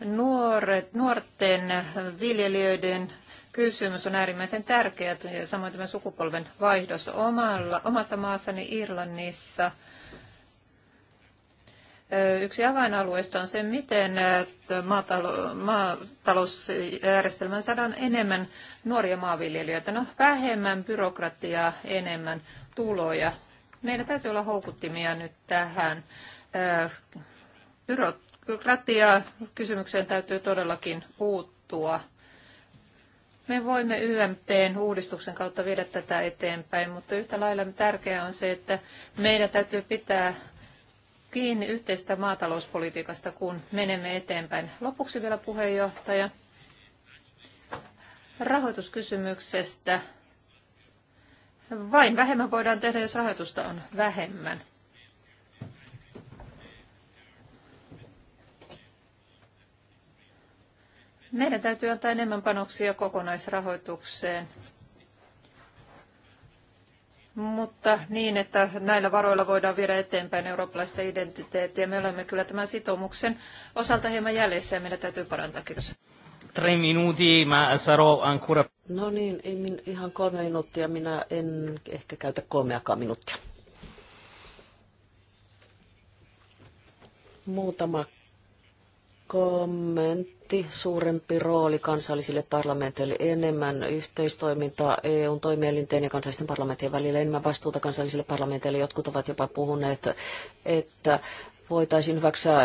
nuoret, nuorten viljelijöiden kysymys on äärimmäisen tärkeä, samoin tämä sukupolven vaihdos omalla, omassa maassani Irlannissa. Yksi avainalueista on se, miten maatalo, maatalousjärjestelmän saadaan enemmän nuoria maanviljelijöitä. No, vähemmän byrokratiaa, enemmän tuloja. Meillä täytyy olla houkuttimia nyt tähän byrokratia kysymykseen täytyy todellakin puuttua. Me voimme YMPn uudistuksen kautta viedä tätä eteenpäin, mutta yhtä lailla tärkeää on se, että meidän täytyy pitää kiinni yhteistä maatalouspolitiikasta, kun menemme eteenpäin. Lopuksi vielä puheenjohtaja rahoituskysymyksestä. Vain vähemmän voidaan tehdä, jos rahoitusta on vähemmän. Meidän täytyy antaa enemmän panoksia kokonaisrahoitukseen, mutta niin, että näillä varoilla voidaan viedä eteenpäin eurooppalaista identiteettiä. Me olemme kyllä tämän sitoumuksen osalta hieman jäljessä ja meidän täytyy parantaa. Kiitos. Tre minuti, mä saro ancora. No niin, ei min, ihan kolme minuuttia. Minä en ehkä käytä kolmeakaan minuuttia. Muutama kommentti, suurempi rooli kansallisille parlamenteille, enemmän yhteistoimintaa EUn toimielinten ja kansallisten parlamenttien välillä, enemmän vastuuta kansallisille parlamenteille. Jotkut ovat jopa puhuneet, että voitaisiin hyväksyä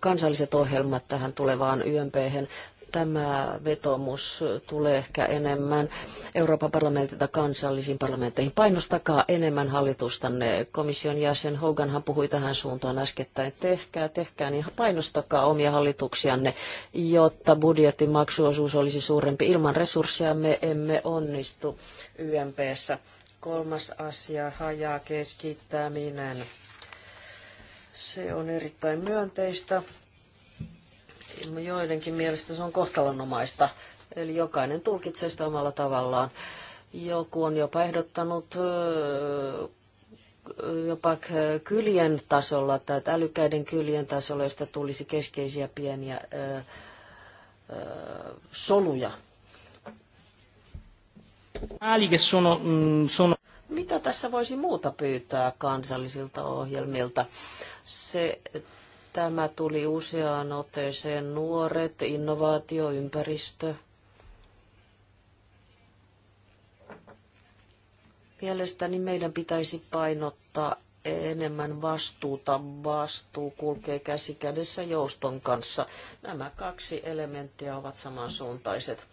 kansalliset ohjelmat tähän tulevaan YMP:hen. Tämä vetomus tulee ehkä enemmän Euroopan parlamentilta kansallisiin parlamentteihin. Painostakaa enemmän hallitustanne. Komission jäsen Hoganhan puhui tähän suuntaan äskettäin. Tehkää, tehkää, niin painostakaa omia hallituksianne, jotta budjetin maksuosuus olisi suurempi. Ilman resursseja me emme onnistu YMPssä. Kolmas asia, hajaa keskittäminen. Se on erittäin myönteistä. Joidenkin mielestä se on kohtalonomaista, eli jokainen tulkitsee sitä omalla tavallaan. Joku on jopa ehdottanut jopa kylien tasolla tai älykkäiden kylien tasolla, josta tulisi keskeisiä pieniä soluja. Mm, Mitä tässä voisi muuta pyytää kansallisilta ohjelmilta? Se Tämä tuli useaan otteeseen nuoret, innovaatioympäristö. Mielestäni meidän pitäisi painottaa enemmän vastuuta. Vastuu kulkee käsi kädessä jouston kanssa. Nämä kaksi elementtiä ovat samansuuntaiset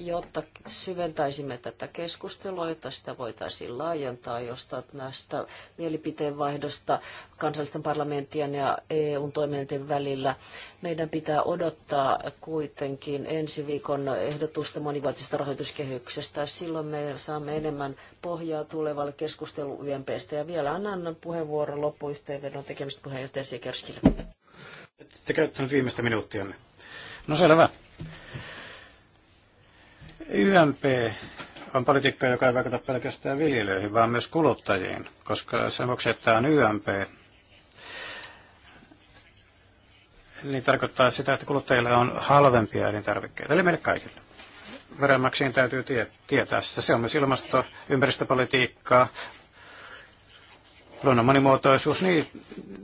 jotta syventäisimme tätä keskustelua, jotta sitä voitaisiin laajentaa, josta näistä mielipiteenvaihdosta kansallisten parlamenttien ja EUn toimijoiden välillä. Meidän pitää odottaa kuitenkin ensi viikon ehdotusta monivuotisesta rahoituskehyksestä. Silloin me saamme enemmän pohjaa tulevalle keskustelu YMPstä. Ja vielä annan puheenvuoron loppuyhteenvedon tekemistä puheenjohtaja Siekerskille. Te käyttänyt viimeistä minuuttia. No selvä. YMP on politiikka, joka ei vaikuta pelkästään viljelijöihin, vaan myös kuluttajiin, koska sen vuoksi, että tämä on YMP, niin tarkoittaa sitä, että kuluttajille on halvempia elintarvikkeita, eli meille kaikille. Veronmaksiin täytyy tie- tietää sitä. Se on myös ilmasto, ympäristöpolitiikkaa, luonnon monimuotoisuus, niin,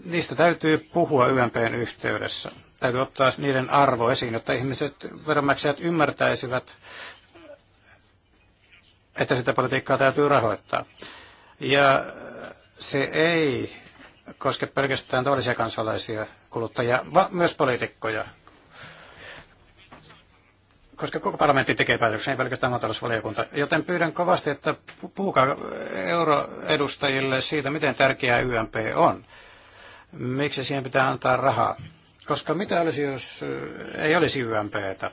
niistä täytyy puhua YMPn yhteydessä. Täytyy ottaa niiden arvo esiin, jotta ihmiset, veronmaksajat ymmärtäisivät että sitä politiikkaa täytyy rahoittaa. Ja se ei koske pelkästään tavallisia kansalaisia kuluttajia, vaan myös poliitikkoja. Koska koko parlamentti tekee päätöksen, ei pelkästään maatalousvaliokunta. Joten pyydän kovasti, että puhukaa euroedustajille siitä, miten tärkeää YMP on. Miksi siihen pitää antaa rahaa? Koska mitä olisi, jos ei olisi YMPtä?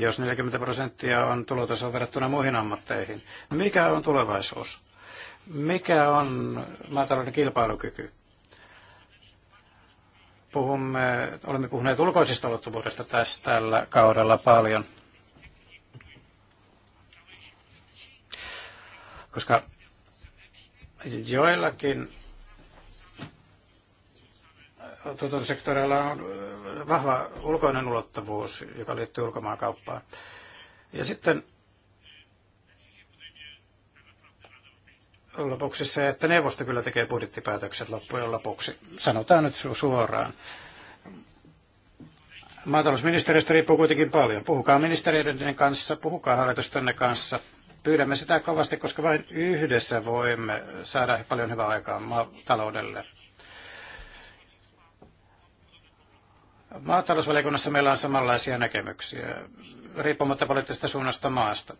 jos 40 prosenttia on tulotaso verrattuna muihin ammatteihin. Mikä on tulevaisuus? Mikä on maatalouden kilpailukyky? Puhumme, olemme puhuneet ulkoisesta ulottuvuudesta tällä kaudella paljon. Koska joillakin sektoreilla on äh, vahva ulkoinen ulottuvuus, joka liittyy ulkomaankauppaan. Ja sitten lopuksi se, että neuvosto kyllä tekee budjettipäätökset loppujen lopuksi. Sanotaan nyt su- suoraan. Maatalousministeriöstä riippuu kuitenkin paljon. Puhukaa ministeriöiden kanssa, puhukaa hallitustenne kanssa. Pyydämme sitä kovasti, koska vain yhdessä voimme saada paljon hyvää aikaa maataloudelle. Maatalousvaliokunnassa meillä on samanlaisia näkemyksiä, riippumatta poliittisesta suunnasta maasta.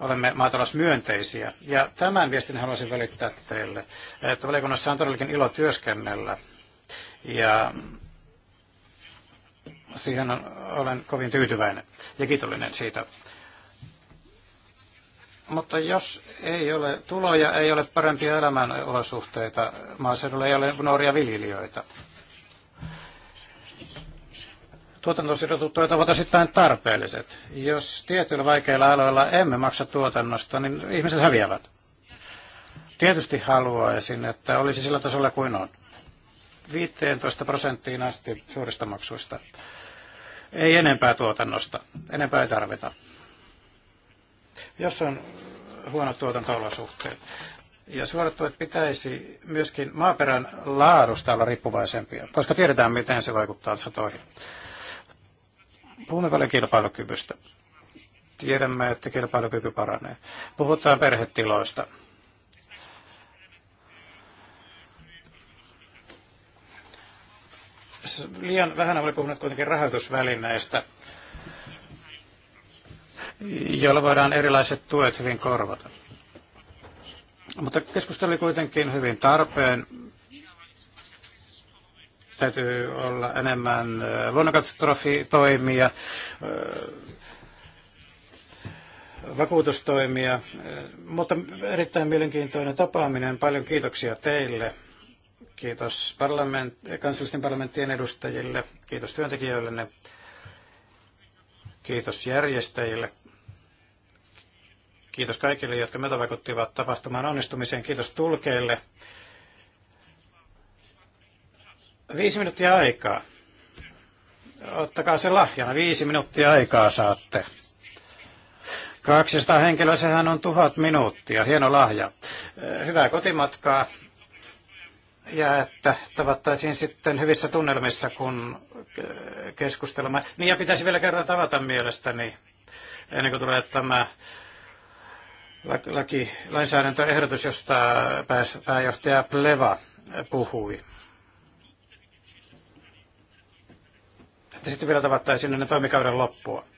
Olemme maatalousmyönteisiä. Ja tämän viestin haluaisin välittää teille, että valiokunnassa on todellakin ilo työskennellä. Ja siihen olen kovin tyytyväinen ja kiitollinen siitä. Mutta jos ei ole tuloja, ei ole parempia elämänolosuhteita, maaseudulla ei ole nuoria viljelijöitä, tuotantosidotut ovat osittain tarpeelliset. Jos tietyillä vaikeilla aloilla emme maksa tuotannosta, niin ihmiset häviävät. Tietysti haluaisin, että olisi sillä tasolla kuin on. 15 prosenttiin asti suurista maksuista. Ei enempää tuotannosta. Enempää ei tarvita. Jos on huonot tuotanto-olosuhteet. Ja suorat pitäisi myöskin maaperän laadusta olla riippuvaisempia, koska tiedetään, miten se vaikuttaa satoihin. Puhumme paljon kilpailukyvystä. Tiedämme, että kilpailukyky paranee. Puhutaan perhetiloista. Liian vähän oli puhunut kuitenkin rahoitusvälineistä, joilla voidaan erilaiset tuet hyvin korvata. Mutta keskustelu oli kuitenkin hyvin tarpeen täytyy olla enemmän luonnonkatastrofitoimia, vakuutustoimia, mutta erittäin mielenkiintoinen tapaaminen. Paljon kiitoksia teille. Kiitos parlament, kansallisten parlamenttien edustajille, kiitos työntekijöillenne, kiitos järjestäjille, kiitos kaikille, jotka vaikuttivat tapahtumaan onnistumiseen, kiitos tulkeille. Viisi minuuttia aikaa. Ottakaa se lahjana. Viisi minuuttia aikaa saatte. 200 henkilöä, sehän on tuhat minuuttia. Hieno lahja. Äh, hyvää kotimatkaa. Ja että tavattaisiin sitten hyvissä tunnelmissa, kun keskustelemme. Niin ja pitäisi vielä kerran tavata mielestäni, ennen kuin tulee tämä laki, lainsäädäntöehdotus, josta pääjohtaja Pleva puhui. sitten vielä tavattaisiin ennen toimikauden loppua.